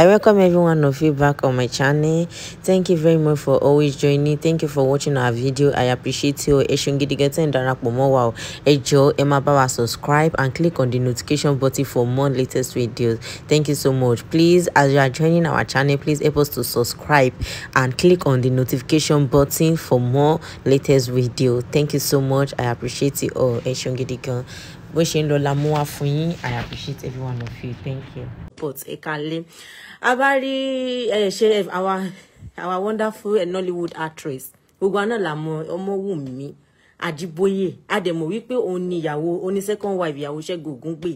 I welcome everyone of you back on my channel. Thank you very much for always joining. Thank you for watching our video. I appreciate you. Ẹ ṣeun gidi gan-an tẹ́ ń darapọ̀ mọ́ wa o. Ẹ subscribe and click on the notification button for more latest videos. Thank you so much. Please, as you are joining our channel, please help us to subscribe and click on the notification button for more latest video. Thank you so much. I appreciate you all. Ẹ ṣeun gidi gan-an. bó ṣe ń lọ la mú I appreciate everyone of you thank you airport ẹ̀ka lé a bá rí our our wonderful Nollywood actress gbogbo àná làmọ Ọmọwùmí àdìbòye àdèmọ wípé òun ni o ni second wife ìyàwó Ṣẹ́gun Ògúngbè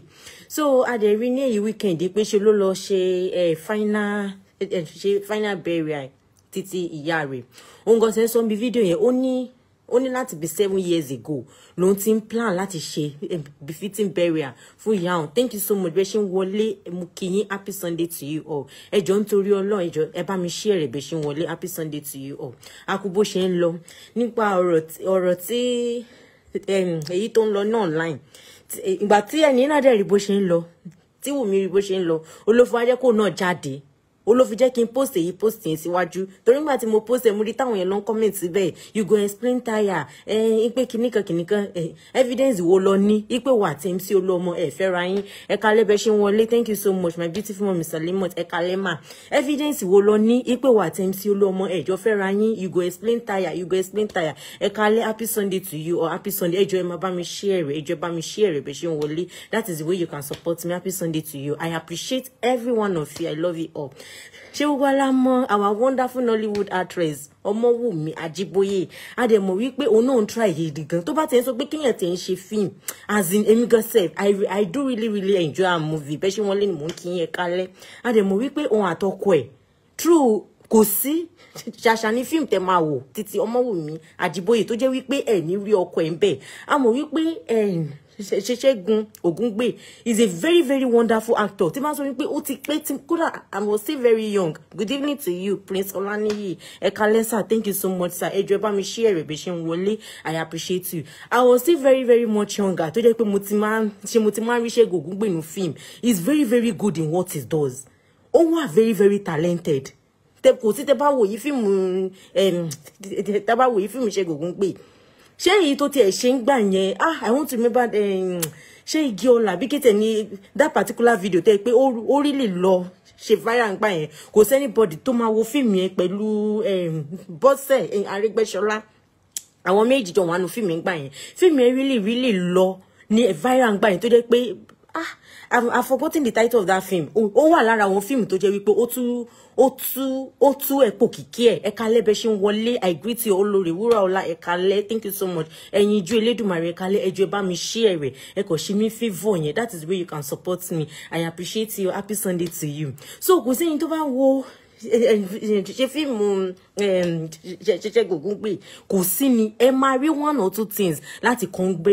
so àdèrí ní e weekend pé ṣe ló lọ ṣe ẹ eh, final ẹ eh, ṣe final burial títí ìyá rẹ̀ òun gan ṣe ń sọ níbi fídíò yẹn ó ní ó ní láti bí seven years ago lòun ti ń plan láti ṣe eh, befitting burial fún ìyá òun thank you so much bẹ́ẹ̀ ṣe ń wọlé mo kí yín happy sunday to you all ẹjọ́ nítorí ọlọ́run ẹjọ́ ẹ bá mi share rẹ̀ bẹ́ẹ̀ ṣe ń wọlé happy sunday to you all a kú bó ṣe ń lọ nípa ọ̀rọ̀ tí èyí tó ń lọ náà online ìgbà tí ẹni náà dẹ̀ rí bó ṣe ń lọ tí wùmí rí bó ṣe ń lọ olófin ajẹ́kọ̀ọ́ náà jáde ó ló fi jẹ́ kí n post èyí post yẹn síwájú torí nígbà tí mo post ẹ̀ mo rí táwọn yẹn ló comment síbẹ̀ you go explain tire ẹ ẹ pé kìnnìkan kìnnìkan ẹ evidence wo lọ ní ipe wà tí mc olómọ ẹ fẹ́ra yín ẹ kalẹ́ bẹ ṣe ń wọlé thank you so much my beautiful mom mr limot ẹ kalẹ́ mà evidence wo lọ ní ipe wà tí mc olómọ ẹ jọ fẹ́ra yín you go explain tire you go explain tire ẹ kalẹ́ happy sunday to you or happy sunday ẹ jọ ẹ máa bá mi share ẹ jọ bá mi share ẹ bẹ ṣe ń wọlé that is the way you can support me happy sunday to you i appreciate every one of you i love you all ṣé wíwá la mọ our wonderful Nollywood actress Ọmọwùmí Ajíbóyè a dẹ̀ mọ̀ wípé òun náà ń try yìí gan tó bá ti ń sọ pé kéèyàn ti ń ṣe fíìmù as in emi gan sef I, i do really really enjoy her movie bẹ́ẹ̀ ṣé wọ́n lé ní mò ń kí yẹn kálẹ̀ a dẹ̀ mọ̀ wípé òun àtọkọ ẹ̀ true kò sí ṣàṣà ní fíìmù tẹ máa wò títí Ọmọwùmí Ajíbóyè tó jẹ́ wípé ẹ̀ ní rí ọkọ ẹ̀ ń bẹ̀ a mọ̀ wípé eh, ṣẹṣẹgun Ògúngbè is a very very wonderful actor tí máa sọ wípé ó ti pé tí kódà I was still very young good evening to you Prince Olaniyi ekale sir thank you so much sir ẹjọ ẹ bá mi ṣí ẹrẹ bẹ ṣe I appreciate you I was still very very much younger tó jẹ́ pé mo ti máa ṣe mo ti máa rí Ṣẹ́gun Ògúngbè film He's very very good in what he does ó wà very very talented kò sí tẹ bá wòye fíìmù tẹ bá wòye fíìmù Ṣẹ́gun Ògúngbè ṣé èyí tó tiẹ̀ ṣe ń gbà yẹn ah i want to remember um, ṣé igi ọ̀la bí kété ní that particular video tẹ́ pé ó rí lè lọ ṣe viral ń gbà yẹn kò sẹ́nibọ̀dì tó máa wo fíìmù yẹn pẹ̀lú um, bọ́sẹ̀ um, Arẹ́gbẹ́ṣọlá àwọn méjì jọ wà nù fíìmù yẹn gbà yẹn fíìmù yẹn really really lọ ní viral ń gbà yẹn tó jẹ́ pé ah I've, I've forgotten the title of that film ó wà lára àwọn film tó jẹ́ wípé ó tú ó tú ó tú ẹ̀pọ̀ kìkì ẹ̀ ẹ̀ka lẹ́bẹ̀ ṣe ń wọlé I greet you olórí wura ola e lẹ́ thank you so much ẹ̀yin ijó elédùnmarè ẹ̀ka lẹ́ ẹjọ́ ẹ bá mi share rẹ̀ ẹ kò ṣe mí favour yẹn that is where you can support me I appreciate you happy Sunday to you so kò sí ẹni tó bá wo ṣe fíìmù ṣẹṣẹ gògùn pé kò sí ni ẹ máa rí one or two things láti kan gbé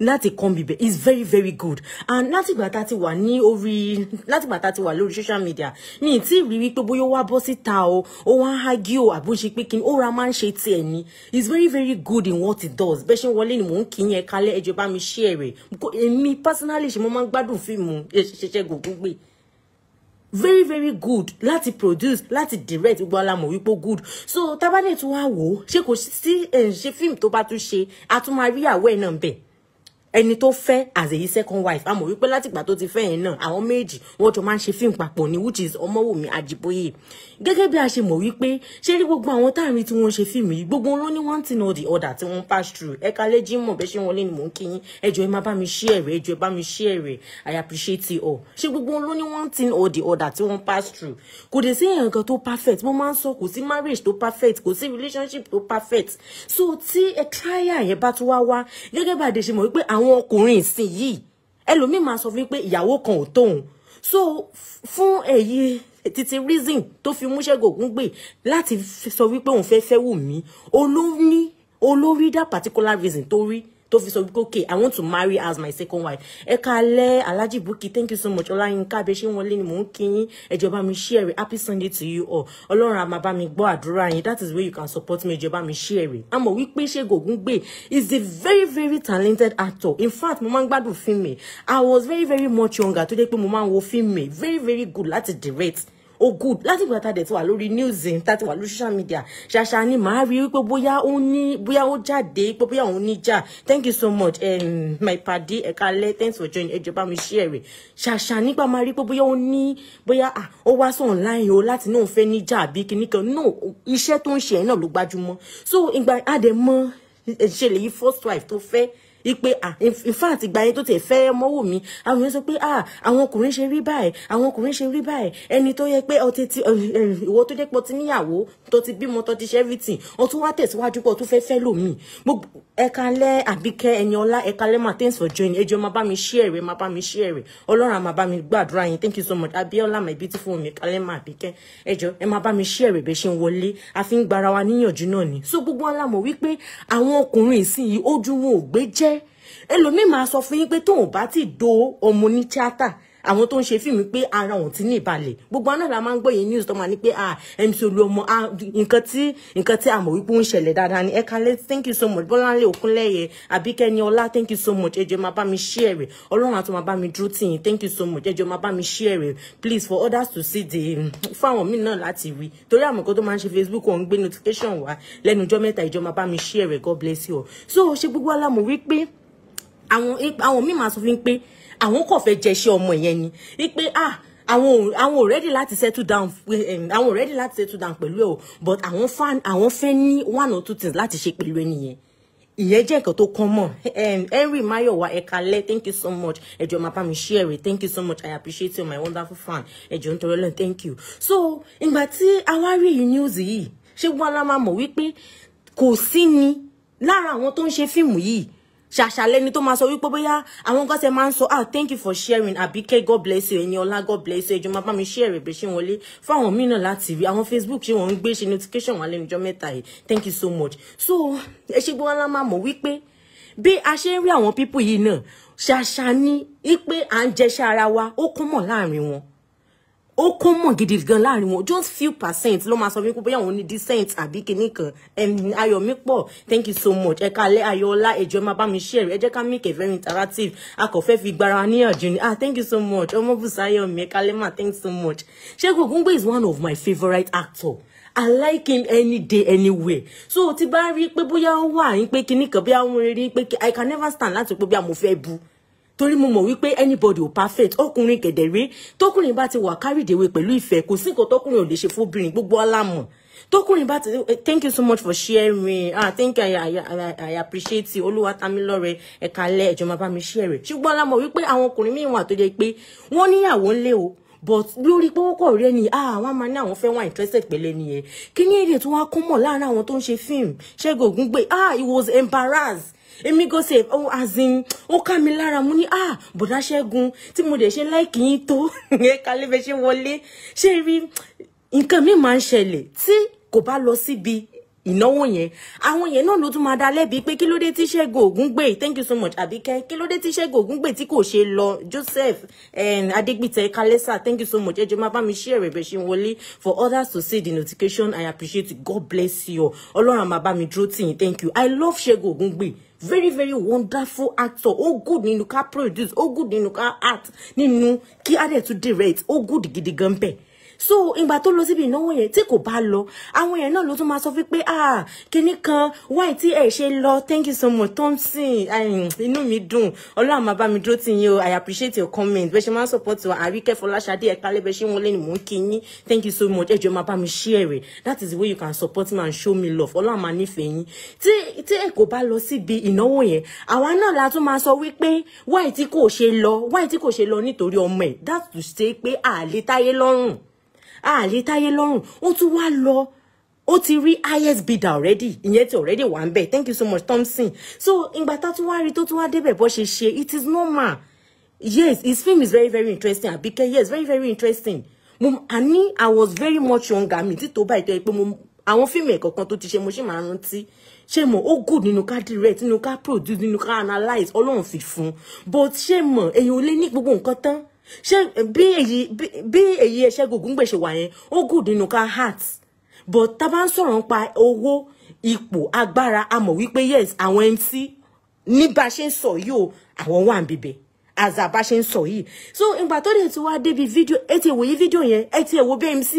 láti kan bìbẹ it's very very good and látìgbà tá a ti wà ní orí látìgbà tá a ti wà lórí social media mi ti rí wípé bóyá ó wá bọ́ síta o ó wá ń hági o àbúṣe pé kí ni ó ra máa ń ṣe tiẹ̀ ni it's very very good in what it does bẹ́ẹ̀ ṣe ń wọlé ni mò ń kí yẹn kálẹ̀ ẹ̀jọ̀ bá mi ṣí ẹ̀rẹ̀ èmi personally ṣe mo máa ń gbádùn fíìmù ṣẹṣẹ gògùn pé very very good láti produce láti direct gbogbo alamọ wípé good so tábàdẹ̀ tún wá wò ó ṣé kò sí ẹ̀ ń ṣe fíìmù tó bá tún ṣe a tún máa rí àwẹ̀ náà bẹ́ẹ̀ ẹni tó fẹ́ as a second wife a mọ̀ wípé látìgbà tó ti fẹ́ yẹn náà àwọn méjì wọ́n jọ máa ń ṣe fíìmù papọ̀ ni which is ọmọwùmí àjìbóyè gẹ́gẹ́ bí a ṣe mọ̀ wípé ṣé rí gbogbo àwọn táàrin tí wọ́n ṣe fíìmù yìí gbogbo wọn ní one thing or the other tí wọ́n pass through ẹ̀ka lẹ́jì mọ̀ bẹ́ẹ̀ ṣé wọn lé ni mò ń kí yín ẹ jọ̀ọ́ ẹ má bá mi share ẹ jọ̀ọ́ ẹ bá mi share I appreciate you all ṣé gbogbo wọn ní one thing or the other tí pass through kò dé sí èèyàn kan perfect mo máa ń sọ kò marriage tó perfect kò sí relationship tó perfect so tí ẹ trial yẹn bá tún wá wá gẹ́gẹ́ bá a dé ṣe àwọn ọkùnrin ìsìn yìí ẹlòmíì máa sọ fún pé ìyàwó kan ò tó òun so fún èyí títí reason tó fi mú Ṣẹ́gun Ògúngbè láti sọ wípé òun fẹ́ fẹ́ wù mí olórí olórí that particular reason tó rí tó fi sọ wípé okay i want to marry as my second wife ẹ kalẹ alaji buki. thank you so much ọláyínká abẹ ṣé wọn lé ni mò ń kí ẹjọba mi share happy sunday to you all ọlọ́run àmà mi gbọ́ àdúrà yín that is where you can support me ẹjọba mi share àmọ́ wípé ṣẹ́gun ògúngbè is a very very talented actor in fact mo máa ń gbádùn fíìmù i was very very much younger tó jẹ́ pé mo máa ń wo fíìmù very very good láti direct ó good láti ìgbà tá a dẹ̀ ti wà lórí news in tá a ti wà lórí social media ṣàṣà ni màá rí wípé bóyá ó ní bóyá ó jáde pé bóyá òun ní jà thank you so much um, my padi ẹ̀ka alẹ́ thanks for joining ẹjọ́ bá mi ṣí ẹ̀rẹ̀ ṣàṣà nígbà máa rí pé bóyá ó ní bóyá ó wá sí online o láti náà fẹ́ ní jà àbí kìnnìkan no iṣẹ́ tó ń ṣe ẹ̀ náà ló gbájúmọ́ so ìgbà adẹ̀ mọ́ ìṣẹ̀lẹ̀ yìí first wife tó fẹ́ ipe ah in fact ìgbà yẹn tó tẹ̀ fẹ́ mọ́wò mi àwọn yẹn sọ pé ah àwọn ọkùnrin ṣe rí báyìí àwọn ọkùnrin ṣe rí báyìí ẹni tó yẹ pé ọtí ti eh, eh, ìwọ tó jẹ́ pé ọtí níyàwó tó ti bímọ tó ti ṣe everything ọtún wá tẹ̀síwájú pé ọtún fẹ́ fẹ́ lòmíì gbogbo ẹ̀ka lẹ́ àbíkẹ́ ẹni ọlá ẹ̀ka lẹ́ mà thanks for joining ẹjọ́ máa bá mi share rẹ̀ máa bá mi share rẹ̀ ọlọ́run á máa bá mi gbàdúrà yín thank you so much abiola my beautiful woman kalẹ́ mà àbíkẹ́ ẹjọ́ ẹ máa bá mi share rẹ̀ bẹ́ ṣe ń wọlé àfi ń gbara wa níyànjú náà ni so gbogbo alámọ̀ wípé àwọn ọkùnrin ìsìn yìí ojú wọn ò gbé jẹ́ ẹlòmíì máa sọ fún yín pé tóun bá ti do ọmọ ní tíátà àwọn tó ń ṣe fíìmù pé ara wọn ti ní ìbalẹ̀ gbogbo aná la máa ń gbọ́ yẹn news tó máa ní pé ah MC Olúọmọ ah, nǹkan tí nǹkan tí a mọ̀ wípé ó ń ṣẹlẹ̀ dáadáa ni ẹ̀kalẹ̀ thank you so much Bọ́láńlé Òkúnlẹ́yẹ Àbíkẹ́ni Ọlá thank you so much ẹ jọ̀ọ́ máa bá mi share rẹ̀ Ọlọ́run á tún máa bá mi dúró tì yín thank you so much ẹ jọ̀ọ́ máa bá mi share rẹ̀ please for others to see the um, fún àwọn míì náà láti rí torí àwọn kan tó máa ń ṣe Facebook wọn gbé notification wá lẹ́nu ọjọ́ mẹ́ta ẹ máa bá mi share rẹ̀ God bless you all so ṣe gbogbo alámọ̀ wípé àwọn àwọn míì máa sọ fún mi pé àwọn kò fẹ́ jẹ iṣẹ́ ọmọ yẹn ni wípé ah àwọn àwọn already láti settle down ehm, àwọn already láti settle down pẹ̀lú ẹ̀ o but àwọn fan àwọn fẹ́ ní one or two things láti ṣe pẹ̀lú ẹni yẹn ìyẹn jẹ́ nǹkan tó common ehm, henry mayowa ẹ̀kalẹ́ thank you so much ẹ̀jọ̀ máa bá mi share it thank you so much i appreciate you my wonderful fan ẹ̀jọ̀ nítorí ọlọ́run thank you so ìgbà tí àwa rí yìí news yìí ṣé wọn la máa mọ̀ wípé kò sí ni lára àwọn tó ń ṣe fíìmù yìí ṣàṣàlẹ́ ni tó máa sọ wípé bóyá àwọn nǹkan ṣe máa ń sọ ah thank you for sharing Àbíkẹ́ god bless you Ẹniọlá god bless you ẹ jọ̀ọ́ máa bá mi share rẹ̀ bẹ́ẹ̀ ṣe wọlé fún àwọn míì náà láti rí àwọn facebook ṣé wọ́n ń gbé ṣe notification wà lẹ́nu ọjọ́ mẹ́ta yìí thank you so much so ẹ ṣe gbọ́n lá máa mọ̀ wípé bí a ṣe ń rí àwọn pípù yìí náà ṣàṣà ni wípé à ń jẹṣẹ́ ara wa ó kún mọ̀ láàrin wọn ó kún mọ̀ gidi gan láàrin wọn just few percent ló máa sọ wípé bóyá òun ní decent àbí kinní kan ayọ̀mí pọ̀ thank you so much ẹ̀ka alẹ́ ayọ̀ọ́lá ẹ̀jọ̀ máa bá mi share ẹ jẹ́ ká make a very interactive akọ̀fẹ́ fi gbara níyànjú ni ah thank you so much ọmọbùsáyọ̀mí ẹ̀ka alẹ́ ma. thank you so much ṣẹ́gun ògúngbè is one of my favourite actor I like him any day anywhere. So tí bá rí pé bóyá ó wà ní pé kinní kan bóyá ó ń rí pé I can never stand láti pé bóyá mo fẹ́ bu torí mo mọ̀ wípé anybody ò perfect ọkùnrin kẹ̀dẹ̀rẹ́ tọkùnrin bá ti wà kárìdéwé pẹ̀lú ìfẹ́ kò sí nǹkan tọkùnrin ò lè ṣe fóbìnrin gbogbo alámọ̀ tọkùnrin bá ti eh, thank you so much for sharing ah thank you i i i appreciate you olúwatamílọ́rẹ̀ ẹ̀ka alẹ́ ẹ̀jọ̀ máa bá mi share rẹ̀ ṣùgbọ́n alámọ̀ wípé àwọn ọkùnrin míì wà tó jẹ́ pé wọ́n níyàwó ńlé o but lórí pé wọ́n kọ̀ rí ẹni àwọn ah, máa ní àwọn fẹ́ wá interested pẹ̀lú ẹni yẹn kí ni èdè tó wá kún mọ̀ láàárín àwọn tó ń ṣe fíìmù Ṣẹ́gun Ògúngbè ah he was embarrassed Emi go ṣe o oh, azin o ká mi lára mo ní ah bọ̀dá Ṣẹ́gun ti mo dẹ̀ ṣe láìkì yín tó ẹ kálẹ̀ bẹ ṣe wọlé ṣé rí nǹkan mi máa ń ṣẹlẹ̀ tí kò bá lọ ìnáwó yẹn àwọn yẹn náà ló tún máa dá lẹ́bi pé kí ló dé tí Ṣẹ́gun Ògúngbè thank you so much Àbíkẹ́ kí ló dé tí Ṣẹ́gun Ògúngbè tí kò ṣe lọ Joseph um, Adégbìtẹ́ Kalesa. thank you so much ẹ jọ̀ọ́ máa bá mi share rẹ̀ bẹ̀ ṣe wọlé for others to see the notification I appreciate you God bless you ọlọ́run àmà bá mi dúró tì yín thank you I love Ṣẹ́gun Ògúngbè very very wonderful actor ó good nínú ká produce ó good nínú ká act nínú kí adẹ̀ tún direct ó good gidi gan bẹ́ẹ̀ so ìgbà tó lọ síbi ìnáwó yẹn tí kò bá lọ àwọn èèyàn náà ló tún máa sọ wípé ah kinní kan why tí ẹ ṣe lọ thank you so much thompson inú mi dùn ọlọ́run máa bá mi dúró tì yín o i appreciate your comment bẹ́ẹ̀ ṣe máa ń support wa àríkẹ́ fọláṣadé ẹ̀ka lẹ́bẹ̀ẹ́ ṣé wọ́n lé ní mò ń kí yín thank you so much ẹ jọ̀ọ́ máa bá mi share that is the way you can support me and show me love ọlọ́run máa nífẹ̀ẹ́ yín tí tí ẹ kò bá lọ síbi ìnáwó yẹn àwa náà la tún máa sọ wípé why tí kò ṣe lọ why tí kò ṣe lọ nítorí ọmọ ẹ̀ that to say pé àlè lọ́rùn àlè táyé lọ́rùn ó tún wá lọ ó ti rí highest bidder already ìyẹn ti already wà ń bẹ̀ thank you so much Thompson so ìgbà tá tún wá rí tó tún wá débẹ̀ bó ṣe ṣe it is normal yes his film is very very interesting Abike yes very very interesting mo ani I was very much younger mi títò báyìí tó yẹ pé mo àwọn fíìmù ẹ̀kọ́ kan tó ti ṣe mo ṣì máa ń rántí ṣé mo ó good nínú ká direct nínú ká produce nínú ká analyse ọlọ́run fi fún but ṣé mo èèyàn ò lè ní gbogbo nǹkan tán ṣé bí èyí bí èyí ẹṣẹ́ gògùn gbèsè wà yẹn ó gùn nínú ká heart but tá a bá ń sọ̀rọ̀ nípa owó ipò agbára a mọ̀ wípé yes àwọn MC ní bá a ṣe ń sọ yìí o àwọn wà ń bìbẹ̀ àzà bá ṣe ń sọ yìí so ìgbà tó dẹ̀ tí wá débi fídíò ẹ ti wòye fídíò yẹn ẹ ti wo bí MC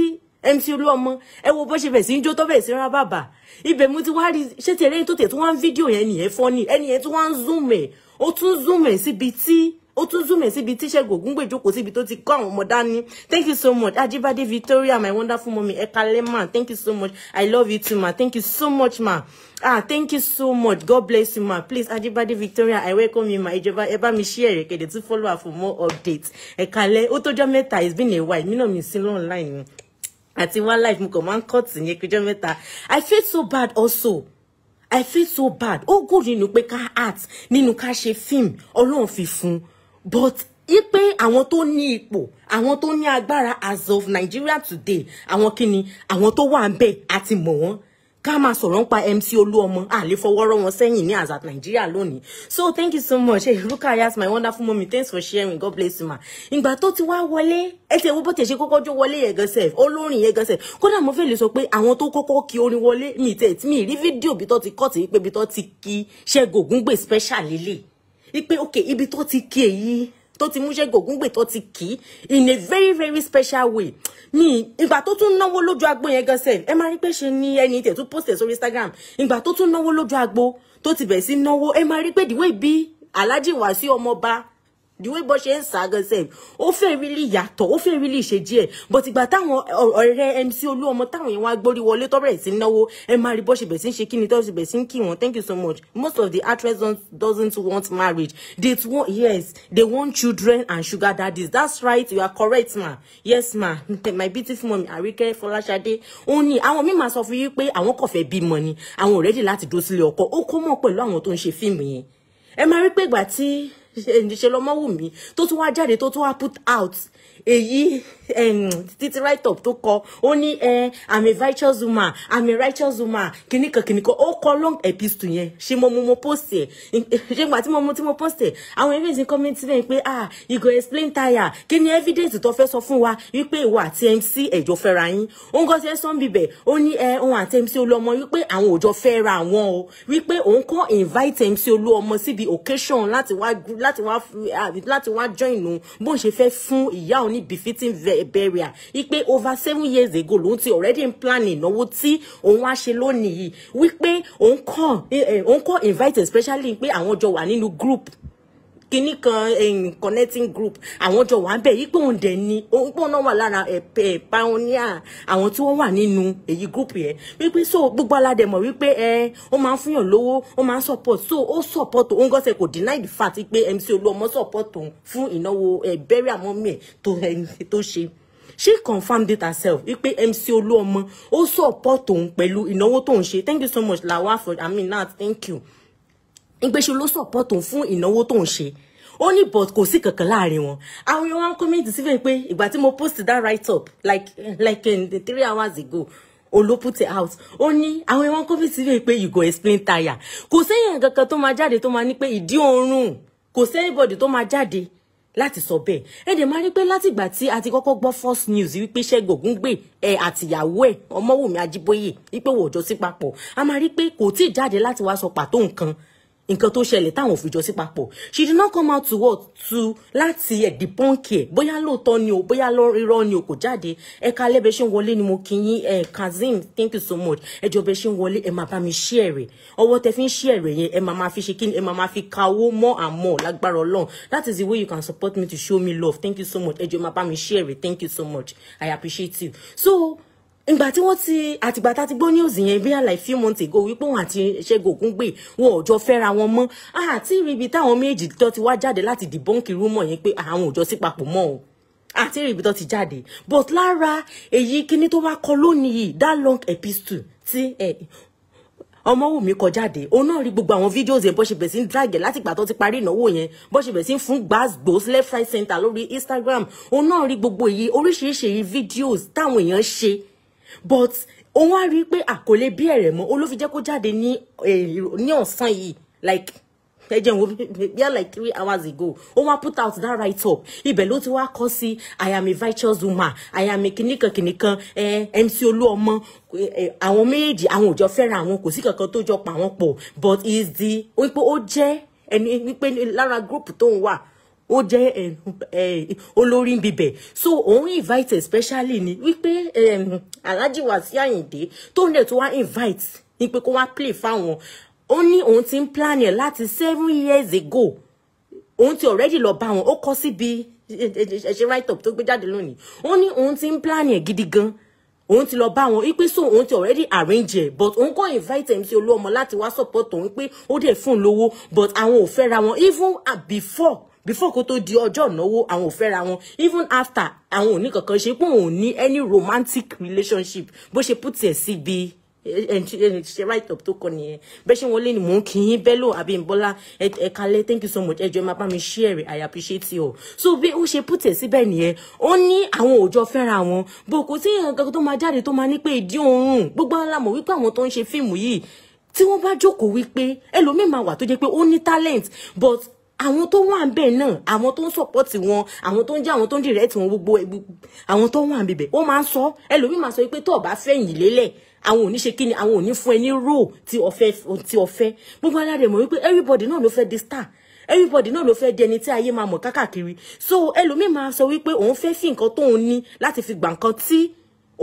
MC Olúọmọ ẹ wo bó ṣe bẹ̀ sí ń jó tó bẹ̀ sí rán bàbà ibẹ̀ mo ti wá rí ṣé ti ẹlẹ́yìn tó tẹ̀ tí wọ́n ń fídíò yẹn ẹnìyẹn fọ́nì ẹnìyẹn tí wọ́n ń zoom ẹ̀ ó tún zoom ẹ̀ síbi tí ó tún zoom in síbi tíṣẹ́gun ògúngbè jókòó síbi tó ti kọ́ àwọn ọmọ dání thank you so much ajibade victoria my wonderful mommy ekale ma thank you so much i love you too ma thank you so much ma. Ah, thank you so much. God bless you, ma. Please, Ajibade Victoria, I welcome you, ma. Ìjọba, ẹ bá mi share kéde to follow her for more updates. Ẹ kálẹ́, ó tọ́jọ́ mẹ́ta, it's been a while. Mi náà mi sí online. Àti one life, mo kàn máa ń cut ìyẹn kọjọ́ meta. I feel so bad also. I feel so bad. Ó gùn nínú pé ká art nínú ká ṣe fíìmù. Ọlọ́run fi fún un but ipe àwọn tó ní ipò àwọn tó ní agbára as of Nigeria today àwọn kíni àwọn tó wà ń bẹ àti mọ̀ wọ́n ká máa sọ̀rọ̀ nípa MC Olúọmọ àlè fọwọ́rọ́ wọn sẹ́yìn ní azat Nigeria lónìí so thank you so much hey, Rukayat my wonderful mommy thanks for sharing God bless you ma ìgbà tó ti wá wọlé ẹ ti ẹwọ́ bó ti ṣe kọ́kọ́ jó wọlé yẹn gan sef olórin yẹn gan sef kódà mo fẹ́ lè sọ pé àwọn tó kọ́kọ́ kí orin wọlé mi tẹ̀ mi rí fídíò bí tó ti kọ́ ti pé bí tó ti kí Ṣẹ́gun Ògúngbè special lélẹ̀ ipe okay ibi tó ti kí èyí tó ti mú Ṣẹ́gun Ògúngbè tó ti kì in a very very special way Ni, ìgbà tó tún náwó lójú agbo yẹn gan sef ẹ máa rí pé ṣe ni ẹni tẹ̀ tún post ẹ̀ sórí Instagram ìgbà tó tún náwó lójú agbo tó ti bẹ̀ sí náwó ẹ máa rí pé the way bí Alhaji Wasiu ọmọọba the way bó ṣe ń sá gan sẹ́m ó really yato. yàtọ̀ ó really rílì die. but ìgbà táwọn ọ̀rẹ́ eh, MC Olúọmọ táwọn yẹn wá gbórí wọlé tó bẹ̀rẹ̀ sí náwó ẹ máa rí bó ṣe bẹ̀rẹ̀ be ń ṣe kíni tó ṣe bẹ̀rẹ̀ sí ń kí thank you so much most of the actress don't, doesn't want marriage they want yes they want children and sugar daddies that's right you are correct ma yes ma my beautiful mommy, Àríkẹ́ Fọláṣadé ó ní àwọn míì máa sọ fún yín pé àwọn kò fẹ́ bímọ ni àwọn ò rẹ́dì láti dó sílé ọkọ ó kó mọ̀ pẹ̀lú àwọn tó ń ṣe fíìmù yẹn ẹ máa rí pé ìgbà ṣe lọ́mọ wù mí tó tún wá jáde tó tún wá put out èyí títí right up tó kọ ó ní i'm a righteous woman i'm a righteous woman kìnnìkan kìnnìkan ó kọ long epistle yẹn ṣé mo mo mo post ẹ ṣé gbà tí mo mo tí mo post ẹ àwọn ẹbí ti comment lẹ́yìn pé ah you go explain tire kí evidence tó fẹ́ sọ fún wa wípé ìwọ àti MC ẹ̀jọ̀ fẹ́ra yín òun kan ṣe sọ́n bíbẹ̀ ó ní òun àti MC Olúọmọ wípé àwọn òjò fẹ́ra àwọn o wípé òun kàn invite MC Olúọmọ síbi occasion láti wá láti wá láti wá join òun bó ṣe fẹ́ fún on ní befitting burial wípé over seven years ago lòun ti already planning. plan ìnáwó tí òun á ṣe lónìí yìí wípé òun kàn eh, eh, òun kàn invite especially pé àwọn jọ wà nínú group kinní kan connecting group àwọn jọ wà ń bẹ̀ yìí pé òun dẹ̀ ni òun na náà wà lára ẹ̀pẹ̀ pioneer àwọn tí wọ́n wà nínú èyí group yẹn wípé so gbogbo aládẹ mọ̀ wípé ẹ eh. máa ń fúnyàn lówó ó máa ń support so ó support òun gọ́sẹ̀ kò deny the fact pé MC Olúọmọ support òun fún ìnáwó ẹ̀ bẹ́rẹ̀ àmọ́mí ẹ̀ to ṣe she confirmed it herself wípé MC Olúọmọ ó support òun pẹ̀lú ìnáwó tóun ṣe thank you so much lawa for i mean nat thank you ìgbésẹ̀ ló support òun fún ìnáwó tó ń ṣe ó ní but kò sí kankan láàrin wọn àwọn èèyàn wọn comment síbẹ̀ pé ìgbà tí mo post that write up like like in eh, three hours ago olo put it out ó ní àwọn èèyàn wọn comment síbẹ̀ pé you go explain tire kò sẹ́yìn kankan tó máa jáde tó máa ní pé ìdí oorun kò sẹ́yìn bọ̀dì tó máa jáde láti sọ bẹ́ẹ̀ ẹ dẹ̀ máa rí pé látìgbà tí a ti kọ́kọ́ gbọ́ first news wípé Ṣẹ́gun Ògúngbè ẹ eh, àtìyàwó ẹ̀ Ọmọwùmí Ajíbóyè wípé wọ́n jọ sí papọ̀ a máa rí pé kò tí ì jáde láti wá sọ pàtó nǹkan nǹkan tó ṣẹlẹ̀ táwọn òfin papọ̀ she did not come out to work to láti ẹ̀ di pọ́ǹkì ẹ̀ bóyá lóòótọ́ ni o bóyá irọ́ ni o kò jáde ẹ ká lẹ́bẹ̀ẹ́ ṣe ń wọlé ni mo kí yín ẹ Kazeem thank you so much ẹ jọ bẹ́ẹ̀ ṣe ń wọlé ẹ máa bá mi ṣí ẹ̀rẹ̀ ọwọ́ tẹ fi ń ṣí ẹ̀rẹ̀ yẹn ẹ máa máa fi ṣe kí ni ẹ máa máa fi ka owó mọ́ àmọ́ lágbára ọlọ́run that is the way you can support me to show me love thank you so much ẹ jọ máa bá mi ṣí ẹ̀rẹ̀ thank you so much I appreciate you so ìgbà tí wọ́n ti àtìgbà tá ti gbọ́ news yẹn bí like few months ago wípé òun àti Ṣẹ́gun Ògúngbè wọn ò jọ fẹ́ra wọn mọ́ àti ibi táwọn méjì tó ti wá jáde láti dìbọ́ǹkì rúmọ̀ yẹn pé àwọn ò jọ sí papọ̀ mọ́ o àti ibi tó ti jáde but lára èyí kíní tó wá kọ lónìí yìí that long epistle tí ọmọwùmí kọ jáde òun náà rí gbogbo àwọn fídíòs yẹn bó ṣe bẹ̀rẹ̀ sí ń drag ẹ̀ láti ìgbà tó ti parí ìnáwó yẹn bó ṣe bẹ̀rẹ̀ sí ń fún gbàgbós left right center lórí Instagram òun náà rí gbogbo èyí oríṣiríṣi èyí fídíòs táwọn èèyàn ṣe but òun á rí i pé àkọlé bí ẹ̀rẹ̀ mọ́ olófi jẹ́ kó jáde ní ní ọ̀sán yìí like ẹjẹ wo bí like three hours ago ó wá put out that write up ibẹ̀ ló ti wa kọ sí i am a virtuous woman i am a kìnìkan Eh, mc olúọmọ àwọn méjèèjì àwọn òjò fẹ́ràn àwọn kò sí kankan tó jọ pa àwọn pọ̀ but is the wípé ó jẹ́ ẹni wípé lára group to ń wà ó jẹ́ eh, eh, olórí ń bibẹ̀ so òun invite especially ni wípé eh, Alhaji Wasiu Ayinde tó ń dẹ̀ tó wá invite ni pé kó wá play fáwọn ó ní òun ti ń plan ẹ̀ láti seven years ago òun ti already lọ bá wọn ó kọ síbi ẹṣẹ write up tó gbé jáde lónìí ó ní òun ti ń plan ẹ̀ gidi gan òun ti lọ bá wọn wípé so òun ti already arrange ẹ̀ but òun kò invite MC Olúọmọ láti wá support òun pé ó dẹ̀ fún un lówó but àwọn ò fẹ́ra wọn even ah, before before kó tó di ọjọ́ ìnáwó àwọn ò fẹ́ra wọn even after àwọn ò ní kankan ṣe pé òun ò any romantic relationship bó ṣe put ẹ̀ síbi she write up tó kọ nìyẹn bẹ́ẹ̀ ṣe wọlé ni mò ń kí yín Bello Abímbọ́lá ẹ thank you so much ẹ jọ̀ọ́ ẹ mi share I appreciate you so bí ó ṣe pùtẹ̀ síbẹ̀ nìyẹn ó ní àwọn Ojo fẹ́ra wọn bó kò sí nǹkan tó máa jáde tó máa ní pé ìdí òórùn gbogbo alámọ̀ wípé àwọn tó ń ṣe fíìmù yìí tí wọ́n bá jókòó wípé ẹlòmíì máa wà tó jẹ́ pé ó ní talent but àwọn tó wà ń bẹ̀ náà àwọn tó ń sọ̀pọ̀tì wọn àwọn tó ń jẹ́ àwọn tó ń dìrẹ́tì wọn gbogbo àwọn tó wà ń bẹ̀bẹ̀ ó máa ń sọ ẹlòmíì máa sọ pé tó ọ̀bá fẹ̀yìn lélẹ̀ àwọn ò ní ṣe kíni àwọn ò ní fún ẹ ní role tí ọ̀fẹ́ tí ọ̀fẹ́ gbogbo aláàrẹ mọ̀ wípé everybody náà ló fẹ́ di star everybody náà ló fẹ́ di ẹni tí ayé máa mọ̀ kákàkiri so ẹlòmíì máa sọ wípé òun fẹ́ fi nǹkan tóun ní láti fi gbà nǹkan tí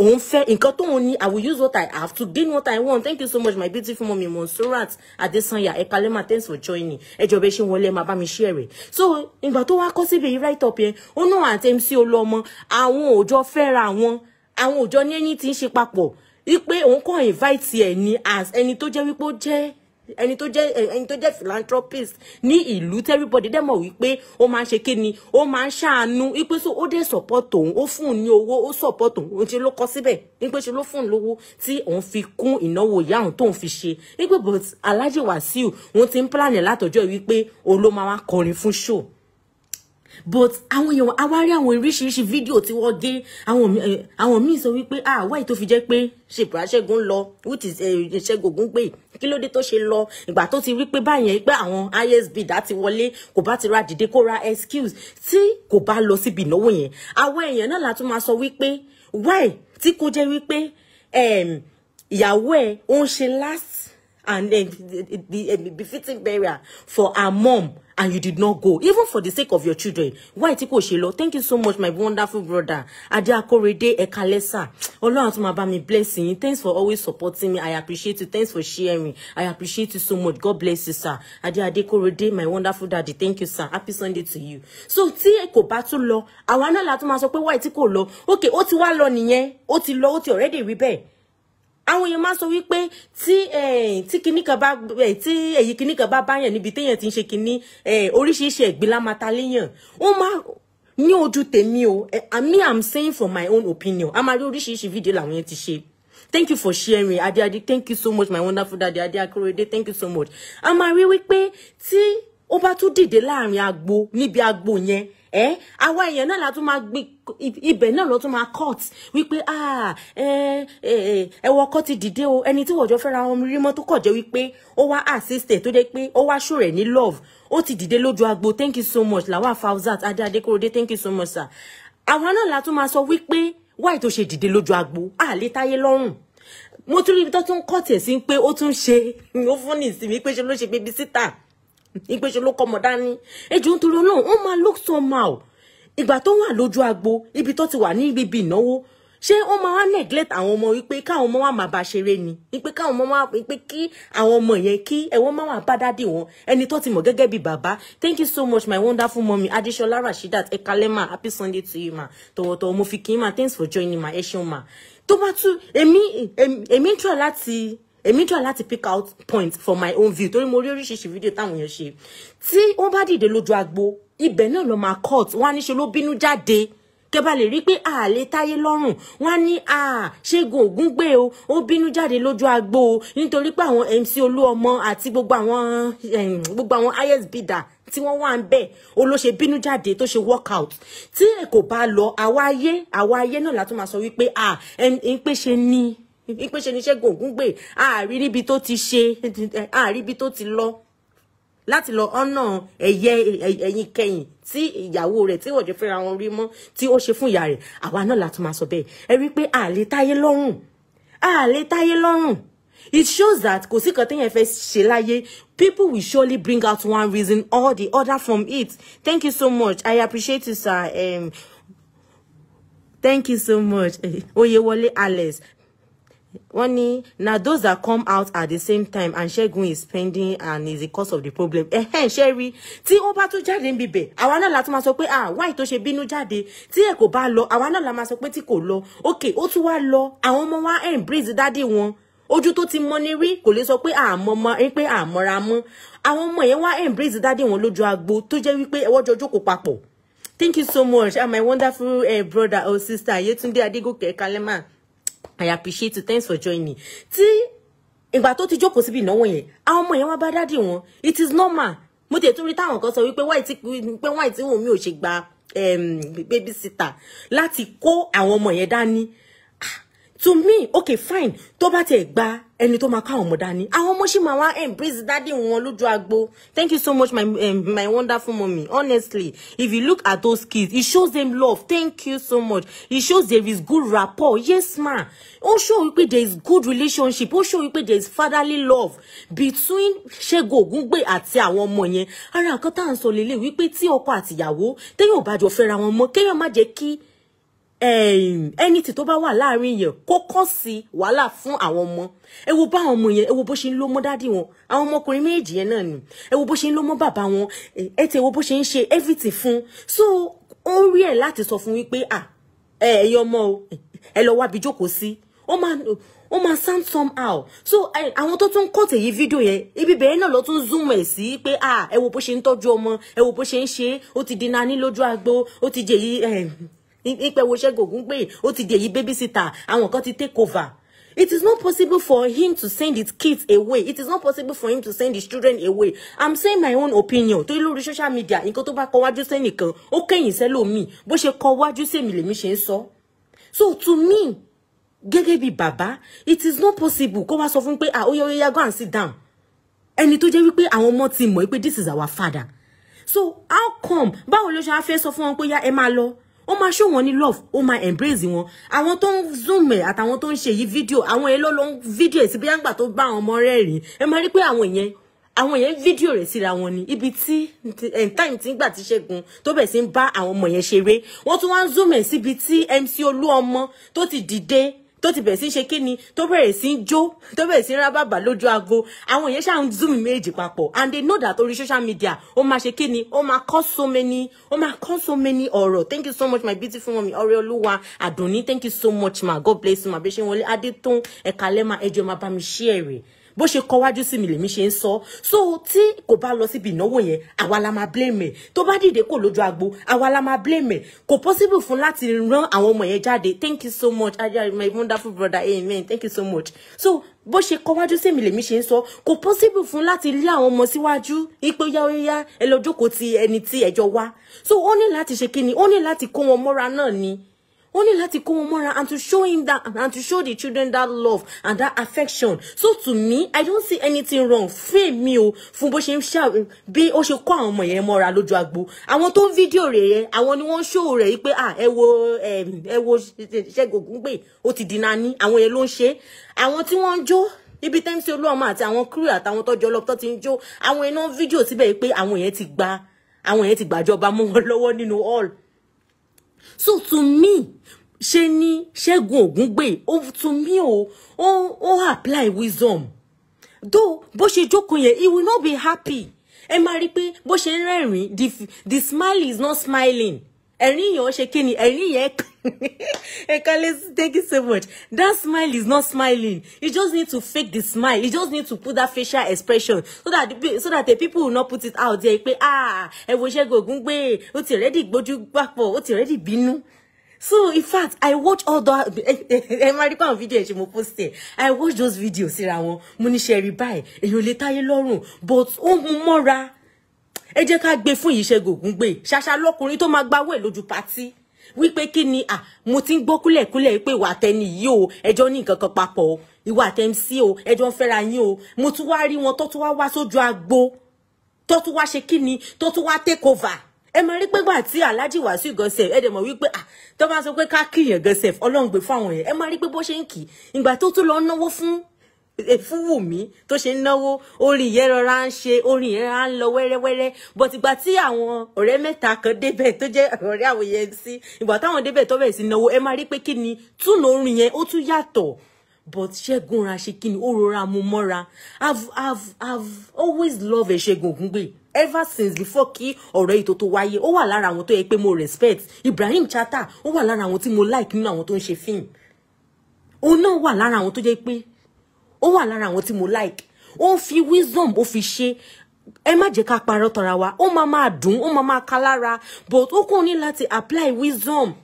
òun fẹ́ nǹkan tóun ní i will use what i have to gain what i want thank you so much my beautiful mummy monsurat adesanya ekalema thanks for joining ẹjọ bẹ ṣe wọlé máa bá mi share rẹ so ìgbà tó wá kọ síbi yìí write up yẹn ó náà àti mc olúọmọ àwọn òòjọ fẹ́ra wọn àwọn òòjọ ní ẹni tí ń ṣe papọ̀ wípé òun kàn invite ẹ̀ ní as ẹni tó jẹ́ wípé ó jẹ́ ẹni tó jẹ́ ẹni tó jẹ́ philanthropist ní ìlú everybody dẹ̀ mọ̀ wípé ó máa ń ṣe kíni ó máa ń ṣàánú wípé so ó dẹ̀ support òun ó fún un ní owó ó support òun ó ti ló kọ síbẹ̀ wípé ṣe ló fún un lówó tí òun fi kún ìnáwó ìyá òun tóun fi ṣe wípé but Alhaji Wasiu wọ́n ti ń plan látọjọ́ wípé òun ló máa wá kọrin fún show but àwọn èèyàn àwa rí àwọn oríṣiríṣi fídíò tí wọ́n gé àwọn eh, míì sọ wípé ah wáyé tó fi jẹ́ pé ṣèbúra ṣẹ́gun lọ wútì eh, ṣẹ́gun ògún pé kí ló dé tó ṣe lọ ìgbà tó ti rí pé báyẹn pé àwọn isb dá ti wọlé kò bá ti ra dìde kó ra excuse tí kò bá lọ síbi ìnáwó yẹn àwọn èèyàn náà látún máa sọ wípé wáyé tí kò jẹ́ wípé ehm, ìyàwó ẹ̀ ó ń ṣe last and then the, the uh, befitting burial for our mom and you did not go even for the sake of your children why thank you so much my wonderful brother Adé Akọ́rẹdé ekalesa Ọlọ́run tún máa bá thanks for always supporting me i appreciate you thanks for sharing i appreciate you so much god bless you sir Adé Adékọ́rẹdé my wonderful daddy thank you sir happy sunday to you so tí kò bá tún lọ àwa la tún máa sọ pé why tí kò lọ okay ó ti wá lọ nìyẹn ó ti lọ ó ti already rí àwọn èèyàn máa sọ wípé tí eh, tí kinní kan bá eh, tí èyí kinní kan bá báyàn níbi téèyàn ti ń ṣe kinní eh, oríṣiríṣi ẹ̀gbin lámata léèyàn ó máa ní ojú tèmi o me i'm saying for my own opinion a máa rí oríṣiríṣi fídíò làwọn yẹn ti ṣe thank you for sharing adi adi thank you so much my wonderful daddy adi akorede thank you so much a máa rí wípé tí ó bá tún dìde láàrin agbo níbi agbo yẹn ẹ eh? àwa èèyàn náà la tún máa gbé ibẹ̀ náà ló tún máa court wípé ah, eh, eh, ẹwọ ọkọ ti dìde o ẹni tí wọ́n jọ fẹ́ra wọn rí mọ́ tó kọ̀ jẹ́ wípé ó wá assist ẹ̀ tó jẹ́ pé ó wá ṣòro ẹ̀ ní love ó ti dìde lójú agbo thank you so much làwọn fauzat, adé adékòròdé thank you so much sir àwọn náà la tún máa sọ wípé wáì tó ṣe dìde lójú agbo àlè táyé lọ́rùn mo tún rí ibi tó tún kọ̀ tẹ̀ sí pé ó tún ṣe ó fún nìsinmi pé ṣe ló ṣe baby sitter ìgbésẹ̀ ló kọ́mọ dání ẹjọ́ ń torí ọlọ́run wọ́n máa look somehow ìgbà tó wà lójú agbo ibi tó ti wà ní ibi ìnáwó ṣé wọ́n máa wá neglect àwọn ọmọ wípé káwọn ọmọ wa máa bá ṣeré ni wípé káwọn ọmọ wa wípé kí àwọn ọmọ yẹn kí ẹ̀wọ́n máa wà bá dádì wọn ẹni tó ti mọ̀ gẹ́gẹ́ bí bàbá thank you so much my wonderful mommy Adéṣọlá Rasheedat ekalema happy sunday to you ma tọwọ́tọwọ́ mo fi kí n ma thanks for joining ma ẹ ṣeun ma tó bá tún èmi èmi ń tọ́ láti èmi try láti pick out point for my own view torí mo rí oríṣiríṣi fídíò táwọn èèyàn ṣe tí wọ́n bá dìde lójú agbo ibẹ̀ náà lọ máa court wọ́n á níṣe ló bínú jáde kẹ bá lè rí pé àlè táyé lọ́rùn wọ́n á ní à ṣégun ògún gbé o ó bínú jáde lójú agbo o nítorí pé àwọn MC Olúọmọ àti gbogbo àwọn gbogbo àwọn isb dà tí wọ́n wà ń bẹ̀ ó ló ṣe bínú jáde tó ṣe workout tí kò bá awaye àwa ayé àwa ayé náà látún máa sọ wípé à ń pèsè ni wípé ṣe ni Ṣẹ́gun Ògúngbè àárí níbi tó ti ṣe àárí ibi tó ti lọ láti lọ ọ̀nà ẹ̀yẹ ẹ̀yìn kẹyìn tí ìyàwó rẹ̀ tí wọ́n jẹ́ fẹ́ra wọn rí mọ́ tí ó ṣe fún ìyá rẹ̀ àwa náà la tún máa sọ bẹ́ẹ̀ ẹ rí i pé àlè táyé lọ́rùn àlè táyé lọ́rùn it shows that kò sí kan téèyàn fẹ́ ṣe láyé people will surely bring out one reason or the other from it thank you so much i appreciate you sir. Um, Thank you so much. Oyewole Alex wọ́n ní na those that come out at the same time and Ṣẹ́gun is pending and is the cause of the problem ẹ̀hẹ́n ṣe rí tí ó bá tún jáde ń bibẹ̀ àwa náà la tún máa sọ pé ah why tó ṣe bínú jáde tí ẹ̀ kò bá lọ àwa náà la máa sọ pé tí kò lọ ok ó tún wá lọ àwọn ọmọ wa embrace dádì wọn ojú tó ti mọ ní rí kò lè sọ pé àmọ́ mọ rí pé àmọ́ra mọ́ àwọn ọmọ yẹn wá embrace dádì wọn lójú agbo tó jẹ́ wípé ẹwọ́ jọ jókòó papọ̀ thank you so much and ah, my wonderful uh, brother or sister Yetunde Adegoke Kalema. I appreciate you. Thanks for joining. See, if I ti you síbi ìnáwó yẹn, àwọn ọmọ yẹn wá bá dádì wọn. It is normal. Mo tẹ̀ tún rí we kan sọ wípé wáì tí pé wáì tí wọn mi ò ṣe gba ehm, babysitter láti kó àwọn ọmọ yẹn dání to me okay fine tó bá tẹ̀ gba ẹni tó máa ká àwọn ọmọ dání àwọn ọmọ ṣì máa embrace daddy wọn lójú agbo thank you so much my um, my wonderful mommy honestly if you look at those kids it shows them love thank you so much it shows there is good rapport yes ma ó show wípé there is good relationship ó show wípé there is fatherly love between Ṣẹ́gun Ògúngbè àti àwọn ọmọ yẹn ara nǹkan tá à ń sọ lélẹ̀ wípé tí ọkọ àtìyàwó téèyàn ò bá jọ fẹ́ra wọn mọ́ kéèyàn má jẹ́ kí ẹni tí tó bá wà láàrin yẹn kó kàn sí wàhálà fún àwọn ọmọ ẹ wo bá àwọn ọmọ yẹn ẹ wo bó ṣe ń lọ mọ dádì wọn àwọn ọmọkùnrin méjì yẹn náà ni ẹ wo bó ṣe ń lọ mọ bàbá wọn ẹ tẹ bó ṣe ń ṣe everything fún so ó rí ẹ láti sọ fún wípé à ẹ ẹyọ ọmọ o ẹ lọ wábi jókòó sí ó máa ó máa sound somehow so àwọn tó tún ń kọ́tẹ̀ yìí fídíò yẹn ibi bẹ̀rẹ̀ náà lọ tún zoom ẹ̀ sí pé ẹ wo bó ṣe ń tọ́jú ọmọ ẹ wo bó ṣe ń ṣe ó ti di nani lójú agbo ó ti jẹ nípa ẹ̀wọ̀ ṣẹ́gun ògún pé ó ti di èyí babysitter àwọn kan ti take over. It is not possible for him to send his kids away. It is not possible for him to send his children away. I'm saying my own opinion. Tó lórí social media, nǹkan tó bá kọ wájú sẹ́nìkan, ó kẹ́yìn sẹ́lòmíì. Bó ṣe kọ wájú sẹ́mi lèmi ṣe ń sọ. So to me, gẹ́gẹ́ bí bàbá, it is not possible kó wá sọ fún pé, ah, ó yá ó go and sit down. Ẹni tó jẹ́ wípé àwọn ọmọ ti mọ̀ pé this is our father. So how come báwo ló ṣe á fẹ́ sọ fún wọn pé yá ẹ máa lọ? ó máa ṣó wọn ní love ó máa embrace wọn àwọn tó ń zoom ẹ àtàwọn tó ń ṣe yìí fídíò àwọn èèyàn ló ń fídíò ẹ sí bí àgbà tó bá àwọn ọmọ rẹ rìn ẹ máa rí pé àwọn èèyàn àwọn yẹn fídíò rẹ̀ síra wọn ni ibi tí eh, time tí ń gbà tí ṣẹ́gun tó bẹ̀ sí ń bá àwọn ọmọ yẹn ṣeré wọ́n tún wá ń zoom ẹ̀ síbi tí MC Olúọmọ tó ti dìde tó ti bẹ̀rẹ̀ sí ṣe kíni tó bẹ̀rẹ̀ sí jó tó bẹ̀rẹ̀ sí rá bàbà lójú aago àwọn èèyàn ṣáà ń zoom méjì papọ̀ and they know that orí social media ó máa ṣe kíni ó máa kọ́ so many ó máa kọ́ so many ọ̀rọ̀ thank you so much my beautiful mommy ọ̀rẹ́ olúwa àdùnní thank you so much ma god bless you ma bí ṣe wọlé adétún ẹ̀ka lẹ́ma ẹjọ́ máa bá mi ṣí ẹ̀rẹ̀ bó ṣe kọ wájú sí mi lèmi ṣe ń sọ so tí kò bá lọ síbi ìnáwó yẹn àwa la máa blame ẹ tó bá dìde kò lójú agbo àwa la máa blame ẹ kò possible fún láti rán àwọn ọmọ yẹn jáde thank you so much ajá my wonderful brother amen thank you so much so bó ṣe kọ wájú sí mi lèmi ṣe ń sọ kò possible fún láti lé àwọn ọmọ síwájú ipò yáyá ẹ lọ jókòó ti ẹni tí ẹjọ́ wá so ó ní láti ṣe kí ni ó ní láti kó wọn mọ́ra náà ni Only ní láti kó wọn and to show him that and to show the children that love and that affection so to me i don't see anything wrong fún èmi o fún bó ṣe ń ṣá bí ó ṣe kó àwọn ọmọ yẹn mọ́ra lójú agbo àwọn tó ń fídíò rẹ̀ yẹn àwọn ni wọ́n ń ṣòwò rẹ̀ yìí pé ah ẹ wo ẹ wo Ṣẹ́gun Ògúngbè ó ti di nani àwọn yẹn ló ń ṣe àwọn tí wọ́n ń jó níbi tẹ́ńsì olúwàmọ àti àwọn crew àtàwọn tọ́jú ọlọ́pàá ti ń jó àwọn yẹn náà fídíò síbẹ̀ yìí pé àwọn yẹn ti gba àwọn yẹn ti gbàjọba mọ́ wọn lọ́wọ́ nínú hall so to me ṣe ni Ṣẹ́gun Ògúngbè ó to me o ó ó apply wisdom though bó ṣe jókòó yẹn he will not be happy ẹ máa rí i pé bó ṣe ń rẹ́rìn-ín the smile is not smiling ẹ̀rín yẹn ó ṣe kí ni ẹ̀rín yẹn Ekale thank you so much that smile is not smiling you just need to fake the smile you just need to put that facial expression so that the, so that the people will not put it out there pé ah ẹ wo Ṣẹ́gun Ògúngbè ó ti already gbójú papọ̀ ó ti ready? bínú so in fact i watch all those. ẹ máa rí mo post ẹ i watch those videos síra wọn mo ní ṣe rí báyìí èèyàn lè táyé lọ́rùn but ó mú mọ́ra ẹ jẹ́ ká gbé fún Ìyíṣẹ́gun Ògúngbè ṣàṣà lọkùnrin tó máa gbawó ẹ̀ lójú patí wípé kí ni à mo ti ń gbọ́ kúlẹ̀kúlẹ̀ wípé ìwà àtẹni yìí o ẹjọ́ ní nǹkan kan papọ̀ ìwà àtẹmsí o ẹjọ́ ń fẹ́ra yín o mo tún wá rí wọn tó tún wá wá sójú agbo tó tún wá ṣe kí ni tó tún wá take over ẹ máa rí pé gbà tí Alhaji Wasiu gọsẹf ẹ dẹ̀ mọ̀ wípé à tó bá sọ pé ká kíyàn gọsẹf Ọlọ́run gbé fáwọn yẹn ẹ máa rí pé bó ṣe ń kì ìgbà tó tún lọ náwó fún Eh, eh, fún Wùmí tó ṣe ń náwó orin yẹn rọra ń ṣe orin yẹn rọra ń lọ wẹ́rẹ́wẹ́rẹ́ but ìgbà tí àwọn ọ̀rẹ́ mẹ́ta kan débẹ̀ tó jẹ́ ọ̀rẹ́ àwọn yẹn sí ìgbà táwọn débẹ̀ tó bẹ̀rẹ̀ sí náwó ẹ máa rí pé kí ni túnú orin yẹn ó tún yàtọ̀ but Ṣẹ́gun ra ṣe kí ni ó rọra mú mọ́ra I've I've I've always loved Ṣẹ́gun Ògúngbè ever since before kí ọ̀rọ̀ ètò tó wáyé ó wà lára àwọn tó yẹ pé mo respect Ibrahim Chata. ó wà lára àwọn tí mo like nínú àwọn tó ń ṣe fíìmù òun náà wà lára àwọn tó jẹ́ pé ó wà lára àwọn tí mo like ó fi wisdom ó fi ṣe ẹ má jẹ́ ká parọ́ tọ́ra wa ó máa máa dùn ó máa máa ka lára but ó kàn ní láti apply wisdom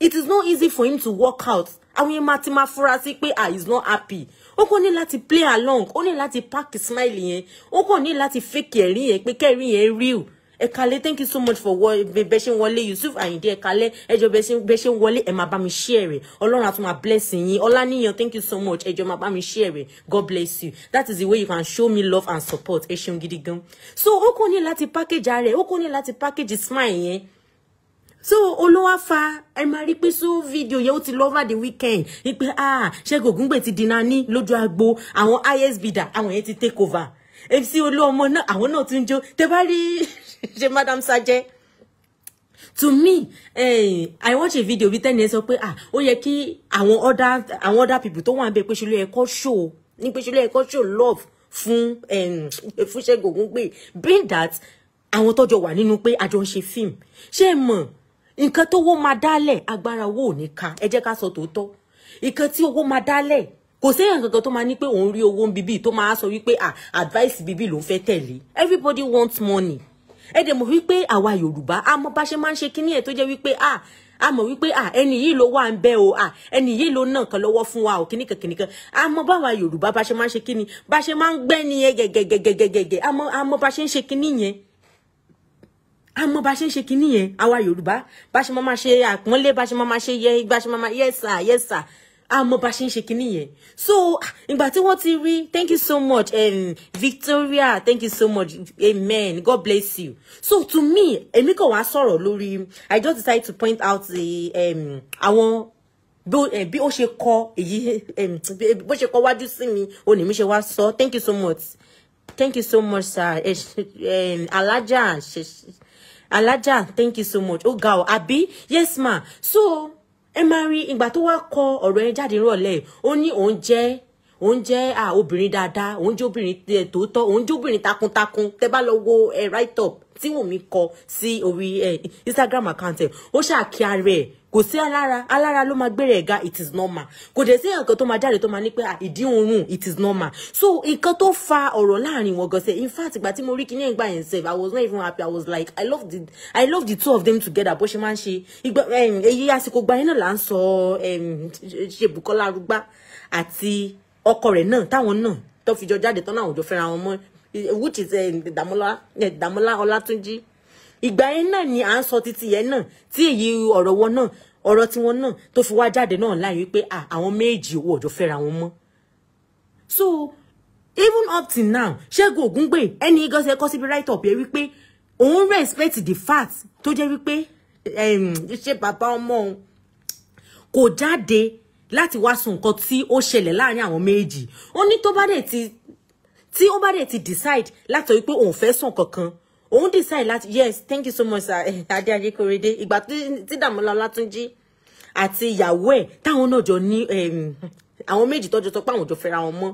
it is not easy for him to work out àwọn yẹn máa ti máa fura sí pé ah he is not happy ó kàn ní láti play along ó ní láti pack smile yẹn ó kàn ní láti fake ẹ̀rín yẹn pé kẹ́rin yẹn real ẹ̀kalẹ́ thank you so much for bẹ́ẹ̀ ṣe ń wọlé Yusuf Àyìndé ẹ̀kalẹ́ ẹjọ́ bẹ́ẹ̀ ṣe ń wọlé ẹ̀ máa bá mi share rẹ̀ ọlọ́run àtúmọ̀ bless yín ọláníyàn thank you so much ẹjọ́ máa bá mi share rẹ̀ God bless you that is the way you can show me love and support ẹ ṣeun gidi gan so ó kàn ní láti package ara ẹ̀ ó kàn ní láti package smile yẹn so olówó fa ẹ máa rí pé so fídíò yẹn ó ti lọ́wọ́ the weekend ni pé ah ṣẹ́gun ògúngbè ti dínà ní lójú agbo àwọn isb dà àwọn yẹn ti take over fc olú ọmọ náà àwọn náà tún jó tẹ bá rí ṣe madam sajẹ to me eh, i watch a video bí ten years sọ pé ah ó yẹ ki àwọn other àwọn other people tó wà ń be pé ṣe ló yẹ show ní pé ṣe ló yẹ show love fun, fún Ṣẹ́gun Ògúngbè being that àwọn tọ́jọ wà nínú pé àjọ ń ṣe fíìmù ṣé ẹ mọ̀ nǹkan tó wó máa dálẹ̀ agbára owó ò ní ka ẹ jẹ́ ká sọ tòótọ́ nǹkan tí owó máa dálẹ̀ kò séèyàn kankan tó máa ní pé òun rí owó ń bíbí tó máa sọ wípé ah advice bíbí ló ń fẹ́ tẹ̀lé everybody wants money ẹ dẹ̀ mọ̀ wípé àwa yorùbá a mọ̀ bá ṣe máa ń ṣe kínní ẹ̀ tó jẹ́ wípé a a mọ̀ wípé a ẹni yìí ló wà ń bẹ́ o a ẹni yìí ló nà kan lọ́wọ́ fún wa o kìnnìkan kìnnìkan a mọ̀ báwa yorùbá bá ṣe máa ń ṣe kínní bá ṣe máa ń gbẹ́ ni yẹn gẹ̀gẹ̀gẹ̀gẹ̀gẹ̀ a mọ̀ a mọ̀ bá ṣe ń ṣe kínní yẹn a mọ̀ bá ṣe ń ṣe kínní yẹn àwa yorùbá bá ṣe máa máa ṣe àpọ́nlé bá ṣe máa ṣe yẹ bá ṣe máa máa yẹ́sà yẹ́sà àmọ́ bá ṣe ń ṣe kinní yẹn so ah, ìgbà tí wọ́n ti rí thank you so much um, Victoria thank you so much amen God bless you so to me èmi kàn wá sọ̀rọ̀ lórí I just decided to point out the um, àwọn eh, bí ó ṣe kọ èyí um, bó ṣe kọ wájú sí mi òní mi ṣe wá sọ thank you so much thank you so much sir eh, um, Alaja Alaja thank you so much Oh, ga ọ àbí yes ma so ẹ máa rí ìgbà tó wá kọ ọ̀rọ̀ yẹn jáde rọ̀lẹ́ ó ní òun jẹ́ òun jẹ́ obìnrin dáadáa òun jẹ́ obìnrin tòótọ́ òun jẹ́ obìnrin takuntakun tẹ́ bá lọ wo write up tí Wùnmí kọ sí orí Instagram account ẹ̀ ó ṣàkíyà rẹ̀ kò sí alára alára ló máa gbére ẹ̀ga it is normal kò dẹ̀ sí nǹkan tó máa jáde tó máa ní pé ah, ìdí oorun it is normal so nǹkan tó fa ọ̀rọ̀ láàrin wọn gan sẹ́ in fact ìgbà tí mo rí kíní ẹ̀ gbà yẹn sef i was not even happy i was like i love the i love the two of them together bó ṣe máa ń ṣe ìgbà èyí àsìkò gba yẹn náà là ń sọ ṣe Bùkọ́lá Arúgbá àti ọkọ rẹ̀ náà táwọn náà tó fi jọ jáde tán náà òjò fẹ́ra wọn mọ́ which is Dàmọ́lá Dàmọ́lá Ọlátúnjí ìgbà yẹn náà ni à ń sọ títí yẹn náà tí èyí ọ̀rọ̀ wọn náà ọ̀rọ̀ tiwọn náà tó fi wá jáde náà láàyè pé àwọn méjì owó ọ̀jọ́ fẹ́ra wọn mọ́ so even up till now Ṣẹ́gun Ògúngbè ẹni gọ́sẹ̀ kọ́ síbi right up yẹ wípé òun respect the fact tó jẹ́ wípé ṣe bàbá ọmọ òun kò jáde láti wá sùn nǹkan tí ó ṣẹlẹ̀ láàrin àwọn méjì ó ní tó bá dẹ̀ ti tí ó bá dẹ̀ ti decide láti wípé òun fẹ́ sùn kankan òun decide láti yes thank you so much adé ayékorede ìgbà tí Dàmọ́lá Ọlátúnjí àti ìyàwó ẹ̀ táwọn náà jọ ní àwọn méjì tọ́jú sọ pé àwọn jọ fẹ́ra wọn mọ́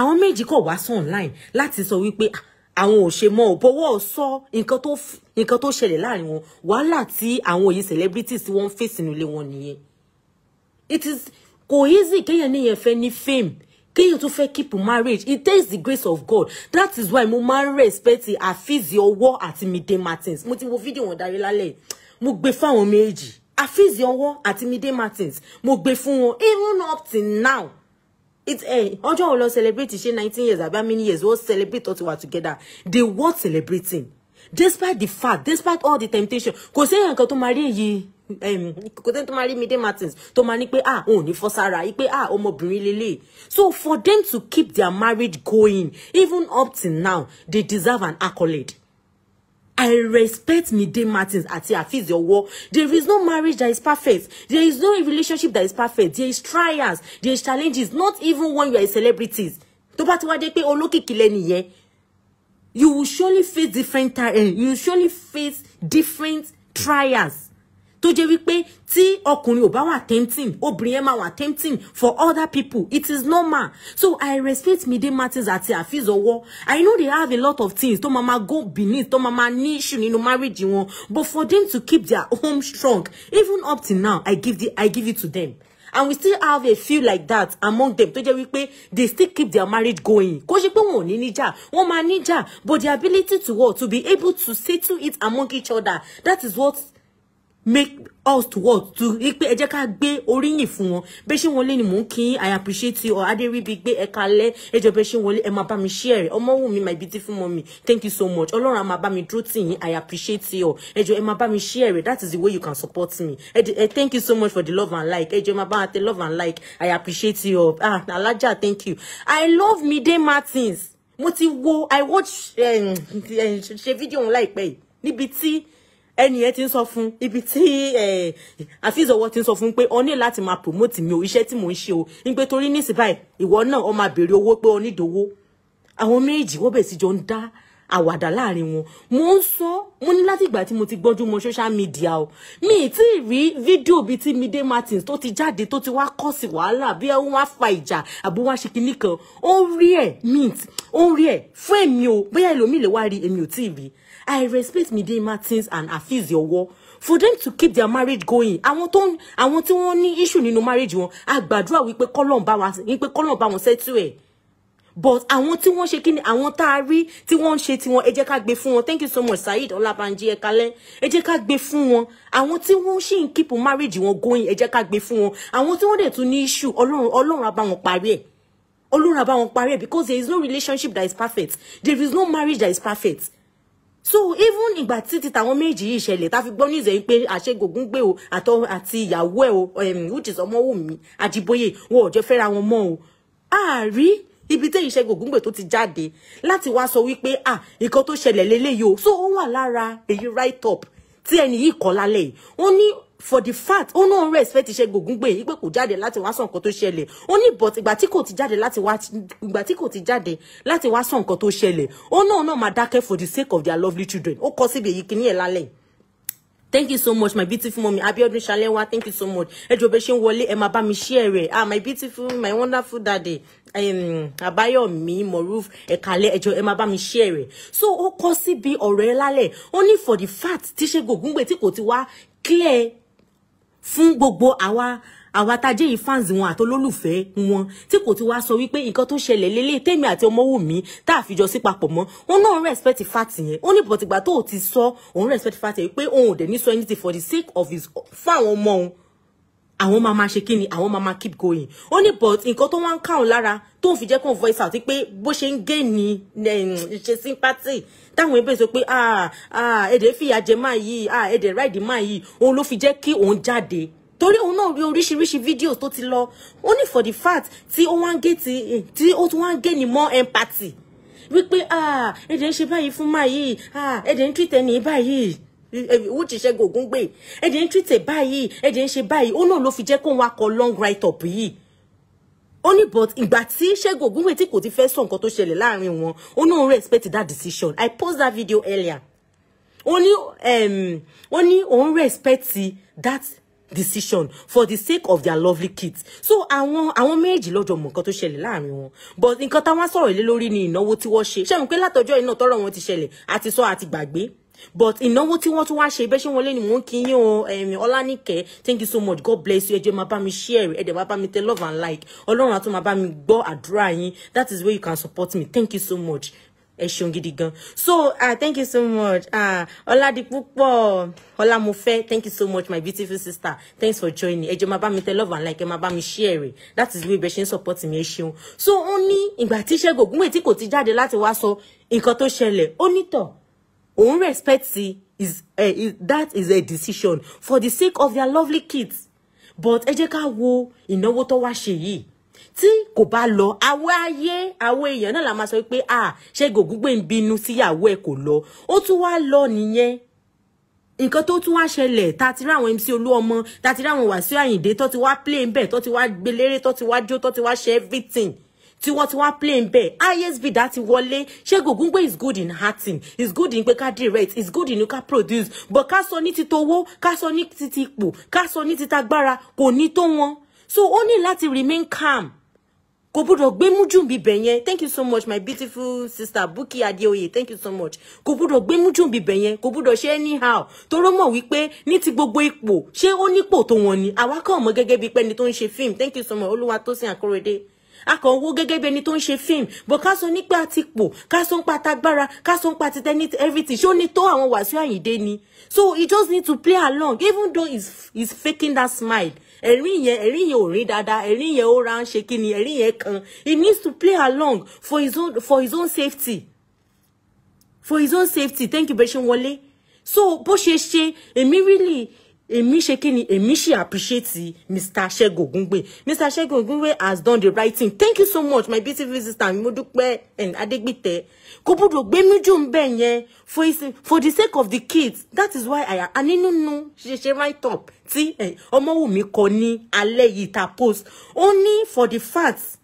àwọn méjì kọ̀ wá sí online láti sọ wípé ah, àwọn ò ṣe mọ́ ò bọ́wọ́ sọ nǹkan tó ṣẹlẹ̀ láàrin wọn wàhálà tí àwọn èyí celebrities wọ́n ń fèsì nílé wọn nìyẹn it is kò easy kéèyàn níyẹn fẹ́ ní fame kéèyàn tó fẹ́ keep marriage it takes the grace of God that is why mo máa ń respect àfíìsì ọwọ́ àti Mide Martins mo ti wo fídíò wọn darí lálẹ́ mo gbé fáwọn méjì àfíìsì ọwọ́ àti Mide Martins mo gbé fún wọn even up till now it's eh ọjọ́ wo lọ celebrate ṣe nineteen years àbí many years wọ́n celebrate ọtí wa together they were celebrating despite the fact despite all the temptation kò sí èèyàn kan tó máa rí èyí kò tẹ́ tó máa rí Mide Martins tó máa ní pé ah òun ò ní fọ́ sára yìí pé ah ọmọbìnrin lélẹ̀ so for them to keep their marriage going even up till now they deserve an accolade. I respect Mide Martins àti Afeez Owo. There is no marriage that is perfect. There is no relationship that is perfect. There is trials. There is challenges. Not even when you are a celebrity. Tó bá ti wá dé pé olókìkí lẹ́ni yẹn. You will surely face different uh, you will surely face different trials tó jẹ́ wípé tí ọkùnrin ò bá wà tempting obìnrin yẹn máa wà tempting for other people it is normal so i respect Mide Martins àti Afeez Owo i know they have a lot of things tó máa go beneath tó máa ma ní issue nínú marriage wọn but for them to keep their home strong even up till now i give the i give it to them and we still have a few like that among them tó jẹ́ wípé they still keep their marriage going kó ṣe pé wọn ò ní níjà wọn máa níjà but the ability to work to be able to settle it among each other that is what make us to work to rí pé ẹ jẹ́ ká gbé oríyìn fún wọn bẹ́ẹ̀ ṣé wọlé ni mò ń kí i appreciate you adéríbi gbé ẹ kalẹ̀ ẹ jọ bẹ́ẹ̀ ṣé wọlé ẹ máa bá mi share rẹ̀ Ọmọ́wùmí my beautiful mommy thank you so much ọlọ́run a máa bá mi dúró tì yín i appreciate you ẹ jọ ẹ máa bá mi share that is the way you can support me ẹ jọ thank you so much for the love and like ẹ jọ ẹ máa bá wa tẹ love and like i appreciate you ah alájà thank you i love Mide Martins mo ti wo i watch ṣe fídíò òun láìpẹ́ yìí níbi tí ẹni yẹn ti ń sọ fún ibi tí àfíìsì ọwọ́ ti ń sọ fún pé ọ ní láti máa promote mi o iṣẹ́ tí mò ń ṣe o ní pé torí nísìbáyìí ìwọ náà ọ máa béèrè owó pé ọ nídòwó àwọn méjì wọ́n bẹ̀ sí jọ ń dá àwàdà láàrin wọn mo ń sọ mo ní láti ìgbà tí mo ti gbọ́jú mọ́ social media o mi ì tí ì rí fídíò bíi ti Mide Martins tó ti jáde tó ti wá kọ́ sí wàhálà bí wọ́n wá fa ìjà àbí wọ́n ṣe kinní kan ó ń rí ẹ̀ mint ó ń rí ẹ̀ fún èmi o bóyá ẹlòmíì lè wá rí èmi ò tí ì rí I respect Mide Martins and Afeez Owo for them to keep their marriage going àwọn tó àwọn tí wọ́n ní issue nínú marriage wọn a gbàdúrà wípé kọ́lọ̀ ń bá wọn ṣètú ẹ̀ but àwọn tí wọ́n ṣe kíni àwọn tá a rí tí wọ́n ń ṣe tiwọn ẹ jẹ́ ká gbé fún wọn thank you so much Saheed Ọlábánjí ẹ kalẹ́ ẹ jẹ́ ká gbé fún wọn àwọn tí wọ́n ṣì ń keep marriage wọn going ẹ jẹ́ ká gbé fún wọn àwọn tí wọ́n dẹ̀ tún ní issue Ọlọ́run Ọlọ́run á bá wọn parí ẹ̀ Ọlọ́run á bá wọn parí ẹ̀ because there is no relationship that is perfect there is no marriage that is perfect so even ìgbà tí ti tàwọn méjì yìí ṣẹlẹ̀ tá a fi gbọ́ ní ìzẹ̀yìn pé àṣegògùn gbé o àtọ àti ìyàwó ẹ̀ o um, which is Ọmọ́wùmí Ajíbóyè wọn ò jẹ́ fẹ́ra wọn mọ́ o àárí ibi tẹ́yìn Ṣẹ́gun Ògúngbè tó ti jáde láti wá sọ wípé ah nǹkan tó ṣẹlẹ̀ lélẹ́yìí o so ó wà lára èyí write up tí ẹni yìí kọ́ lálẹ́ yìí ó ní for the fact ó náà respect iṣẹ́ Ògúngbè yìí pé kò jáde láti wá sọ nǹkan tó ṣẹlẹ̀ ó ní but ìgbà tí kò ti jáde láti wá ìgbà tí kò ti jáde láti wá sọ nǹkan tó ṣẹlẹ̀ ó náà náà máa dákẹ́ for the sake of their lovely children ó kọ síbi èyí kìíní ẹ̀ lálẹ́ thank you so much my beautiful mommy abiodun shalewa thank you so much ẹ jọ̀ọ́ bẹ ṣe ń wọlé ẹ máa bá mi share rẹ ah my beautiful my wonderful daddy um, Abayomi Moruf Ekale ẹjọ ẹ máa bá mi ṣe rẹ̀ so ó kọ síbi ọ̀rọ̀ ẹ lálẹ́ ó ní for the fact tí ṣe gògúngbè tí kò ti wá clear fún gbogbo àwa àwa tajé yìí fans wọn àtolólùfẹ́ wọn tí kò ti wá sọ wípé nǹkan tó ṣẹlẹ̀ lélẹ̀ tèmi àti Ọmọwùmí tá a fìjọ sí papọ̀ mọ́ òun náà respect fact yẹn ó ní bọ̀tìgbà tó ti sọ òun respect fact yẹn pé òun ò dẹ̀ ní sọ anything for the sake of his fún àwọn ọmọ òun àwọn máa máa ṣe kí ni àwọn máa máa keep going ó ní but nǹkan tó wá ń káwọn lára tó ń fi jẹ́ kó voice out pé bó ṣe ń gé ní ṣe sympathy táwọn ẹbẹ̀ sọ pé èdè ah, ah, fìyà jẹ máa yìí èdè ah, ráìdì máa yìí òun ló fi jẹ́ kí òun jáde torí òun náà rí oríṣiríṣi videos tó ti lọ ó ní for the fact tí ó wá ń gé tí ó tún wá ń gé ní more empathy wípé èdè ń ṣe báyìí fún máa yìí èdè ń treat ẹni báyìí. Eh, Wújíṣẹ́ Ògúngbè ẹ̀dẹ̀ ń tìtẹ̀ báyìí ẹ̀dẹ̀ ń ṣe báyìí ó náà ló fi jẹ́ kó wọn akọ long write up yìí ó ní but ìgbà tí Ṣẹ́gun Ògúngbè tí kò ti fẹ́ sọ nǹkan tó ṣẹlẹ̀ láàrin wọn ó náà respect that decision I post that video earlier Only um only ní respect that decision for the sake of their lovely kids so àwọn àwọn méjì lọ́jọ́ mọ̀ nǹkan tó ṣẹlẹ̀ láàrin wọn but nǹkan táwọn sọ̀rọ̀ lé lórí ni ìnáwó tí wọ́n ṣe ṣẹ́gun pé látọjọ́ iná tọ́rọ̀ wọn ti ṣẹlẹ̀ àti sọ àti gbàgbé but ìnáwó tí wọ́n tún wá ṣe ìbẹ́ṣẹ́ wọlé ni mò ń kí yín o ọlánìkẹ́ thank you so much god bless you ẹ jẹ́ máa bá mi share ẹ dẹ̀ máa bá mi tẹ love and like ọlọ́run á tún máa bá mi gbọ́ àdúrà yín that is where you can support me thank you so much ẹ ṣeun gidi gan so ah thank you so much ah ọládipúpọ̀ ọlámọfẹ́ thank you so much my beautiful sister thanks for joining ẹ jọ̀ọ́ máa bá mi tẹ love and like ẹ máa bá mi share that is way bẹ ṣe ń support mi ẹ ṣeun so ó ní ìgbà tí Ṣẹ́gun Ògúnwùsì tí kò ti jáde láti wá sọ nǹkan tó ṣẹlẹ̀ ó nítọ òun respect is, uh, is that is a decision for the sake of their lovely kids but ẹ jẹ́ ká wo ìnáwó to wá ṣe yìí tí kò bá lọ àwọn ayé àwọn èèyàn náà la máa pe ah. à ṣé gògúngbè ń bínú síyàwó ẹ̀ kò lo ó tún wá lọ nìyẹn nǹkan tó tún wá ṣẹlẹ̀ tá ti ráwọn MC Olúọmọ tá ti ráwọn Wàsíù Àyìndé tó ti wá play ń bẹ̀ ti wá gbelére tó ti wá jó tó ti wá ṣe everything tí wọ́n ti wá play bẹ́ẹ̀ isv dá ti wọlé ṣé gògùngbé is good in acting is good in pé ká direct is good in ká produce but ká sọ ní titowó ká sọ ní titi ipò ká sọ ní titagbára kò ní tó wọn so ó ní láti remain calm kò gbọdọ̀ gbé mújú bíbẹ̀ yẹn thank you so much my beautiful sister Bukki Adeoye thank you so much kò gbọdọ̀ gbé mújú bíbẹ̀ yẹn kò gbọdọ̀ ṣe anyhow toró mọ̀ wípé ní ti gbogbo ipò ṣé ó nípò tó wọn ni àwa kàn mọ́ gẹ́gẹ́ bíi pẹ́ni tó ń ṣe fíìmù thank you so much Olúwatósìn Akọ́rẹ́dé a kàn wó gẹ́gẹ́ bí ẹni tó ń ṣe fíìmù bó ká sọ nípa ti pò ká sọ ń pa tagbára ká sọ ń pa ti tẹ́ni everything ṣó ni tó àwọn Wàsíù Àyìndé ni so he just need to play along even though he's, he's faking that smile ẹ̀rín yẹn ẹ̀rín yẹn ò rí dáadáa ẹ̀rín yẹn ó ra ń ṣe kí ẹ̀rín yẹn kan he needs to play along for his own for his own safety for his own safety thank you bẹ́ẹ̀ ṣe wọlé so bó ṣe ṣe èmi really èmi ṣe kí ni èmi ṣì appreciate mr segun ogungbe mr segun ogungbe has done the right thing thank you so much my beautiful sister mi mo dúpẹ́ and adegbite kò gbọ́dọ̀ gbé mi jù ń bẹ̀ yẹn for his for the sake of the kids that is why i am aninunu ṣe ṣe write up tí ọmọwùmí kọ ní alẹ́ yìí ta post only for the fact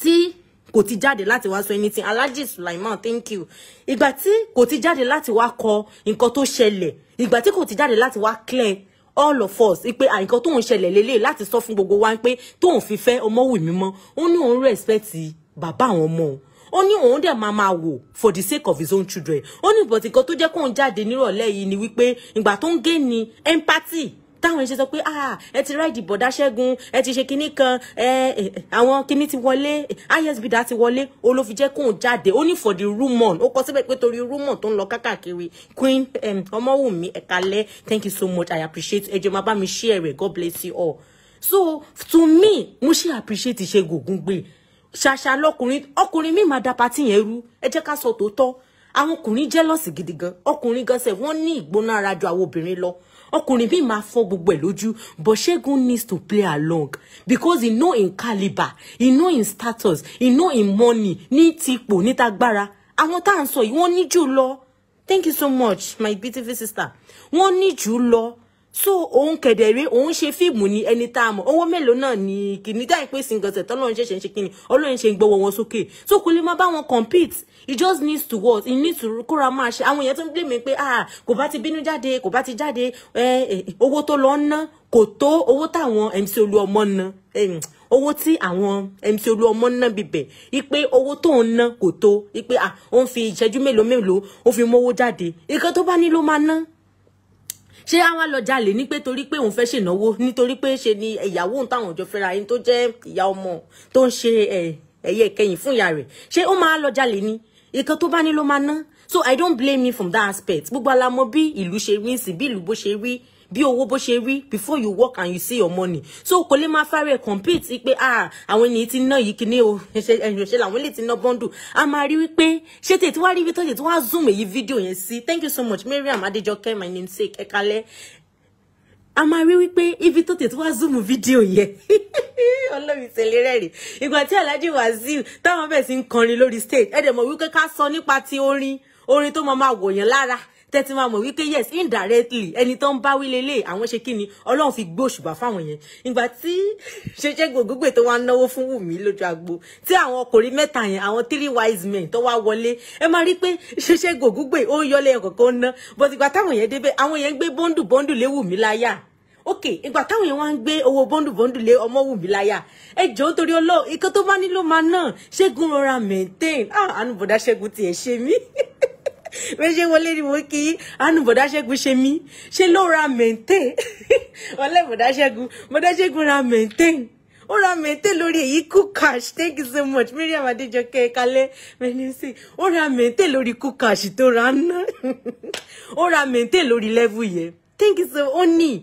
tí kò ti jáde láti wá sọ anything alhaji sulaiman thank you ìgbà tí kò ti jáde láti wá kọ nǹkan tó ṣẹlẹ̀ ìgbà tí kò ti jáde láti wá clear all of us pé àìkan tóun ṣẹlẹ̀ lélẹ̀ láti sọ fún gbogbo wa pé tóun fi fẹ́ Ọmọwùmí mọ́ ó ní òun respect bàbá àwọn ọmọ òun ó ní òun dẹ̀ máa máa wò for the sake of his own children ó ní ìbọ̀tìkan tó jẹ́ kóun jáde nírọ̀lẹ́ yìí ni wípé ìgbà tó ń gé ni empathy táwọn ṣe sọ pé ah ẹ ti ráìdì bọ̀dá ṣẹ́gun ẹ ti ṣe kinní kan àwọn kinní ti wọlé isb dá ti wọlé ó ló fi jẹ́ jáde ó ní for the rumour ó kọ síbẹ̀ pé torí rumour tó ń lọ kákàkiri queen ọmọwùmí ẹ̀kalẹ́ thank you so much i appreciate ẹ máa bá mi share rẹ̀ god bless you all so to me mo ṣe appreciate Ṣẹ́gun Ògúngbè ṣàṣà lọkùnrin ọkùnrin mi máa da patí yẹn rú ẹ jẹ́ ká sọ tòótọ́ àwọn ọkùnrin jealous gidi gan ọkùnrin gan sẹ wọn ní ìgbóná ara ju àwọn obìnrin lọ ọkùnrin bíi máa fọ gbogbo ẹ̀ lójú but Ṣẹ́gun needs to play along because he know him caliber, he know him status he know him money ní tipò nítagbára àwọn tá à ń sọ yìí wọ́n ní jù lọ thank you so much my beautiful sister wọ́n ní jù lọ so òun kẹ̀dẹ̀rẹ́ òun ṣe fíìmù ní ẹni tá a mọ̀ owó mélòó náà ní kìíní dáì pé sìngọ̀tẹ̀ tọ́lọ́run ṣẹ̀ṣẹ̀ ń ṣe kíni ọlọ́run ṣe ń gbọ́wọ́ wọn sókè so kò lè má bá wọn compete he just needs to work he needs to kóra máa ṣe àwọn èèyàn tó ń blame pé ah kò bá ti bínú jáde kò bá ti jáde owó tó lọ ń ná kò tó owó táwọn MC Olúọmọ ń ná owó tí àwọn MC Olúọmọ ń ná bíbẹ̀ ipe owó tó ń ná kò tó ipe ah ó ń fi ìṣẹ́jú mélòó mélòó ó fi mówó jáde ìkan tó bá ní ló máa ná ṣé àwa lọ jalè ní pé torí pé òun fẹ́ ṣènáwó nítorí pé ṣe ni ìyàwó òun táwọn òjò fẹ́ra yín tó jẹ́ ìyá ọmọ tó ń ṣe ẹ̀yẹ ìkẹyìn fún ìyá rẹ̀ ṣé ó máa lọ jalè ni ìkan tó bá ní ló máa ná so i don't blame him from that aspect gbogbo alamọ bí ìlú ṣe rí sí bí ìlú bó ṣe rí bí owó bó ṣe rí before you work and you see your money so kò lè máa fárẹ̀ compete pé ah àwọn ènìyàn ti ná yìí kíní o ẹ̀yìn òṣèlú àwọn èlé ti ná bọ́ńdù a máa rí wípé ṣé tètè wá rí wípé tètè wá zoom èyí video. yẹn sí thank you so much Mariam Adejoke. my name sake ẹ kalẹ́ a máa rí wípé ibi tó tètè wá zoom fídíò yẹn ọlọ́run tẹ̀lé rẹ́rìn ìgbà tí Alhaji Wazir táwọn bẹ̀ sí ń kọrin lórí stage ẹ̀ dẹ̀ mọ̀ wípé ká sọ nípa ti orin orin tó máa máa wòyàn lára tẹ́tí máa mọ̀ wípé yes indirectly ẹni tó ń bá wí lélẹ̀ àwọn ṣe kí ni ọlọ́run fi gbóṣùbà fáwọn yẹn ìgbà tí ṣẹṣẹ gbògbògbè tó wá ń náwó fún wùmí lójú agbo tí àwọn ọkùnrin mẹ́ta yẹn àwọn three wise men tó wá wọlé ẹ máa rí pé ṣẹṣẹ gbògbògbè ó ń yọlé ẹ̀kọ́ kan ná but ìgbà táwọn yẹn débẹ̀ àwọn yẹn ń gbé bọ́ndù bọ́ndù lé wùmí láyà ok ìgbà táwọn yẹn wá ń gbé owó bọ́ndùbọ́ndù lé ọmọ wù mí láyà ẹ jọ̀ọ́ torí ọlọ́ ikọ́ tó bá nílò máa náà ṣẹ́gun rọra maintain ah àánú bọ̀dá ṣẹ́gun tiẹ̀ ṣe mí. méjì wọlé ni mo kí ánú bọ̀dáṣẹ́gun ṣe mí ṣe ló ra maintain ọlẹ́ bọ̀dáṣẹ́gun bọ̀dáṣẹ́gun ra maintain ó ra maintain lórí èyí cool cash thank you so much Miriam Adéjọkẹ́ kalẹ́ mẹ́nìsì ó ra maintain lórí cool cash tó ra ná ó ra maintain lórí level yẹn thank you so much ó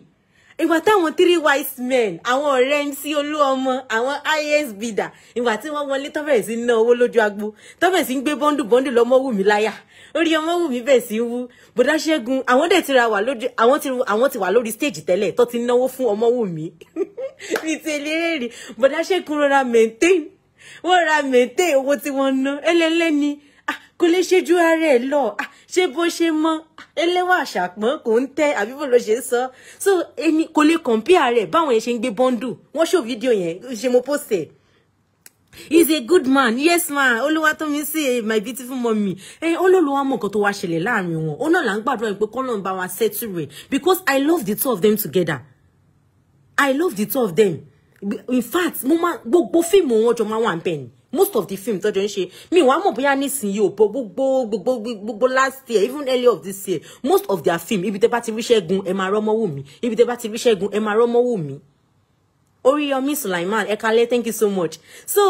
ìgbà táwọn three wise men àwọn ọ̀rẹ́ MC Olúọmọ àwọn is bidà ìgbà tí wọ́n wọlé tọ́bẹ̀rẹ̀ sí ná owó lójú agbo tọ́bẹ̀rẹ̀ sí ń gbé bọ́ńdù bọ́ńdù lọ́mọ wù mí láyà orí ọmọ wù mí bẹ̀ sí wú bọ̀dá ṣẹ́gun àwọn dẹ̀ ti ra wà lójú àwọn ti àwọn ti wà lórí stage tẹ́lẹ̀ tó ti náwó fún ọmọ wù mí mi ti eléré rí bọ̀dá ṣẹ́gun rọra maintain wọ́n ra maintain owó tí wọ́n ná ẹlẹ́lẹ́ni kò lè ṣe ju ara ẹ̀ lọ ṣé bó ṣe mọ ẹlẹ́wà àṣàpọ̀n kò ń tẹ́ àbí ló ṣe ń sọ so ẹni kò lè compare rẹ̀ báwọn yẹn ṣe ń gbé bọ́ńdù wọ́n ṣò fídíò yẹn ṣe mo post ẹ̀ he's a good man yes ma Olúwatóminsí my beautiful mommy eh ololuwa mọ nǹkan tó wá ṣẹlẹ̀ láàrin wọn o na la ń gbàdúrà pé kolon bá wa settle because i love the two of them together i love the two of them in fact mo ma gbogbo film wọn jọ ma wà ńbẹ̀ most of the film tọ́jọ́ ń ṣe mi wàá mọ̀ bóyá nísìnyí ò bọ́ gbogbo gbogbo gbogbo last year even early of this year most of their film ibi tẹ́ bá ti rí Ṣẹ́gun ẹ máa rọ́mọ́ wù mí ibi tẹ́ bá ti rí Ṣẹ́gun ẹ máa rọ́mọ́ wù mí Oriyomi Sulaiman Ekale, thank you so much so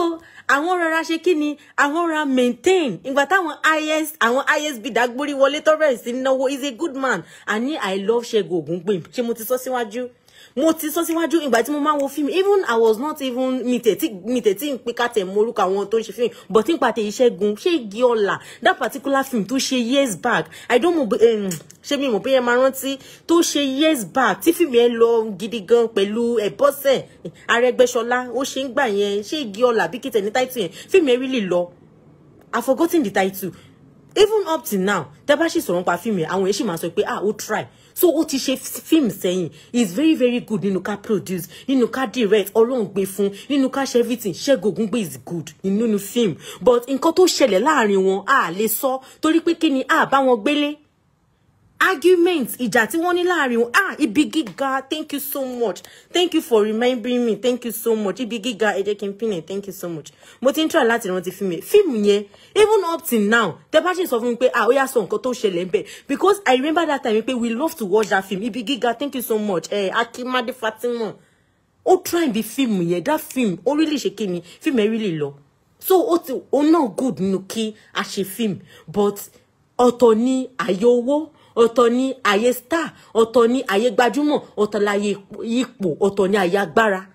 àwọn rọra ṣe kí ni àwọn rọra maintain ìgbà táwọn is àwọn isb dágbórí wọlé tó bẹ̀rẹ̀ sí náwó is a good man àní i love Ṣẹ́gun Ògúngbè ṣé mo ti sọ síwájú mo ti sọ síwájú ìgbà tí mo máa ń wo fíìmù even i was not even mi tètí mi tètí ń pe kàtẹ morúkọ àwọn tó ń ṣe fíìmù but nípa tẹ Ìṣẹ́gun ṣé igi ọlà that particular film tó ṣe years back i don't know ṣé mi mọ̀ pé ẹ máa rántí tó ṣe years back tí fíìmù yẹn lọ gidi gan pẹ̀lú ẹ̀bọ́sẹ̀ Arẹ́gbẹ́ṣọlá ó ṣe ń gbà yẹn ṣé igi ọlà bí kìtẹ̀ ní title yẹn fíìmù yẹn really lọ i forgotten the title even up till now tẹ bá ṣì sọ̀rọ̀ nípa fíìmù yẹn àwọn yẹn ṣì máa sọ pé ah ó try so ó ti ṣe fíìmù sẹ́yìn is very very good nínú ká produce nínú ká direct ọlọ́run gbé fún nínú ká ṣe everything ṣẹ́gun ògúngbè is good nínú film but nǹkan tó ṣẹlẹ̀ láàrin wọn a lè sọ torí pé kí ni a bá wọn gbélé argument ìjà tí wọ́n ní láàrin wọn ah ibi gíga thank you so much thank you for remembering me thank you so much ibi gíga ẹ jẹ́ kí thank you so much mo ti ń try láti rántí fíìmù yẹn film yẹn even up till now the bá ṣì sọ fún mi pé ah ó yà sọ nǹkan tó ṣẹlẹ̀ because i remember that time pé we love to watch that film ibi Giga, thank you so much eh, akimade fatima ó try bí film yẹn that film ó really ṣe kí ni fíìmù really lọ so ó ti ó náà good nínú kí a film. but ọ̀tọ̀ ni àyè owó ọ̀tọ̀ ni àyè star ọ̀tọ̀ ni àyè gbajúmọ̀ ọ̀tọ̀ láyè ipò ọ̀tọ̀ ni àyè agbára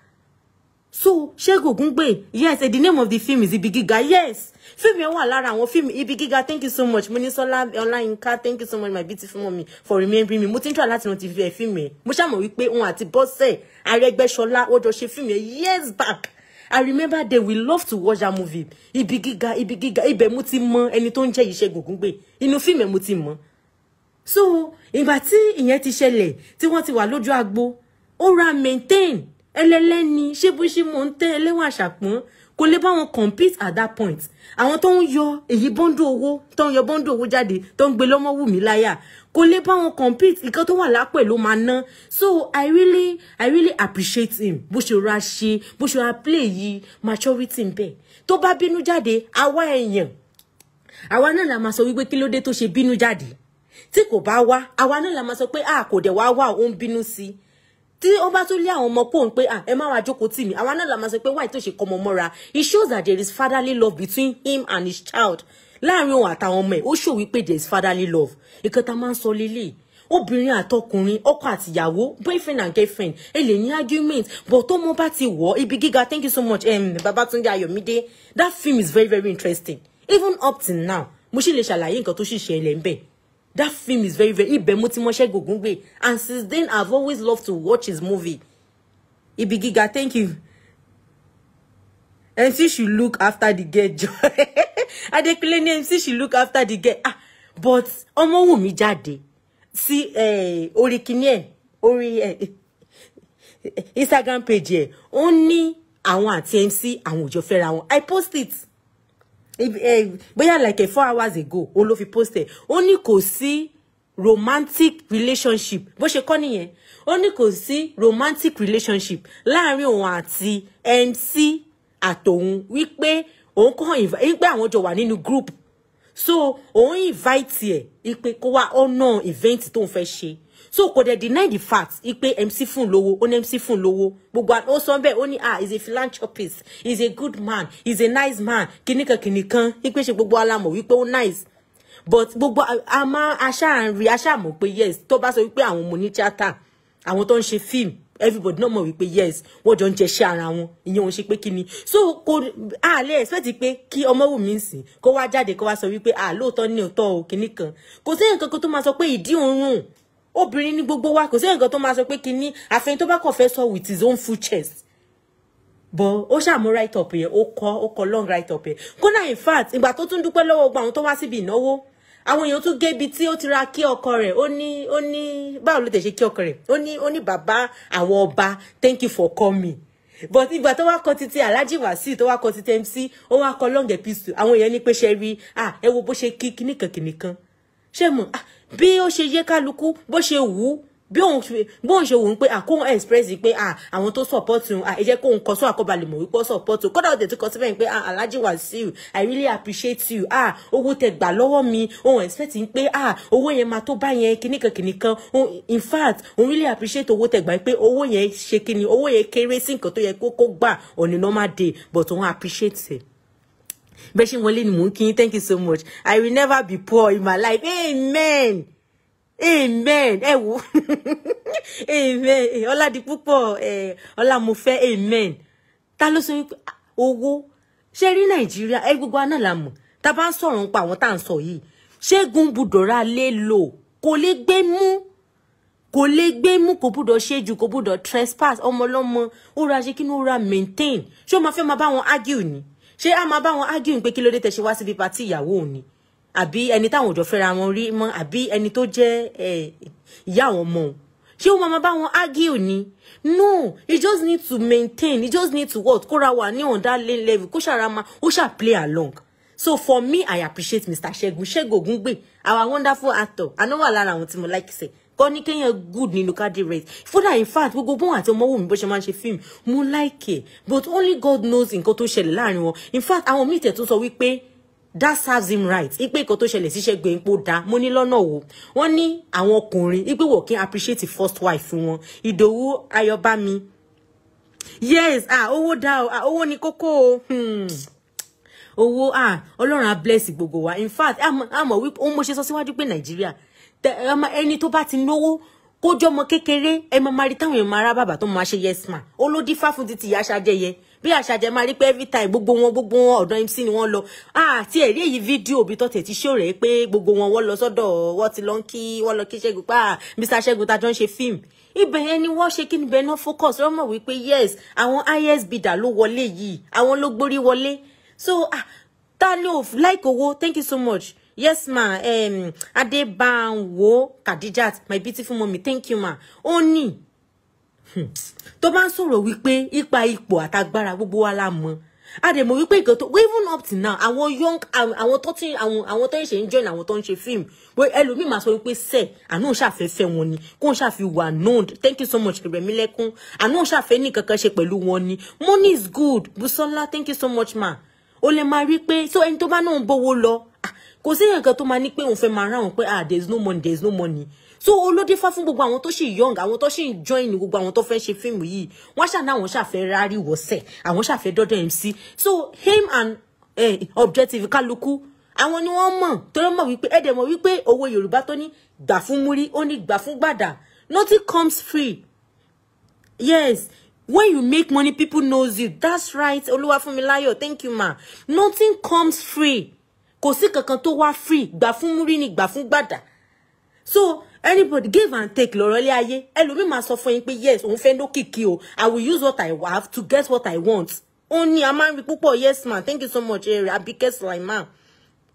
so ṣẹ́gun ògúngbè yes eh, the name of the film is ibi Giga. yes fíìmù yẹn wà lára àwọn fíìmù ibi gíga thank you so much Mọ́nísọ́lá Ọláyínká thank you so much my beautiful mommy, for remembering me mo ti ń tọ́ láti rántí fi ẹ̀ fíìmù yẹn mo ṣàmọ̀ wípé òun àti bọ́sẹ̀ Arẹ́gbẹ́ṣọlá ó jọ ṣe fíìmù yẹn years back I remember they we love to watch that movie ibi gíga ibi gíga ibẹ̀ mo ti mọ ẹni tó ń jẹ́ Ìṣẹ́gun Ògúngbè inú fíìmù yẹn mo ti mọ̀ so ìgbà tí ìyẹn ti ṣẹlẹ̀ tí wọ́n ti wà lójú agbo ó ra maintain ẹlẹ́lẹ́ni ṣébúṣe mò ń tẹ́ ẹlẹ́wọ̀n àṣàpọ́n kò lè bá wọn compete at that point àwọn tó ń yọ èyí bọ́ńdù owó tó ń yọ bọ́ńdù owó jáde tó ń gbé lọ́mọ wù mí láyà kò lè bá wọn compete nǹkan tó wà lápẹ̀ ló máa so i really i really appreciate him bó ṣe ra ṣe bó ṣe ra play yìí maturity ń bẹ tó bá bínú jáde àwa èèyàn àwa la máa sọ wípé kí ló dé tó ṣe bínú jáde tí kò bá wá àwa la máa sọ pé a ah, kò dẹ̀ wá wá òun bínú sí tí ó bá tún lé àwọn ọmọ pòun pé ah ẹ má wá jókòó tì mí àwa náà la máa sọ pé wáyé tó ṣe kọmọ mọ́ra it shows that there is fatherly love between him and his child láàrin òun àtàwọn ọmọ ẹ̀ ó ṣò wípé there is fatherly love ìkẹta máa ń sọ lélẹ̀ obìnrin àtọkùnrin ọkọ àtìyàwó boyfriend and girlfriend ẹ lè ní argument but tó mọ bá ti wọ ibi gíga thank you so much um, Babatunde Ayọ̀mídé that film is very very interesting even up till now mo ṣì lè ṣàlàyé nǹkan tó ṣì ṣẹlẹ̀ ń bẹ̀ that film is very very ibẹ̀ mo ti and since then I've always loved to watch his movie Ibi giga, thank you MC she look after the girl joy Adekunle ni MC she look after the girl ah but Ọmọwùmí jáde sí eh, orí kìíní ẹ̀ orí eh, eh, Instagram page ẹ̀ ó ní àwọn àti MC àwọn òjò fẹ́ra wọn I post it. Eh, bóyá like four hours ago òun ló fi post ẹ̀ ó ní kò sí romantic relationship bó ṣe kọ́ nìyẹn ó ní kò sí romantic relationship láàrin òun àti MC àtòun wípé òun kò hàn wípé àwọn jọ wà nínú group so òun invite ẹ̀ ipe kó wá ọ̀nà event tóun fẹ́ ṣe so kò dẹ̀ deny the fact ipe MC fún lówó ó ní MC fún lówó gbogbo ó sọ bẹ́ẹ̀ ó ní ah he's a philanthropist he is a good man he is a nice man kìnìkan kìnìkan ipe ṣe gbogbo alamọ̀ wípé ó nice but gbogbo a máa aṣáàrin aṣáàmọ̀ pé yes tó bá sọ wípé àwọn ọmọ ní tíátà àwọn tó ń ṣe fíìmù everybody náà mọ̀ wípé yes wọ́n jọ ń jẹṣẹ́ ara wọn ìyẹn òun ṣe pé kí ni so kò àlẹ́ expect pé kí Ọmọ́wùmí sìn kó wá jáde kó wá sọ wípé à ah, lóòótọ́ ní òótọ́ o kìíní kan kò sí nǹkan kan tó máa sọ pé ìdí òun rùn obìnrin ní gbogbo wa kò sí nǹkan tó máa sọ pé kinní àfẹn tó bá kàn fẹ́ sọ with his own full chest bọ́ ó ṣàmú write up yẹn ó kọ ó kọ long write up yẹn kódà in fact ìgbà tó tún dúpẹ́ lọ́wọ́ gbogbo àwọn tó wá síbi ìnáwó àwọn èèyàn tún gébi tí ó ti ra kí ọkọ rẹ̀ ó ní ó ní báwo ló tẹ̀ ṣe kí ọkọ rẹ̀ ó ní ó ní bàbá àwọn ọba thank you for coming but ìgbà tó wá kọ títí alhaji wasi tó wá kọ títí mc ó wá kọ long epistle àwọn èèyàn ní pé ṣe rí ah ẹ wo bó ṣe kí kíníkan kíníkan ṣé mo ah, bí ó ṣe yẹ kálukú bó ṣe wù ú bí òun ṣe bí òun ṣe wò ó pé àkóhun ah, express pé ah, àwọn tó support òun ẹ jẹ́ kóhun kọ sọ àkọbalẹ̀ mọ̀ wípé ó support òun kódà ó tètè kọ sí fẹ́yìn pé Alhaji Wasiu i really appreciate you owó tẹ gbà lọ́wọ́ mi òun expect pé owó yẹn máa tó bá yẹn kìnnìkan kìnnìkan in fact òun really appreciate owó tẹ gbà pé owó yẹn ṣe kíni owó yẹn kéré sí nǹkan tó yẹ kó gbà on normal day but òun appreciate it bẹ́ẹ̀ ṣe wọlé thank you so much i will never be poor in my life amen amen ẹ wo amen eh, ọládipúpọ̀ ẹ ọlámọfẹ́ amen ta ló sọ wípé ah, owó ṣe rí nàìjíríà ẹ gbogbo aná la mọ̀ tá a bá ń sọ̀rọ̀ nípa àwọn tá à ń sọ yìí ṣẹ́gun budọ̀ra lè lò kò lè gbé mú kò lè gbé trespass ọmọlọ́mọ ó ra ṣe kí ni ó maintain ṣé ma fe ma ba bá wọn argue ni ṣé a máa bá wọn ágìrì pé kí ló dé tẹ́ ṣe wá síbi pàtí ìyàwó òní àbí ẹni táwọn òjò fẹ́ra wọn rí mọ́ àbí ẹni tó jẹ́ ìyá àwọn ọmọ ṣé ó máa bá wọn argue ni no he just need to maintain He just need to what kóra wà ní on level kó ṣàrà máa ó ṣà play along so for me i appreciate mr segun segun ogungbe our wonderful actor àná wà lára àwọn tí mo like say kọ́ ní kéèyàn good nínú car direct fúdà in fact gbogbo bóun àti ọmọ wùmí bó ṣe máa ń ṣe fíìmù like it, but only God knows nǹkan tó ṣẹlẹ̀ láàrin wọn in fact àwọn míì tẹ̀ tún sọ wípé that serves him right ipe nǹkan tó ṣẹlẹ̀ síṣẹ́ gbé ipò dá mo ní lọ́nà wo wọ́n ní àwọn ọkùnrin ipe wọ̀ kí n appreciate first wife wọn ìdòwú ayọ̀bámi yes ah owó dá o ah owó ni kókó o. Hmm owó ah ọlọ́run á bless gbogbo wa in fact àmọ́ wípé òun mo ṣe sọ síwájú pé nàìjíríà ọmọ ẹni tó bá ti náwó kójọ́ ọmọ kékeré ẹ máa máa rí táwọn èèyàn máa rá bàbá tó máa ṣe yes ma olódì fáfún ti ti ìyá aṣájẹyẹ bí aṣájẹ máa rí pé every time gbogbo wọn gbogbo wọn ọ̀dọ̀ MC ni wọ́n lọ àti ẹ̀rí èyí fídíò bí tọ́tẹ̀ ti ṣòrẹ́ pé gbogbo wọn wọ́n lọ sọ́dọ̀ wọ́n ti lọ ń kí wọ́n lọ kí Ṣẹ́gun pa Mr. Ṣẹ́gun tá jọ ń ṣe fíìmù ibẹ̀ yẹn ni wọ́n ṣe kí níbẹ̀ náà focus wọ́n mọ̀ wípé yes àwọn isb dà ló wọlé yìí àwọn ló gborí wọlé so ah ta ni ò like owó thank you so much yes ma um, adébáwò kadijat my beautiful mommy thank you ma ó ní hmm, tó bá ń sọ̀rọ̀ wípé ipa ipò àtagbára gbogbo wa la mọ̀ a dẹ̀ mọ̀ wípé nǹkan tó even up to now àwọn young àwọn tó ti àwọn àwọn tó ń ṣe ń join àwọn tó ń ṣe film pé ẹlòmíì máa sọ wípé sẹ àánú ṣàfẹ́fẹ́ wọn ni kó ń ṣàfi wà known thank you so much Rẹ̀mílẹ́kún àánú ṣàfẹ́ ní kankan ṣe pẹ̀lú wọn ni money is good Busola thank you so much ma o lè máa rí pé so ẹni tó bá náà ń bówó lọ kò sí nǹkan tó máa ní pé òun fẹ́ máa ráhùn pé ah there is no money there is no money so olóde fá fún gbogbo àwọn tó ṣì young àwọn tó ṣì ń join gbogbo àwọn tó fẹ́ ṣe fíìmù yìí wọ́n ṣà náà àwọn ṣàfẹ́ rárí wọ̀sẹ̀ àwọn ṣàfẹ́ dọ́dọ̀ MC so him and eh, objective kálukú àwọn ni wọ́n mọ̀ tó lọ́ mọ̀ wípé ẹ̀dẹ̀ mọ̀ wípé owó Yorùbá tó ní gbà fún múrí ó ní gbà fún gbàdà nothing comes free yes when you make money people knows you that's right Olúwafúnmiláyọ̀ thank you ma nothing comes free kò sí kankan tó wá free gbà fún múrí ni gbà fún gbàdà so anybody give and take lọ́rọ̀ ilé ayé ẹlòmíì máa sọ fún yín pé yes òun fẹ́ lókìkí o i will use what i have to get what i want ó ní a máa ń rí púpọ̀ yes ma thank you so much ẹ rẹ Abike Sulaiman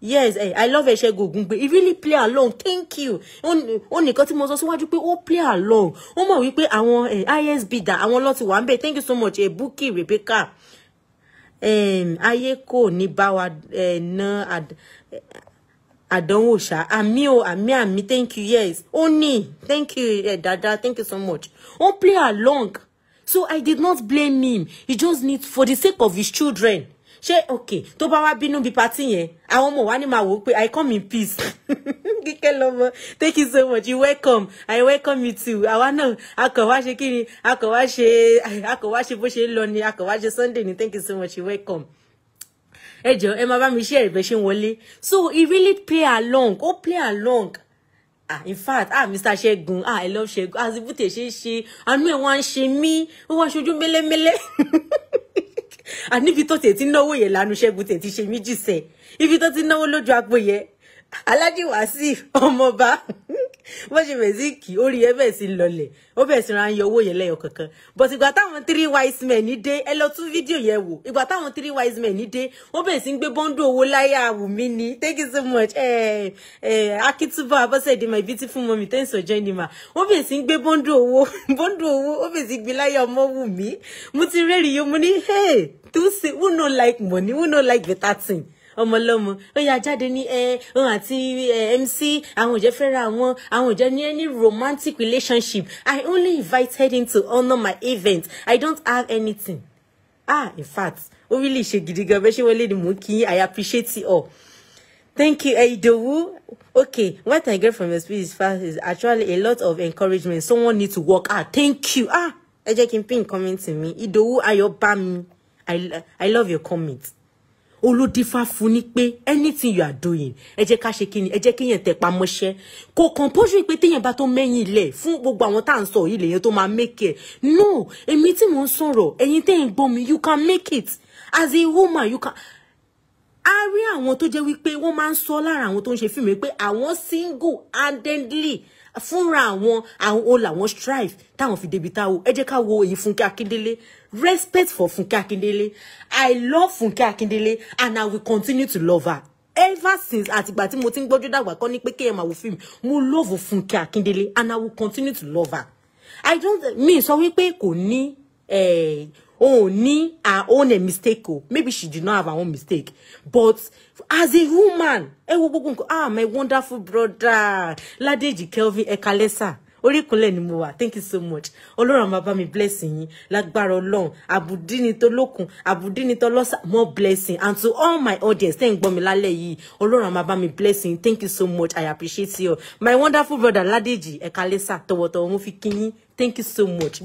yes eh, i love ẹsẹ gògùn pé he really play along thank you ó nìkan tí mo sọ síwájú pé ó play along ó mọ̀ wípé àwọn eh, isb dà àwọn lọ́ti wà ń bẹ̀ thank you so much eh. Bukky Rebecca um, ayé kò ní bá wa uh, ná àdánwò ṣá àmì o àmì àmì thank you yes ó ní thank you dada thank you so much ó play along so i did not blame him he just need for the sake of his children ṣé okay tó bá wá bínú bí patí yẹn àwọn ọmọ wa ni máa wò ó pé i come in peace kíkẹ́ lọ́mọ thank you so much you welcome i welcome you too àwa náà akọ̀ wá ṣe kí ni akọ̀ wá ṣe akọ̀ wá ṣe bó ṣe ń lọ ni akọ̀ wá ṣe sunday ni thank you so much you welcome ẹ jọ ẹ máa bá mi share ìbẹ̀ ṣe ń wọlé so he really play along ó play along ah in fact ah mr ṣẹ́gun ah i love ṣẹ́gun as ibùtẹ ṣe ṣe àánú ẹ wá ń ṣe mí ó wá ṣojú mẹlẹmẹlẹ àníbi tó tètí náwó yẹn lánú ṣẹ́gun tètí ṣe méjì sẹ́ ibi tó ti náwó lójú agbo Alhaji Wasiu ọmọọba bó ṣe bẹ̀rẹ̀ sí kì í orí ẹ bẹ̀rẹ̀ sí lọlẹ̀ ó bẹ̀rẹ̀ sí ran yọ owó yẹn lẹ́yọ kankan but ìgbà táwọn three wise men dé ẹ lọ tún fídíò yẹn wò ìgbà táwọn three wise men dé wọ́n bẹ̀rẹ̀ sí ń gbé bọ́ńdù owó láyà Wùmí ni thank you so much eh, eh, Akituba Abọ́sẹ̀dé my beautiful mommy thanks for joining me. wọ́n bẹ̀rẹ̀ sí ń gbé bọ́ńdù owó bọ́ńdù owó ó bẹ̀rẹ̀ sí gbé láyà ọmọ Wùmí mo ti rẹ́rìí yó mo ní hey tó ṣe who no like money who no like better thing ọmọlọ́mọ ó yà jáde ní ẹ òun àti MC àwọn ò jẹ́ fẹ́ra wọn àwọn ò jẹ́ ní any romantic relationship I only invited him to honour my event I don't have anything ah in fact ó rí lè ṣe gidi gan bẹ́ẹ̀ ṣé wọlé ni mò kí I appreciate you all. Thank you, Eidowu. Okay, what I get from your speech is fast is actually a lot of encouragement. Someone needs to work out. Thank you. Ah, Eje Kimpin commenting me. Idowu Ayobami. I I love your comment olódífá fún ni pé anything you are doing ẹ jẹ́ ká ṣe kí ni ẹ jẹ́ kéèyàn tẹpá mọ́ṣẹ́ kò kàn pójú pé téèyàn bá tó mẹ́yìn ilẹ̀ fún gbogbo àwọn tá à ń sọ yìí lèyàn tó máa make it no èmi tí mò ń sọ̀rọ̀ ẹ̀yin tẹ́ ń mi you can make it as a woman you can a rí àwọn tó jẹ́ wípé wọ́n máa ń sọ lára àwọn tó ń ṣe fíìmù pé àwọn single handedly fúnra àwọn àwọn o làwọn strive táwọn fi débi táwo ẹ jẹ́ ká wo èyí Fúnkẹ́ Akíndélé respect for Fúnkẹ́ Akíndélé I love Fúnkẹ́ Akíndélé and I will continue to love her ever since àtìgbà tí mo ti ń gbọ́jú dàgbà kọ́ ní pé kéèyàn máa wo fíìmù mo love Fúnkẹ́ Akíndélé and I will continue to love her I don't mean sọ wípé kò ní eh, oh ni her own a mistake o oh. maybe she did not have her own mistake but as a woman ẹ wo ah my wonderful brother Ladeji Kelvin ekalesa oríkunlẹ̀ ni mo wà thank you so much ọlọ́run àwọn mi blessing yín lágbára ọlọ́run àbùdí ni tolókun àbùdí ni tọlọ́sà more blessing and to all my audience thank ń gbọ́ mi lálẹ́ yìí ọlọ́run àwọn mi blessing thank you so much i appreciate you my wonderful brother Ladeji ekalesa tọwọ́tọwọ́ mo fi kí yín Thank you so much.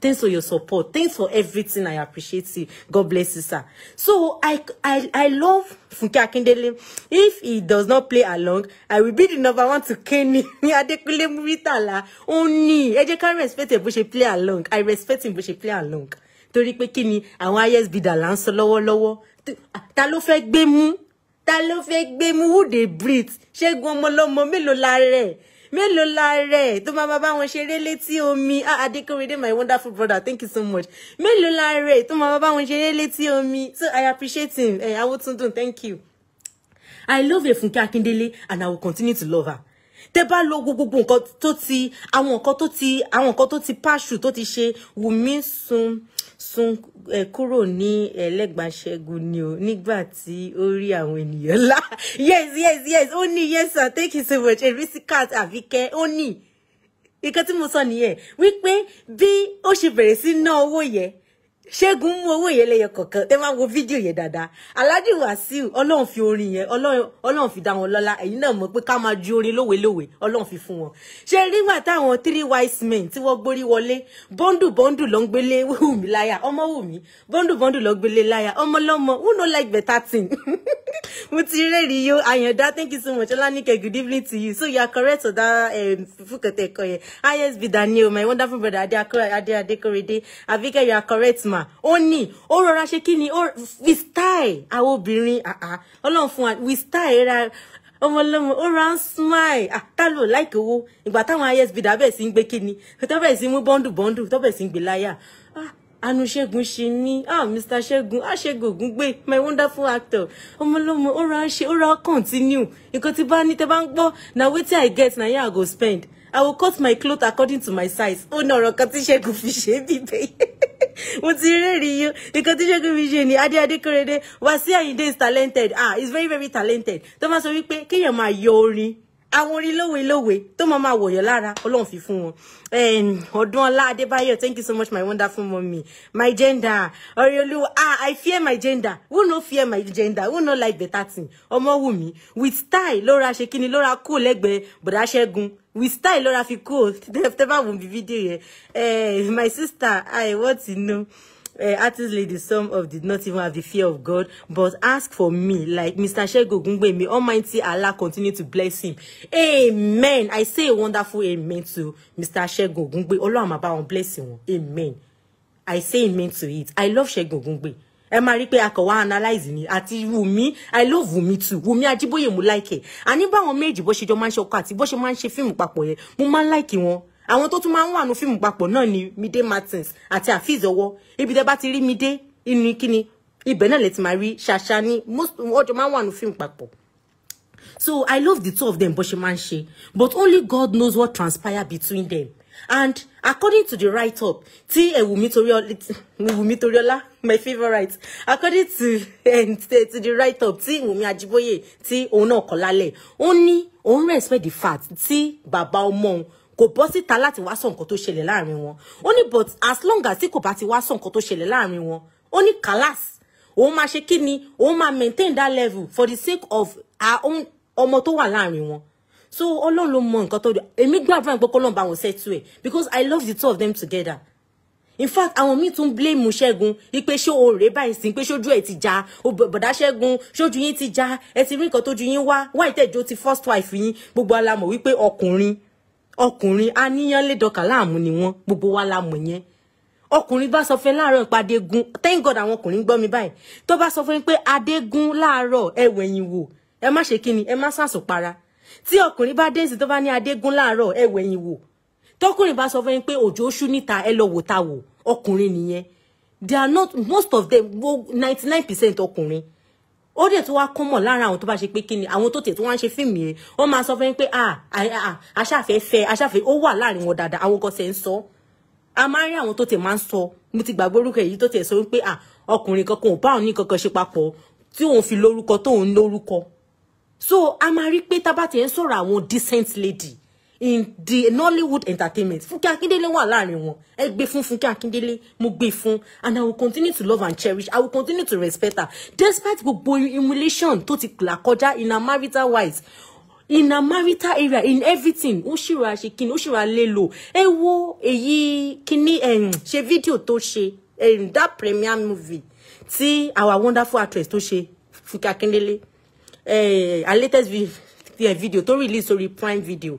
Thanks for your support. Thanks for everything. I appreciate you. God bless you, sir. So I I I love Funke Akindele. If he does not play along, I will be the number one to Kenny. Adekunle Muritala. only Ẹ jẹ́ ká respect him. bó ṣe play along. I respect him bó ṣe play along. Torí pé kí ni àwọn IS bidà là Ta ló fẹ́ gbé mú? Ta ló fẹ́ gbé mú? Who dey breathe? Ṣẹ́gun ọmọlọ́mọ mélòó la rẹ̀? mélòó la rẹ̀ tó máa bá wọn ṣeré létí omi ah Adékòrédé my wonderful brother thank you so much mélòó la rẹ̀ tó máa bá wọn ṣeré létí omi so I appreciate him eh, Awótúndùn thank you I love Efunke Akindele and I will continue to love her tẹ bá lo gbogbo nǹkan tó ti àwọn nǹkan tó ti àwọn nǹkan tó ti pàṣù tó ti ṣe Wùmí sun sun ẹ kúrò ní ẹlẹgbàṣẹgun ni o nígbà tí ó rí àwọn ènìyàn lá yes yes yes ó ní yes sir thank you so much erisikat àfikẹ́ ó ní nǹkan tí mo sọ nìyẹn wípé bí ó ṣe bẹ̀rẹ̀ sí ná owó yẹn ṣẹ́gun mú owó yẹn lẹ́yọ kọ̀ọ̀kan tẹ́ máa wo fídíò yẹn dáadáa alhaji wasiu ọlọ́run fi orin yẹn ọlọ́run fi dá wọn lọ́lá ẹ̀yin náà mọ̀ pé ká máa ju orin lówelówe ọlọ́run fi fún wọn. ṣé rígbà táwọn three wise men tí wọ́n gbórí wọlé bọ́ńdù bọ́ńdù ló ń gbélé wùmí láyà ọmọ wùmí bọ́ńdù bọ́ńdù ló ń gbélé láyà ọmọ lọ́mọ who no like better thing. mo ti rẹ́rìí yo àyàndá thank you so much ọlánìkẹ́ good evening to you so you are correct ọ̀dà um, fúkẹ̀tẹ̀ ẹ̀kọ́ yẹn isb daniel my wonderful brother adé adé adékòrédé abike you are correct charisma ó ní ó rọra ṣe kí ni ó with style àwọn obìnrin ọlọ́run fún wa with style ra ọmọlọ́mọ ó ra ń smile àtàlò ah, láìkè owó ìgbà táwọn isb dábẹ̀ sí ń gbé kíni tọ́bẹ̀ sí mú bọ́ndù bọ́ndù tọ́bẹ̀ sí ń gbé láyà ah, anu ṣẹ́gun ṣe ní ah mr ṣẹ́gun ah ṣẹ́gun ògùn gbé my wonderful actor ọmọlọ́mọ ó ra ń ṣe ó ra continue nǹkan tí bá ní tẹ́ bá ń gbọ́ na wetin i get na here i go spend I will cut my cloth according to my size. Oh no, ọ̀rọ̀ kan tí Ṣẹ́gun fi ṣe bíbẹ̀. Mo ti rẹ́rìí yín. Nǹkan tí Ṣẹ́gun fi ṣe ni Adé Adékòrédé. Wàsíù Àyìndé is talented. Ah, he's very very talented. Tó máa sọ wípé kéèyàn máa àwọn orí lówe lówe tó máa máa wọ̀yọ̀ lára ọlọ́run fi fún wọn ọdún ọlá adébáyọ̀ thank you so much my wonderful mommy my gender ọ̀rẹ́olú ah i fear my gender who no fear my gender who no like better thing ọmọwùmí with style lóra ṣe kíni lóra kú lẹ́gbẹ̀ẹ́ bọ̀dá ṣẹ́gun with style lóra fi kú tẹ́fẹ́ bá wù mí fídíò yẹn eh, my sister i want to know uh, artist ladies, some of did not even have the fear of God, but ask for me, like Mr. Shego may Almighty Allah continue to bless him. Amen. I say a wonderful amen to Mr. Shego Gungbe. Allah Maba bless Amen. I say amen to it. I love Shego Gungbe. ẹ máa rí pé akọ̀wá analyze ni àti Wùmí I love wumi too Wumi Ajíbóyè mo like ẹ̀ àní báwọn méjì bó ṣe jọ máa ń ṣe ọkọ àti bó ṣe máa ń ṣe fíìmù papọ̀ yẹn mo máa ń like wọn àwọn tó tún máa ń wà nù fíìmù papọ̀ náà ni Mide Martins àti Afeez Ọwọ́ ibi tẹ́ bá ti rí Mide inú kíni ibẹ̀ náà lè ti máa rí ṣàṣà ni most ọjọ́ máa ń wà nù fíìmù papọ̀ so I love the two of them bó ṣe máa ń ṣe but only God knows what transpire between them and according to the write-up tí Wunmi Toriola my favourite according to, uh, to the write-up tí Wunmi Ajiboye tí òun náà kọ lálẹ́ ó ní òun respect the fact tí bàbá ọmọ òun kò bọ́ síta láti wá sọ nǹkan tó ṣẹlẹ̀ láàrin wọn ó ní but as long as tí kò bá ti wá sọ nǹkan tó ṣẹlẹ̀ láàrin wọn ó ní kàlàs òun máa ṣe kí ni òun máa maintain that level for the sake of our own ọmọ tó wà láàrin wọn so ọlọ́run ló mọ nǹkan tó dùn èmi gbàdúrà pé kọ́lọ́n bá wọn settle ẹ̀ because i love the two of them together in fact àwọn míì tún blame ṣẹ́gun ipe ṣé o rè báyìí sí pé ṣojú ẹ̀ ti já bọ̀dá ṣẹ́gun ṣojú yín ti já ẹ ti rí nǹkan tójú yín wá wáìtẹ́jọ́ ti first wife yín gbogbo alamọ̀ wípé ọkùnrin ọkùnrin aníyànlé dọkà láàmú ni wọn gbogbo wa la mọ̀ yẹn ọkùnrin bá sọ fún láàárọ̀ pé adégún thank god àwọn ọkùnrin gbọ́ mi báyìí tó bá sọ fún pé adégún láàárọ̀ ẹ wẹ̀yìn wò ẹ má ṣe kíni ẹ má sàsùn para tí ọkùnrin bá dẹ́sì tó bá ní adégún láàárọ̀ ẹ wẹ̀yìn wò tọkùnrin bá sọ fún pé òjò ṣú níta ẹ lọ wò ta wò ọkùnrin nìyẹn they are not most of them ninety nine percent ọkùnrin ó dẹ̀ tó wá kọ́ mọ̀ lára àwọn tó bá ṣe pé kí ni àwọn tó tẹ̀ tó wá ń ṣe fíìmù yẹn wọ́n máa sọ fún yín pé aṣáfẹ́ fẹ́ aṣáfẹ́ ó wà láàrin wọn dáadáa àwọn gọ́sẹ̀ ń sọ a máa rí àwọn tó tẹ̀ máa ń sọ mo ti gbàgbé orúkọ èyí tó tẹ̀ sọ wípé ọkùnrin kankan ò bá òun kankan ṣe papọ̀ tí òun fi lórúkọ tóun lórúkọ so a máa rí pé tá bá tẹ̀ ń sọ̀rọ̀ àwọn decent lady in the Nollywood entertainment Fúnkẹ́ Akíndélé wà láàrin wọn ẹ gbé fún Fúnkẹ́ Akíndélé mo gbé fún and I will continue to love and cherish I will continue to respect her despite gbogbo emulation tó ti là kọjá in her marital wise in her marital area in everything ó ṣìra ṣe kíni ó ṣìra lélo ẹ wo èyí kíní ṣe fídíò tó ṣe that premier movie tí our wonderful actress tó ṣe Fúnkẹ́ Akíndélé eh, her latest eh, video tó release sórí Prime Video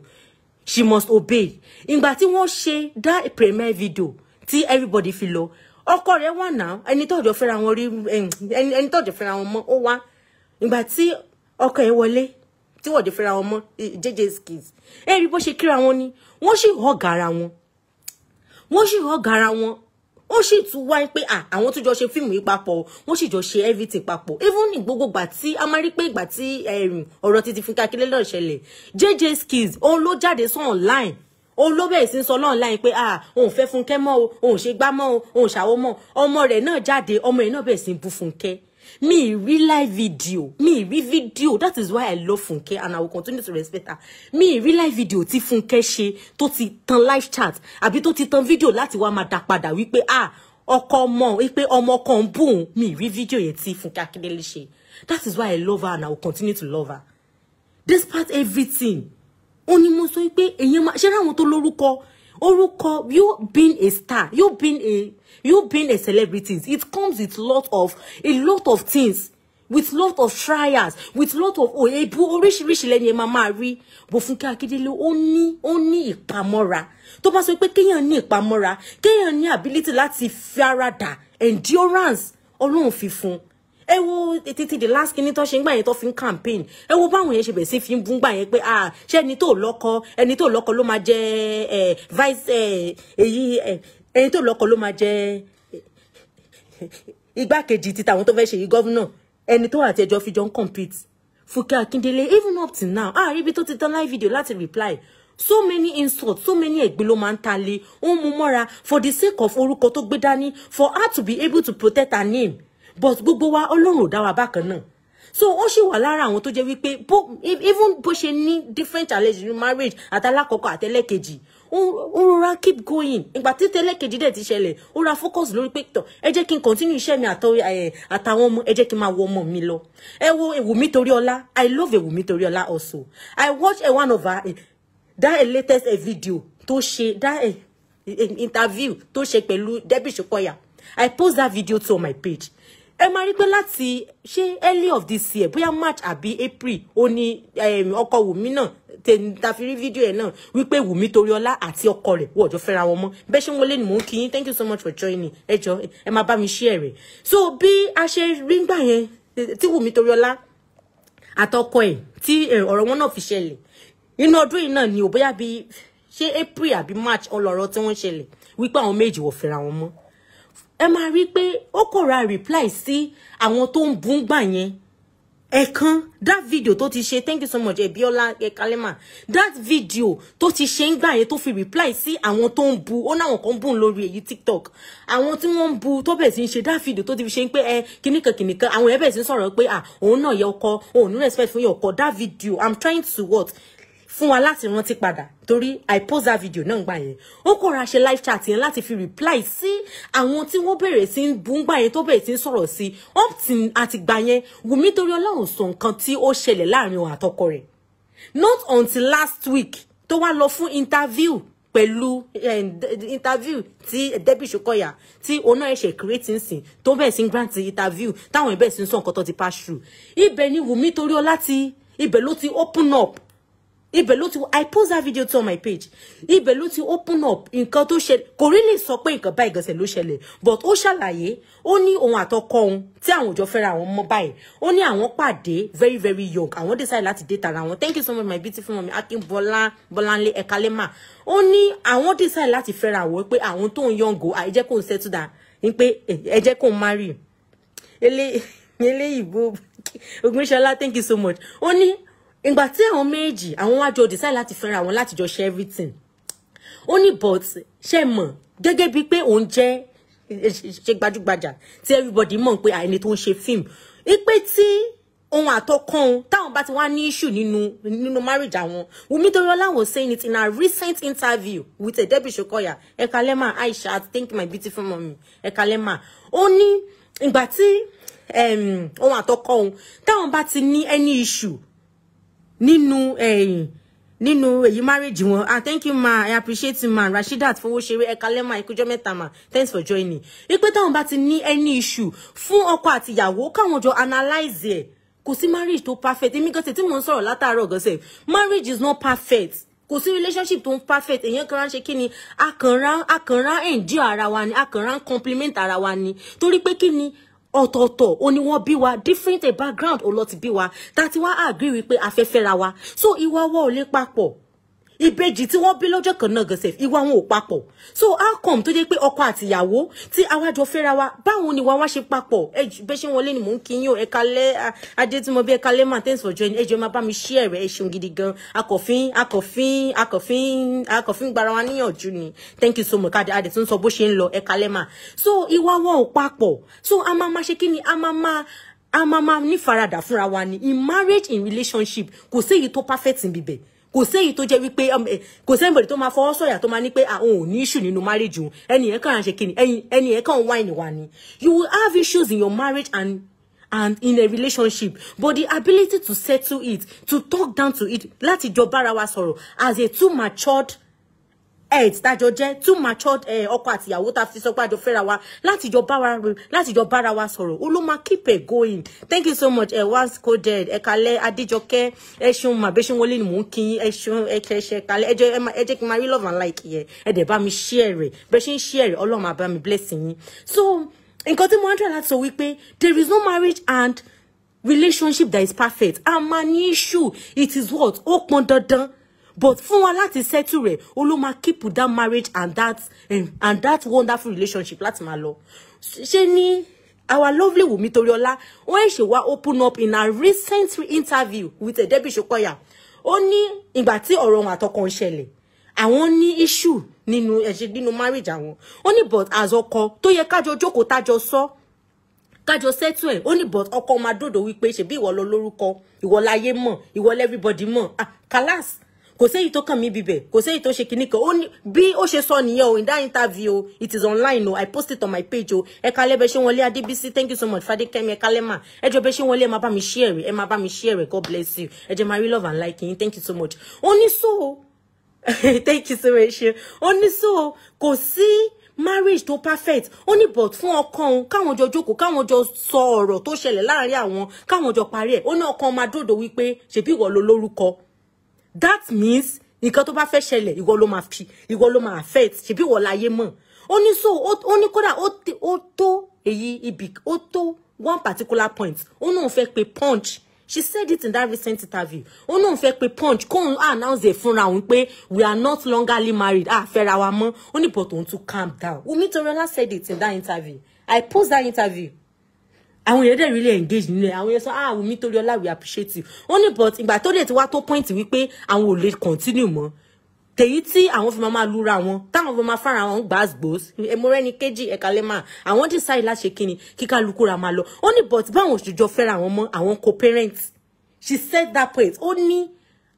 she must obey ìgbà tí wọ́n ṣe dá premier video tí everybody fi lọ ọkọ rẹ̀ wà náà ẹni tọjọ fẹ́ra wọn rí ẹni tọjọ fẹ́ra wọn mọ́ ó wá ìgbà tí ọkọ ẹ̀ wọlé tí wọ́n jẹ fẹ́ra wọn mọ́ jj skills ẹ rí bó ṣe kíra wọn ni wọ́n sì hàn gara wọn wọ́n sì hàn gara wọn ó sì tún wá pé àwọn tó jọ ṣe fíìmù yìí papọ̀ wọ́n sì jọ ṣe everything papọ̀ even ní gbogbo gbà tí a máa rí pé ìgbà tí ọ̀rọ̀ ti fi kakílẹ̀ náà ṣẹlẹ̀ JJ Skills òun ló jáde sọ online òun ló bẹ̀rẹ̀ sí ń sọ lọ́run láyìn pé ah òun fẹ́ Fúnkẹ́ mọ́ o òun ṣe gbá mọ́ o òun ṣàwọ́ mọ́ ọmọ rẹ̀ náà jáde ọmọ rẹ̀ náà bẹ̀rẹ̀ sí bú Fúnkẹ́ Me real life video. Me real video. That is why I love Funke and I will continue to respect her. Me real life video tí Funke she, tó ti tan live chat àbí tó ti tan video láti wá máa dá padà wípé ah ọkọ ọmọ wípé ọmọ kan bùn me real video yẹn tí Funke Akíndélé ṣe that is why I love her and I will continue to love her despite everything ó ní mo sọ pé èyí máa ṣe ráwọn tó lórúkọ orúkọ you being a star you being a you being a celebrity it comes with lot of a lot of things with lot of trials with lot of òyebu oh, oríṣiríṣi lẹ́yìn ẹ̀ máa máa rí bó Fúnkẹ́ Akíndélé ó ní ó ní ìpamọ́ra tó bá sọ pé kéèyàn ní ìpamọ́ra kéèyàn ní ability láti faradà endurance ọlọ́run fi fún un ẹ wo títí the last kìíní tó ṣe ń gbà yẹn tó fi ń campaign ẹ wo báwọn yẹn ṣe bẹ̀ sí fi ń bú gbà yẹn pé ah ṣé ẹni tó lọ́kọ ẹni tó lọ́kọ ló máa jẹ ẹ vice ẹ èyí ẹ ẹni tó lọ́kọ ló máa jẹ igbákejì ti tàwọn tó fẹ́ ṣe yí gọ́vnà ẹni tó àti ẹjọ́ fi jọ ń compete Fúnkẹ́ Akíndélé even up till now ah ibi tó ti tán live video láti reply so many insults so many ẹ̀gbin ló máa ń ta lé ó ń mú mọ́ra for the sake of orúkọ tó gbé dání for her to be able to protect her name but gbogbo wa ọlọ́run ò dá wa bákan náà so ó sì wà lára àwọn tó jẹ́ wípé bó even bó ṣe ní different challenges in marriage àtàlákọ̀ọ́kọ́ àtẹlẹ́kejì ó rọra keep going ìgbà tí tẹlẹ́kejì dẹ̀ ti ṣẹlẹ̀ ó ra focus lórí pé tọ̀ ẹ jẹ́ kí n continue iṣẹ́ mi àtàwọn ọmọ ẹ jẹ́ kí n máa wo ọmọ mi lọ ẹ wo Wùmí Toríọlá i love Wùmí Toríọlá also i watch a eh, one of her eh, that a eh, latest a video tó ṣe that a interview tó ṣe pẹ̀lú Debbie Shokoya i post that video to my page ẹ máa rí pé láti ṣé early of this year bóyá march àbí april ó ní ọkọ wùmí náà tàfi rí fídíò ẹ náà wípé wùmí toríọlá àti ọkọ rẹ̀ wọ́n ọjọ́ fẹ́ra wọn mọ́ bẹ́ẹ̀ ṣe ń wọlé ni mò ń kí yín thank you so much for joining ẹ jọ ẹ máa bá mi share rẹ̀ so bí a ṣe rí gbà yẹn tí wùmí toríọlá àtọkọ ẹ̀ tí ọ̀rọ̀ wọn náà fi ṣẹlẹ̀ inú ọdún yìí náà ni ò bóyá bíi ṣé april àbí march ọlọ́rọ̀ tí wọ́n ṣẹlẹ̀ wípé àwọn méjì wọ́n fẹ́ra wọn mọ́ ẹ máa rí pé ó kò reply sí àwọn tó ń bú gbà yẹn ẹ̀kan that video tó ti ṣe thank you so much Ebiola Ekalema that video tó ti ṣe ń gbà yẹn tó fi reply sí àwọn tó ń bu ó náwọn kan bùn lórí èyí TikTok àwọn tí wọ́n ń bu tó bẹ̀ sí ń ṣe that video tó ti fi ṣe ń pé ẹ kìnnìkan kìnnìkan àwọn ẹ̀ bẹ̀ sí ń sọ̀rọ̀ pé à òun náà yẹ ọkọ òun ní respect fún yẹ ọkọ that video I'm trying to what fún wa láti rántí padà torí i post that video náà gbà yẹn ó kóra ṣe live chat yẹn láti fi reply sí àwọn tí wọ́n bẹ̀rẹ̀ sí ń bú gbà yẹn tó bẹ̀rẹ̀ sí ń sọ̀rọ̀ sí up till àti gbà yẹn Wùmí torí Ọlọ́run sọ nǹkan tí ó ṣẹlẹ̀ láàrin òun àtọkọ rẹ̀ not until last week tó wá lọ fún interview pẹ̀lú eh, interview tí Debbie Shokoya tí oná ẹ̀ṣẹ̀ creating nsìn tó bẹ̀rẹ̀ sí ń grant interview táwọn ẹ̀ bẹ̀rẹ̀ sí ń sọ nǹkan tó ti pass through ibẹ̀ ni Wùmí torí ọlá ti ibẹ̀ ló ti open up ibẹ̀ ló ti i post that video to on my page ibẹ̀ ló ti open up nǹkan tó ṣẹlẹ̀ kò rí lè sọ pé nǹkan báyìí gànṣẹ̀ ló ṣẹlẹ̀ but ó ṣàlàyé ó ní òun àtọkọ òun tí àwọn òjò fẹ́ra àwọn ọmọ báyìí ó ní àwọn pàdé very very young àwọn decide láti date ara wọn thank you so much my beautiful mami akínbọ́lá bọ́láńlé ẹ̀kálẹ́mà ó ní àwọn decide láti fẹ́ra àwọn pé àwọn tó ń yọ̀ǹgò àìjẹ́ kó ń settle pé ẹ kó ń marry eléyìí bó Ògúnṣọlá thank you so much ó ní ìgbà tí àwọn méjì àwọn wájú decide láti fẹ́ra wọn láti jọ ṣe everything ó ní but ṣe mọ̀ gẹ́gẹ́ bíi pé òun jẹ́ ṣe gbajúgbajà tí everybody mọ̀ pé àìní tó ń ṣe fíìmù ipe tí ohun àtọkàn táwọn bá ti wá ní issue nínú nínú marriage àwọn Wunmi Toriola was saying it in a recent interview with a Debi Shokoya ekalema Aisha thank my beautiful mommy ekalema ó ní ìgbà tí ohun àtọkàn táwọn bá ti ní any issue nínú eh? nínú èyí marriage wọn ah thank you ma i appreciate ma rasheedat fowóṣeré ẹka lẹ́mà ìkújọ́ mẹ́ta ma thanks for joining ipe táwọn bá ti ní any issue fún ọkọ àtìyàwó káwọn jọ analyse ẹ̀ kò sí marriage tó perfect èmi gọ́sẹ̀ tí mò ń sọ̀rọ̀ látàárọ̀ gọ́sẹ̀ marriage is not perfect kò sí relationship tó ń perfect èèyàn kan ránṣẹ́ kí ni akànrán akànrán ẹ̀ ń dí ara wa ni akànrán compliment ara wa ni torí pé kí ni ọ̀tọ̀ọ̀tọ̀ o ni wọ́n bí wa different background ò lọ ti bí wa tá a ti wá agree wípé afẹ́fẹ́ ra wa so ìwà wa ò lè papọ̀ ìbejì tí wọ́n bí lọ́jọ́ kan náà gẹ̀sẹ̀ ìwà wọn ò papọ̀ so how come tó jẹ́ pé ọkọ àtìyàwó tí awájọ fẹ́ra wa báwọn ni wàá wá ṣe papọ̀ bẹ́ẹ̀ ṣe wọlé ni mò ń kí yín o ẹ̀ka lẹ́ adé tí mo bí ẹ̀ka lẹ́ mà thanks for joining ẹ̀jọ̀ máa bá mi ṣí ẹ̀rẹ́ ẹ ṣeun gidi gan akọ̀fín akọ̀fín akọ̀fín akọ̀fín gbara wa níyànjú ni thank you so much káàdì adé tó ń sọ bó ṣe ń lọ ẹ̀ka lẹ́ mà so ìwà wọn ò papọ̀ so a máa máa ṣe kí ni a máa máa a máa máa nífaradà fúnra wa ni in marriage in relationship kò sí èyí tó perfect níbẹ̀ kò séyìí tó jẹ́ wípé um, eh, kò sẹ́yìn bòdì tó máa fọwọ́ sọ̀yà tó máa ní pé àwọn ah, ò ní issue nínú marriage òun ẹni yẹn kàn án ṣe kíni ẹni yẹn kàn ń wá ìnìwà ni you will have issues in your marriage and and in a relationship but the ability to settle it to talk down to it láti jọ bára wa sọ̀rọ̀ as a too matured ẹ̀ ìtàjọ jẹ́ too matured ẹ̀ eh, ọkọ àtìyàwó ta fi sọ pé àjọ fẹ́ra wa látijọ́ bára látijọ́ bára wa sọ̀rọ̀ ó ló máa keep it going thank you so much ẹ̀ eh, once coded ẹ̀ kalẹ̀ adéjọkẹ́ ẹ̀ ṣeun màbẹ́ṣẹ́ wọlé ni mò ń kí ẹ̀ ṣeun ẹ̀ kẹ́ṣẹ́ kalẹ̀ ẹ̀ jẹ́ kí n máa rí love and like yẹ ẹ̀ dẹ̀ bá mi share rẹ̀ bẹ́ẹ̀ ṣe ń share rẹ̀ ọlọ́run àbá mi blessing yín so nǹkan tí mo ń tẹ̀ láti sọ wípé there is no marriage and relationship that is perfect a máa issue it is what ó pọn dandan but fún wa láti settle rẹ̀ o ló máa keep that marriage and that um, and that wonderful relationship láti máa lọ ṣe ní our lovely Wunmi Toriola when she wa open up in her recent interview with Debbie Shokoya ó ní ìgbà tí ọ̀rọ̀ wọn àtọkàn ṣẹlẹ̀ àwọn ní issue nínú ẹ̀ṣẹ̀ nínú marriage àwọn ó ní but as ọkọ tó yẹ kájọ jókòó tájọ sọ kájọ settle ẹ̀ ó Only but ọkọ máa dòdò wípé ṣebí ìwọ ló lórúkọ ìwọ láyé mọ̀ ìwọ everybody mọ̀ ah kalas kò séyìí tó kàn mí bíbẹ̀ kò séyìí tó ṣe kinní ó ní bí ó ṣe sọ nìyẹn o in that interview o it is online o I post it on my page o ẹ kalẹ́ bẹ ṣe wọlé Adébísí thank you so much Fadékẹ́mi ẹ kalẹ́ mà ẹ jọ bẹ ṣe wọlé ẹ máa bá mi share ẹ máa bá mi share God bless you ẹ jẹ́ máa love and like yín thank you so much ó ní so thank you so much ó ní so kò sí marriage tó perfect ó ní but fún ọkàn òun káwọn jọ jókòó káwọn jọ sọ ọ̀rọ̀ tó ṣẹlẹ̀ láàrin àwọn káwọn jọ parí ẹ̀ ó ní ọkàn máa dòdò wípé ṣèbí ìwọ that means nǹkan tó bá fẹ́ ṣẹlẹ̀ ìwọ ló máa fi ìwọ ló máa affect ṣebí wọ́n láyé mọ̀ ó ní so ó ní kódà ó tó èyí ibì ó tó one particular point ó náà fẹ́ pe punch she said it in that recent interview ó náà fẹ́ pe punch kóun announce ẹ̀ fúnra òun pé we are not longerly married ah fẹ́ra wa mọ́ ó ní but òun tún calm down Wunmi Toriola said it in that interview I post that interview àwọn èèyàn dẹ̀ really engage nínú ẹ̀ àwọn èèyàn sọ ah Wunmi torí ọlá we appreciate you ó ní but ìgbà tó dẹ̀ ti wá tó point wípé àwọn ò lè continue mọ́ tèyí tí àwọn fi máa lura wọn táwọn fi máa fara wọn gbàgbós ẹmọrẹ ni kejì ẹka lẹ́mà àwọn decide láṣẹ kíni kíkà lukúra máa lọ ó ní but báwọn òṣìṣọ́ fẹ́ra wọn mọ́ àwọn co-parent she said that point ó ní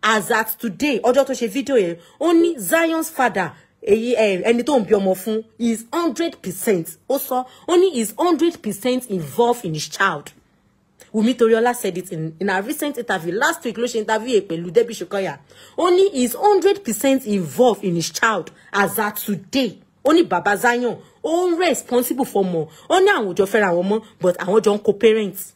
as at today ọjọ́ tó ṣe fídíò yẹn ó ní Zion's father èyí ẹni tó ń bí ọmọ fún is hundred percent ó sọ ó is hundred percent involved in his child Wumi Toriola said it in, in her recent interview last week ló ṣe interview pẹ̀lú Debbie Shokoya. Only ní is hundred percent involved in his child as at today. Only Baba Zion, ó ń responsible for ọmọ. Ó ní àwọn òjò fẹ́ra àwọn ọmọ but àwọn jọ ń co-parent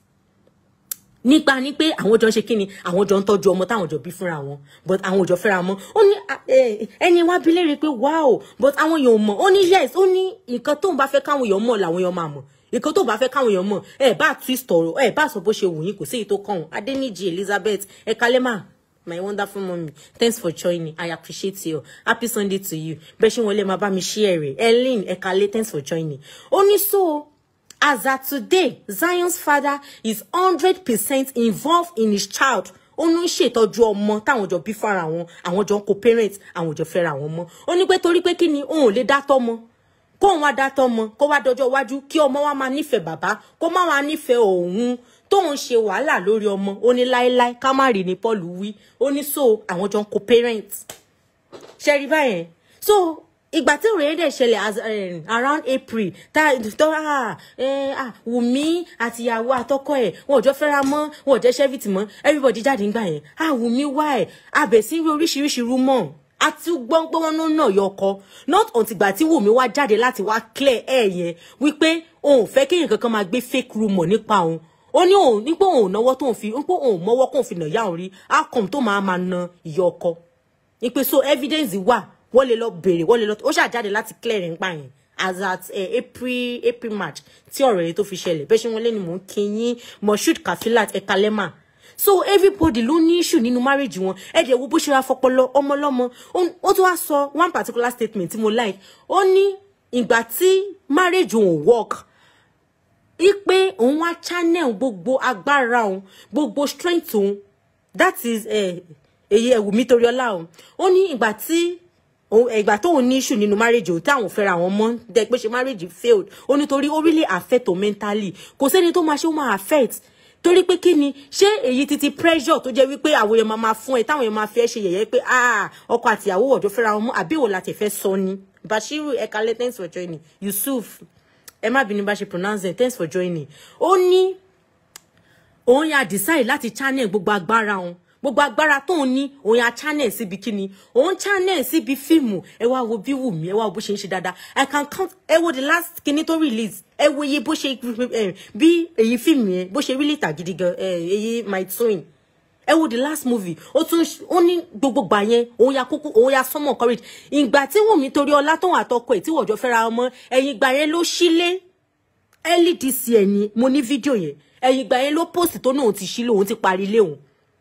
nípa ni pé àwọn jọ ṣe kíni àwọn jọ ń tọ́jú ọmọ táwọn jọ bí fúnra wọn but àwọn jọ fẹ́ra mọ́ ó ní ah, eh, ẹni wá bí léèrè pé wow but àwọn èèyàn mọ̀ ó ní yes ó ní nǹkan tóun bá fẹ́ káwọn èèyàn mọ̀ làwọn èèyàn máa mọ̀ nǹkan tó bá fẹ́ káwọn èèyàn mọ̀ ẹ bá twist ọ̀rọ̀ ẹ bá sọ bó ṣe wù yín kò sí èyí tó kàn wọ́n Adéníjì Elizabeth ekalema my wonderful mommy thanks for joining i appreciate you happy sunday to you bẹ́ẹ̀ ṣe wọlé máa bá mi ṣí ẹ̀rẹ̀ Ellen ekale thanks for joining ó ní so As at today, Zion's father is 100% involved in his child ó ń ṣètọ́jú ọmọ táwọn jọ bí fara wọn àwọn jọ ń kó parent àwọn jọ fẹ́ra wọn mọ́ ó ní pé torí pé kí ni òun ò lè dátọ́ mọ́ kó òun wá dátọ́ mọ́ kó wá dọjọ́ iwájú kí ọmọ wa máa nífẹ̀ẹ́ bàbá kó má wá nífẹ̀ẹ́ òun tóun ṣe wàhálà lórí ọmọ ó ní láéláé ká má rí ni Paul wí ó ní so àwọn jọ ń kó parent ṣe rí báyẹn so ìgbà tí òrèlè dẹ̀ ṣẹlẹ̀ eh, around April tá tó ah, eh, ah, Wùmí àtìyàwó àtọkọ ẹ̀ wọn ò jọ fẹ́ra mọ́ wọn ò jẹ́ ṣẹ́fìtì mọ́ everybody jáde ńgbà yẹn ah, Wùmí wá ẹ̀ abẹ̀sí rí oríṣiríṣi rúmọ̀ àti gbọ́ngbọ́n náà náà yọkọ not until gbà tí Wùmí wá jáde láti wá clear ẹ̀ yẹn wípé òun fẹ́ kéèyàn kankan máa gbé fake rumor nípa òun ó ní òun nípò òun náwó tóun fi nípò òun mọ́wọ́ kóun fi nà yá òun rí outcome tó máa máa na ìyá ọkọ ìpèsò evidence wà wọ́n lè lọ bèrè wọ́n lè lọ ó ṣàjáde láti clearing nípa yẹn as at uh, April April March tí ọ̀rọ̀ yìí tó fi ṣẹlẹ̀ bẹ́ẹ̀ ṣe wọ́n lé ni mò ń kí yín Moshood Kafilat ekalema so everybody ló ní issue nínú marriage wọn ẹ dẹ̀ wo bó ṣe wá fọpọlọ ọmọ lọ́mọ ó tún wá sọ one particular statement tí mo like ó ní ìgbà tí marriage òun work ipe òun wá channel gbogbo agbára òun gbogbo strength òun that is èyí eh, ẹ̀wù mi torí ọlá òun ó ní ìgbà tí ìgbà tóun ní issue nínú marriage òun táwọn fẹ́ra wọn mọ́ dẹ́ pé ṣe marriage failed ó nítorí ó really affect o mentally kò sẹ́ni tó máa ṣe ó máa affect torí pé kí ni ṣé èyí titi pressure tó jẹ́ wípé àwọn èèyàn máa fún ẹ táwọn èèyàn máa fi ẹ́ ṣe yẹ̀yẹ́ pé ah, ọkọ àtìyàwó ọ̀dọ́ fẹ́ra wọn mọ́ àbí ìwò láti fẹ́ sọ ni Bashiru Ekale thanks for joining Yusuf ẹ má bínú bá ṣe pronounce them thanks for joining ó ní òun yà decide láti channel gbogbo agbára òun gbogbo agbára tó ń ní òun á channel síbi kíni òun channel síbi fíìmù ẹ wá wo bí wù mí ẹ wá wo bó ṣe ń ṣe dáadáa i can count ẹ wo the last kíní tó release ẹ wo iye bó ṣe bí èyí fíìmù yẹn bó ṣe rí lítà gidi gan èyí my twin ẹ wo the last movie ó tún ó ní gbogbo gbà yẹn òun ya kúkú òun ya sọmọ courage ìgbà tí Wùnmí torí ọlá tóun àtọkọ ẹ tí wọ́jọ́ fẹ́ra ọmọ ẹ̀yìn gbà yẹn ló sílé early this year ni mo ní fídíò yẹn ẹ̀yìn gbà yẹn ló post tó náà ti sílé òun ti parí ilé òun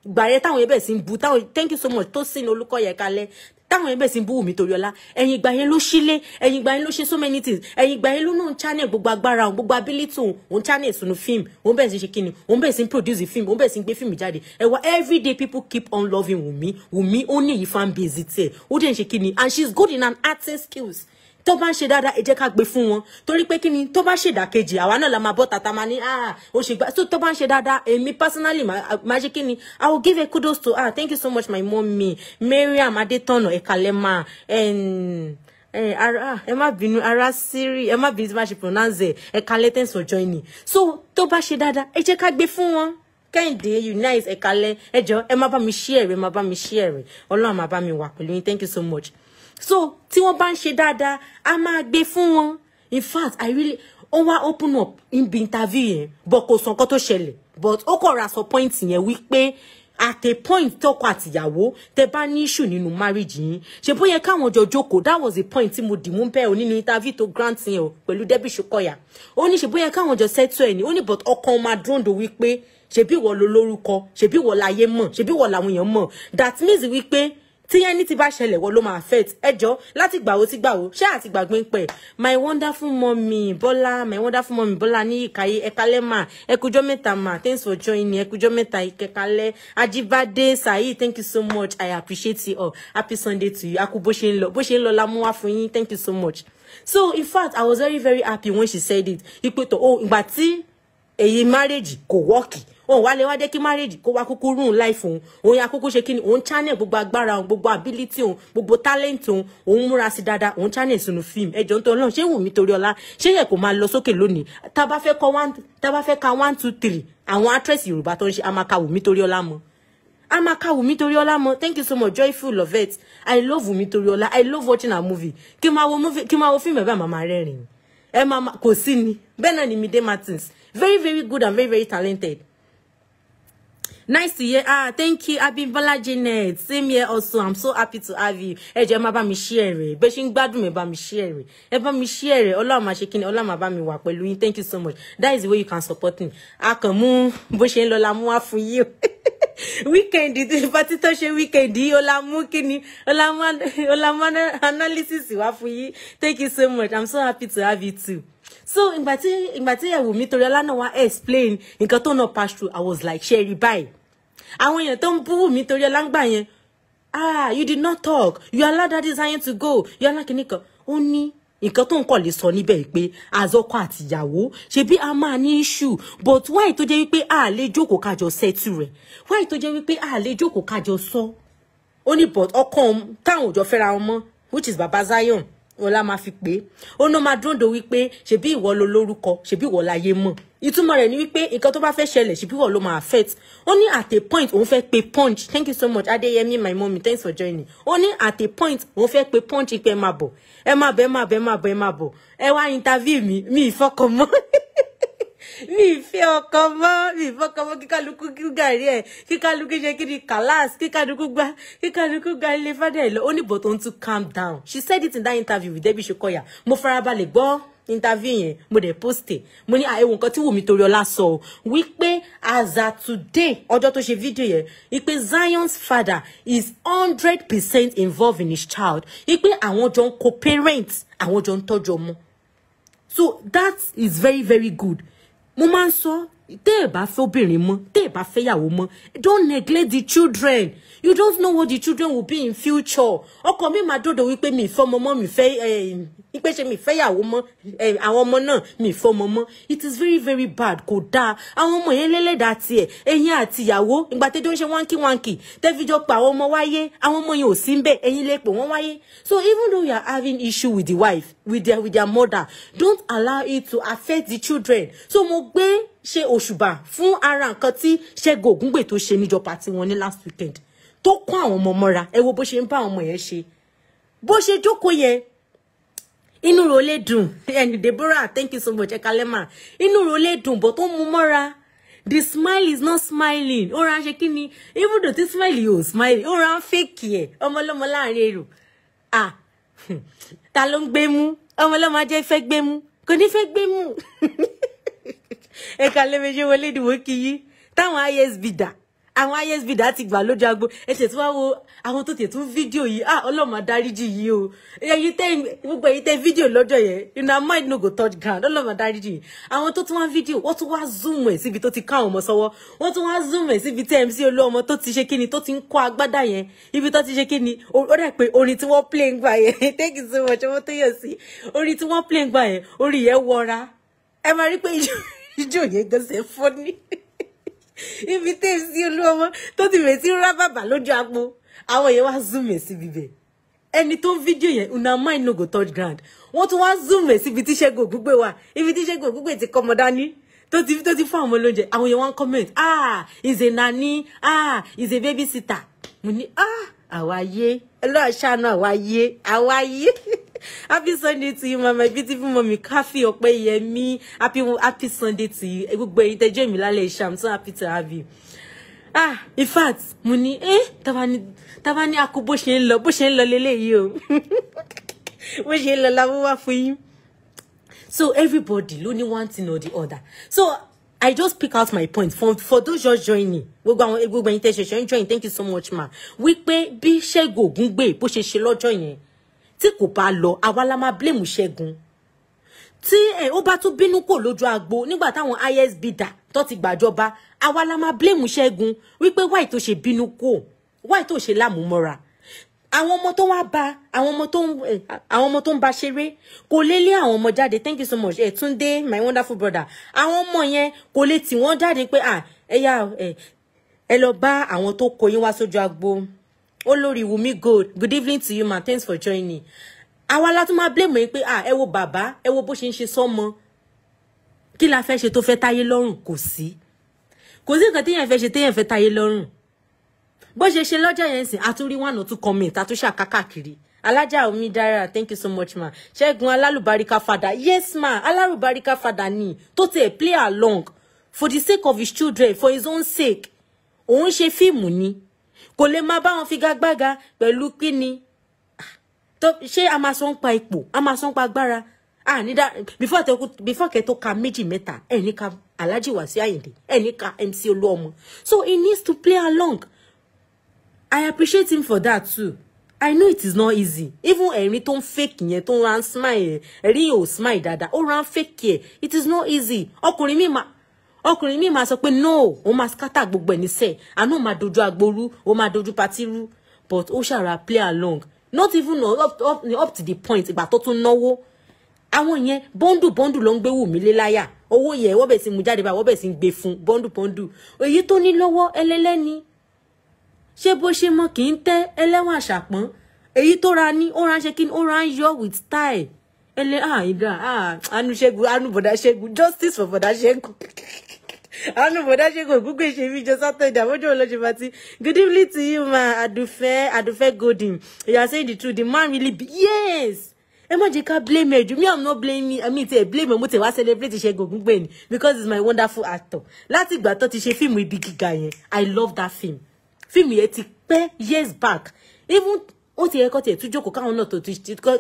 gbàyẹ táwọn yẹn bẹ̀ sí ń bu táwọn thank you so much tó sìn Olúkọ̀yẹ kalẹ̀ táwọn yẹn bẹ̀ sí ń bú mi torí ọlá ẹ̀yìn ìgbà yẹn ló ṣílé ẹ̀yìn ìgbà yẹn ló ṣe so many things ẹ̀yìn ìgbà yẹn ló náà ń channel gbogbo agbára òun gbogbo ability òun òun channel sunu film òun bẹ̀ sí ṣe kíni òun bẹ̀ sí produce film òun bẹ̀ sí gbé film jáde ẹ̀wà everyday people keep on loving Wunmi Wunmi ó ní ìyí fan base tiẹ̀ ó dẹ̀ ń ṣe kíni and she's good in an acting skills tó bá ń ṣe dáadáa ẹ jẹ́ ká gbé fún wọn torí pé kí ni tó bá ṣe ìdàkejì àwa náà la máa bọ́ tata máa ní ah ó ṣe gbá so tó bá ń ṣe dáadáa èmi personally máa ṣe kí ni i will give a kudos to ah thank you so much my mommy Mariam Adétọ̀nà Ekalema, ah, ẹ má bínú ara sírí ẹ má bínú tí wọ́n ṣe pronounce ẹ̀ ẹ̀kálẹ́ thanks for joining so tó bá ṣe dáadáa ẹ jẹ́ ká gbé fún wọn kẹ́hìndé unite ẹ̀kálẹ́ ẹ jọ̀ọ́ ẹ má bá mi share ẹ má bá mi share ọlọ́run má bá mi wà pẹ̀lú yín thank you so much so tí wọ́n bá ń ṣe a máa gbé fún wọn in fact i really ó wá open up ibi interview yẹn but kò sọ nǹkan tó ṣẹlẹ̀ but ó kọ̀ ra sọ point yẹn wípé at a point tọkọ àtìyàwó tẹ bá ní issue nínú marriage yín ṣe bóyá káwọn jọ jókòó that was the point tí mo dì mú bẹ́ẹ̀ o interview to grant yẹn o pẹ̀lú Debbie Shokoya ó ní ṣe bóyá káwọn jọ settle ẹ̀ ní ó ní but ọkàn máa dúndò wípé ṣebí ìwọ ló lórúkọ ṣebí ìwọ láyé mọ̀ ṣebí ìwọ làwọn èèyàn mọ̀ that means wípé tí ẹni tí bá ṣẹlẹ̀ wọ́n ló máa affect ẹjọ́ láti gbàwó sí gbàwó ṣé àti gbàgbé ń pẹ́ my wonderful mommy bola. my wonderful mommy bọ́lá ní ìkàyé ẹ̀kálẹ́ mà ẹkùjọ́ mẹ́ta mà thanks for joining ẹkùjọ́ mẹ́ta kale. ajibade saheed thank you so much i appreciate you all happy sunday to you akú bó ṣe ń lọ bó ṣe la mú wá fún yín thank you so much so in fact i was very very happy when she said it ìpètò oh ìgbà tí èyí marriage kò wọ́ọ̀kì òun wá lè wá dé kí marriage kó wá kúkú rún life òun òun yà kúkú ṣe kíni òun channel gbogbo agbára òun gbogbo ability òun gbogbo talent òun òun múra sí dáadáa òun channel sínú film ẹjọ ń tọ́ ọlọ́run ṣé Wùmí torí ọlá ṣé yẹ kó máa lọ sókè lónìí tá bá fẹ́ kọ́ one tá bá fẹ́ ka one two three àwọn actress Yorùbá tó ń ṣe a máa ka Wùmí torí ọlá mọ́ amaka Wumi Toriola mo thank you so much joyful love it i love Wumi Toriola i love watching her movie kí máa wo movie kí máa wo fíìmù ẹ̀bẹ̀ màmá rẹ́rìn-ín Martins very very good and very very talented nice to hear ah thank you Abimbola Janet same here also i'm so happy to have you ẹ jẹ́ má bá mi share rẹ̀ bẹ́ẹ̀ ṣe ń gbádùn ẹ bá mi share rẹ̀ ẹ bá mi share rẹ̀ Ọlọ́run máa ṣe kíni Ọlọ́run máa mi wà pẹ̀lú yín thank you so much that is the way you can support me a kàn mú bó ṣe ń lọ la mú wá fún yín weekend party tó ṣe weekend yìí ó la mu kini. ó la mú ó la analysis wa fún yín thank you so much i'm so happy to have you too so ìgbà tí ìgbà tí ẹ̀wù mi torí ọlá náà wá explain nǹkan tó náà pass through i was like Sherry. Bye àwọn èèyàn tó ń bú mi torí ọlá ń gbà yẹn ah you did not talk you allowed that desire to go you allowed kìnnìkan ó ní nǹkan tó ń kọ̀ lè sọ níbẹ̀ pé azọ́kọ àtìyàwó ṣebí a máa ní issue but why tó jẹ́ wípé a lè jókòó kájọ settle rẹ̀ why tó jẹ́ wípé a lè jókòó kájọ sọ ó ní but ọkàn táwọn òjò fẹ́ra wọn mọ́ which is baba Zion wọn la máa fi pé ó ná máa dúndò wípé ṣebí ìwọ lo lórúkọ ṣebí ìwọ láyé mọ̀ ìtumọ̀ rẹ̀ ni wípé nǹkan tó bá fẹ́ ṣẹlẹ̀ sí púpọ̀ ló máa affect ó ní at a point òun fẹ́ pe punch thank you so much adeyemi my mommy thanks for joining ó ní at a point òun fẹ́ pe punch pé ẹ máa bọ̀ ẹ máa bọ̀ ẹ máa bọ̀ ẹ máa bọ̀ ẹ máa bọ̀ ẹ wá interview mi mi ìfọkànmọ́ mi ìfẹ́ ọkọ mọ́ mi ìfọkàn mọ́ kíkálukú gàrí ẹ̀ kíkálukú ṣe kí ni kàlás kíkálukú gba kíkálukú gba ilé fádà ẹ̀ lọ ó ní bò tó ń tún calm down she said it in that interview with Debbie Shokoya mo farabalẹ̀ gbọ́ interview yẹn mo dẹ̀ post ẹ̀ e. mo ní àìwò nǹkan tí Wùmí Toríọlá sọ o wípé as at today ọjọ́ tó ṣe fídíò yẹn wípé Zion's father is hundred percent involved in his child wípé àwọn jọ ń co-parent àwọn jọ ń tọ́jú ọmọ so that is very very good mo máa ń sọ tẹ́ ẹ̀ bá fẹ́ obìnrin mọ́ tẹ́ ẹ̀ bá fẹ́ yàwó mọ́ don't neglect the children you don't know what the children will be in future ọkọ mi máa dòdò wípé mi ìfẹ́ ọmọ mọ́ mi fẹ́ ipe ṣe mi fẹ́ yàwó mọ́ àwọn ọmọ náà mi ìfẹ́ ọmọ mọ́ it is very very bad kò dáa àwọn ọmọ yẹn lẹ́lẹ́dàá tiẹ̀ ẹ̀yin àti ìyàwó ìgbà tẹ́jọ́ ń ṣe wánkì wánkì tẹ́fíjọ́ pa àwọn ọmọ wáyé àwọn ọmọ yẹn ò sí ń bẹ̀ ẹ̀yin lè pè wọ́n wáyé so even though you are having issue with the wife with their with their mother don't allow it to affect the children so mo gbé ṣe òṣùbà fún ara nǹkan tí Ṣẹ́gun Ògúngbè tó ṣe níjọba tí wọ́n ní last weekend tó kó àwọn ọmọ mọ́ra ẹ wo bó ṣe ń bá àwọn ọmọ yẹn ṣe bó ṣe jókòó yẹn inú ro lè dùn ẹni Deborah thank you so much ẹ kalẹ́ mà inú ro lè dùn bọ́ tó mú mọ́ra the smile is not smiling ó ra ṣe kí ni even though ti smile yóò smile ó ra ń fake ẹ ọmọlọ́mọ láàrin èrò ah ta ló ń gbé mú ọmọlọ́mọ ajẹ́ fẹ́ gbé mú kò ní fẹ́ gbé mú. ẹ̀ka lẹ́mẹ̀jẹ̀ wọlé ìdìbò kì í táwọn isb dà àwọn isb dà ti gbà lójú agbo ẹ tètè wá wo àwọn tó tètè fídíò yìí ah ọlọ́mọ adáríjì yìí o ẹyin tẹ gbogbo ẹyin tẹ fídíò lọ́jọ́ yẹn iná mind no go touch ground ọlọ́mọ adáríjì yìí àwọn tó tún wá fídíò wọ́n tún wá zoom ẹ̀ síbi tó ti ká àwọn ọmọ sọ́wọ́ wọ́n tún wá zoom ẹ̀ síbi tẹ́ mc olúọmọ tó ti ṣe kíni tó ti ń kọ́ agbádá yẹn ibi tó ti ṣe kíni ó dà pé orin tí wọ́n play ń yẹn thank you so much ọmọ tó yọ sí orin tí wọ́n play ń gbà yẹn orin yẹn ìjòyè gẹ̀ẹ́sẹ̀ fọ́ni ibi tẹ́ sí olúọmọ tó ti retí rárá bàbà lójú agbo àwọn èèyàn wá zoom ẹ̀ síbi bẹ̀ ẹni tó ń fídíò yẹn una mind no go touch ground wọ́n tún wá zoom ẹ̀ síbi tí Ṣẹ́gun Ògúngbè wà ibi tí Ṣẹ́gun Ògúngbè ti kọ́mọ dání tó ti tó ti fún àwọn olóúnjẹ àwọn èèyàn wá ń comment ah is a nanny ah is a babysitter mo ní ah àwa yé ẹlọ́ọ̀ṣánú àwa yé àwa yé. happy sunday to you my beautiful mommy Kaffi Opeyemi happy happy sunday to you gbogbo ẹ̀yin tẹ́ join mi lálẹ́ i'm so happy to have you ah in fact mo ní eh tabani tabani ako bó ṣe ń lọ bó ṣe ń lọ leléyìí o bó ṣe ń lọ làwọn wá fún yín so everybody ló ní one thing or the other so I just pick out my point for for those just joining. Gbogbo àwọn gbogbo ẹ̀yin tẹ́ ṣẹ̀ṣẹ̀ ń join. Thank you so much ma. Wípé bí Ṣẹ́gun Ògúngbè bó ṣe ṣe lọ́jọ́ yẹn tí kò bá lọ àwa la máa blame Ṣẹ́gun tí ẹ ó bá tún bínú kò lójú agbo nígbà táwọn ISB dà tó ti gbàjọba àwa la máa blame Ṣẹ́gun wípé wáì tó ṣe bínú kò wáì tó ṣe lámúmọ́ra àwọn ọmọ tó wá ba àwọn ọmọ tó ń àwọn ọmọ tó ń ba ṣeré kò lè lé àwọn ọmọ jáde thank you so much ẹ my wonderful brother àwọn ọmọ yẹn kò lè tì wọ́n jáde pé à ẹ yá ẹ lọ bá àwọn tó kó wá sójú agbo olórí Wumi Gold good evening to you ma thanks for joining àwa la tún máa blame yín pé ah ẹ wo bàbá ẹ wo bó ṣe ń ṣe sọ́mọ kí la fẹ́ ṣe tó fẹ́ táyé lọ́rùn kò sí kò sí nǹkan téèyàn fẹ́ ṣe téèyàn fẹ́ táyé lọ́rùn bó ṣe ṣe lọ́jọ́ yẹn sìn àtúrí one or two comment àtúnṣà kákàkiri alájà omi dára thank you so much ma ṣẹ́gun alálùbáríkà fada yes ma alálùbáríkà fada ni tó tiẹ̀ play along for the sake of his children for his own sake òun ṣe fíìmù ni kò lè máa bá wọn figagbága pẹ̀lú kíni tó ṣé a máa sọ ń pa ipò a máa sọ pa agbára before tẹ before kẹ tó ka méjì mẹ́ta ẹ̀ ní ka Alhaji Wasiu Ayinde ẹ̀ ní ka MC Olúọmọ so he needs to play along I appreciate him for that too. I know it is not easy. Even ẹ̀rín tó ń fake yẹn tó ń ran smile ẹ̀rín yẹn smile dáadáa ó ran fake yẹn it is not easy. Ọkùnrin mi máa ọkùnrin mi máa sọ pé no òun máa scatter gbogbo ẹ̀ nísẹ̀ àánú máa dojú agboru òun máa dojú patirú but ó ṣàrà play along not even up, up, up to the point ìgbà tó tún náwó àwọn yẹn bọ́ndù bọ́ndù ló ń gbé Wùmí lé láyà owó yẹn wọ́n bẹ̀ sí mu jáde báyìí wọ́n bẹ̀ sí gbé fún bọ́ndù bọ́ndù èyí tó ní lọ́wọ́ ẹlẹ́lẹ́ni ṣé bó ṣe mọ kì í tẹ́ ẹlẹ́wọ̀n àṣàpọ́n èyí tó ra ní ó ra ń ṣe kí ni ó ra ń yọ with style ẹlẹ́ àìdá ah, àánú ah, ṣẹ́gun àánú bọ̀dá ṣẹ́gun justice for bọ̀dá ṣẹ́gun. Anu Bodashego, Google Shevi, just after the Mojo Lojibati. Good evening to you, ma Adufe, Adufe Godin. You are saying the truth. The man really be, yes. ẹ má blame ẹ me i'm not blaming i mean say blame mo tẹ wá celebrate Ṣẹ́gun Google because it's my wonderful actor Last week tó thought ṣe film ibi gíga guy. i love that film Film yẹn ti pẹ́ years back even ó ti yẹ kó tiẹ̀ tún jókòó káwọn náà tó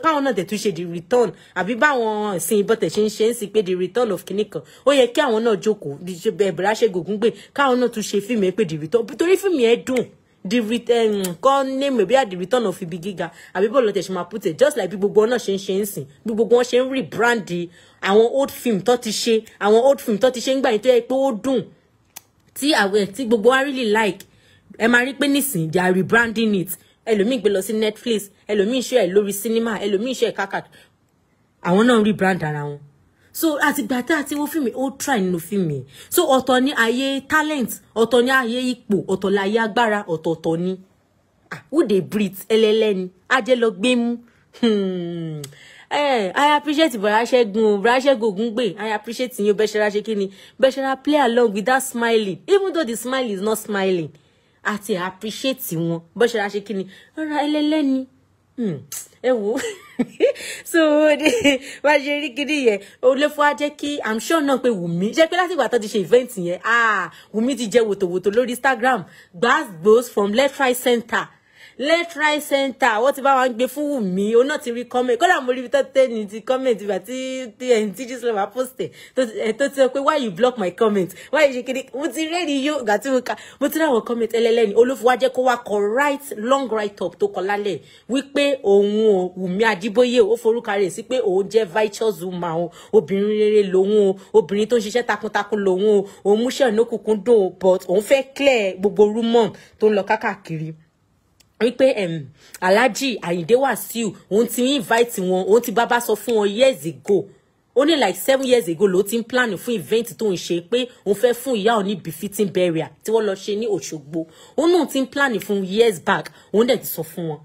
káwọn náà tẹ̀tún ṣe the return àbí báwọn ìsìn ìbọ̀tẹ̀ ṣe ń ṣe ń sin pé the return of kinní kan ó yẹ kí àwọn náà jókòó bẹ̀rẹ̀ ṣe gògùn gbé káwọn náà tún ṣe fíìmù ẹ pé the return torí fíìmù ẹ dùn the return kọ́ name bí i the return of ibi gíga àbí bọ́ọ̀lù tẹ̀ ṣe máa put it just like bí gbogbo wọn náà ṣe ń ṣe ń sìn bí gbogbo wọn ṣe ń rebrand àwọn old film tó ti ṣe àwọn old film tó ti ṣe ń gbà yín tó yẹ pé ó dùn tí gbogbo wa really like ẹ máa rí pé nísìnyí they are rebranding it ẹlòmíì gbé lọ sí Netflix ẹlòmíì ṣe ẹ lórí sinimá ẹlòmíì ṣe ẹ kákàkiri àwọn náà rí brand ara wọn so àtìgbà tá a ti wo fíìmù ó try nínú fíìmù yẹn so ọ̀tọ̀ ni ayé talent ọ̀tọ̀ ni ayé ipò ọ̀tọ̀ ni ayé agbára ọ̀tọ̀ọ̀tọ̀ ni ah who dey breathe ẹlẹ́lẹ́ni ajẹ́ lọ gbé mú hmm. ẹ i appreciate bọ̀dá ṣẹ́gun o bọ̀dá ṣẹ́gun ògùn gbè i appreciate yín o bẹ́ṣẹ́ra ṣe kí ni bẹ́ṣẹ́ra play along with that smiling even though the smile is not smiling àti appreciate wọn bó ṣe ra ṣe kí ni ọ̀rọ̀ ẹlẹ́lẹ́ni hmm, ẹ wò ó so wá ṣe rí gidi yẹn olófó á jẹ́ kí i'm sure náà pé wùmí jẹ́ pé láti ìgbà tó ti ṣe event yẹn ah wùmí ti jẹ wòtòwòtò lórí instagram gbàgbós from left right center lẹ́tírì center wọ́n ti bá wa ń gbé fún Wùmí òun náà ti rí comment kódà mo rí ibi tó tẹ́ ní ti comment ìgbà tí ẹni tí jesus lọ́wọ́ post ẹ̀ tó ti sọ pé why you block my comment why you ṣe kiri mo ti rẹ́ẹ̀rí yó ìgbà tí mo ka mo ti ráwọn comment ẹlẹ́lẹ́ni olófùwá jẹ́ kó wá kọ right long right up tó kọ lálẹ́ wípé òun o Wùmí Adébóyè ó forúkọ rẹ̀ sí pé òun jẹ́ virtuous woman o obìnrin rere lòun o obìnrin tó ń ṣiṣẹ́ takuntakun lòun o òun múṣẹ́ ònà òkùnkùn dùn but òun fẹ́ clear gbogbo rúmọ̀ tó ń lọ káàkiri wípé um, alhaji ayinde wasiu òun ti invite wọn òun ti bàbá sọ fún wọn years ago ó ní like seven years ago ló ti ń plan fún event tó ń ṣe pé òun fẹ́ fún ìyá òun ní befitting burial tí wọ́n lọ ṣe ní òṣogbo òun náà ti ń plan fún years back òun dẹ̀ ti sọ fún wọn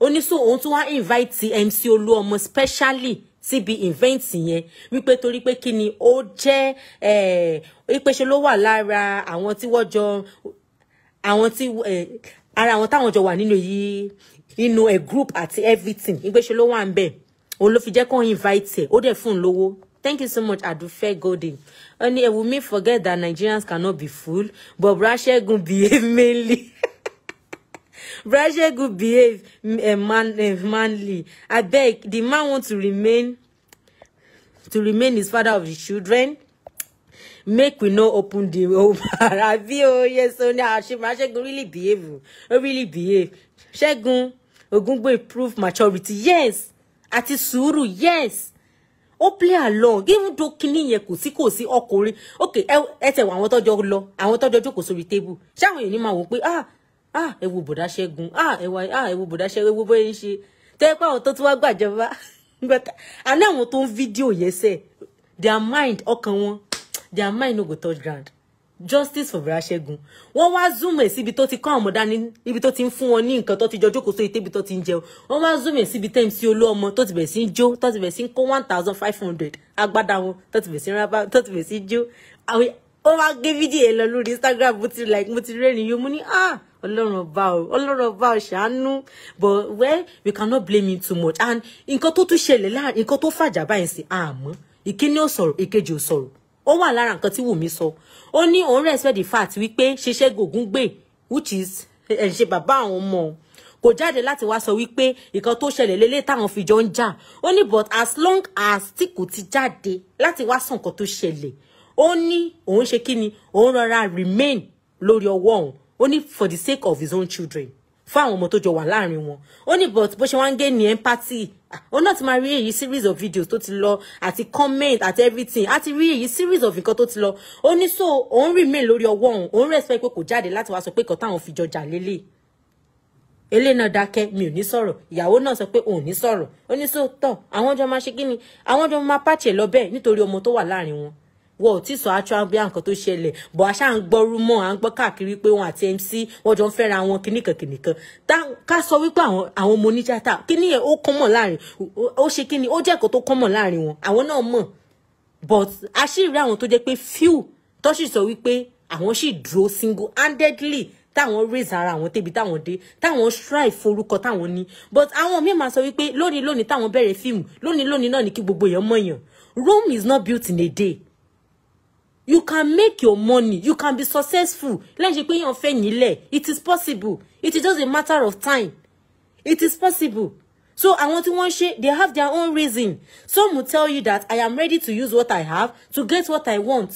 ó ní so òun tún wá invite mc olúọmọ specially síbi event yẹn wípé torí pé kí ni ó jẹ́ eh, wípé ṣe ló wà lára àwọn tí wọ́n jọ àwọn tí eh, ara àwọn táwọn jọ wà nínú yìí nínú ẹ group àti everything ìgbésẹ ló wà ń bẹ òun ló invite ẹ ó dẹ̀ fún un lówó Thank you so much, Adufe Golding. Only it will me forget that Nigerians cannot be fooled, but Brashegun behave mainly. Brashegun behave uh, man, eh, manly. I beg, the man want to remain to remain his father of the children make we no open the whole bar àbí o yes o ní àṣemọ ṣẹ́gun really behave o really behave ṣẹ́gun ogungbo improve maturity yes ati suru. yes ó play along even though kinní yẹn kò sí kò sí Okay, ok ẹ tẹ̀wọ̀ àwọn tọ́jọ́ lọ àwọn tọ́jọ́ jókòó sórí tébù ṣáwọn èèyàn ni ma wò pé ah ah ẹ wo bọ̀dá ṣẹ́gun ah ẹ wá ah ẹ wo bọ̀dá ṣẹ́gun ẹ wo bóyá ń ṣe tẹ́ pé wa tó tún But, gbàjọba àná àwọn video. Yes, fídíò their mind ọkàn wọn their mind no go touch ground justice for Bùràṣẹ́gun wọ́n wá zoom ẹ̀ síbi tó ti kọ́ ọmọ dání ibi tó ti ń fún wọn ní nǹkan tó ti jọ jókòó sóyè tébi tó ti ń jẹun wọ́n wá zoom ẹ̀ síbi tẹ́mi sí olú ọmọ tó ti bẹ̀rẹ̀ sí ń jó tó ti bẹ̀rẹ̀ sí ń kó one thousand five hundred agbádá wọn tó ti bẹ̀rẹ̀ sí ń rábà tó ti bẹ̀rẹ̀ sí ń jó àwọn ó wá gé fídíò ẹ̀ lọ lórí Instagram mo ti like mo ti rẹ́rìn-ín yó mo ní ah ọlọ́run ọba o ọlọ́run ọba o ṣàánú but well we cannot blame him too much and nǹkan tó tún ṣẹlẹ̀ láàrin nǹkan tó fàjà báyìí sí àmọ́ ìkíní ò sọ̀rọ̀ ìkejì ò sọ̀rọ̀ ó wà lára nǹkan tí Wùmí sọ ó ní òun respect the fact wípé ṣiṣẹ́ gògùn gbè which is ẹ̀ eh, ṣe bàbá àwọn ọmọ kò jáde láti wá sọ wípé nǹkan tó ṣẹlẹ̀ lélẹ̀ táwọn fi jọ ń jà ó ní but as long as tí kò ti jáde láti wá sọ nǹkan tó ṣẹlẹ̀ ó ní òun ṣe kí ni òun rọra remain lórí ọwọ́ òun ó ní for the sake of his own children fún àwọn ọmọ tó jọ wà láàrin wọn ó ní but bó ṣe wá ń gé ní empathy ó náà ti máa rí èyí series of videos tó ti lọ àti comment àti everything Ati rí èyí series of nǹkan tó ti lọ ó ní so òun remain lórí ọwọ́ òun òun respect pé kò jáde láti wá sọ pé nǹkan táwọn fi jọjà lélẹ̀ ele na dake mi ò ní sọ̀rọ̀ ìyàwó náà sọ pé òun ní sọ̀rọ̀ ó ní so to àwọn jọ máa ṣe kí ni àwọn jọ máa pàṣẹ lọ bẹ́ẹ̀ nítorí ọmọ tó wà láàrin wọn wọ́n ò tí sọ actual bí nǹkan tó ṣẹlẹ̀ bọ̀ àṣà ń gbọ́rú mọ́ à ń gbọ́ káàkiri pé wọn àti MC wọ́n jọ ń fẹ́ra wọn kìnnìkan kìnnìkan ká sọ wípé àwọn àwọn ọmọ oníjàtà kíní yẹn ó kọ́mọ̀ láàrin ó ṣe kíní ó jẹ́ ẹ̀kọ́ tó kọ́mọ̀ láàrin wọn àwọn náà mọ̀ but àṣírí àwọn tó jẹ́ pé few tó sì sọ wípé àwọn sì dúró single handedly táwọn raise ara àwọn tẹbi táwọn dé táwọn strive forúkọ táwọn ní but àwọn míì máa sọ wípé lónìí lónìí táwọn bẹ̀rẹ̀ fíìmù lónìí lónìí náà ní kí gbogbo èèyàn mọ̀yàn Rome is not built in a day you can make your money you can be successful láì ṣe pé èèyàn fẹ́ nílẹ̀ it is possible it is just a matter of time it is possible so àwọn tí wọ́n ṣe they have their own reason some will tell you that i am ready to use what i have to get what i want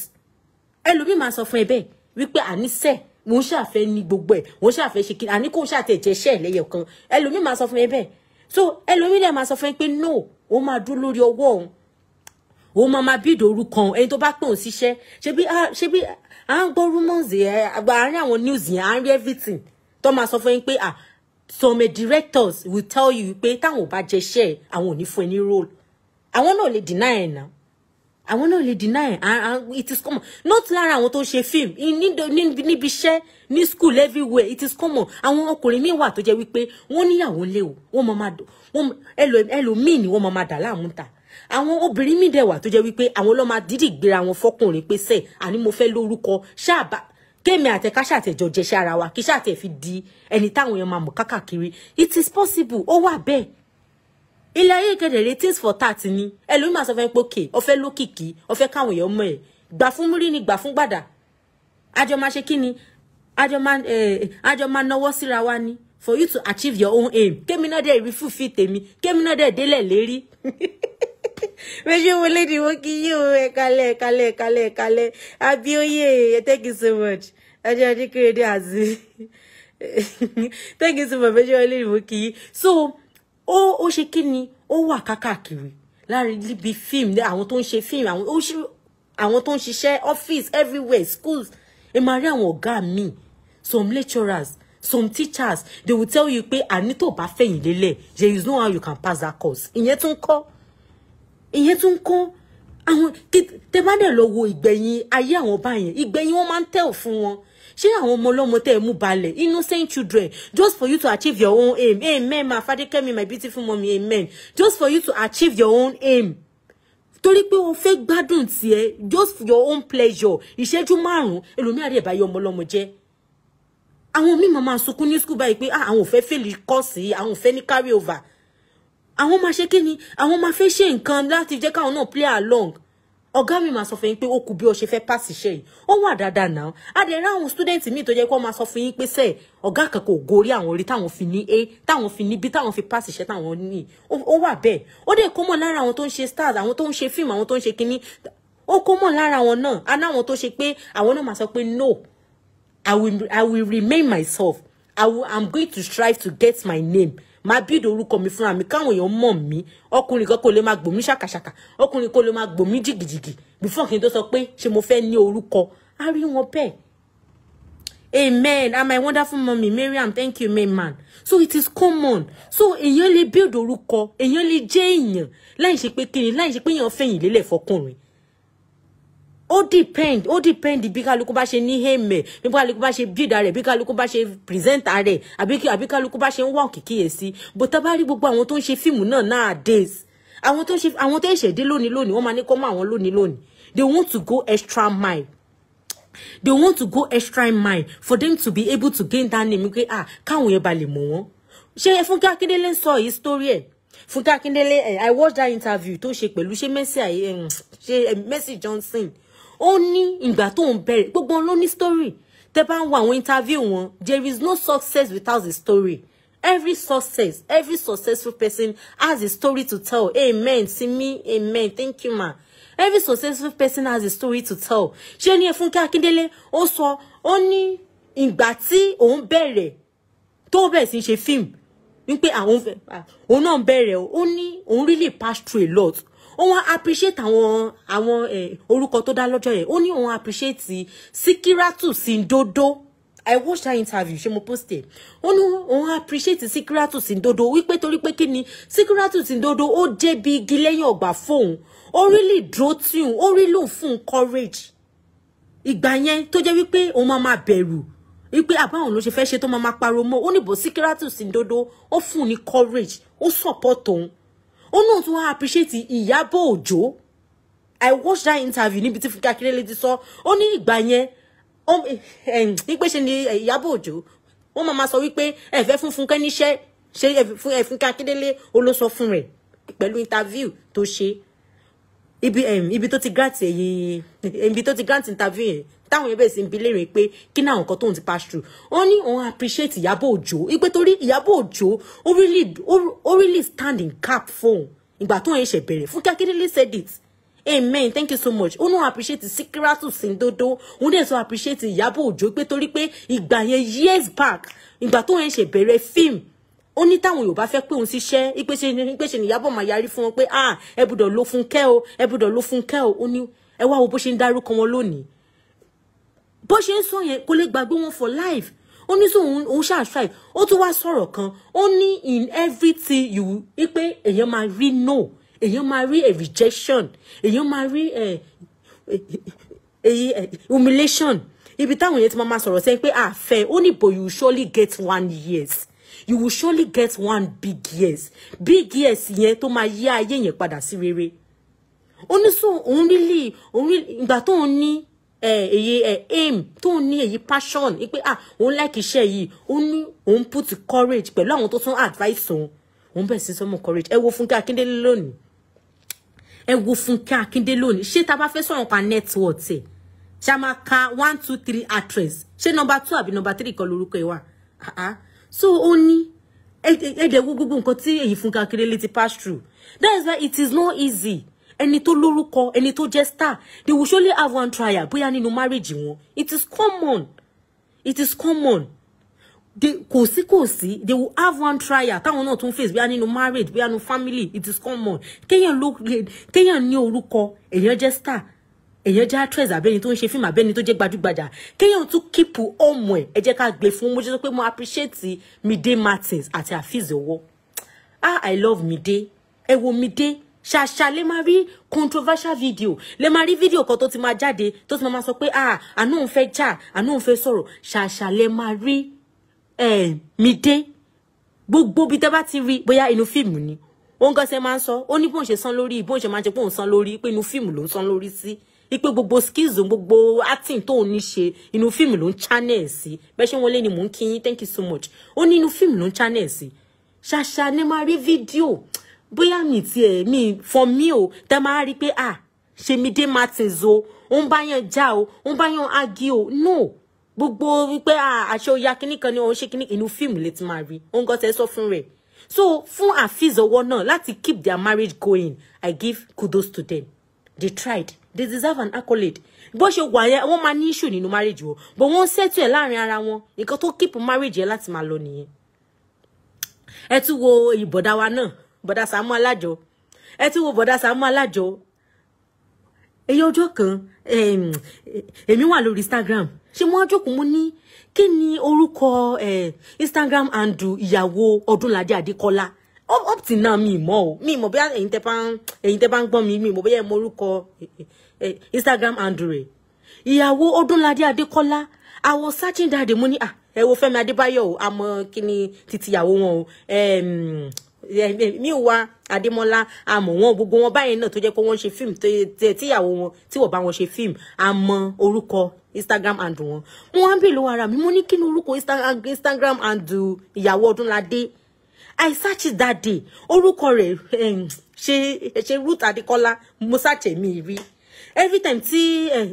ẹlòmíì máa sọ fún ẹ bẹ́ẹ̀ wípé àníṣe mo ń ṣàfẹ́ ní gbogbo ẹ̀ mo ń ṣàfẹ́ ṣe kiri àní kò ń ṣàtẹ̀jẹ́ ṣẹ́ lẹ́yọ̀ kan ẹlòmíì máa sọ fún ẹ bẹ́ẹ̀ so ẹlòmíì dẹ̀ máa sọ fún ẹ pé no ó máa dúró lórí ọwọ́ òun òun máa máa bíìdì orúkọ ẹni tó bá pè òun síṣẹ́ ah, ṣebí à ń gbọ́ rumors yẹn àárín àwọn news yẹn à ń everything tó máa sọ fún yín pé ah some directors will tell you pé táwọn ò bá jẹ iṣẹ́ ẹ̀ àwọn ò ní fún ẹ ní role àwọn náà lè deny ẹ̀ náà àwọn náà lè deny ẹ̀ it is common not lára àwọn tó ń ṣe film níbi iṣẹ́ ní school everywhere it is common àwọn ọkùnrin míì wà tó jẹ́ wípé wọ́n níyàwó lé o wọ́n máa máa ẹlòmíì ni wọ́n máa máa dà láàmú ta àwọn obìnrin mi dẹ̀ wà tó jẹ́ wípé àwọn ló máa dídì gbéra wọn fọkùnrin pé sẹ́ àní mo fẹ́ lórúkọ ṣáàbà kéèmì àtẹ̀ká ṣàtẹ̀jọ jẹṣẹ́ ara wa kí ṣàtẹ̀ fi di ẹni táwọn èèyàn máa mọ̀ kákàkiri it is possible ó wà bẹ́ẹ̀ ilé ayé kedere things for that ni ẹlòmíì máa sọ fẹ́ pé òkè ọ̀fẹ́ lókìkí ọ̀fẹ́ káwọn èèyàn mọ̀ ẹ̀ gbà fún múrí ni gbà fún gbàdà àjọ máa ṣe kí ni àjọ eh, máa náwó síra wa ni for you to achieve your own aim kémi náà dẹ̀ rí fúfin tèmi kémi náà dẹ̀ délẹ̀ lérí Measure my lady walking you. Ekale, ekale, ekale, ekale. Abioye, thank you so much. I just created Azi. Thank you so much. Measure my lady walking you. So, oh, oh, she kí ni ó wà kákàkiri láàrin níbi fíìmù àwọn tó ń ṣe film. I want ṣe àwọn tó ń ṣiṣẹ́ office everywhere schools ẹ máa rí àwọn ọ̀gá some lecturers some teachers they will tell you pé àní tó bá fẹ̀yìn lélẹ̀ there is no how you can pass that course In ìyẹn tún call ìyẹn tún kọ́ àwọn tẹ bá dẹ̀ lọ wo ìgbẹ̀yìn ayé àwọn báyẹn ìgbẹ̀yìn wọn máa ń tẹ̀ fún wọn ṣé àwọn ọmọ ọlọ́mọ tẹ́ ẹ mú balẹ̀ innocent children just for you to achieve your own aim amen ma fadékẹ́mi my beautiful mommy amen just for you to achieve your own aim torí pé o fẹ́ gbádùn tiẹ̀ just for your own pleasure ìṣẹ́jú márùn-ún ẹlòmíà rẹ̀ bá yọ ọmọ ọlọ́mọ jẹ́ àwọn míì máa máa sunkún ní school báyìí pé ah, àwọn ò fẹ́ fèlè kọ́ọ̀sì àwọn ò fẹ́ ní carry over àwọn máa ṣe kí ni àwọn máa fẹ́ ṣe nǹkan láti jẹ́ káwọn náà play along ọ̀gá mi máa sọ fún yín pé ó kù bí ó ṣe fẹ́ pass iṣẹ́ yìí ó wà dáadáa náà àdẹ̀rẹ́ àwọn student míì tó jẹ́ pé wọ́n máa sọ fún yín pé sẹ́ ọ̀gá kan kò gorí àwọn orí táwọn fi ní a táwọn fi ní b táwọn fi pass iṣẹ́ táwọn ní e. ó wà bẹ́ẹ̀ ó dẹ̀ kó mọ̀ lára àwọn tó ń ṣe stars àwọn tó ń ṣe fíìmù àwọn tó ń ṣe kinní ó kó mọ̀ lára wọn náà a náwọn tó ṣe pé àwọn náà máa sọ pé no I will, I will remain myself I will, I'm going to strive to get my name máa bíìd orúkọ mi fúnra mi káwọn èèyàn mọ̀ mí ọkùnrin kan kò lè máa gbòmí ṣàkàṣàkà ọkùnrin kò lè máa gbòmí jìgìjìgì bífọ̀ kí n tó sọ pé ṣé mo fẹ́ ní orúkọ á rí wọn bẹ́ẹ̀ amen and my wonderful mummy Mariam thank you main man so it is common so èèyàn lè build orúkọ èèyàn lè jẹ́ èèyàn láì ṣe pé kíni láì ṣe pé èèyàn fẹ̀yìn lélẹ̀ fọkùnrin ó depend ó depend bí kálukú bá ṣe ní hèmẹ bí kálukú bá ṣe bíìdà rẹ bí kálukú bá ṣe pírẹsẹńtà rẹ àbí kálukú bá ṣe ń wá òkìkí yẹn sí bó tá bá rí gbogbo àwọn tó ń ṣe fíìmù náà nowadays àwọn tó ń ṣe àwọn tó ń ṣèdí lónìí lónìí wọ́n máa ní kọ́ mọ́ àwọn lónìí lónìí they want to go extra mile they want to go extra mile for them to be able to gain that name pé ah káwọn yẹn ba lè mọ̀ wọ́n ṣé Fúnkẹ́ Akíndélé ń sọ yìí story ẹ̀ Fúnkẹ́ Akíndélé eh, i watch that interview tó ṣe pẹ̀lú ṣé Mercy eh, ṣe Mercy Johnson ó ní ìgbà tó ń bẹ̀rẹ̀ gbogbo wọn ló ní story tẹ́ bá ń wo àwọn interview wọn there is no success without a story every success every successful person has a story to tell amen me. amen thank you ma every successful person has a story to tell ṣé ní Fúnkẹ́ Akíndélé ó sọ ó ní ìgbà tí òun bẹ̀rẹ̀ tó bẹ̀rẹ̀ sí ṣe fíìmù wípé àwọn òun náà bẹ̀rẹ̀ ó ní òun really pass through a lot ó appreciate àwọn àwọn eh, orúkọ tó dá lọ́jọ́ yẹn ó ní òun appreciate Síkírátù Sìǹdòdó I watched that interview ṣe mo post it ó ní òun appreciate Síkírátù Sìǹdòdó wípé torí pé kí ni sikiratu sindodo. ó débi igi lẹ́yìn ọgbà fóun ó rí lè dúró tí òun ó rí lò fún courage ìgbà yẹn tó jẹ́ wípé òun máa máa bẹ̀rù wípé àbáwọn ló ṣe fẹ́ ṣe tó máa máa pariwo mọ́ ó ní bò Síkírátù Sìǹdòdó ó fún ní courage ó support òun ó náà tún wá appreciate Ìyábọ̀ Òjó i watched that interview níbi tí Fúnkẹ́ Akíndélé ti sọ ó ní ìgbà yẹn wípé eh, ṣe ni eh, Ìyábọ̀ Òjó wọ́n máa máa sọ wípé ẹ fẹ́ fún Fúnkẹ́ níṣẹ́ ṣe ẹ Fúnkẹ́ Akíndélé ó fún rẹ̀ pẹ̀lú interview tó ṣe ibi ibi tó ti grant èyí ibi tó ti grant interview yẹn táwọn yẹn bẹ̀rẹ̀ sí ń bi léèrè pé kí náà nǹkan tóun ti pass through ó ní òun appreciate Ìyábọ̀ Òjó ìpè torí Ìyábọ̀ Òjó ó really ó really stand in cap fóun ìgbà tóun yẹn ṣe bẹ̀rẹ̀ Fúnkẹ́ Akíndélé said it amen thank you so much ó náà appreciate Síkírátù Síndodo òun dẹ̀ tún appreciate Ìyábọ̀ Òjó pé torí pé ìgbà yẹn years back ìgbà tóun yẹn ṣe bẹ̀rẹ̀ fíìmù ó ní táwọn yorùbá fẹ́ pé òun ṣiṣẹ́ ìpèsè ìpèsè máa yarí fún wọn pé ah ẹ gbọ́dọ̀ lò Fúnkẹ́ o ẹ gbọ́dọ̀ lò Fúnkẹ́ o ó ní ẹ wá wo bó ṣe ń dárúkọ wọn lónìí bó ṣe ń sọ yẹn kò lè gbàgbé wọn for life ó ní sọ òun ṣáà ṣáì ó tún wá sọ̀rọ̀ kan ó ní in everything you pé èèyàn máa rí no èèyàn máa rí a rejection èèyàn máa rí humiliation ibi táwọn yẹn ti máa sọ̀rọ̀ sẹ́yìn pé àfẹ́ ó ní but you surely get one years you will surely get one big years big years yẹn tó máa yí ayé yẹn padà sí rere ó ní sọ òun rí lì òun rí ìgbà tó ní èyí ẹ aim tó ní èyí passion pé ah òun like iṣẹ́ yìí òun ní òun put courage pẹ̀lú àwọn tó tún advice òun òun bẹ̀rẹ̀ sí sọmọ courage ẹ wo Fúnkẹ́ Akíndélé lónìí ẹ wo Fúnkẹ́ Akíndélé lónìí ṣé tá a bá fẹ́ sọ̀rọ̀ pa network ẹ̀ ṣá máa ka one two three actress ṣé number two àbí number three kan lórúkọ ẹ wà so ó ní ẹ̀ẹ́dẹ̀ wo gbogbo nǹkan tí èyí Fúnkẹ́ Akíndélé ti pass through that is why it is not easy ẹni tó lórúkọ ẹni tó jẹ́ star they will surely have one trial bóyá nínú marriage wọn it is common it is common they kò sí kò sí they will have one trial táwọn náà tún face bóyá nínú marriage bóyá nínú family it is common kéèyàn ló kéèyàn ní orúkọ èèyàn jẹ́ star èèyàn jẹ́ actress àbẹ́ni tó ń ṣe fíìmù àbẹ́ni tó jẹ́ gbajúgbajà kéèyàn tún kíìpù ọmọ ẹ̀ ẹ jẹ́ ká gbé fún mo jẹ́ sọ pé mo appreciate Mide Martins àti Afeez Owo ah i love Mide ẹ wo Mide ṣàṣà lè máa rí controversial video lè máa rí video kan tó ti máa jáde tó ti máa sọ pé ah àánú òun fẹ́ jà àánú òun fẹ́ sọ̀rọ̀ ṣàṣà lè máa rí mi dé gbogbo bí tẹ́ bá ti rí bóyá inú fíìmù ni òun gan ṣe máa ń sọ ó ní bóun ṣe san lórí bóun ṣe máa ń ṣe bóun san lórí pé inú fíìmù ló ń san lórí sí ipe gbogbo skills gbogbo acting tó ní ṣe inú fíìmù ló ń channel sí bẹ́ẹ̀ ṣé wọ́n lé ni mò ń kí yín thank you so much ó ní inú fíìmù ló ń channel sí ṣàṣà ni máa rí fídíò bóyá mi ti ẹ̀ mi for me o tẹ́ máa rí pé ah ṣe mi dé martins o ó ń bá yàn já o ń bá yàn agi o no gbogbo wípé ah, àṣẹ òya kínní kan ni òun ṣe kínní inú fíìmù lè ti máa rí òun gan tẹ sọ fún rẹ so fún àfíìs ọwọ náà láti keep their marriage going i give kudos to them they tried they deserve an accolade bó ṣe wà yẹn wọn máa ní issue nínú marriage wọn but wọn ń ṣètò ẹ láàrin ara wọn nǹkan tó keep marriage yẹn láti máa lọ nìyẹn ẹ tún wo ìbọ̀dá wa náà bọ̀dá Sàámú Alájọ ẹ ti wo bọ̀dá Sàámú Alájọ èyí ọjọ́ kan èmi wà lórí Instagram ṣé mo jókòó mo ní kí ni orúkọ Instagram handle ìyàwó Ọdúnládé Adékọ́lá up till now mi mọ̀ o mi mọ̀ bí ẹ̀yin tẹ́ bá ń ẹ̀yin tẹ́ bá ń gbọ́ mi mi mọ̀ bóyá ẹ mọ̀ orúkọ Instagram handle rẹ̀ ìyàwó Ọdúnládé Adékọ́lá I was searching that day mo ní ah ẹ wo Fẹ́mi Adébáyọ̀ o àmọ́ kí ni titi ìyàwó wọn o miwa adémọ́lá àmọ́ wọn gbogbo wọn báyìí náà tó jẹ́ pé wọ́n film fíìmù tíyàwó wọn tí wọ́n bá wọn ṣe film àmọ́ oruko instagram handle wọn mo wá ń bèèrè lọ́wọ́ ara mi mo ní kí ni orúkọ instagram handle ìyàwó ọdúnládé i search it that day oruko rẹ̀ eh, ṣe ṣe ruth adékọ́lá mo search èmi rí every time tí eh,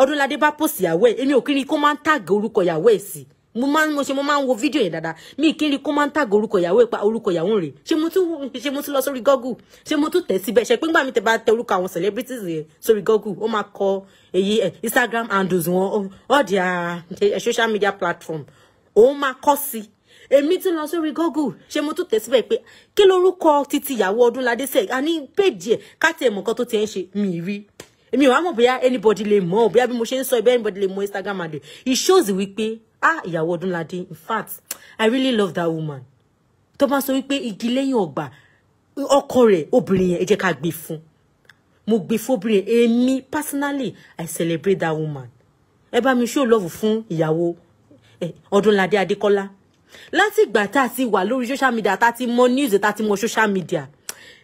ọdúnládé bá post ìyàwó ẹ̀ èmi ò kiri kó máa ń tag orúkọ ìyàwó ẹ̀ si mo máa ń mo ṣe mo máa ń wo fídíò yẹn dáadáa mi kí n rí kó máa ń tàgé orúkọ ìyàwó ìpa orúkọ ìyàwó rẹ̀ ṣé mo tún ṣe mo tún lọ sórí Google ṣé mo tún tẹ̀ síbẹ̀ ṣe pé ńgbà mi tẹ bá tẹ orúkọ àwọn celebrities yẹn sórí Google ó máa kọ èyí eh, Instagram handles wọn all their social media platform òun máa kọ sí èmi tún lọ sórí Google ṣé mo tún tẹ̀ síbẹ̀ pé kí lorúkọ títí ìyàwó Ọdúnládé sẹ̀ a ní péjì ẹ̀ ká tiẹ̀ mọ̀ nǹkan èmi ò wá mọ̀ bóyá anybody lè mọ̀ bóyá bí mo ṣe ń sọ ibẹ̀ anybody lè mọ̀ Instagram handle it shows wípé ah ìyàwó Ọdúnládé in fact I really love that woman tó bá sọ wípé igi lẹ́yìn ọgbà ọkọ rẹ̀ obìnrin yẹn ẹ jẹ́ ká gbé fún mo gbé fóbìnrin èmi personally I celebrate that woman ẹ bá mi ṣó lọ́ọ̀fù fún ìyàwó eh, Ọdúnládé Adékọ́lá láti ìgbà tá a ti wà lórí social media tá a ti mọ news tá a ti mọ social media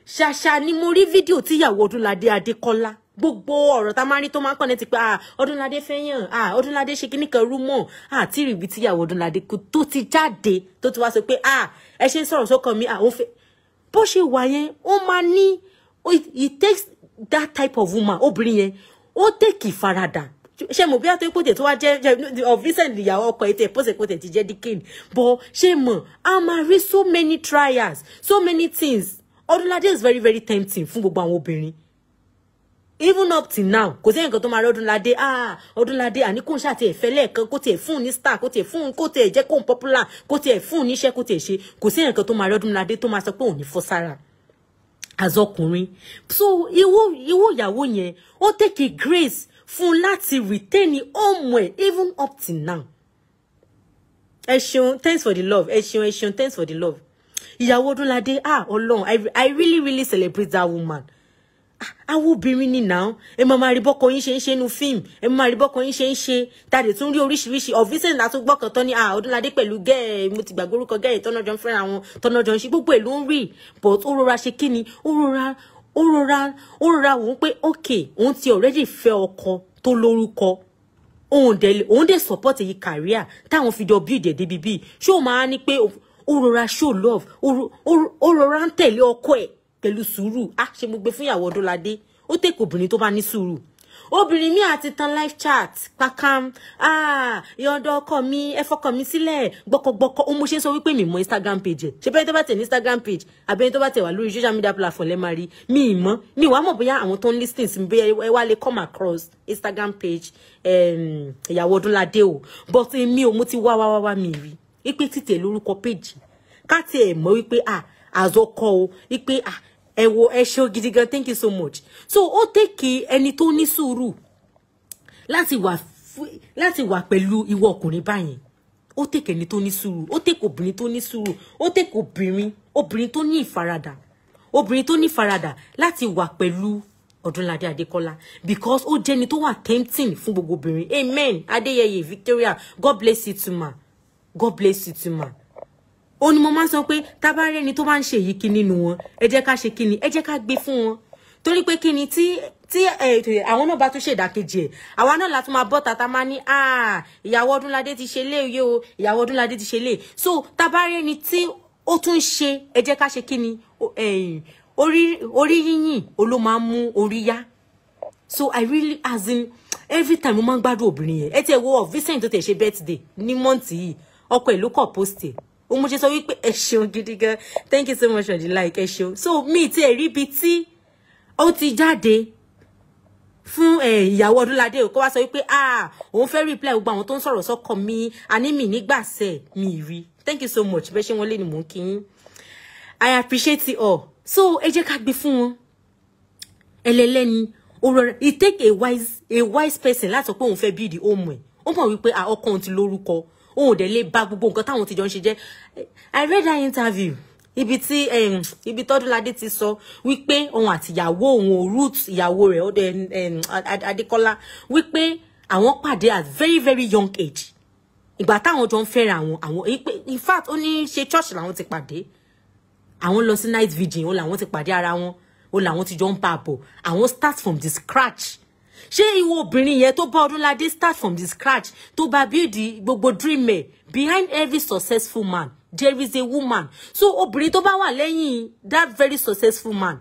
ṣàṣà ni mo rí fídíò tíyàwó Ọdúnládé Adékọ́lá gbogbo ọ̀rọ̀ tá a máa ń rí tó máa ń kàn ní ti pé ọdúnládé ah, fẹ́yàn ọdúnládé ah, ṣe kíní kan rúmọ̀ àti ah, ìrìbí tíyàwó ọdúnládé kú tó ti jáde tó ti wá sọ pé ẹ ṣe ń sọ̀rọ̀ sọ́kàn mi àwọn fẹ́ bó ṣe wà yẹn ó máa ní it takes that type of woman obìnrin yẹn ó tèkì faradà ṣé mo bí àtọ́ ìpòtè tó wá jẹ́ ọ̀fíìsẹ̀lì ìyàwó ọkọ̀ ètò ìpòsèpòtè ti jẹ́ dikin bọ́ ṣé mọ̀ a máa rí so many trials so many things ọdúnládé is very very tempting fún gbogbo àwọn obìnrin even up till now kò sẹ́yìn kan tó máa rí Ọdúnládé ah Ọdúnládé àní kò ń ṣàtì ẹ̀fẹ́ lẹ́ẹ̀kan kó tiẹ̀ fún ní star kó tiẹ̀ fún kó tiẹ̀ jẹ́ kó ń popular kó tiẹ̀ fún níṣẹ́ kó tiẹ̀ ṣe kò sẹ́yìn kan tó máa rí Ọdúnládé tó máa sọ pé òun ní fọ́ sára as ọkùnrin so iwú iwú ìyàwó yẹn ó take grace fún láti retain ọmọ ẹ̀ even up till now ẹ ṣeun thanks for the love ẹ ṣeun ẹ ṣeun thanks for the love ìyàwó Ọdúnládé ah Ọlọ́run I, I really really celebrate that woman àwọn obìnrin ni náà ẹ máa máa rí bọ́kọ yín ṣe ń ṣe nu fíìmù ẹ máa máa rí bọ́kọ yín ṣe ń ṣe tàdé tún rí oríṣiríṣi ọ̀fíìsìn náà tún gbọ́kàn tán ní ah, Ọdúnládé pẹ̀lú gẹ́ẹ̀ mo ti gbàgbé orúkọ gẹ́ẹ̀ tọ́nàjọ́ ń fẹ́ra wọn tọ́nàjọ́ ń ṣe gbogbo ìlú ń rí but ó rọra ṣe kí ni ó rọra ó rọra ó rọra wò ó pé ok òun ti already fẹ́ ọkọ tó lórúkọ òun dẹ̀ òun dẹ̀ support èyí career táwọn fi jọ build ẹ̀ débi bíi ṣé ó máa ní pé ó rọra show love pẹ̀lú sùúrù á ah, ṣe mo gbé fún ìyàwó ọdúnládé ó tèkò obìnrin tó bá ní sùúrù obìnrin mi àti tan live chat pakam ìyọ̀dọ̀ ah, ọkọ mi ẹ fọkọ mi sílẹ̀ gbọkọgbọkọ ó mo ṣe ń sọ wípé mi mọ instagram page ẹ̀ ṣe bẹ́ẹ̀ tó bá tẹ̀ ní instagram page àbẹ́yẹn tó bá tẹ̀ wá lórí social media platform lẹ́ẹ̀ máa rí mi mọ́ mi wàá mọ̀ bóyá àwọn tó ń listing sí mi bóyá ẹ wá lè come across instagram page ìyàwó ọdúnládé o but èmi o mo ti wá wá wá wá mi rí i pé títẹ̀ lórúkọ page ká tiẹ̀ mọ̀ wípé ah àzọkọ o wípé ah, ẹ wo ẹ ṣe gidi gan thank you so much so ó tèké ẹni tó ní sùúrù láti wà láti wà pẹ̀lú ìwọ ọkùnrin báyìí ó tèké ẹni tó ní sùúrù ó tèké obìnrin tó ní sùúrù ó tèké obìnrin obìnrin tó ní ìfaradà obìnrin tó ní ìfaradà láti wà pẹ̀lú Ọdúnládé Adékọ́lá because ó jẹ́ni tó wà tempting fún gbogbo obìnrin amen Adéyẹyè Victoria God bless you Tuma. God bless you Tuma ó ní mo máa ń sọ pé tá a bá rí ẹni tó máa ń ṣe èyí kí nínú wọn ẹ jẹ́ ká ṣe kí ni ẹ jẹ́ ká gbé fún wọn torí pé kí ni tí tí àwọn náà bá tún ṣe ìdàkejì ẹ àwa náà la tún máa bọ́ tata máa ní ìyàwó ọdúnládé ti ṣe lé oyé o ìyàwó ọdúnládé ti ṣe lé so tá a bá rí ẹni tí ó tún ṣe ẹ jẹ́ ká ṣe kí ni orí yíyìn oló máa ń mú orí yá so i really as in every time mo máa ń gbádùn obìnrin yẹn ẹ tiẹ̀ wo Vincent tó tẹ̀ ṣe birthday ní mọ́ǹtì yìí ọkọ ẹ̀ ló kọ̀ post ẹ̀ òun mo ṣe sọ wípé ẹ ṣeun gidi gan thank you so much for the like ẹ ṣeun so mi ti ẹ̀rí ibi tí ó ti jáde fún ìyàwó ọdúnládé o ko wa sọ wípé ah òun fe reply gbogbo àwọn tó ń sọ̀rọ̀ sọ́kọ mi àní mi nígbàsẹ̀ mi rí thank you so much bẹ́ẹ̀ ṣe wọ́n lé ni mò i appreciate it all so ẹ jẹ́ ká gbé fún wọn ẹlẹ́lẹ́ni òrọ̀rẹ́ it take a wise a wise person láti sọ pé òun fẹ́ build home ẹ̀ ó mọ̀ wípé ah, ọkọ òun ti lórúkọ òun ò dẹ̀ lè ba gbogbo nǹkan táwọn ti jọ ń ṣe jẹ́ i read that interview ibi tí ibi tọ́dúnládé ti sọ wípé òun àtìyàwó òun root ìyàwó rẹ̀ ọdẹ adékọ́lá wípé àwọn pàdé at very very young age ìgbà táwọn jọ ń fẹ́ra àwọn àwọn in fact ó ní ṣe church làwọn ti pàdé àwọn lọ sí night vigil ó làwọn ti pàdé ara wọn ó làwọn ti jọ ń bá a bọ̀ àwọn start from the scratch ṣé ìwọ obìnrin yẹn tó bá Ọdúnládé start from the scratch tó bá bíìdì gbogbo dream ẹ̀ behind every successful man there is a woman so obìnrin tó bá wà lẹ́yìn that very successful man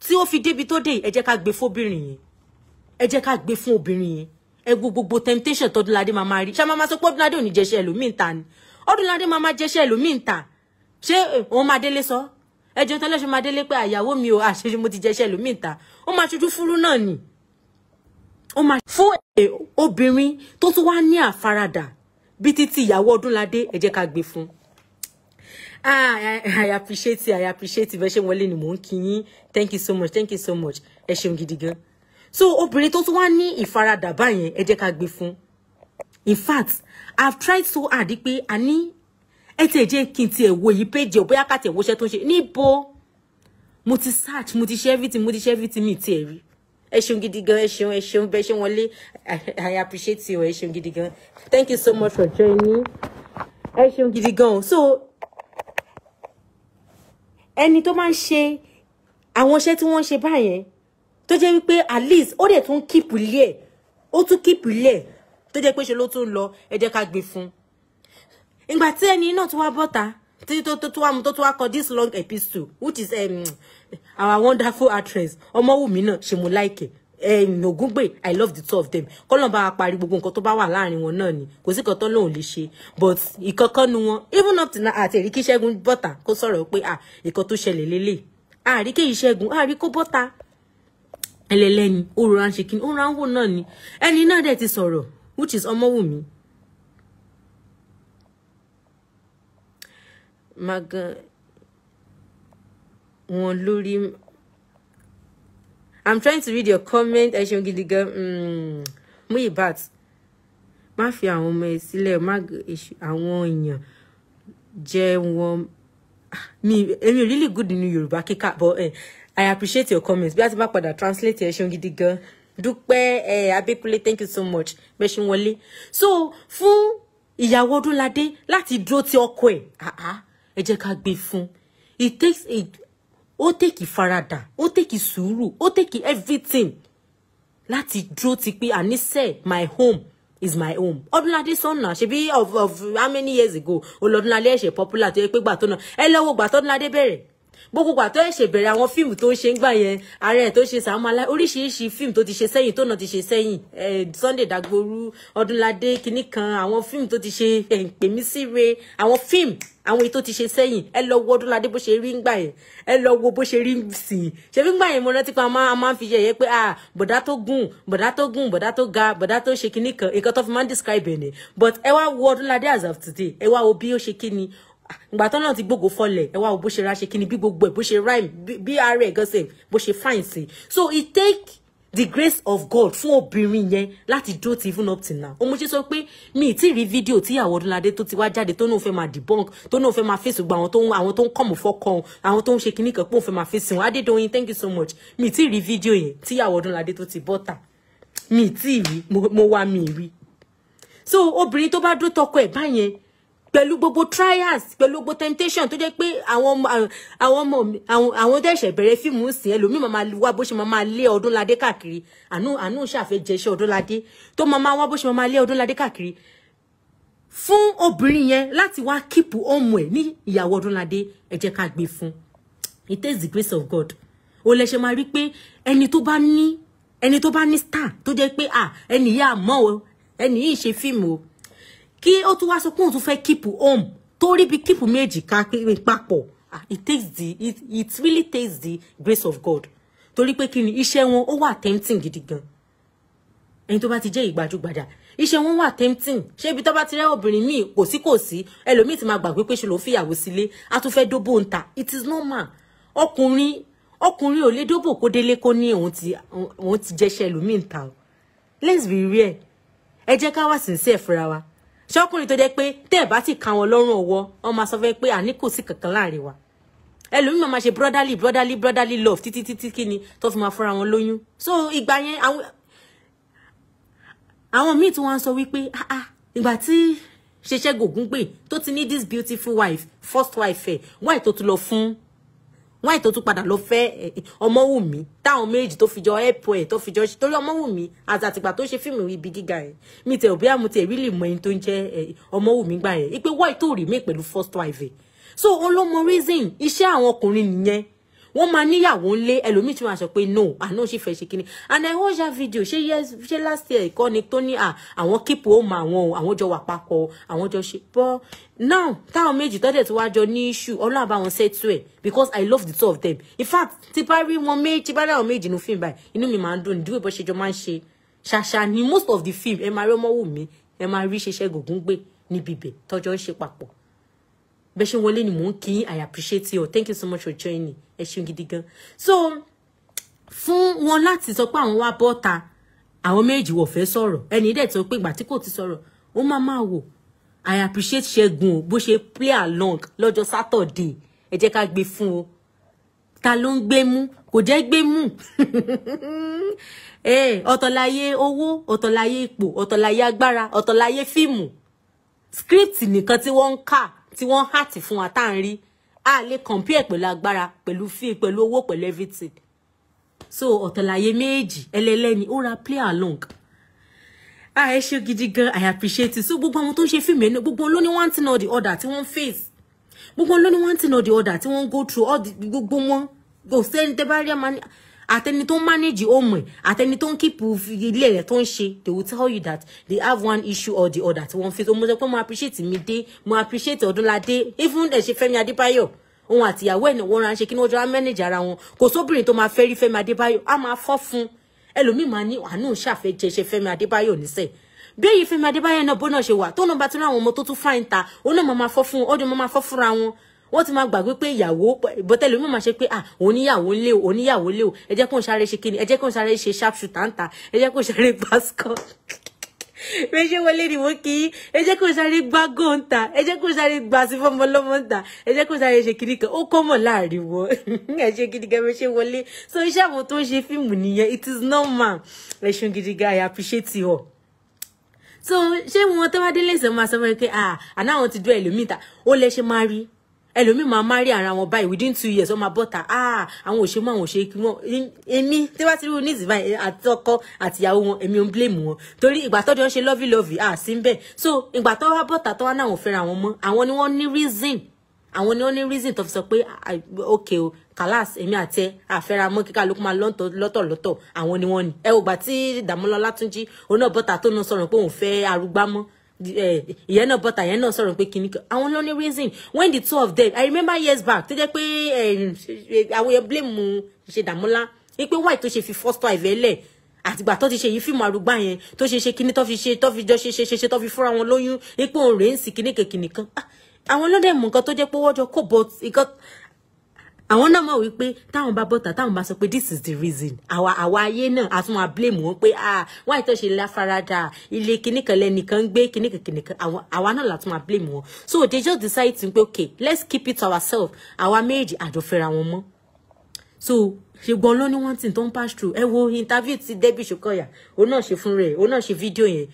tí ó fi débi tó dé ẹ jẹ́ ká gbé fóbìnrin yẹn ẹ jẹ́ ká gbé fún obìnrin yẹn ẹ gbogbo temptation tọdúnládé máa máa rí ṣá máa máa sọ pé ọdúnládé ò ní jẹṣẹ ẹlòmíín ta ni ọdúnládé máa máa jẹṣẹ ẹlòmíín ta ṣé òun máa délé sọ ẹjọ tẹlẹ ṣe máa délé pé àyàwó mi ò àṣeṣe mo ti jẹṣẹ ẹlòmíín ta ó máa ṣojú fúrú náà ni ó oh máa fún obìnrin tó tún wá ní àfaradà bí títí ìyàwó Ọdúnládé ẹ jẹ́ ká gbé fún ah I, appreciate it I appreciate it bẹ́ẹ̀ ṣe wọlé ni mò ń kí yín thank you so much thank you so much ẹ ṣeun gidi gan so obìnrin tó tún wá ní ìfaradà báyẹn ẹ jẹ́ ká gbé fún in fact I've tried so hard pé a ní ẹ tiẹ̀ jẹ́ kí n tiẹ̀ wo yìí péjì ọ̀ bóyá ká tiẹ̀ wọṣẹ́ tó ń ṣe níbo mo ti search mo ti ṣe everything mo ti ṣe everything mi tiẹ̀ rí ẹ ṣeun gidi gan ẹ ṣeun ẹ ṣeun bẹ ṣe wọlé i appreciate you ẹ ṣeun gidi gan thank you so much for joining ẹ ṣeun gidi gan so ẹni tó máa ń ṣe àwọn iṣẹ́ tí wọ́n ń ṣe báyẹn tó jẹ́ wípé at least ó dẹ̀ tún kíìpù ilé ẹ̀ ó tún kíìpù ilé ẹ̀ tó jẹ́ pé ṣe ló tún lọ ẹ jẹ́ ká gbé fún un ìgbà tí ẹni náà tún wá bọ́ta tí tó tó wá mu tó tún wá kọ this long epistle which is um, our wonderful actress ọmọwùmí náà ṣe mo láìkẹ ẹyìn ògúngbè i love the two of them kọlọ́n bá wa parí gbogbo nǹkan tó bá wà láàrin wọn náà ni kò sí kan tó lè ṣe but ìkankan nu wọn even up till now àti èrí kí ṣẹ́gun bọ́ta kó sọ̀rọ̀ pé à ìkan tó ṣẹlẹ̀ lélẹ̀ àrí kí ìṣẹ́gun àrí kó bọ́ta ń ṣe kí ni ó rọra ń wò náà ni ẹni náà dẹ̀ ti sọ̀rọ̀ which is ọmọwùmí magan wọn lórí i'm trying to read your comment ẹ ṣeun gidi gan hmm. Muyibat má fi àwọn ọmọ ẹ sílẹ̀ má àwọn èèyàn jẹ wọn ah, mi èmi ò really good nínú Yorùbá kíkà but eh, i appreciate your comments bí a ti bá padà translate ẹ ṣeun gidi gan dúpẹ́ ẹ abẹ́kúlé thank you so much bẹ́ṣin wọlé so fún ìyàwó Ọdúnládé láti dúró ti ọkọ ẹ̀ ẹ jẹ́ ká gbé fún it takes a ó tèkì faradà ó tèkì sùúrù ó tèkì everything láti dúró ti pé àníṣe my home is my home ọdúnládé sọnà ṣebí of of how many years ago olọdúnládé ẹsẹ popular tó yẹ pé gbà tó náà ẹ lọ wo gbà tọdúnládé bẹ̀rẹ̀ gbogbo gbà tó ẹ̀ ṣe bẹ̀rẹ̀ àwọn fíìmù tó ń ṣe ń gbà yẹn ààrẹ tó ṣe Sàámú Aláì oríṣiríṣi fíìmù tó ti ṣe sẹ́yìn tó náà ti ṣe sẹ́yìn Sunday Dagboru Ọdúnládé kinní kan àwọn fíìmù tó ti ṣe pèmísíre àwọn fíìmù àwọn èyí tó ti ṣe sẹ́yìn ẹ lọ wo Ọdúnládé bó ṣe rí ńgbà yẹn ẹ lọ wo bó ṣe rí sìn ṣe fi ńgbà yẹn mo rántí pé a máa ń fi yẹ̀yẹ́ pé ah bọ̀dá tó gùn bọ̀dá tó gùn bọ̀dá tó ga bọ̀dá tó ṣe kinní kan nǹkan tó fi máa ń describe ẹ̀ ni but ẹ wá wo Ọdúnládé as of today ẹ wá wo bí ó ṣe kí ni ìgbà tó náà ti gbogbo fọlẹ̀ ẹ wá o bó ṣe ra ṣe kí ni bí gbogbo ẹ̀ bó ṣe rhyme bí ara ẹ̀ gọ́sẹ̀ bó ṣe fine sí so it take the grace of God fún obìnrin yẹn láti dúró ti even up till now ọmọ ṣe sọ pé mi ì tí ì rí fídíò tí ìyàwó Ọdúnládé tó ti wá jáde tó náà fẹ́ máa debunk tó náà fẹ́ máa fèsì gba àwọn tó ń àwọn tó ń kọ̀mù fọ́kàn àwọn tó ń ṣe kíníkan pé òun fẹ́ máa fèsì wọn Adédọ́yìn thank you so much mi ì tí ì rí fídíò yẹn tí ìyàwó Ọdúnládé tó ti bọ́ta mi ì tí ì rí mo wá mi ì rí so obìnrin tó bá dúró tọkọ ẹ̀ báyẹn pẹ̀lú gbogbo trials pẹ̀lú gbogbo temptation tó jẹ́ pé àwọn ọmọ àwọn ọmọ àwọn tẹ̀sẹ̀ bẹ̀rẹ̀ fíìmù sí ẹlòmíì máa wá bó ṣe máa lé Ọdúnládé káàkiri àánú àánú ṣàfẹ́jẹ́ iṣẹ́ Ọdúnládé tó máa wá bó ṣe máa lé Ọdúnládé káàkiri fún obìnrin yẹn láti wá kíìpù ọmọ ẹ̀ ní ìyàwó Ọdúnládé ẹ jẹ́ ká gbé fún it is the grace of God ó lè ṣe máa rí pé ẹni tó bá ní ẹni tó bá ní star tó jẹ́ pé ah ẹni yìí àmọ́ o ẹni yìí ṣe fíìmù o kí ó tún wá sọ pé òun tún fẹ́ keep home torí bí keep méjì ká papọ̀ ah, it takes the it, it really takes the grace of God torí pé kí ni iṣẹ́ wọn ó wà tempting gidi gan ẹni tó bá ti jẹ́ ìgbàjúgbajà iṣẹ́ wọn wà tempting ṣé ibi tó bá ti rẹ́ obìnrin míì kò sí kò sí ẹlòmíì ti máa gbàgbé pé ṣe ló fìyàwó sílé a tún fẹ́ dóbò ń it is normal ọkùnrin ọkùnrin ò le dóbò kó délé kó ní òun ti òun ti jẹ́ṣẹ́ ẹlòmíì ń ta let's be real ẹ jẹ́ ká wá sincere fúnra wa ṣọkùnrin tó jẹ́ pé tẹ́ ẹ̀ bá sì ka wọn lọ́rùn ọwọ́ wọn máa sọ fẹ́ pé àní kò sí kankan láàrin wa ẹlòmíì máa ṣe brotherly brotherly brotherly love títí títí kí ni tó fi máa fúnra wọn lóyún so ìgbà yẹn àwọn àwọn míì tí wọ́n sọ wípé ah ah ìgbà tí ṣẹṣẹ gògùn pé tó ti ní this beautiful wife first wife ẹ wáì tó ti lọ fún wọ́n àìtó tún padà lọ fẹ́ ọmọwùmí táwọn méjì tó fi jọ ẹ̀pọ̀ ẹ̀ tó fi jọ torí ọmọwùmí àtàtìgbà tó ṣe fíìmù ibi gíga ẹ̀ mi tẹ̀ òbí àmú tẹ̀ rílì mọ ẹni tó ń jẹ́ ọmọwùmí gbà ẹ̀ ìpè wọ́ọ̀ tó rí mi pẹ̀lú first wife ẹ̀ so òun ló mọ reason iṣẹ́ àwọn ọkùnrin nìyẹn wọ́n máa níyàwó ńlé ẹlòmíì tí wọ́n á sọ pé no àná sì fẹ́ ṣe kíni and i watch that video ṣé yes ṣé last year ìkọ́ ni tó ní à àwọn kíp ó mọ àwọn o àwọn jọ wà papọ̀ àwọn jọ ṣe bọ́ now táwọn méjì tọ́jẹ̀ tí wàá jọ ní issue ọlọ́run àbá wọn ṣètò ẹ̀ because i love the two of them in fact tí bá rí wọn méjì tí bá rí àwọn méjì nínú fíìmù báyìí inú mi máa ń dùn nídìí ìbọn ṣèjọ máa ń ṣe ṣàṣà ni most of the film ẹ máa rí ọmọ wù mí ẹ máa rí ṣẹṣẹ gògùn gbé níbi ibẹ̀ tọ́jọ́ ń ṣe papọ̀ bẹ́ ṣe wọlé ni mò ń kí i appreciate you thank you so much for joining ẹ ṣeun gidi gan so fún wọn láti sọ pé àwọn wá bọ́ta àwọn méjì wọ̀ fẹ́ sọ̀rọ̀ ẹni dẹ̀ tó pé ìgbà tí kò ti sọ̀rọ̀ ó máa máa wò i appreciate ṣẹ́gun bó ṣe play along lọ́jọ́ saturday ẹ jẹ́ ká gbé fún o ta ló ń gbé mú kò jẹ́ gbé mú eh, ọ̀tọ̀láyé owó ọ̀tọ̀láyé ipò ọ̀tọ̀láyé agbára ọ̀tọ̀láyé fíìmù script nìkan tí wọ́n ń kà tí wọ́n hàtì fún wa tá à ń rí a lè compare pẹ̀lú agbára pẹ̀lú fee pẹ̀lú owó pẹ̀lú everything so ọ̀tọ̀láyé méjì ẹlẹ́lẹ́ni ó ra play along a ẹ ṣe gidi gan i appreciate it so gbogbo àwọn tó ń ṣe fíìmù ẹni gbogbo ló ní one thing or the other tí wọ́n face gbogbo ló ní one thing or the other tí wọ́n go through all the gbogbo wọn Go send tẹ́ bá rí àtẹni tó ń manage home ẹ̀ àtẹni tó ń keep ilé rẹ̀ tó ń ṣe they will tell you that they have one issue or the other tí wọ́n fi tó mo appreciate mi dé mo appreciate Ọdúnládé even ẹ̀ ṣe Fẹ́mi Adébáyọ̀ òun àtìyàwó ẹ̀ ní wọ́n ránṣẹ́ kí ni wọ́n jọ á manage ara wọn kò sóbìnrin tó máa fẹ́ rí Fẹ́mi Adébáyọ̀ á máa fọ́ fún ẹlòmíì máa ní àánú ṣàfẹ́jẹṣẹ Fẹ́mi Adébáyọ̀ níṣẹ́ bẹ́ẹ̀ Fẹ́mi Adébáyọ̀ náà bó náà ṣe wà tó náà bá tún ra àwọn ọmọ tó tún fáìn ta òun náà máa fọ́ fún ọdún máa fọ́ fúnra wọn wọ́n ti máa gbàgbé pé ìyàwó bọ́tẹ́lẹ̀ mi máa ṣe pé ah oníyàwó lé o oníyàwó lé o ẹ jẹ́ kó n sáré ṣe kíni ẹ jẹ́ kó n sáré ṣe sharp shooter ń ta ẹ jẹ́ kó n sáré basket méjì wọlé ni mo kì í ẹ jẹ́ kó n sáré gbá góńtà ẹ jẹ́ kó n sáré gbà sí fọmọ ọlọ́mọ ń ta ẹ jẹ́ kó n sáré ṣe kíní kan ó kọ́ mọ̀ láàrin wọ ẹ ṣe gidi gan ẹ ṣe wọlé so iṣẹ́ àwọn tó ń ṣe fíìmù nìyẹn it is normal ẹ ṣeun gidi gan I you so ṣé wọn tó bá délé ìsọmọ àsọmọ yìí pé ah àná àwọn ti dún ẹlòmíì ta ó lẹ ṣe máa rí ẹlòmíì máa má rí ara wọn báyìí within two years wọn máa bọ́ta ah àwọn òṣèlú àwọn òṣèlú kí wọn èmi tí wọ́n ti rí oníṣìí báyìí àtọkọ àtìyàwó wọn èmi ò ń blame wọn torí ìgbà tó jọ ń ṣe lọ́vì lọ́vì ah sí ń bẹ̀ so ìgbà tó wá bọ́ta tó wá náà wọ́n fẹ́ra wọn mọ́ àwọn ni wọ́n ní reason àwọn ni wọ́n ní reason tó fi sọ pé ok o kàláàsì èmi àtẹ àfẹ́ramọ́ kíkà ló kó máa lọ́tọ̀lọ́tọ̀ àwọn ni wọ́n ní ẹ Eh, ìyẹn náà bọ́tà ìyẹn náà sọ̀rọ̀ pé kìíní kan àwọn ló ní reason when the two of them i remember years back tó jẹ́ pé eh, àwọn yẹn blame ṣe dàmúlá wípé why tó ṣe fi first wife ẹ lẹ̀ àtìgbà tó ti ṣe yìí fíìmù arúgbá yẹn tó ṣe ṣe kíní tó fi ṣe tó fi jọ ṣe ṣe ṣe ṣe tó fi fúnra wọn lóyún wípé òun rèé ń sì kíní kèkìnì kan ah, àwọn ọlọ́dẹ̀ mú nǹkan tó jẹ́ pé wọ́n jọ kó bọ́ nǹkan àwọn náà mọ̀ wípé táwọn bá bọ́ta táwọn bá sọ pé this is the reason àwa àwa ayé náà a tún máa blame wọn pé ah wọ́n àìtọ́ ṣe láfaradà ilé kìnìkan lẹ́nìkan ń gbé kìnìkan kìnìkan àwa náà la tún blame wọn so they just decide to pé okay let's keep it to ourselves àwa méjì àjọfẹ́ra wọn mọ́ so ṣùgbọ́n ló ní one thing tó ń pass through ẹ wo interview ti Debbie Shokoya òun náà ṣe fún rẹ̀ òun náà ṣe fídíò yẹn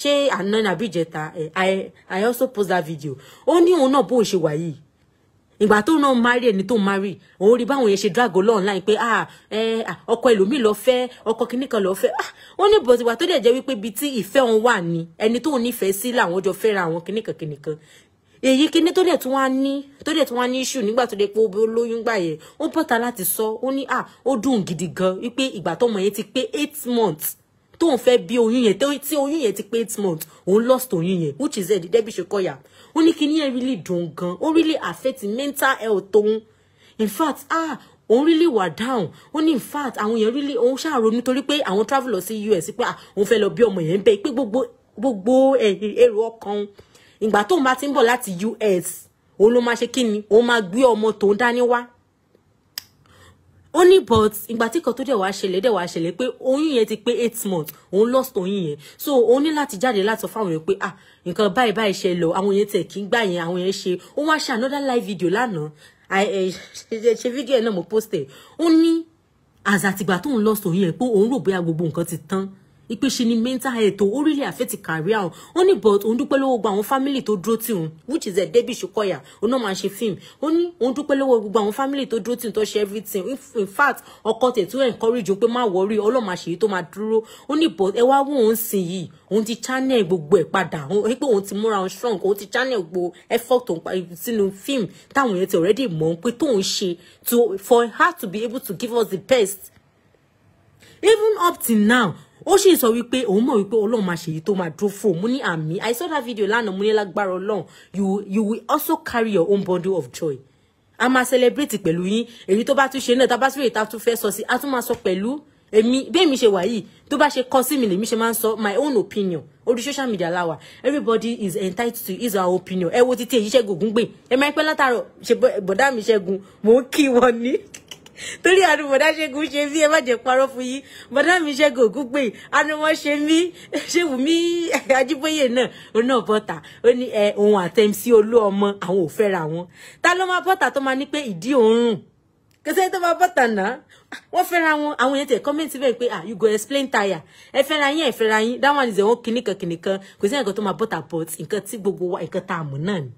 ṣé àná nàbíjẹta eh, I I also post that video ó ní òun náà bó ṣe wà yìí ìgbà tó náà marry ẹni tó marry òun rí báwọn yẹn ṣe drago lọ pé ah ẹ ọkọ ẹlòmíì lọ fẹ́ ọkọ kìíní kan lọ fẹ́ ah wọn ní bọ̀tìgbà tó dẹ̀ jẹ́ wípé ibi tí ìfẹ́ òun wà ní ẹni tó nífẹ̀ẹ́ sí làwọn jọ fẹ́ra àwọn kìíní kan kìíní kan èyí kìíní tó dẹ̀ tún wá ní tó dẹ̀ tún wá ní issue nígbà tó dẹ̀ pé obì olóyún gbà yẹn ó bọ́ta láti sọ ó ní ah ó dùn gidi gan wípé ìgbà tọmọ yẹn ti pé eight months tóun fẹ́ bí oyún yẹn tí oyún yẹn ti pé eight months òun lost oyún yẹn which is ẹ̀ dídẹ́bí ṣe ya ó ní kíní ẹ̀ really dùn gan ó really affect mental health òun in fact ah òun really wà down ó ní in fact àwọn èèyàn really òun ṣàrònú torí pé àwọn travel lọ sí US pé ah òun fẹ́ lọ bí ọmọ yẹn ń bẹ pé gbogbo gbogbo eh, èrò ọkàn ìgbà tóun bá ti ń bọ̀ láti US òun ló máa ṣe kíni òun máa gbé ọmọ tòun dání wá ó ní but ìgbà tí kan tó dẹ̀ wá ṣẹlẹ̀ dẹ̀ wá ṣẹlẹ̀ pé oyún yẹn ti pé eight months òun lost oyún yẹn so òun ní láti jáde láti sọ fáwọn èèyàn pé ah nǹkan báyìí báyìí ṣe lọ àwọn yẹn tẹ̀ kí ń gbà yẹn àwọn yẹn ṣe ó wá ṣe another live video lánàá eh, ṣe fídíò ẹ̀ náà mo post ẹ̀ ó ní àzàtìgbà tóun lost oyún yẹn pé òun rò bóyá gbogbo nǹkan ti tán ìpèsè ni mental health ó really affect career o ó ní but òun dúpẹ́ lọ́wọ́ gbogbo àwọn family tó dúró tì òun which is Debbie Shokoya òun náà máa ṣe film ó ní òun dúpẹ́ lọ́wọ́ gbogbo àwọn family tó dúró tì òun tó ṣe everything in fact ọkọ tẹ̀ tó encourage òun pé má worry ọlọ́mà ṣèyí tó máa dúró ó ní but ẹ wá wò ó ń sìn yìí òun ti channel gbogbo ẹ̀ padà pé òun ti múra òun strong òun ti channel gbogbo effort òun sínú film táwọn yẹn ti already mọ̀ pé tóun ṣe to for her to be able to give us the best even up till now ó sì sọ wípé òun mọ̀ wípé ọlọ́run máa ṣèyí tó máa dúró fún òun mo ní àmì i saw that video lánàá mo ní lágbára ọlọ́run you you will also carry your own bundle of joy a máa celebrate pẹ̀lú yín èyí tó bá tún ṣe náà tá bá tún èyí tá tún fẹ́ sọ sí a tún máa sọ pẹ̀lú èmi bí èmi ṣe wà yìí tó bá ṣe kọ sí mi lèmi ṣe máa ń sọ my own opinion orí social media la everybody is entitled to his or opinion ẹ wo títí èyí ṣẹ́gun ògúngbè ẹ máa ń pẹ́ látàrọ̀ ṣe bọ̀dá mi ṣẹ́gun mò ń kí wọn ní torí àánú bọ̀dá ṣẹ́gun ṣe mí ẹ má jẹ́ parọ́ fún yín bọ̀dá mi ṣẹ́gun ògúnpè àánú wọn ṣe mí ṣé wù mí ajíbóyè náà òun náà bọ́tà ó ní ẹ òun àtẹ̀mísí olú ọmọ àwọn ò fẹ́ra wọn ta ló máa bọ́tà tó máa ní pé ìdí òórùn kẹsẹ́ tó máa bọ́tà náà wọ́n fẹ́ra wọn àwọn yẹn tẹ̀ kọ́mẹ́ǹtì bẹ́ẹ̀ pé ah you go explain tire ẹ fẹ́ra yín ẹ fẹ́ra yín that one is ẹ̀wọ̀n kìnnìkan kìnnìkan kò sí nǹkan tó máa bọ́tà but nǹkan tí gbogbo wa nǹkan tá a mọ̀ náà ni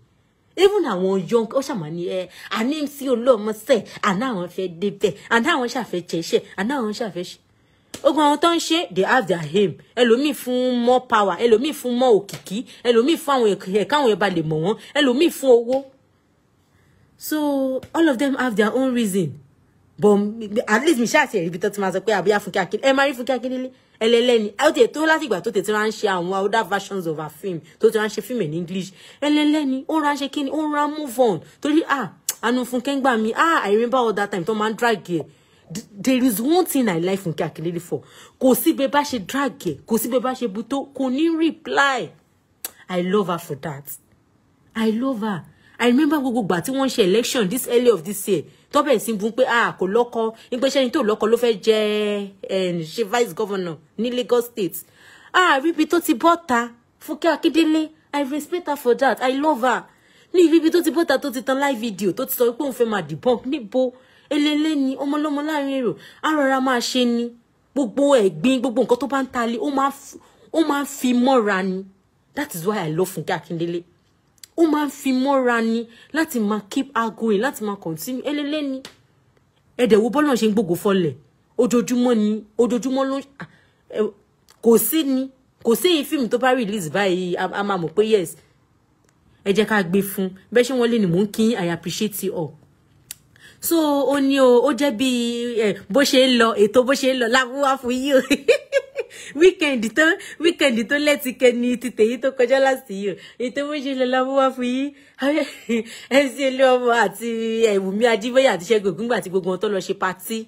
even àwọn young ó ṣàmà ní ẹ eh, àní sí olóòmọ sẹ àná àwọn fẹ́ débẹ̀ àná àwọn ṣàfẹ́ jẹṣẹ àná àwọn ṣàfẹ́ ṣe ogun àwọn tó ń ṣe they have their aim ẹlòmíì fún more power ẹlòmíì fún more òkìkí ẹlòmíì fún àwọn ẹ̀ka àwọn ẹba lè mọ̀ wọ́n ẹlòmíì fún owó so all of them have their own reason but at least mi ṣàṣẹ ibi tó ti máa sọ pé àbí àfúnkẹ́ akíndélé ẹ máa rí fúnkẹ́ akíndélé ẹlẹ́lẹ́ni ó ti tó láti ìgbà tó tètè máa ń ṣe àwọn other versions of her film to ti máa ń film in English ẹlẹ́lẹ́ni ó ra ṣe kíni ó ra move on To torí ah anu fúnkẹ́ ń gbà mí ah I remember all that time To man ń drag ẹ̀ there is one thing I like fúnkẹ́ akíndélé for kò sí bẹ́ẹ̀ bá ṣe drag ẹ̀ kò sí bẹ́ẹ̀ bá ṣe bu tó kò reply I love her for that I love her I remember gbogbo gbà tí wọ́n ń election this early of this year tó bẹ̀rẹ̀ sí bú pé a ah, kò lọ́kọ nígbà sẹ́ni tó lọ́kọ ló fẹ́ jẹ́ eh, ṣe vice governor ní Lagos state ààrí ah, ibi tó ti bọ́ ta Fúnkẹ́ Akíndélé I respect her for that I love her ní ibi tó ti bọ́ ta tó ti tan live video tó ti sọ pé òun fẹ́ máa debunk níbo elele ni ọmọlọ́mọ láàrin èrò arọra máa ṣe ni gbogbo ẹ̀gbin gbogbo nǹkan tó bá ń ta lé ó máa fi mọ́ra ni that is why I love Fúnkẹ́ Akíndélé ó máa ń fi mọ́ra ni láti máa keep her going láti máa continue elélé ni ẹ̀dẹ̀ wo bọ́lá ṣe ń gbogbo fọlẹ̀ ojoojúmọ́ ni ojoojúmọ́ ló ah, kò sí ni kò sí èyí fíìmù tó bá release báyìí a máa mọ̀ pé yes ẹ jẹ́ ká gbé fún bẹ́ẹ̀ ṣé wọ́n lè ní mò ń kí i i appreciate you all so ó ní o ó jẹ́ bí bó ṣe ń lọ ètò bó ṣe ń lọ láwùwá fún yìí o weekend tó weekend tó lẹ́tìkẹ́ ni ti tèyí tó kọjá láti yìí o ètò bó ṣe ń lọ láwùwá fún yìí mc olúọmọ àti ẹ̀wùmí ajíbóyè àti ṣẹ́gun ògúngbà àti gbogbo wọn tó lọ ṣe patí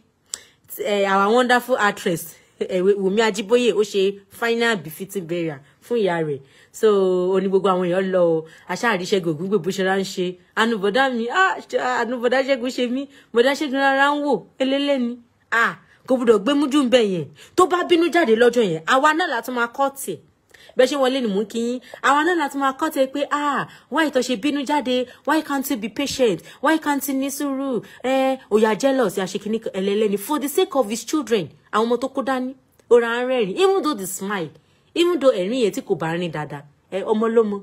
our wonderful actress ẹ̀wùmí ajíbóyè ó ṣe final befitting burial fún ìyá rẹ̀ so oni gbogbo àwọn èèyàn lọ o aṣáàrí ṣẹ́gun ògúngbè bó ṣe rán ṣe ànúbọ̀dá mi ànúbọ̀dá ṣẹ́gun ṣe mí bọ̀dá ṣẹ́gun rárá ń wò elélé ni kò gbọdọ̀ gbé mújú ń bẹ̀ yẹn tó bá bínú jáde lọ́jọ́ yẹn àwa náà látún máa kọ́ tì bẹ́ẹ̀ ṣe wọlé ni mò ń kí yín àwọn náà láti máa kọ́tẹ̀ pé ah why ìtọ̀ ṣe bínú jáde why can't you be patient why can't you ní sùúrù ẹ òyà jealous ya ṣe kíní ẹlẹ́lẹ́ni for the sake of his children àwọn ọmọ tó kó dání ó ra ń rẹ́rìn even though they smile even though ẹ̀rín yẹn tí kò bá rìn dáadáa ẹ ọmọ lọ́mọ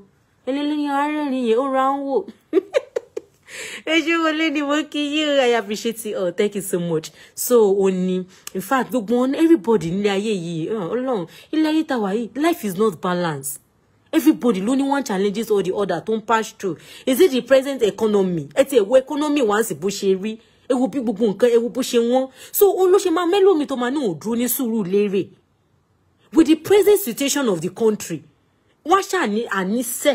eléyìí arẹ́rìn yẹn ó ra ń wò ẹṣẹ wọlé ni mo kí yín I appreciate it oh thank you so much so oni, in fact gbogbo wọn everybody nílé ayé yìí Ọlọ́run ilé ayé tàwa yìí life is not balance. everybody ló ní one challenges or the other tó ń pass through is it the present economy ẹ ti ẹ̀wọ́ economy wá sí bó ṣe rí ewu bí gbogbo nǹkan ewu bó ṣe wọ́n so ó ló ṣe máa mẹ́lòmí tó máa ní òdúró ní sùúrù lérè with the present situation of the country wọ́n ṣáà ní àníṣe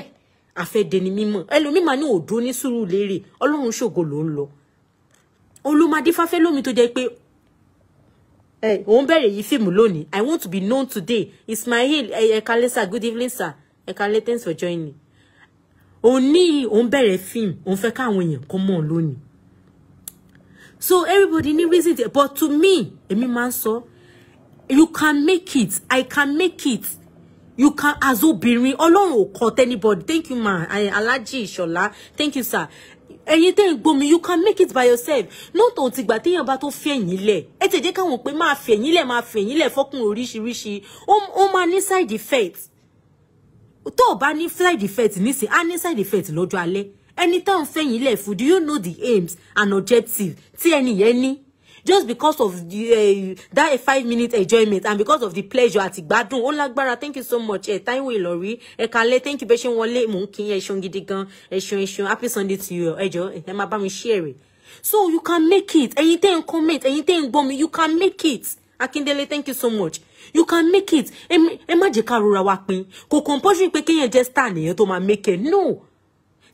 àfẹ́dẹni mímọ̀ ẹlòmímọ̀ ní òdo ní sùúrù lérè ọlọ́run ṣògo ló ń lọ olùmọdé fáfẹ́ lómi tó jẹ́ pé òun bẹ̀rẹ̀ yìí fíìmù lónìí i want to be known today ismail ekalesa good evening sir ekale thanks for joining òun ní òun bẹ̀rẹ̀ fíìmù òun fẹ́ káwọn èèyàn kó mọ̀ lónìí so everybody ní reason but to me èmi máa ń sọ you can make it i can make it you can as obìnrin ọlọ́run ò kọ anybody. thank you ma alájí ìṣọ̀lá thank you sir ẹ̀yin tẹ́ gbomi you can make it by yourself Not tó ti gbà téèyàn bá tó fi ẹ̀yìn lẹ̀ ẹ tẹ̀ jẹ́ káwọn pé máa fi ẹ̀yìn lẹ̀ máa fi ẹ̀yìn lẹ̀ fọ́kùn oríṣiríṣi ó máa ní side effect tó o bá ní side effect nísìn á ní side effect lọ́jọ́ alẹ́ ẹni tá ń fẹ̀yìn lẹ̀ fún do you know the aims and objectives tí ẹni yẹn ní just because of the, uh, that five minute enjoyment and because of the pleasure àti gbádùn ó lágbára thank you so much eh, ẹ Táíwò Ìlọrí ẹ kalẹ thank you bẹ ṣe wọlé mò ń kí ẹ ṣeun gidi gan ẹ ṣeun ẹ ṣeun happy sunday to you Eh, jọ ẹ máa bá mi share it. so you can make it ẹ̀yin tẹ́ ń comment ẹ̀yin tẹ́ ń gbọ́ mi you can make it Akindele thank you so much you can make it ẹ má jẹ́ ká rora Ko pin kò compulsory pé kéèyàn jẹ́ star nìyẹn tó máa make it no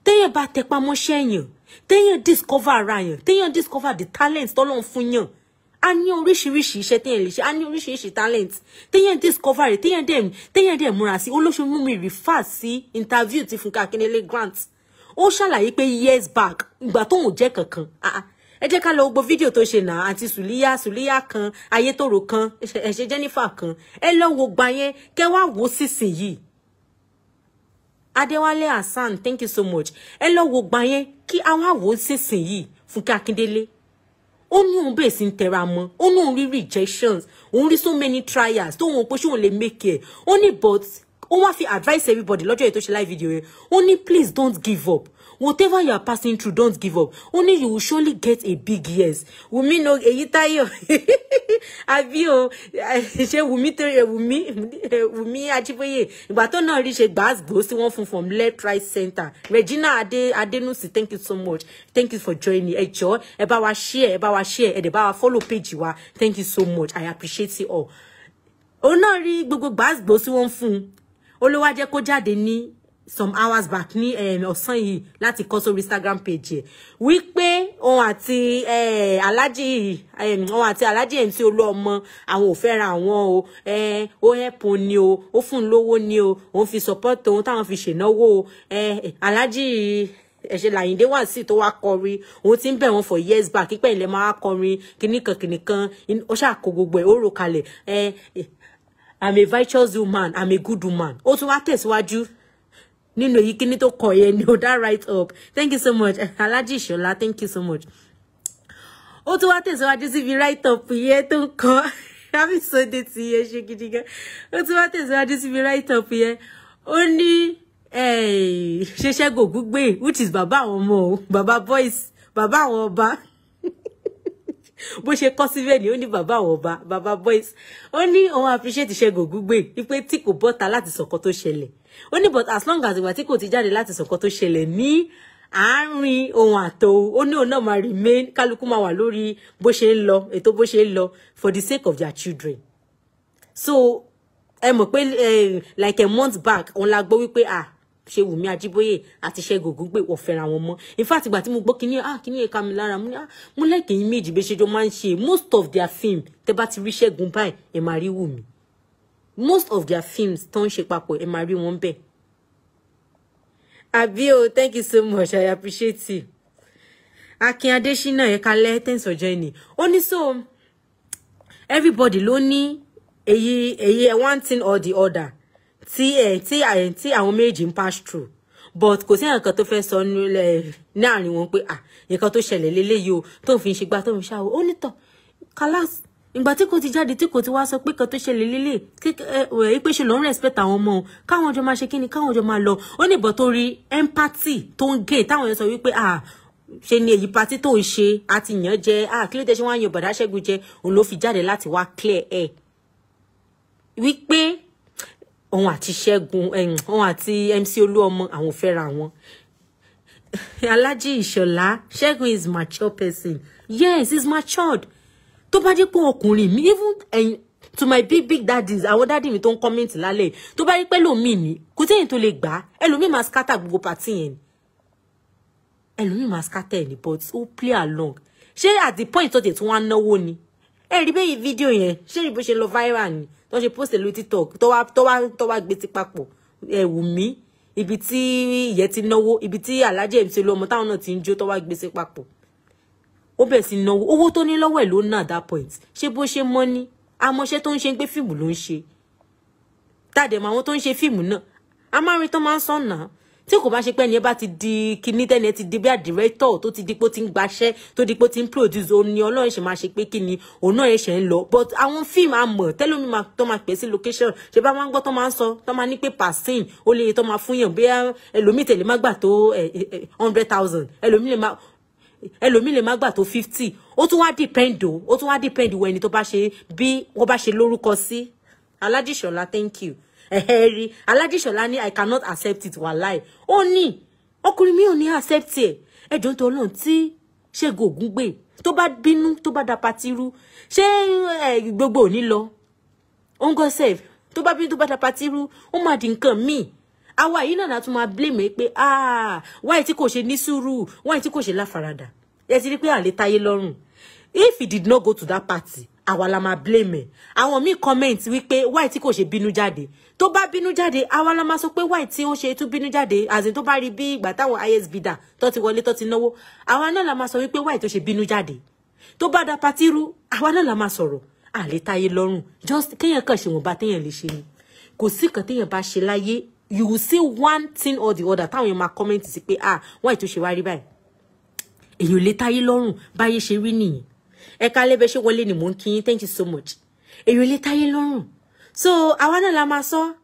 téèyàn bá tẹpá mọ́ṣẹ́ yẹn téèyàn discover ara yẹn téèyàn discover the talent tọ́lọ́run fún yàn a ní oríṣiríṣi iṣẹ́ téèyàn lè ṣe a ní oríṣiríṣi talent téèyàn discover rẹ̀ téèyàn dẹ̀ téèyàn dẹ̀ múra sí olóṣèlú mú mi refer sí interview ti Fúnkẹ́ Akíndélé Grant ó ṣàlàyé pé years back ìgbà tóun jẹ́ kankan ah, ẹ jẹ́ ká lọ gbogbo fídíò tó ṣe náà àti sùlíyà sùlíyà kan ayétòrò kan ẹ̀ṣẹ̀ Jennifer kan ẹ lọ wo gbà yẹn kẹ́ wá wò sísìn yìí adéwálé hasan thank you so much ẹ lọ wo gbà yẹn kí àwọn àwò sísìnyìí fúnkẹ́ akíndélé ó ní òun bẹ̀rẹ̀ sí ń tẹra mọ́ ó ní òun rí rejections òun rí so many trials tó òun ò pé ṣé òun lè make it ó ní but ó wá fi advice everybody lọ́jọ́ yìí tó ṣe live video yẹn ó ní please don't give up whatever you are passing through don't give up only you will surely get a big yes wùmí no èyí táyọ̀ àbí o ṣe wùmí tẹrẹ wùmí wùmí ajíbóyè ìgbà tó náà rí ṣe gbàásgbó sí wọn fún from left right center regina adé adénúsì thank you so much thank you for joining ẹ jọ̀ọ́ ẹ bá wa share ẹ bá wa share ẹ dẹ̀ bá wa follow page wa thank you so much i appreciate you all òun náà rí gbogbo gbàásgbó sí wọn fún un olówó ajẹ kó jáde ní some hours back ni ní ọ̀sán yìí láti kọ sórí Instagram page ẹ̀ wípé òun àti eh, alájì òun àti alájì ẹ̀ tí ó lọ ọmọ àwọn ò fẹ́ra àwọn o eh, ó ẹ̀pùn ni o ó fún un lówó ni o òun fi support òun táwọn fi ṣènáwó o eh, alájì ẹ̀ṣẹ̀ làyíndé wà sí tó wá kọrin òun ti ń bẹ̀ wọ́n for years back pípẹ́ ilẹ̀ máa kọrin kìnnìkan kìnnìkan ó ṣàkó gbogbo ẹ̀ ó rò I'm a virtuous woman I'm a good woman ó tún wá tẹ̀síwájú Nino, èyí kíní tó kọ yẹn ni o dá right up thank you so much eh, Alhaji shola. thank you so much ó tún wá tẹ̀síwájú síbi right up yẹn to ń kọ kábísọ̀dé ti yẹ ṣe gidi gan ó tún wá tẹ̀síwájú síbi right up yẹn ó ní eh, ṣẹṣẹ go gbé which is Baba àwọn ọmọ o bàbá boys Baba àwọn ọba bó ṣe kọ́ síbẹ̀ ni ó ní bàbá àwọn ọba bàbá boys ó ní òun appreciate Ṣẹ́gun Ògúngbè wípé tí kò bọ́ta láti sọ̀kan tó ṣẹlẹ̀ ó ní but as long as ìwà tí kò ti jáde láti sọ̀kọ́ tó ṣẹlẹ̀ ní àárín ohun àtò ó ní òun náà máa remain kálukú máa wà lórí bó ṣe ń lọ ètò bó ṣe ń lọ for the sake of their children so ẹ mọ̀ pé like a month back òun la gbọ́ wípé ah ṣe wùmí ajíbóyè àti ṣẹ́gun ògúngbè wọ́n fẹ́ra wọn mọ́ in fact ìgbà tí mo gbọ́ kínní ah kínní ẹ̀ka mi lára mo ah mo lẹ́kìn yín méjì bí ṣe jọ máa ń ṣe most of their film tẹ́ bá ti rí ṣẹ́gun báyìí ẹ̀ máa rí wùmí most of their films tó ń ṣe papọ̀ ẹ máa rí wọn thank you so much i appreciate you. akin adesina ekalẹ thanks for joining ó ní so everybody lonely. ní èyí èyí one thing or the other See, eh, see, tí see, tí àwọn méjì him pass through but kò sí nǹkan tó fẹ́ sọ nílẹ̀ láàrin wọn pé ah nǹkan got to lélẹ́yìí o little you don't finish it tó Don't ṣàwò Only to, kálásì ìgbà tí kò ti jáde tí kò ti wá sọ pé kan tó ṣẹlẹ̀ lélẹ̀ pé ṣe ló ń àwọn ọmọ káwọn jọ máa ṣe kíni káwọn jọ máa lọ ó ní ìbọn tó rí empathy tó ń gé táwọn yẹn sọ wípé ah ṣe ni èyí patí tó ń ṣe àti yàn jẹ ah kí ló dé ṣe wá yan bàdá ṣẹ́gun jẹ òun ló fi jáde láti wá clear air wípé òun àti ṣẹ́gun òun àti MC Olúọmọ àwọn ò wọn Alhaji Ìṣọ̀lá ṣẹ́gun is mature person yes is matured tó bá jẹ́ pé ọkùnrin mi even ẹ̀yin eh, to my big big daddies àwọn daddy mi tó ń comment lálẹ́ tó bá rí pé lòmíì ni kò téyìn tó lè gbà á ẹlòmíì scatter gbogbo pàtí yẹn ni ẹlòmíì scatter ẹni but ó play along ṣé at the point tó tẹ̀ tí wọ́n á náwó ni ẹ rí bẹ́ẹ̀ fídíò yẹn ṣé rí bó ṣe lọ viral ni tó ṣe post lórí tiktok tó wá tó wá tó wá gbé ti papọ̀ ẹ wù mí ibi tí ìyẹn ti náwó ibi tí alájẹ ti lọ ọmọ táwọn náà ti ń jó tó wá gbé sí ó bẹ̀ sí náwó owó tó ní lọ́wọ́ ẹ̀ ló ná at that point ṣé bó ṣe mọ́ ní amọ̀ṣẹ́ tó ń ṣe ń gbé fíìmù ló ń ṣe tàdẹ̀mọ̀ àwọn tó ń ṣe fíìmù náà a máa ń rí tán máa ń sàn náà tí kò bá ṣe pé ẹni ẹ bá ti di kinní tẹ́ni ẹ ti di bí àdìrẹ́tọ̀ tó ti di pé ó ti ń gbaṣẹ́ tó di pé ó ti ń produce òun ni ọlọ́run ṣe máa ṣe pé kí òun náà ṣe ń lọ but àwọn fíìmù àmọ̀ tẹ́lómi máa tó máa pè sí location ṣe bá máa ń gbọ́ tó máa ń sọ tó máa ní pé passing ó lè tó máa fún yàn bí ẹlòmíì tẹ̀lé má gbà tó hundred thousand ẹlòmíì lè má ẹlòmíì lè má gbà tó fifty ó tún wá depend o ó tún wá depend wo ẹni tó bá ṣe bí wọ́n bá ṣe lórúkọ sí aládìṣọlá thank you ẹ̀hẹ́ rí aládìṣọlá ní i cannot accept it wàláì ó ní ọkùnrin mi ò ní accept ẹ̀ ẹ̀jọ̀ tó ọlọ́run tí ṣẹ́gun ògún gbé tó bá bínú tó bá da patirú ṣé gbogbo ò ní lọ ó ń gọ́ sef tó bá bínú tó bá da patirú ó máa di nǹkan míì Awa yìí náà tún máa blame pé ah, wáyé tí kò ṣe ní sùúrù wáyé tí kò ṣe láfaradà ẹ ti rí pé àlè táyé lọ́rùn if he did not go to that party awa la ma blame ẹ àwọn míì comment wípé wáyé tí kò ṣe bínú jáde tó bá bínú jáde àwa la máa sọ pé wáyé tí ó ṣe tún bínú jáde àzìn tó bá rí bí ìgbà táwọn isb dà tó ti wọlé tó ti náwó àwa náà la máa sọ wípé wáyé tó ṣe bínú jáde tó bá da party ru awa na la máa sọ̀rọ̀ àlétáyé lọ́rùn just kéèyàn kàn ṣe wọ̀nba téèyàn lè ṣe ni kò sí kan téèyàn bá ṣe láyé you will see one thing or the other táwọn you máa comment to say, ah why to ṣe wá by? báyìí èèyàn lè táyé lọ́rùn báyé ṣe rí nìyí ẹ le lẹ́bẹ̀ ṣé wọlé ni monkey. thank you so much èèyàn lè táyé lọ́rùn so I náà la máa sọ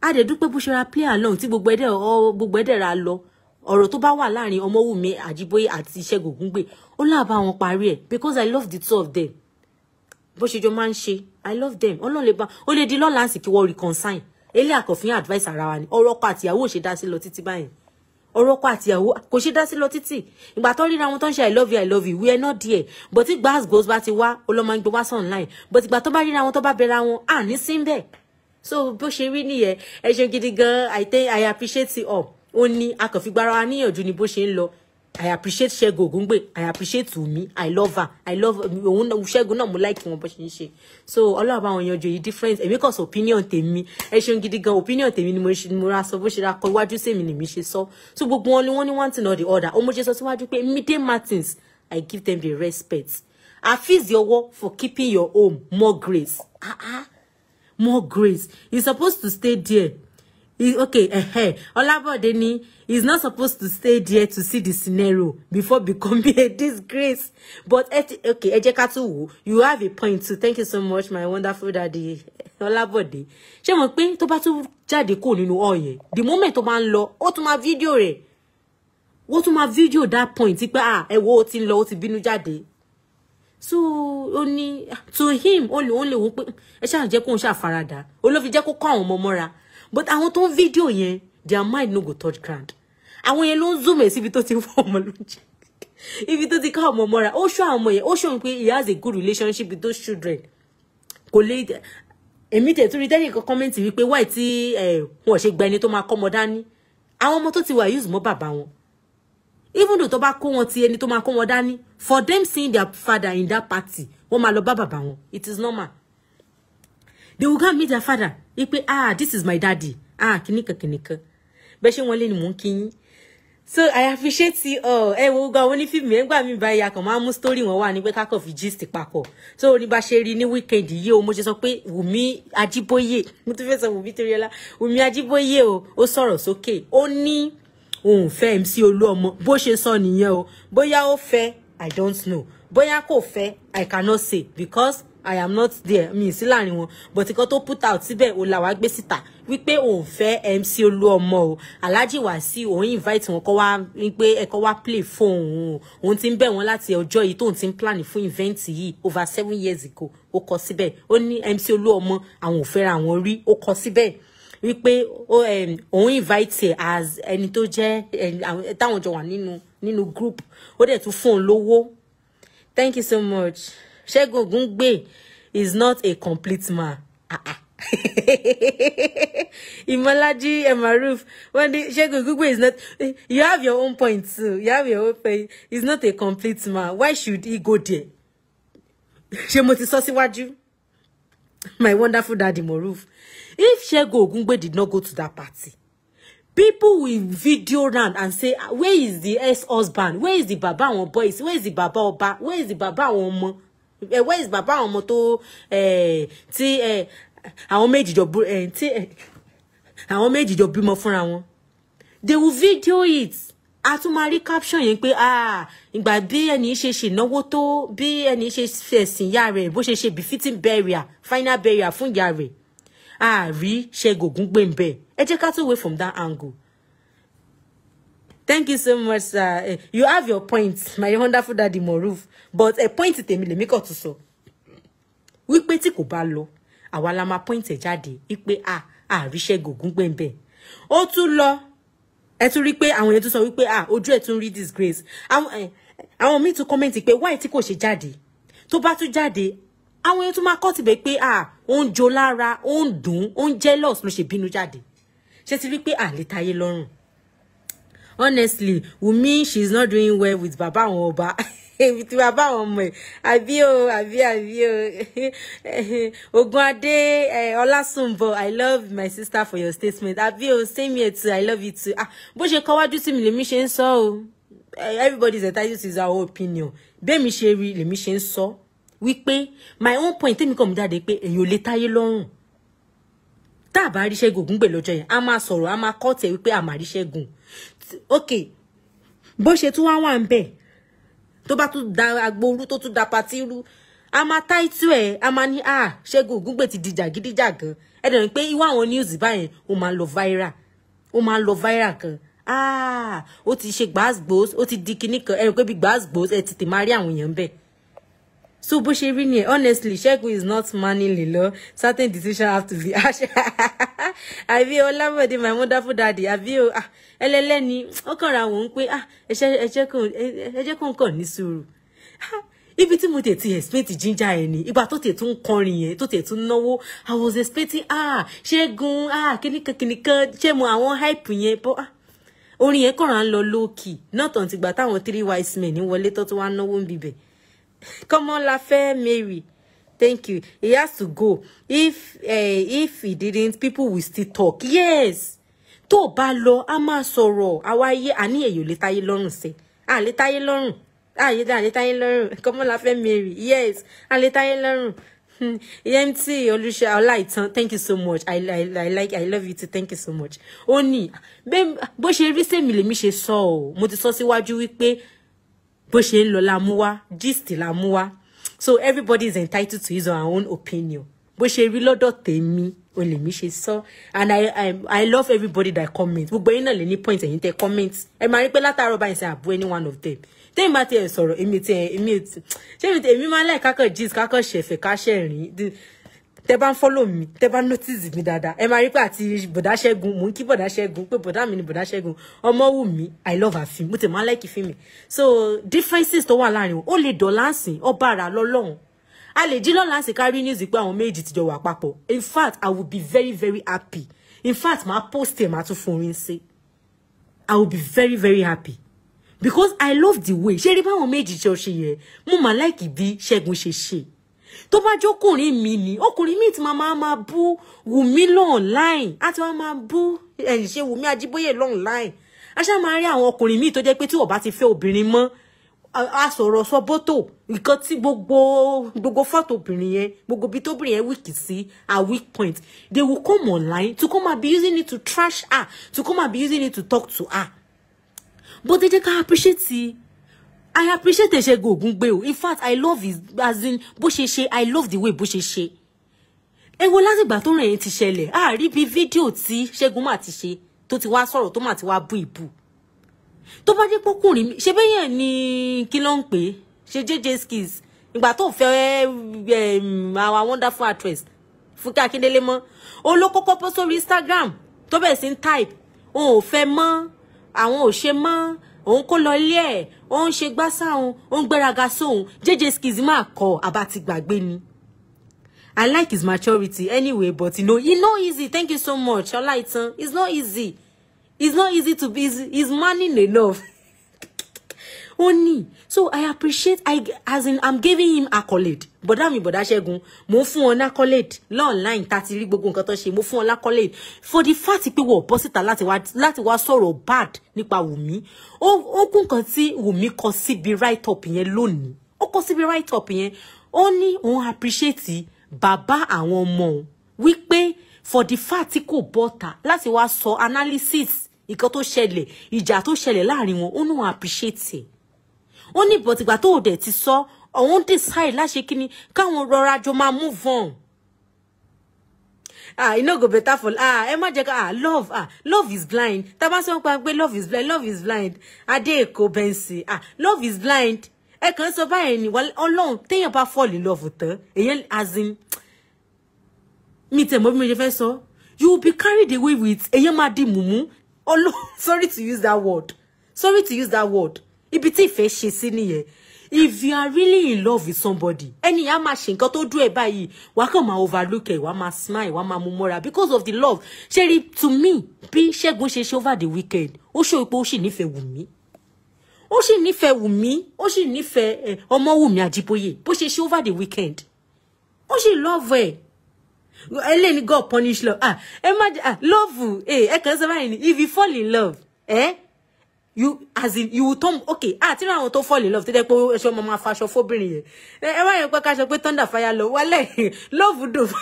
a dẹ̀ dúpẹ́ bó ṣe ra play along tí gbogbo ẹ̀dẹ̀ gbogbo ẹ̀dẹ̀ ra lọ ọ̀rọ̀ wa bá wà láàrin ọmọwùmí àjíbóyè ati ṣẹ́gun ògúngbè ó láàbá wọn parí ẹ̀ because i love the two of them bó she jọ man she. i love them ọlọ́run lè bá ó lè di lọ́la àsìkí wọ́n reconcile eléyà kò fi advice ara wa ni ọ̀rọ̀ ọkọ àtìyàwó ò ṣe dá sí lọ títí báyìí ọ̀rọ̀ ọkọ àtìyàwó kò ṣe dá sí lọ títí ìgbà tó ríra wọn tó ń ṣe i love you i love you we are not there but tí gbaz goes bá ti wá olómọ ń gbé wá sàn online but ìgbà tó bá ríra wọn tó bá bẹra wọn à ní sí bẹ́ẹ̀ so bó ṣe rí nìyẹn ẹ ṣeun gidi gan i think i appreciate it all ó ní a kàn fi gbára wa níyànjú ni bó ṣe ń lọ I appreciate Ṣẹ́gun Ògúngbè. I appreciate Wumi. I love her. I love òun Ṣẹ́gun náà mo like wọn bó ṣe ń ṣe. So ọlọ́run bá wọn yanjú èyí difference èmi kàn sọ opinion tèmi. Ẹ ṣeun gidi gan opinion tèmi ni mo ṣe mo ra sọ bó ṣe ra kọ iwájú sí èmi ni mi ṣe sọ. So gbogbo wọn ni wọ́n ní one thing or the other. Ó mo ṣe sọ síwájú pé Mide Martins I give them the respect. I your work for keeping your home more grace. Ah ah more grace. You supposed to stay there. okay, eh, eh. Ọlábọ̀dé ni He's not supposed to stay there to see the scenario before becoming a disgrace. But okay, Ẹ you have a point too. Thank you so much, my wonderful daddy. Ọlábọ̀dé. Ṣé mo pé to bá tún jáde kúrò nínú ọ̀yẹ̀? The moment to bá ń lọ, ó tún máa fídíò rẹ̀. Wọ́n tún máa fídíò that point pé ah ẹ wo ó ti ń lọ, ó ti bínú jáde. So ó ní to him ó lè ó lè wò pé ẹ ṣáà jẹ́ kóun ṣàfaradà. Olófin jẹ́ kó kọ́ àwọn ọmọ mọ́ra. But àwọn tó ń fídíò yẹn their mind no go touch ground àwọn yẹn ló ń zoom ẹ̀ síbi tó ti ń fọ ọmọ lójú ibi tó ti ká ọmọ mọ́ra ó ṣọ́ àwọn ọmọ yẹn ó ṣọ́ pé he has a good relationship with those children kò lè èmi tẹ̀ tún rí tẹ́lẹ̀ kan kọ́mẹ́ǹtì wípé wáì tí eh, wọn ò ṣe gba ẹni tó máa kọ́mọ dání àwọn ọmọ tó ti wà use mọ́ bàbá wọn even though tó bá kó wọn ti ẹni tó máa kó dání for them seeing their father in that party wọ́n máa lọ bá bàbá wọn it is normal they will go meet their father wípé ah this is my daddy ah kìnìkan kìnìkan bẹ́ẹ̀ ṣé wọ́n lé ni mò ń kí yín so àyàfi ṣé ti ẹ wo gan àwọn onífíìmù yẹn gbà mí báyìí akàn máa ń mú sítórì wọn wà ní pé kákàn fi gist papọ̀ so ní bá ṣe rí ní wíkẹ́ndì yìí o mo ṣe sọ pé Wùmí Ajíbóyè mo tún fẹ́ sọ Wùmí Toríọlá Wùmí Ajíbóyè o ó sọ̀rọ̀ sókè ó ní òun fẹ́ MC Olúọmọ bó ṣe sọ nìyẹn o bóyá ó fẹ́ I don't know bóyá kò fẹ́ I cannot say because i am not there mi sí láàrin wọn but nǹkan to put out síbẹ̀ ò là wá gbé síta wípé òun fẹ́ MC Olúọmọ o Alhaji Wasiu òun invite wọn kọ́ wá wípé ẹ̀kọ́ wá play phone. o òun ti ń bẹ̀ wọ́n láti ọjọ́ yìí tóun ti ń plan fún event yìí over seven years ago ó kọ síbẹ̀ ó ní MC Olúọmọ àwọn ò fẹ́ra àwọn rí ó kọ síbẹ̀ wípé òun invite as ẹni tó jẹ́ táwọn jọ wà nínú nínú group ó dẹ̀ tún fún un thank you so much ṣẹ́gun ògúngbè is not a complete man ah, ah. ìmọ̀lájí emaruf wọ́n ní ṣẹ́gun ògúngbè is not you have your own point too you have your own point he's not a complete man why should he go there ṣé mo ti sọ síwájú my wonderful daddy moruf if ṣẹ́gun ògúngbè did not go to that party people will video round and say where is the ex-husband where is the baba àwọn boys where is the baba Oba? where is the baba àwọn ọmọ ẹ eh, where is bàbá àwọn ọmọ tó eh, tí eh, àwọn méjì jọ tí àwọn méjì jọ bímọ fúnra wọn they will video it a tún máa rí caption yẹn pé ah, ìgbà bí ẹni ṣe ṣènáwó tó bí ẹni ṣe fẹ̀sìn ìyá rẹ̀ bó ṣe ṣe befitting burial final burial fún ìyá rẹ̀ àárí ṣẹ́gun ògúngbèǹbẹ̀ ẹ jẹ́ ká tó wé from that angle thank you so much sir eh, you have your point my wonderful daddy Moruf but a eh, point tèmi lèmi kò tún sọ wípé tí kò bá lọ àwa la máa point ẹ̀ jáde wípé a àríṣẹ́ gògùn gbẹ̀ǹbẹ̀ ó tún lọ ẹ tún rí pé àwọn yẹn tún sọ wípé a ojú ẹ̀ tún rí disgrace àwọn eh, míì tún kọ́mẹ́ǹtì pé why tí kò ṣe jáde tó bá tún jáde àwọn yẹn tún máa kọ́ tìbẹ̀ pé a ó ń jo lára ó ń dùn ó ń jealous ló ṣe bínú jáde ṣé ti rí pé àlétayé lọ́rùn honestly Wunmi she is not doing well with Baba àwọn Oba. With Baba àwọn ọmọ ẹ àbí o Abi àbí o ogun adé eh, ọlásùnbọ i love my sister for your statement Abi o same here too i love you too ah bó ṣe kọ́wájú tí mi lèmi ṣe ń sọ o eh, everybody is entitled to their own opinion bẹ́ẹ̀mi ṣe rí lèmi ṣe ń sọ wípé my own point tèmi kàn mú jáde pé èyí ò lè táyé lọ́rùn tá a bá rí Ṣẹ́gun Ògúngbè lọ́jọ́ yẹn a máa sọ̀rọ̀ a máa kọ́ tẹ̀ wípé a máa rí Ṣẹ́gun ok bó ṣe tún wá wà ń bẹ̀ tó bá tún da agboru tó tún da patí rú a máa táìtù ẹ̀ a máa ní ah ṣẹ́gun ògúngbè ti di jàgídíjàgan ẹ dẹ̀ rí pé irú àwọn news báyẹn ó máa lọ viral ó máa lọ viral kan ah ó ti ṣe gbàásgbòs ó ti di kinní kan ẹ rí pé bí gbàásgbòs ẹ ti tè máa rí àwọn èèyàn bẹ́ẹ̀ so bó ṣe rí honestly Ṣẹ́gun is not manning lilo certain decision have to be harsh àbí Ọlábọ̀dé my wonderful daddy àbí o ah, ẹlẹ́lẹ́ni ó kàn ra wọ́n pé ah, ẹjẹ́ kò ń kàn ní sùúrù ah, ibi tí mo tẹ̀ ti expect ginger ẹ̀ ni ìgbà tó tẹ̀ tún kọrin yẹn tó tẹ̀ tún i was expecting ah Ṣẹ́gun ah kìnìkan kìnìkan ṣé mo àwọn hype yẹn bọ́ ah orin yẹn kàn rán low lókì náà tàn tìgbà táwọn three wise men wọlé tó tún wá náwó ń bibẹ̀. Comment l'a faire Mary? Thank you. He has to go. If uh, if he didn't, people will still talk. Yes. To bá lọ, a máa sọ̀rọ̀. Àwa ayé àní èyí ò lè táyé lọ́rùn ṣe. À lè táyé lọ́rùn. Àyè dá lè táyé lọ́rùn. Comment l'a faire Mary? Yes. Ah lè táyé lọ́rùn. EMT olusha Ọláìtàn, thank you so much. I, I, I like I love you too. Thank you so much. Ó ní bó ṣe rí sèmi lèmi ṣe sọ ọ́. Mo ti si waju wípé bó ṣe ń lọ la mú wá gist la mú wá so everybody is entitled to his or her own opinion bó ṣe rí lọ́dọ̀ tèmi o lè mi ṣe sọ and I, I I love everybody that comment gbogbo yín náà lè ní point ẹ̀yin tẹ́ comment ẹ máa rí pé látàárọ̀ báyìí ṣe àbú any one of them tẹ́yìn bá tiẹ̀ sọ̀rọ̀ èmi tiẹ̀ èmi ṣé èmi máa ń láì kákọ̀ gist kákọ̀ ṣẹ̀fẹ̀ káṣẹ̀rín tẹ bá follow mi tẹ bá notice mi dáadáa ẹ máa rí pé ati, boda ṣẹ́gun mò ń kí bọ̀dá ṣẹ́gun pé bọ̀dá mi ni bọ̀dá ṣẹ́gun ọmọ wù mí i love her film mo tẹ̀ máa like film so differences to wà láàrin wọn ó lè dọ̀lá sìn ọba àrà lọ́lọ́run a lè jí lọ́la sì kárí news pé àwọn méjì ti jọ wà papọ̀ in fact i would be very very happy in fact màá post ẹ̀ màá tún fún orin i would be very very happy because i love the way ṣe rí báwọn méjì jọ ṣe yẹ mo máa like bí ṣẹ́gun ṣe ṣe tó bá jókùnrin mi ni ọkùnrin mi ti máa máa máa bú Wùmí online á ti máa máa bú ẹ̀yìn ṣe Wùmí Ajíbóyè online a ṣáà máa rí àwọn ọkùnrin míì tó jẹ́ pé tí ò bá ti fẹ́ obìnrin mọ́ a sọ̀rọ̀ sọ bọ́tò nǹkan tí gbogbo gbogbo fọ́tò obìnrin yẹn gbogbo ibi tóbìnrin yẹn wíìkì sí her weak point they will come online to come and be using it to trash her to come and be using it to talk to her but ẹ jẹ́ ká appreciate I appreciate Esego Ogungbe o. In fact, I love his as in bó ṣe ṣe. I love the way bó ṣe ṣe. Ẹ wo látìgbà tó rìn yẹn ti ṣẹlẹ̀. A rí bí fídíò tí Ṣẹ́gun mà ti ṣe tó ti wá sọ̀rọ̀ tó mà ti wá bú ìbú. Tó bá dé pọ́kùnrin mi, ṣe bẹ́yẹn ni kí ló ń pè é? Ṣe JJ skills. Ìgbà tó fẹ́ our wonderful actress Fúnkẹ́ Akíndélé mọ́. Olókókó pọ́ sórí Instagram tó bẹ̀rẹ̀ sí ń type. Òun ò fẹ́ mọ́, àwọn ò ṣe mọ́, òun kó lọ ilé ẹ̀ ó ń ṣe gbásá òun ó ń gbéraga sóhun JJ Skizzy kọ àbá ti gbàgbé ni. I like his maturity anyway, but you know, it's not easy. Thank you so much, Olaitan. It's not easy. It's not easy to be. He's, he's manning enough. Only. So I appreciate. I as in I'm giving him accolade bọ̀dá mi bọ̀dá ṣẹ́gun mo fún wọn lákọ́lẹ̀d lọ́ọ̀nláìn tá a ti rí gbogbo nǹkan tó ṣe mo fún wọn lákọ́lẹ̀d for the fact pé wọ́n bọ́ síta láti wá sọ̀rọ̀ bad nípa wùmí ó kún nǹkan tí wùmí kọ síbi write up yẹn lónìí ó kọ síbi write up yẹn ó ní òun appreciate bàbá àwọn ọmọ òun wípé for the fact tí kò bọ́ta láti wá sọ analysis nǹkan tó ṣẹlẹ̀ ìjà tó ṣẹlẹ̀ láàrin wọn ó ní òun appreciate ẹ̀ ó ní bọ̀tìgbà tó o dẹ̀ ti sọ ọ̀hún decide láṣẹ kíni káwọn rọra jọ máa move on ah you no go better for ah ẹ má jẹ́ ká ah love ah love is blind tá a bá sọ pé love is blind love is blind adé èkó bẹ́ǹsì ah love is blind ẹ kàn sọ báyìí ni ọlọ́run téèyàn bá fall in love tán èyàn as in mi tẹ̀ mọ́ bí mo ṣe fẹ́ sọ you will be carried away with èyàn máa di mùmú ọlọ́run sorry to use that word sorry to use that word ibi tí ìfẹ́ ṣe sí nìyẹn if you are really in love with somebody ẹni yà máa ṣe nǹkan tó dùn ẹ báyìí wà á kàn máa overlook ẹ wà á máa smile wà á máa mú mọ́ra because of the love ṣe rí to me bí ṣẹ́gun ṣe ṣe over the weekend ó ṣó ipò ó sì nífẹ̀ẹ́ wù mí ó sì nífẹ̀ẹ́ wù mí ó sì nífẹ̀ẹ́ ọmọ wù mí àjíbóyè bó ṣe ṣe over the weekend ó sì love ẹ ẹlẹ́ni god punish love ah ẹ má ah love ẹ eh, ẹ kàn sọ báyìí ni if you fall in love Eh? you as in you will turn okay ah ti àwọn tó fall in love tó jẹ́ pé ẹṣọ ọmọ máa faṣọ fóbìnrin yẹn ẹ wá yẹn pé ká sọ pé thunder fire lọ wálẹ̀ love dùn àwọn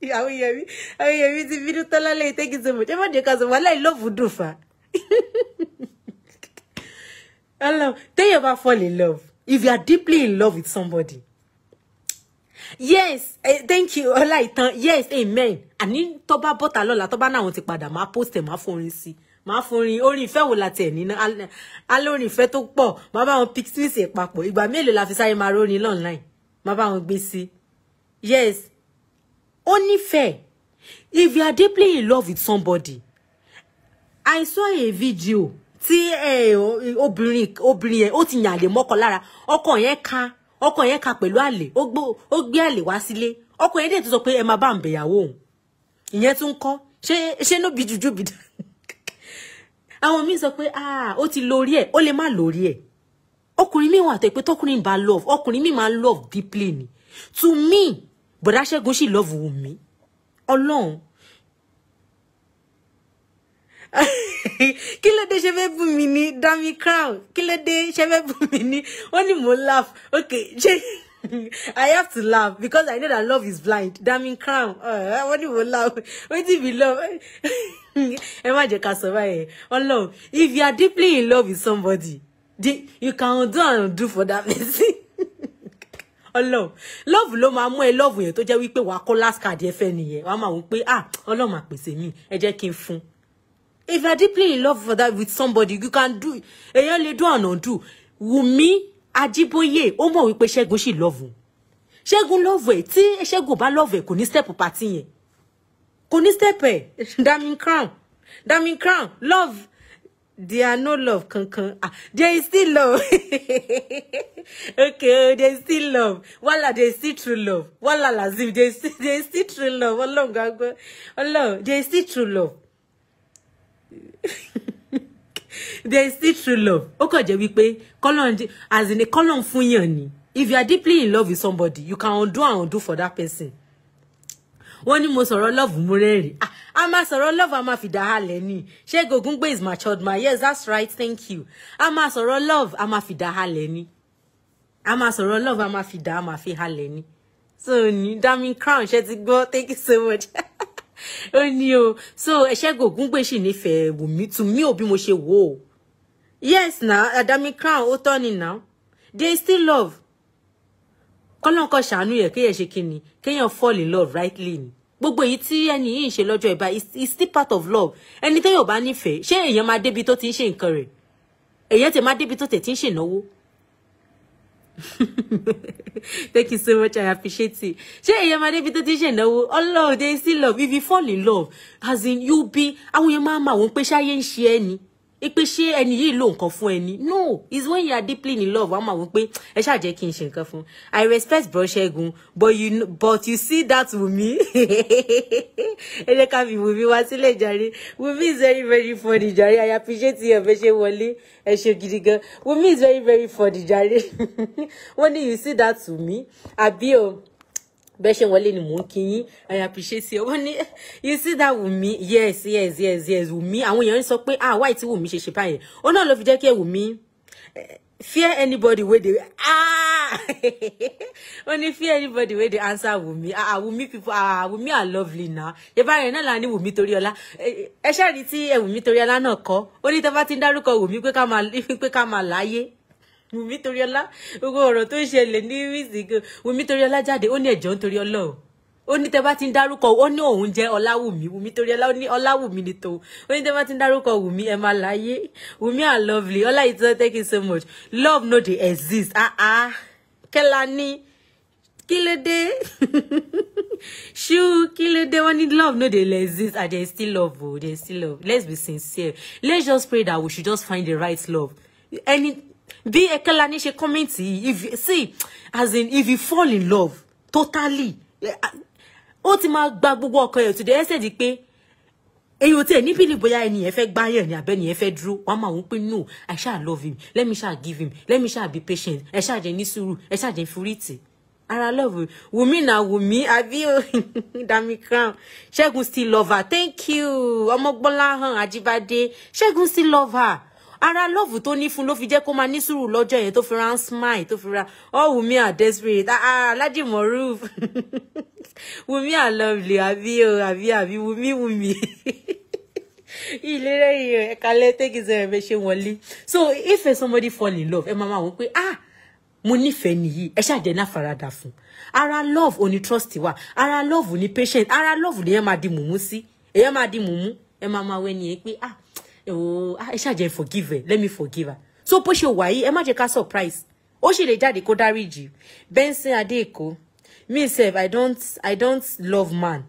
èèyàn mi àwọn èèyàn mi ti bínú tán thank you so much ẹ má dé ká sọ wálẹ̀ love dùn fa hello you bá fall in love if you are deeply in love with somebody yes eh, thank you ọlá ìtàn yes amen àní tó bá bọ́tà lọ́la tó bá náà wọn ti padà máa post ẹ̀ máa forin sí máa fún orin orin ìfẹ́ wò láti ẹ̀ níná alórin ìfẹ́ tó pọ̀ máa bá wọn pictures ẹ̀ papọ̀ ìgbà mélòó la fi sáré máa rórin online máa bá wọn gbé sí yes ó nífẹ̀ẹ́ if you are deeply in love with somebody I saw a video tí obìnrin obìnrin yẹn ó ti yàn àlè mọ́kọ lára ọkọ yẹn ka ọkọ yẹn ka pẹ̀lú àlè ó gbé àlè wá sílé ọkọ yẹn dẹ̀ tó sọ pé ẹ máa bá ń bẹ̀yàwó òun ìyẹn tún kọ́ ṣé ṣé ló bí jùjú bìdá àwọn míì sọ pé ah ó ti lórí ẹ̀ ó lè má lórí ẹ̀ ọkùnrin míì wà tó pé tọkùnrin bá love ọkùnrin míì máa love deeply ni to me bọ̀dá ṣẹ́gun sì love Wùmí ọlọ́run kí ló dé ṣe fẹ́ bù mí ní dami crown kí ló dé ṣe fẹ́ bù mí ní ó ní mò laugh okay ṣe i have to laugh because i know that love is blind dami crown ó ní mò ń laugh wetin be love. ẹ má jẹ́ ká sọ báyìí Ọlọ́run if you are deeply in love with somebody you can do and undo for that person Ọlọ́run love ló máa mú ẹ love you. tó jẹ́ wípé wàá kó last card ẹ fẹ́ nìyẹn wàá máa wò ah Ọlọ́run máa pèsè mí ẹ jẹ́ kí n fún if you are deeply in love for that with somebody you can do èèyàn lè do and undo Wùmí Ajíbóyè ó mọ̀ wípé Ṣẹ́gun sì love Ṣẹ́gun love ẹ̀ tí Ṣẹ́gun bá love ẹ̀ kò ní step party yẹn kò ní step ẹ̀ Dami Crown Dami Crown love there are no love kankan ah there is still love okay oh, there is still love wala there is still true love wala lazim there is still, there is still true love Ọlọ́run gbàgbọ́ Ọlọ́run there is still true love there is still true love ó kàn jẹ́ wípé kọ́lọ́n as in kọ́lọ́n fún yàn ni if you are deeply in love with somebody you can undo and undo for that person wọ́n ní mo sọ̀rọ̀ love mú ah, a máa sọ̀rọ̀ love a máa fìdá halẹ̀ ni ṣé Gògúngbé is matured ma yes that's right thank you a máa sọ̀rọ̀ love a máa fìdá halẹ̀ ni a máa sọ̀rọ̀ love a máa fìdá a máa fi halẹ̀ ni so ní Dami Crown ṣe ti gbọ́ thank you so much ó ní o so ẹ̀ṣẹ́ Gògúngbé sì nífẹ̀ẹ́ Wùmí tù mí ò bí mo ṣe wò ó yes na Dami Crown ó tọ́ ni now they still love kọ́lọ́n kọ́ ṣàánú yẹ kéèyàn ṣe kí ni kéèyàn fall in love rightly ni gbogbo èyí tí ẹni yìí ń ṣe lọ́jọ́ ìbá is still part of love ẹni tẹ́yọ̀ bá nífẹ̀ẹ́ ṣé èèyàn máa débi tó ti ń ṣe nǹkan rẹ̀ èèyàn ti máa débi tó tẹ̀ ti ń ṣènáwó Thank you so much. I appreciate it. Ṣé èèyàn máa débi tó ti ṣe ìnáwó? Ọlọ́run, they still love. If you fall in love, as in you be, àwọn èèyàn máa ma wọ́n pé ṣáyé ń ṣe ẹ́ ni ipe ṣé ẹni yìí lò nǹkan fún ẹni no it's when you are deeply in love wàá máa wọ pé ẹ ṣáà jẹ́ kí n ṣe nǹkan fún i respect bro ṣẹ́gun but you but you see that wumi ẹ jẹ́ fi wumi wá sílẹ̀ jàre wumi is very very funny jàre i appreciate you ọ̀fẹ́ wọlé ẹ ṣe gidi gan wumi is very very funny jàre wọ́n ní you see that wumi àbí o bẹ́ẹ̀ ṣe wọlé ni mò ń kí yín i appreciate you wọ́n ní you see that Wumi yes yes yes yes Wumi àwọn èèyàn ń sọ pé ah why tí Wumi ṣe ṣe báyẹn ó náà ló fi jẹ́ kí ẹ Wumi fear anybody wey dey ah ó ní fear anybody wey dey answer Wumi ah, ah Wumi people ah, ah Wumi are lovely na yẹba rẹ náà la ní Wumi toriola, ẹ ṣáà rí tí ẹ Wumi toriola náà kọ ó ní tẹ́ bá ti ń dárúkọ Wumi pé ká máa láyé Wùmí Toríọlá gbogbo ọ̀rọ̀ tó ń ṣẹlẹ̀ ní wíìsìgò Wùmí Toríọlá jáde ó ní ẹ̀jọ̀ nítorí Ọlọ́run ó ní tẹ́ bá ti ń dárúkọ ó ní òun jẹ́ Ọláwùmí Wùmí Toríọlá ó ní Ọláwùmí ni tòun ó ní tẹ́ bá ti ń dárúkọ Wùmí ẹ máa láyé Wùmí are lovely ọlá yìí tó thank you so much love no dey exist ah ah kẹ́la ní kí ló dé ṣú kí ló dé wọ́n ní love no dey exist and there is still love o oh, there is still love let's be sincere let's just pray that we should just find the right love any bí Ekelani ṣe kọ́mẹ́ǹtì If see as in if you fall in love totally eh, ó ti máa gba gbogbo ọkàn ẹ̀ to the extent pé èyí ò tiẹ̀ níbi ni bóyá ẹni yẹn fẹ́ gbá yẹn ni àbẹ́ ni yẹn dúró wọ́n máa wọ́n pé no I ṣáà love him let me ṣáà give him let me ṣáà be patient ẹ ṣáà jẹ́ ní sùúrù ẹ ṣáà jẹ́ fúrítì ara love wumi na wumi abi dami crown ṣẹ́gun still love her thank you ọmọgbọ́nlá hàn ajíbádé ṣẹ́gun still love her ara lọ́ọ̀fù tó ní fún ló fi jẹ́ kó máa ní sùúrù lọ́jọ́ yẹn tó fi ra ń smile tó fi ra oh Wunmi are desperate ah ah Alhaji Moruf lovely àbí o àbí àbí Wunmi Wunmi ìlera yìí ẹ̀ka lẹ́tẹ̀kì sẹ́yìn ẹ̀fẹ́ ṣe wọlé so if somebody fall in love ẹ máa máa wọ pé ah mo nífẹ̀ẹ́ nìyí ẹ ṣàjẹ́ náà farada fún ara love ò ní trust wa ara love ò ní patient ara love lèyàn máa di mùmú sí èyàn máa di mùmú ẹ máa máa wẹ́ nìyẹn pé ah oh ah, ẹ ṣàjẹ́ forgive her let me forgive her so push your wà yìí ẹ má jẹ́ ká surprise ó sì lè jáde kó dáríjì Benson Adeko. me sef i don't i don't love man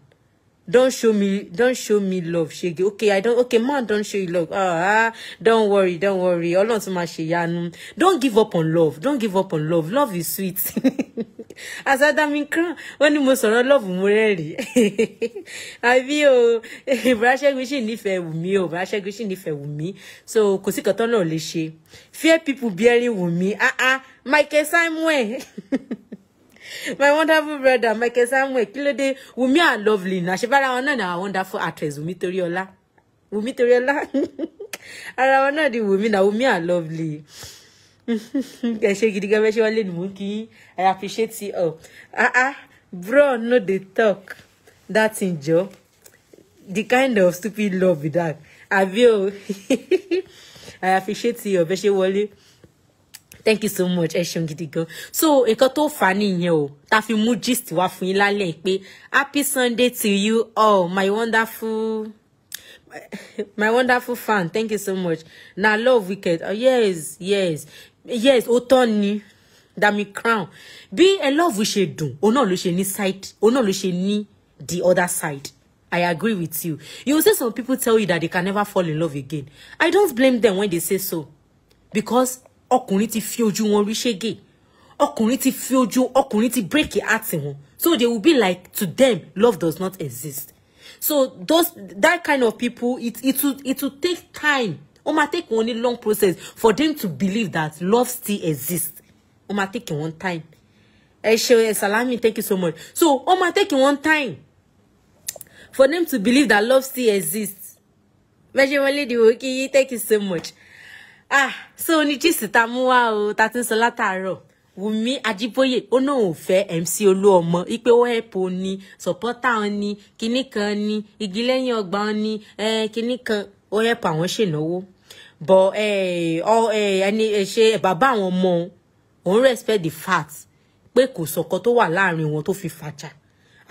don't show me don't show me love ṣege okay i don't okay man don't show you love ah uh, don't worry don't worry Ọlọ́run tún máa ṣe don't give up on love don't give up on love love is sweet asadami kan wọn when you sọ̀rọ̀ love I rẹ́rìn àbí o ìbúraṣẹ́gun sì nífẹ̀ẹ́ Wùmí o ìbúraṣẹ́gun sì nífẹ̀ẹ́ Wùmí so kò sí kan tọ́nà ò lè ṣe fear people bearing me. ah ah Michael Samuel my wonderful brother Michael Samuel kí ló dé are lovely na ṣe bara wọn na ni wonderful actress Wunmi Toriola Wunmi Toriola ara wọn náà ni Wunmi na Wunmi are lovely ẹ ṣe gidi gan bẹ́ẹ̀ ṣe wọlé ni mò ń I appreciate you all ah ah bro no dey talk that thing jọ the kind of stupid love be that àbí o I appreciate you all bẹ́ẹ̀ ṣe thank you so much ẹ ṣeun gidi gan so nǹkan tó fà á nìyẹn o ta fi mú gist wá fún yín lálẹ́ pé happy sunday to you all my wonderful my wonderful fan thank you so much na love wicked oh, yes yes yes ó tọ́ ni dami crown bí ẹ love ṣe dùn òun náà ló ṣe ní side òun náà ló ṣe ní the other side. I agree with you. You will say some people tell you that they can never fall in love again. I don't blame them when they say so. Because ọkùnrin ti fi ojú wọn rí ṣégè ọkùnrin ti fi ojú ọkùnrin ti break heart wọn so they will be like to them love does not exist so those that kind of people it it will it will take time ó máa take one long process for them to believe that love still exists ó máa take one time ẹ ṣe salami thank you so much so ó máa take one time for them to believe that love still exists vegetable lady wokiyi thank you so much ah so ní jíìsì tá a mú wá o tá a ti ń sọ látàárọ̀ Wùmí Ajíbóyè ó náà ò fẹ́ MC Olúọmọ ipe ó ẹpọ ni sọpọtà ni kinní kan ni igi lẹ́yìn ọgbà ni kinní kan ó ẹpọ àwọn ṣènáwó bọ ẹni ṣe bàbá àwọn ọmọ òun respect the fact pé kò sọkọ tó wà láàrin wọn tó fi fàjà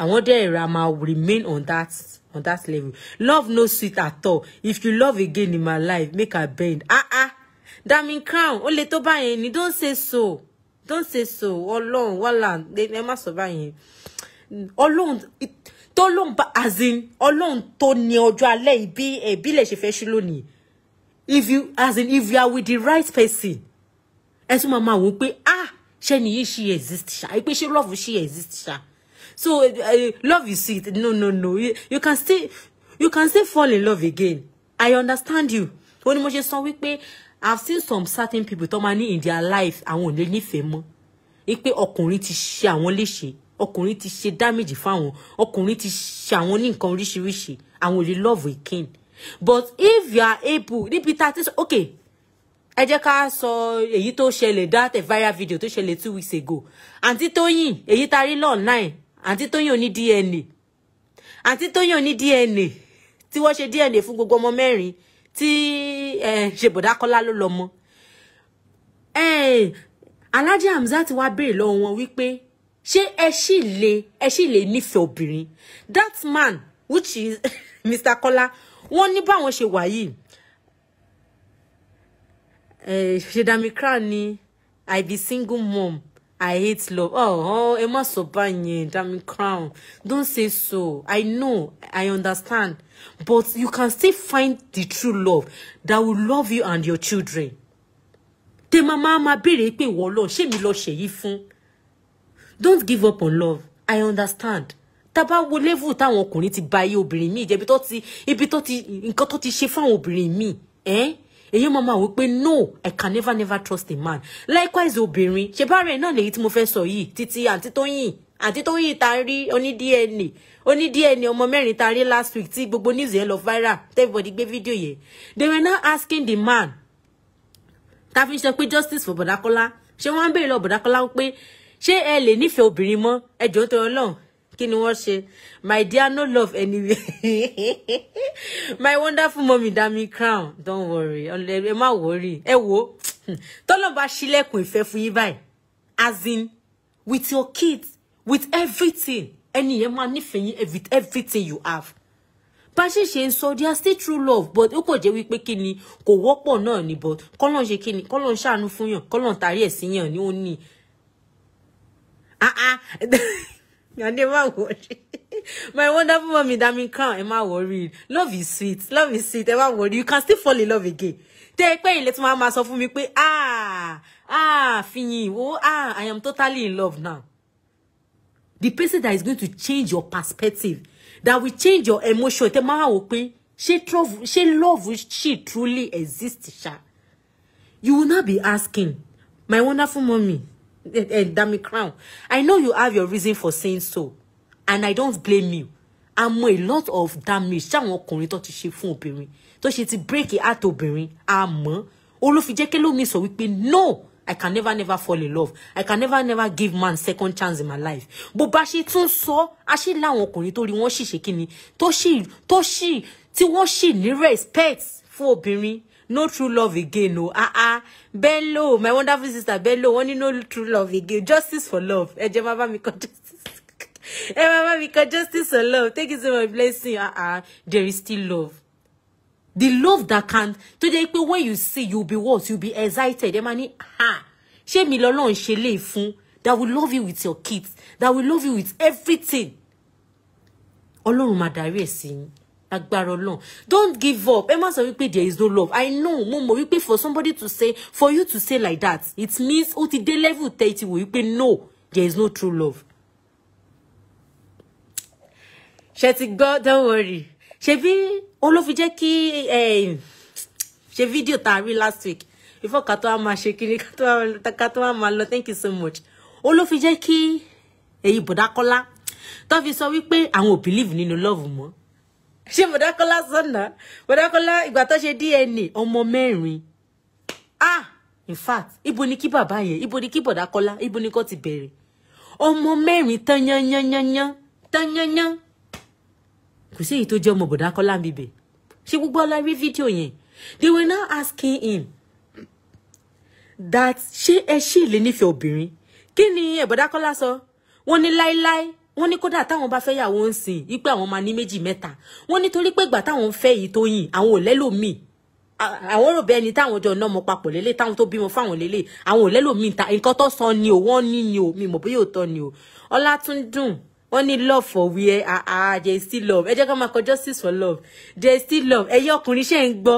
àwọn dẹ̀ ra máa remain on that on that level love no sweet at all if you love again in my life make I bend ah ah Dami Crown ó le tó báyẹn ni don't say so don't say so ọlọ́run wàhálà ẹ má sọ báyẹn ọlọ́run tọ́lọ́run bá as in ọlọ́run tó ní ọjọ́ alẹ́ ìbí ìbílẹ̀ ṣe fẹ́ ṣú lónìí if you as in if you are with the right person ẹ tún máa máa wò ó pé ah ṣé nìyí ṣe exist ṣá ẹ pé ṣé love ṣe exist ṣá so uh, love you see no no no you, you can still you can still fall in love again i understand you ó ní mo ṣe sọ wípé I've seen some certain people tó máa ní in their life àwọn ò lè nífẹ̀ẹ́ mọ́ wípé ọkùnrin ti ṣe àwọn léṣe ọkùnrin ti ṣe damage fáwọn ọkùnrin ti ṣe àwọn ní nǹkan oríṣiríṣi àwọn ò lè love again but if you are able níbi tá a ti sọ ok ẹ jẹ́ ká sọ èyí tó ṣẹlẹ̀ that viral video tó ṣẹlẹ̀ two weeks ago àǹtí tóyìn èyí tá a rí online àǹtí tóyìn oní DNA àǹtí tóyìn oní DNA tí wọ́n ṣe DNA fún gbogbo ọmọ mẹ́rin tí ṣèbọ̀dá kọ́lá ló lọ mọ́ alájà Hamzat wá béèrè lọ́wọ́ wọn wípé ṣé ẹ ṣì lè ẹ ṣì lè nífẹ̀ẹ́ obìnrin that man which is Mr. Kọ́lá wọ́n ní báwọn ṣe wà yìí crown ni i be single mom I hate love. Oh, oh, Emma Sobanye, Dami Crown. Don't say so. I know. I understand. But you can still find the true love that will love you and your children. Tẹ mama máa béèrè pé ìwọ lọ ṣé mi lọ ṣèyí fún. Don't give up on love. I understand. Tábà wo level táwọn ọkùnrin ti ba ayé obìnrin míì jẹ́ ibi tó ti ibi tó ti nǹkan tó ti ṣe fáwọn obìnrin míì. Eh? Eyo mama máa wí no i can never never trust a man likewise obìnrin ṣe bá rẹ̀ náà lèyí tí mo fẹ́ sọ yìí títí àǹtí Tóyìn àǹtí tó yìí tarí oní DNA oní DNA ọmọ mẹ́rin tarí last week tí gbogbo news yẹn lọ viral everybody gbé fídíò yẹn they were now asking the man ta fi ṣe pé justice for bọ̀dákọ́lá ṣé wọ́n ń béèrè lọ bọ̀dákọ́lá pé ṣé ẹ lè nífẹ̀ẹ́ obìnrin mọ́ ẹjọ́ tó ọlọ́run kí ni wọ́n ṣe my dear no love anyway my wonderful mommy dami crown don't worry ẹ má worry ẹ wo tọ́lọ́ bá ṣílẹ̀kùn ìfẹ́ fún yín báyìí as in with your kids with everything ẹni yẹn máa nífẹ̀ẹ́ yín with everything you have bá ṣe ṣe ń sọ they are still true love but ó kò jẹ́ wípé kí ni kò wọ́pọ̀ náà ni but kọ́lọ́n ṣe kí ni kọ́lọ́n ṣàánú fún yàn kọ́lọ́n tarí ẹ̀ sí yàn ni ó ní. Ah, ah. Yande má wọrí. My wonderful mommy Dami Crown ẹ má wọrí. Love is sweet. Love is sweet. Ẹ má wọrí. You can still fall in love again. Tẹ́ ẹ pé ilé tí wọ́n á sọ fún mi pé ah ah Fiyin wo oh, ah I am totally in love now the person that is going to change your perspective that will change your emotion tẹ máa wò pé ṣé love ṣé love ṣì truly exists. ṣá you will not be asking my wonderful mommy, mummy eh, eh, dami crown i know you have your reason for saying so and i don't blame you a a lot of damage ṣáwọn ọkùnrin tó ti ṣe fún obìnrin tó ṣe ti break it heart obìnrin a mọ olófin jẹ́ kẹ́lómi sọ wípé no I can never never fall in love. I can never never give man second chance in my life. But bá she tún sọ, a ṣe láwọn ọkùnrin tó rí wọ́n ṣì ṣe to she, to she ṣì tí wọ́n ṣì respect fún obìnrin. No true love again No. Ah ah. Bello, my wonderful sister Bello, wọ́n no true love again. Justice for love. Eh, jẹ́ bàbá mi justice. Ẹ bàbá mi justice for love. Thank you so much blessing. Ah ah. There is still love the love that can tó jẹ́ pé when you see you be what you be excited ẹ máa ní ha ṣé mi lọ́lọ́run ṣe le fún that will love you with your kids that will love you with everything ọlọ́run máa darí ẹ̀ sí yín agbára don't give up ẹ má sọ wípé there is no love i know mo mọ̀ wípé for somebody to say for you to say like that it means ó ti dé level thirty wò wípé no there is no true love ṣe ti gbọ́ don't worry ṣebí olófin jẹ́ kí eh, ṣe fídíò tá a rí last week before ká tó wá máa ṣe kiri ká tó máa lọ thank you so much olófin jẹ́ kí èyí bọ̀dákọ́lá tó fi sọ wípé àwọn ò believe nínú love mọ́ ṣé bọ̀dákọ́lá sọ̀nà bọ̀dákọ́lá ìgbà tó ṣe DNA ọmọ mẹ́rin ah in fact ibo ni kí bàbá yẹn ibo ni kí bọ̀dákọ́lá ibo ni kò ti bẹ̀rẹ̀ ọmọ mẹ́rin tán yán yán yán yán tán yán yán kò sí èyí tó jẹ́ ọmọ bọ̀dá kọ́lá ń bíbẹ̀ ṣé gbogbo ọlá rí fídíò yẹn they were now asking him that ṣé ẹ ṣì lè nífẹ̀ẹ́ obìnrin kí ni ẹ̀bọ̀dá kọ́lá sọ wọ́n ní láíláí wọ́n ní kódà táwọn bá fẹ́ yàwó ń sìn ipe àwọn máa ní méjì mẹ́ta wọ́n nítorí pé ìgbà táwọn ń fẹ́ yìí tó yìn àwọn ò lẹ́lòmíì àwọn rò bẹ́ẹ̀ ni táwọn jọ ná ọmọ papọ̀ lélẹ̀ táwọn tó bímọ fáwọn lélẹ̀ àwọn ò lẹ́lòmíì ta nǹkan tó sọ ni o wọ́n ní ni o mi mọ̀ bóyá òótọ́ ni o Ọlátúndùn wọ́n ní love for where ah ah there is still love ẹ jẹ́ ká máa kọ justice for love there is still love ẹ̀yin ọkùnrin ṣe ń gbọ́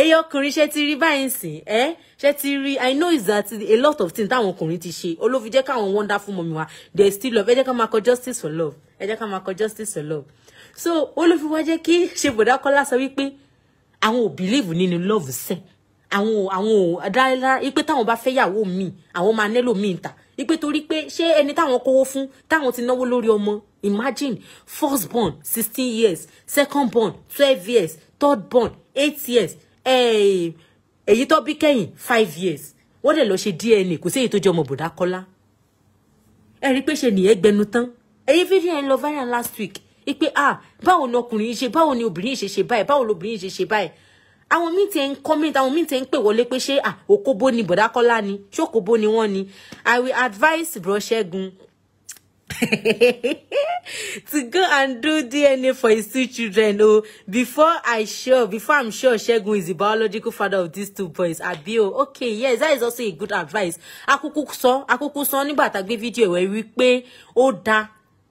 ẹ̀yin ọkùnrin ṣe ti rí báyìí sìn ẹ́ ṣe ti rí i know is that a lot of things táwọn ọkùnrin ti ṣe olófin jẹ́ káwọn wonderful mọ̀mí wa there is still love ẹ jẹ́ ká máa kọ justice for love ẹ jẹ́ ká máa kọ justice for love so olófin wa jẹ́ kí ṣe bọ̀dá kọ́lá sọ wípé àwọn ò believe nínú love sẹ́ẹ̀ àwọn àwọn dáadáa ipe táwọn bá fẹ́ yàwó mi àwọn máa nílò mi ta ipe torí pé ṣé ẹni táwọn kówó fún táwọn ti náwó lórí ọmọ imagine first born sixteen years second born twelve years third born eight years eh, èyí tó bí kẹ́yìn five years wọ́n dẹ̀ lọ ṣe DNA kò sí èyí tó jẹ́ ọmọ bòdá kọ́lá ẹ rí i pé ṣe nìyẹn gbẹnu tán ẹ̀yin fídíò yẹn lọ viral last week ipe ah báwo ni ọkùnrin yìí ṣe báwo ni obìnrin yìí ṣe ṣe báyìí báwo lobìnrin yìí ṣe ṣe báyìí àwọn míì ti ń comment àwọn míì ti ń pè wọlé pé ṣé òkóbó ni bọ̀dá Kọ́lá ni ṣé òkóbó ni wọ́n ni I will advise bro Ṣẹ́gun to go and do DNA for his two children oh before I sure before I'm sure Ṣẹ́gun is the biological father of these two boys abi o okay yes that is also a good advice akuku sọ akuku sọ nígbà tá a gbé fídíò ẹ wípé ó dáa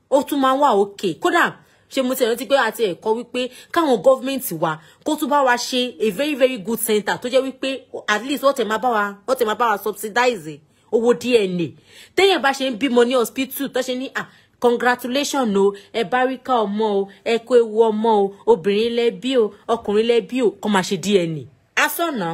ó tún máa wà okay kódà ṣe mo ti ẹ̀rọ ti pé àti ẹ̀kọ́ wípé káwọn gọ́fìmẹ̀ntì wa kó tún bá wa ṣe a very very good center tó jẹ́ wípé at least wọ́n tẹ̀ máa bá wa wọ́n tẹ̀ máa bá wa subsidize owó DNA téèyàn bá ṣe ń bímọ ní hospital tó ṣe ní à ah, congratulation o ẹ báríkà ọmọ o ẹ kó ewu ọmọ o obìnrin lẹ́bí o ọkùnrin lẹ́bí o kó máa ṣe DNA asọ̀nà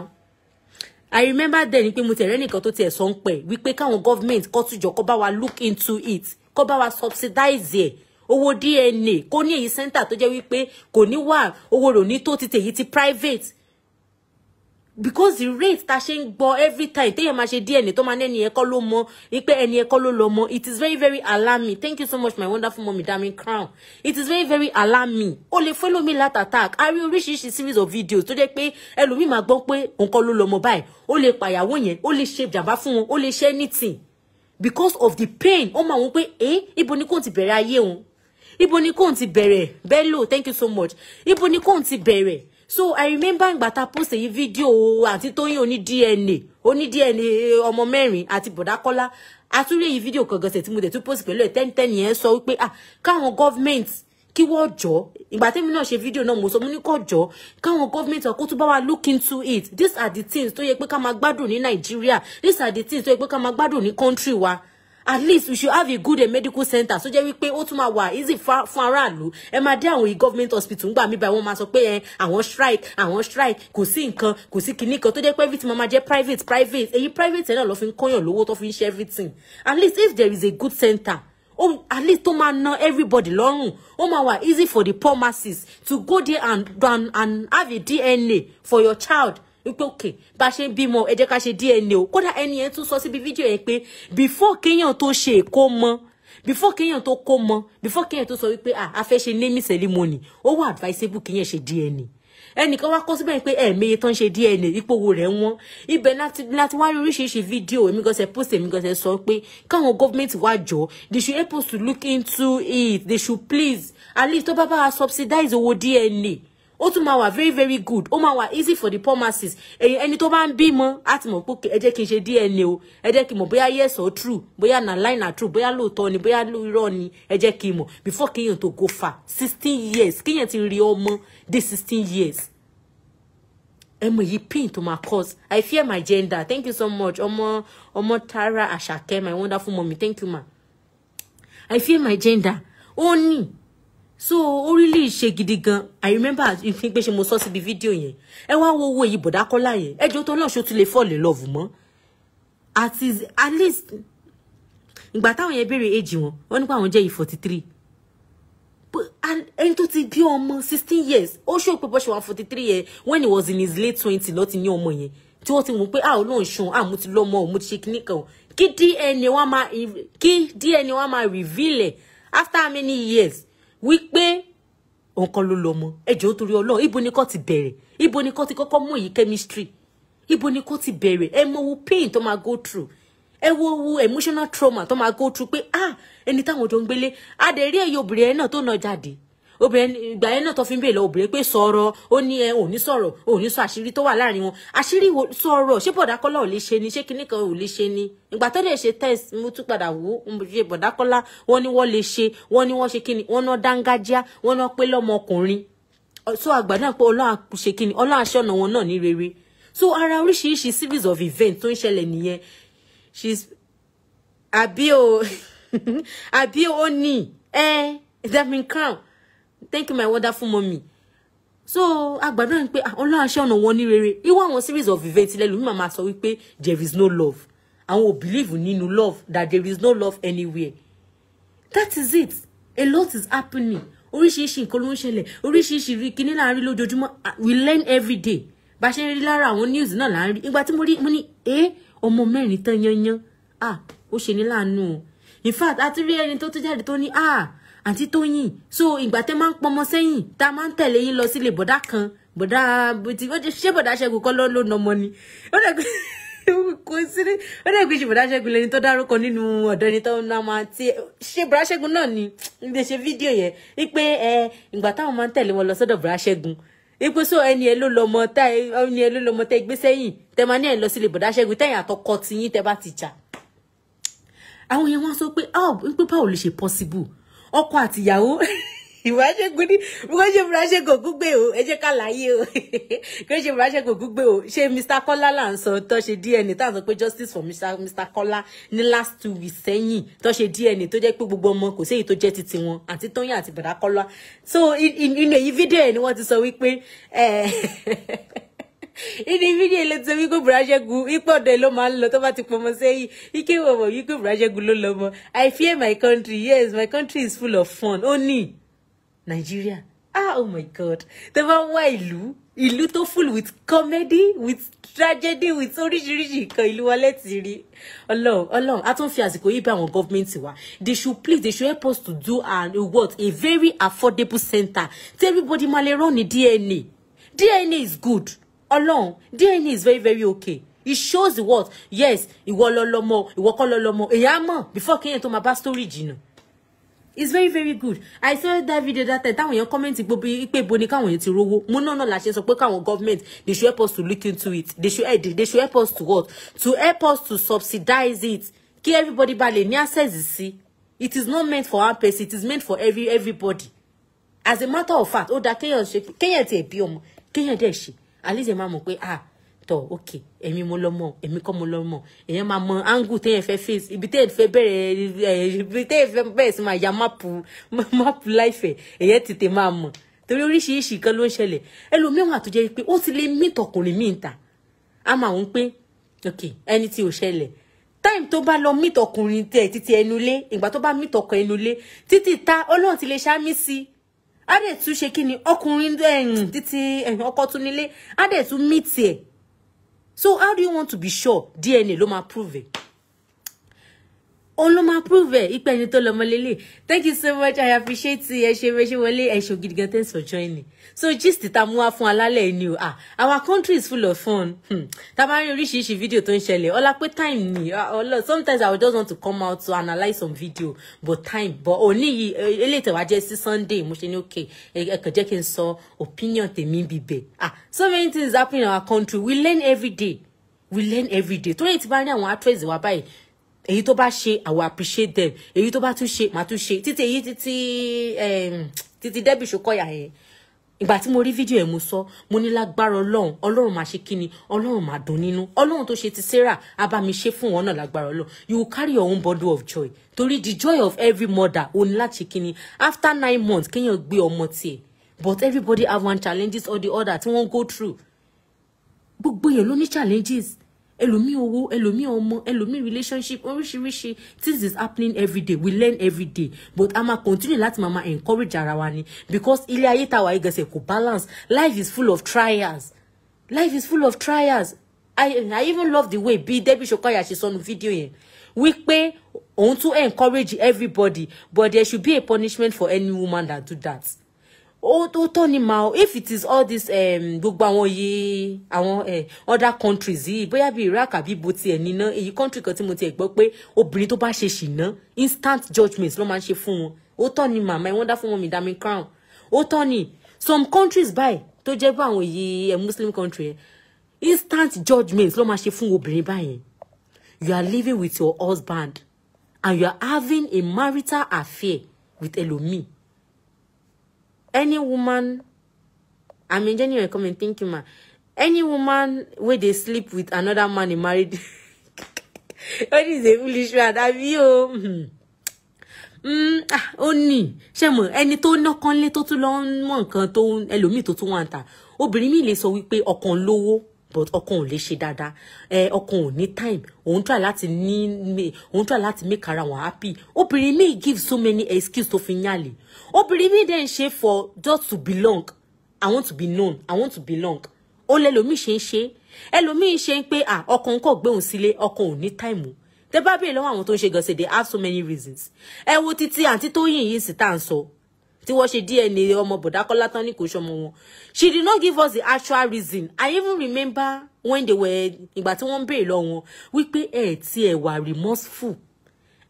i remember then pé mo tẹ̀rẹ́ nìkan tó tiẹ̀ sọ ń pẹ̀ wípé káwọn gọ́fìmẹ̀ntì kó tún jọ kó bá wa look into it kó bá wa subsidize ẹ̀ owó DNA kó ní èyí center tó jẹ́ wípé kò ní wà owó rò ní tó ti tèyí ti private because the rate ta ṣe ń gbọ́ every time téèyàn máa ṣe DNA tó máa ní ẹni ẹ̀kọ́ ló mọ wípé ẹni ẹ̀kọ́ ló lọ mọ it is very very alarming thank you so much my wonderful mommy Dami Crown it is very very alarming o lè fún ẹlòmíì láti attack a rí oríṣiríṣi series of videos tó jẹ́ pé ẹlòmíì máa gbọ́ pé nǹkan ló lọ mọ báyìí ó lè pàyàwó yẹn ó lè ṣe jàmbá fún wọn ó lè ṣe anything because of the pain ó máa wọn pé eh ibo ni kò ti bẹ̀rẹ̀ ayé òun ibo ni kóun ti bẹ̀rẹ̀ bello thank you so much ibo ni kóun ti bẹ̀rẹ̀ so i remember ìgbà tá a post èyí fídíò àti tóyìn oní dna oní dna eh, ọmọ mẹ́rin àti bọ̀dákọ́lá àtúrí èyí fídíò kọ̀gọ̀sẹ̀ tí mo dẹ̀ tún post pẹ̀lú ẹ̀ ten yẹn sọ wípé ah káwọn government kí wọ́n jọ ìgbà tẹ́mi náà ṣe fídíò náà mo sọ mo ní kọ́ jọ káwọn government ọkọ̀ tó bá wa look into it these are the things tó yẹ pé ká máa gbádùn ní nàìjíríà these are the things tó yẹ pé ká máa gbádùn ní country wa at least we should have a good medical center so jẹ́ wípé ó tún máa wà easy fún aráàlú ẹ máa dé àwọn government hospital ń gbà mí báyìí wọ́n máa sọ pé ẹ àwọn strike àwọn strike kò sí nǹkan kò sí kinní kan tó jẹ́ pé everything máa jẹ́ private private èyí private ẹ̀ náà lọ́ fi ń kọ́yàn lówó tó fi ń ṣe everything at least if there is a good center oh, at least tó máa ná everybody lọ́rùn ó máa wà easy for the poor masses to go there and, and, and have a DNA for your child wípé òkè bá ṣe ń bímọ ẹ jẹ́ ká ṣe DNA o kódà ẹni yẹn tún sọ síbi fídíò yẹn pé before kéèyàn tó ṣe ìkómọ before kéèyàn tó kómọ before kéèyàn tó sọ wípé ah a fẹ́ ṣe naming ceremony ó wà advisable kéèyàn ṣe DNA ẹnìkan wá kọ síbẹ̀ pé ẹ̀ẹ̀meye tán ṣe DNA ipò owó rẹ̀ wọ́n ibẹ̀ láti wá rí oríṣiríṣi fídíò èmi gan ṣe post èmi gan ṣe sọ pé káwọn gọ́fìmẹ̀ntì wá jọ they should help to look into it they should please at least tó bá bá subsidize owó DNA ó tún máa wà very very good ó máa wà easy for the poor masses èyí ẹni tó bá ń bímọ á ti mọ̀ pé ẹ jẹ́ kí n ṣe DNA o ẹ jẹ́ kí n mọ̀ bóyá yes or true bóyá na line na true bóyá lóòótọ́ ni bóyá irọ́ ni ẹ jẹ́ kí n mọ̀ before kíyàn tó go far sixteen years kíyàn ti rí ọmọ dé sixteen years ẹ mọ èyí pain to my cause I fear my gender thank you so much ọmọ ọmọ Tara Àṣàkẹ́ my wonderful mommy thank you ma I fear my gender ó ní. Oh, so ó rí lè ṣe gidi gan i remember ìfín pé ṣe mo sọ síbi fídíò yẹn ẹ wá wo owó èyí bọ̀dá kọ́lá yẹn ẹ jọ tó náà ṣó ti lè fall in love mọ́ àti at least ìgbà táwọn yẹn béèrè èjì wọn wọn nípa àwọn jẹ́ yìí forty three ẹni tó ti bí ọmọ sixteen years ó ṣó pé bọ́ṣẹ̀ wà forty three yẹn when he was in his late twenty ló ti ní ọmọ yẹn tí wọ́n ti mú pé a ah, ò lóun ṣan a ah, mú ti lọ́mọ ò mú ti ṣe kíní kan o kí DNA wa kí DNA wa máa reveal after how many years wípé nǹkan ló lọ́mọ ẹjọ́ torí ọlọ́run ibo ni kò ti bẹ̀rẹ̀ ibo ni kò ti kọ́kọ́ mú èyí chemistry ibo ni kò ti bẹ̀rẹ̀ ẹ mọ wo pain tó máa go through ẹ wo wo emotional trauma tó máa go through pé ah ẹni táwọn jọ ń gbélé adẹ̀rí ẹ̀yọ obìnrin ẹ̀ náà tó nà jáde obìnrin ìgbà yẹn náà tó fi ń bèèrè lọ obìnrin pé sọ̀rọ̀ ó ní ẹ ò ní sọ̀rọ̀ ò ní sọ àṣírí tó wà láàrin wọn àṣírí sọ̀rọ̀ ṣé bọ̀dákọ́lá ò lè ṣe ni ṣé kinní kan ò lè ṣe ni ìgbà tó lè ṣe test mo tún padà wò ó ṣe bọ̀dákọ́lá wọn ni wọ́n lè ṣe wọn ni wọ́n ṣe kíni wọn náà dángájíá wọn náà pé lọ́mọkùnrin so àgbà náà pé ọlọ́run ṣe kíni ọlọ́run aṣọ ọ̀nà wọn náà ní rere so ara oríṣiríṣi series of events tó ń ṣẹlẹ̀ nìyẹn she's àbí o eh, that mean crown taking my order fún mọ́mì so agbàdúrà ni pé ah, ọlọ́run aṣẹ́ ọ̀nà wọn ní rere irú àwọn series of events lẹ́lu mi màmá sọ wípé there is no love àwọn ò believe nínú love that there is no love anywhere that is it a lot is happening oríṣiríṣi nǹkan ló ń ṣẹlẹ̀ oríṣiríṣi kíní là lójoojúmọ́ ah, we learn every day bá a ṣe ń rí lára àwọn news náà là ń rí ìgbà tí mo rí mo ní ẹ eh, ọmọ mẹ́rin tán yanyan ah ó ṣe ní láàánú o in fact a ti rí ẹni tó tún jáde tó ní ah àǹtí Tóyìn so ìgbà tẹ́ máa ń pọnmọ sẹ́yìn tá a máa ń tẹ̀lé yín lọ sílé bọ̀dá kan bọ̀dá bìtì ó ṣe bọ̀dá ṣẹ́gun kọ́ ló ló nọmọ ni ó dẹ̀ pé kò sí ní ó dẹ̀ pé ṣe bọ̀dá ṣẹ́gun lẹni tó dárúkọ nínú ọ̀dọ́ ẹni tó ń máa ti ṣe bọ̀dá ṣẹ́gun náà ni ìgbà ṣe fídíò yẹn wípé ẹ ìgbà táwọn máa ń tẹ̀lé wọn lọ sọ́dọ̀ bọ̀dá ṣẹ́gun wípé so ẹni ẹ ló lọmọ tá ẹni ẹ ló lọmọ tẹ gbé sẹ́yìn tẹ máa ní ẹ lọ sílé bọ̀dá ṣẹ́gun tẹ̀yìn àtọkọ tiyín tẹ bá ti jà àwọn yẹn wọ́n sọ pé ọ wípé báwo ló ṣe possible ọkọ àtìyàwó ìwà ṣe gún ní bó ṣe múra ṣe kò gúgbé o ẹ jẹ́ ká láyé o bó ṣe múra ṣe kò gúgbé o ṣé Mr. Kọ́lá là ń sọ tó ṣe DNA tá à ń sọ pé justice for Mr. Mr. Kọ́lá ní last two weeks sẹ́yìn tó ṣe DNA tó jẹ́ pé gbogbo ọmọ kò séyìí tó jẹ́ ti tiwọn àti Tóyìn àti Bàdá Kọ́lá so inú èyí fídíò ẹ̀ ni wọ́n ti sọ wípé eh, ìdíbídì èlò tó wí pé Bùràṣẹ́gun ìpọ̀dọ̀ ló máa ń lọ tó bá ti pọmọ sẹ́yìn ike wọ̀wọ̀ yìí pé Bùràṣẹ́gun ló lọ́mọ I fear my country yes my country is full of fun ó Nigeria. ah oh my God tó bá wá ìlú ìlú tó full with comedy with tragedy with oríṣiríṣi nǹkan ìlú wa lẹ́tì rí ọlọ́run ọlọ́run a tún fi àsìkò yìí bá àwọn gọ́ọ̀mẹ̀ntì wa they should please they should help us to do a uh, what a very affordable center tí everybody máa lè rán ní DNA DNA is good ọlọ́run dna is very very okay it shows the world yes ìwọ lọlọmọ ìwọ kọ́ lọlọmọ èyàn á mọ̀ before Kenya tó máa bá story jìnnà it's very very good i saw that video that time táwọn èèyàn kọ́mẹ́ǹtì gbogbo pé bo ni káwọn èèyàn ti rówó mo náà náà la ṣe sọ pé káwọn government they should help us to look into it they should, they should help us to what to help us to subsidize it kí everybody bá lè ní access sí it is not meant for one person it is meant for every everybody as a matter of fact ó dáa kéèyàn ṣe kéèyàn tiẹ̀ bí ọmọ kéèyàn dẹ̀ ṣe at least ẹ máa ah tọ̀ ok èmi mo lọ́mọ èmi kọ́ mo lọ́mọ èèyàn máa mọ angle téèyàn fẹ́ face ibi téèyàn fẹ́ bẹ̀rẹ̀ ibi téèyàn fẹ́ bẹ̀rẹ̀ sí máa ya máàpù máàpù láìfẹ̀ èèyàn tètè máa mọ̀ torí oríṣiríṣi nǹkan ló ń ṣẹlẹ̀ ẹlòmíràn àtúnjẹ́ pé ó ti lè mí tọkùnrin míì ta a máa ń pé ok ẹni tí ò ṣẹlẹ̀ time tó bá lọ mí tọkùnrin tẹ̀ títí ẹnu lé ìgbà tó bá mí tọkọ ẹnu lé títí ta ọlọ́run ti lè ṣá mí sí á dẹ̀ tún ṣe kí ni ọkùnrin ẹ̀yìn eh, títí ẹ̀yìn eh, ọkọ tún nílé á dẹ̀ tún mí tiẹ̀ so how do you want to be sure DNA ló máa prove it òun ló máa prove ẹ̀ ipa ẹni tó lọmọ lélẹ̀ thank you so much i appreciate you ẹ ṣe ẹ ṣe wọlé ẹ ṣe gidi gan thanks for joining so gist ta mú wá fún alálẹ̀ ni o ah our country is full of fun hmm. ta bá rí oríṣiríṣi fídíò tó ń ṣẹlẹ̀ ọlá pé time ni ah, ọlọ sometimes i would just want to come out to analyse some video but time but òní yìí elétẹ̀wá jẹ́ sí sunday mo ṣe ní okay ẹ kàn jẹ́ kí n sọ opinion tèmi bíbẹ̀ ah so many things happen in our country we learn every day we learn every day torí ti bá rí àwọn actress wa báyìí èyí tó bá ṣe i will appreciate them èyí tó bá tún ṣe màá tún ṣe títí èyí títí títí Debbie Shokoya yẹn ìgbà tí mo rí fídíò ẹ̀ mo sọ mo ní lágbára ọlọ́run ọlọ́run máa ṣe kíni ọlọ́run máa dùn nínú ọlọ́run tó ṣe ti sarah á bá mi ṣe fún wọn náà lágbára ọlọ́run you carry your own bundle of joy torí the joy of every mother ó ní láti ṣe kíni after nine months kéèyàn gbé ọmọ tiẹ̀ but everybody have one challenges or the other tí wọ́n go through gbogbo èèyàn ló ní challenges ẹlòmíì owó ẹlòmíì ọmọ ẹlòmíì relationship oríṣiríṣi things is happening every day we learn every day but a máa continue láti máa máa encourage ara wa ni because ilé ayé tá a wà yìí balance life is full of trials life is full of trials I, I even love the way bí Debbie Shokoya ṣe sọnù fídíò yẹn wípé òun tún encourage everybody but there should be a punishment for any woman that do that ó tọ́ ni ma o if it is all this um gbogbo àwọn yìí àwọn eh, other countries yìí bóyá bí Iraq àbí ibo tiẹ̀ níná èyí country kan tí mo tiẹ̀ gbọ́ pé obìnrin tó bá ṣe ṣìná instant judgement ló máa ń ṣe fún wọn ó tọ́ ni ma my wonderful woman dami crown ó tọ́ ni some countries báyìí tó jẹ́ bá àwọn yìí eh, muslim country yẹn instant judgement ló máa ṣe fún obìnrin báyìí you are living with your husband and you are having a marital affair with ẹlòmíì any woman i mean Come and think, you ma any woman wey dey sleep with another man in married all this dey foolish man abi o ó ní ṣe mọ ẹni tó nọkànlé tó tún lọ ń mọ nǹkan tó ẹlòmíì tó tún wà ń ta obìnrin mi lè sọ wípé ọkàn lówó but ọkàn ò lè ṣe dáadáa ẹ ọkàn ò ní time òun try láti ní òun try láti make ara wọn happy obìnrin mi give so many excuse to fi yànlè obìnrin mi dẹ̀ ń ṣe for just to belong i want to be known i want to belong ó lẹ́lòmíì ṣe ń ṣe ẹlòmíì ṣe ń pé ah ọkàn kò gbé òun sílé ọkàn ò ní time o tẹ bá béèrè lọ́wọ́ àwọn tó ń ṣe gọ̀ọ́sẹ̀ they have so many reasons ẹ wo títí àǹtí Tóyìn yìí sì tá à ń sọ tí wọ́n ṣe DNA ọmọ Bọ̀dákọ́lá tán ní kò ṣọmọ wọn she did not give us the actual reason I even remember when they were ìgbà tí wọ́n ń béèrè lọ wọn wípé ẹ tí ẹ wà remorseful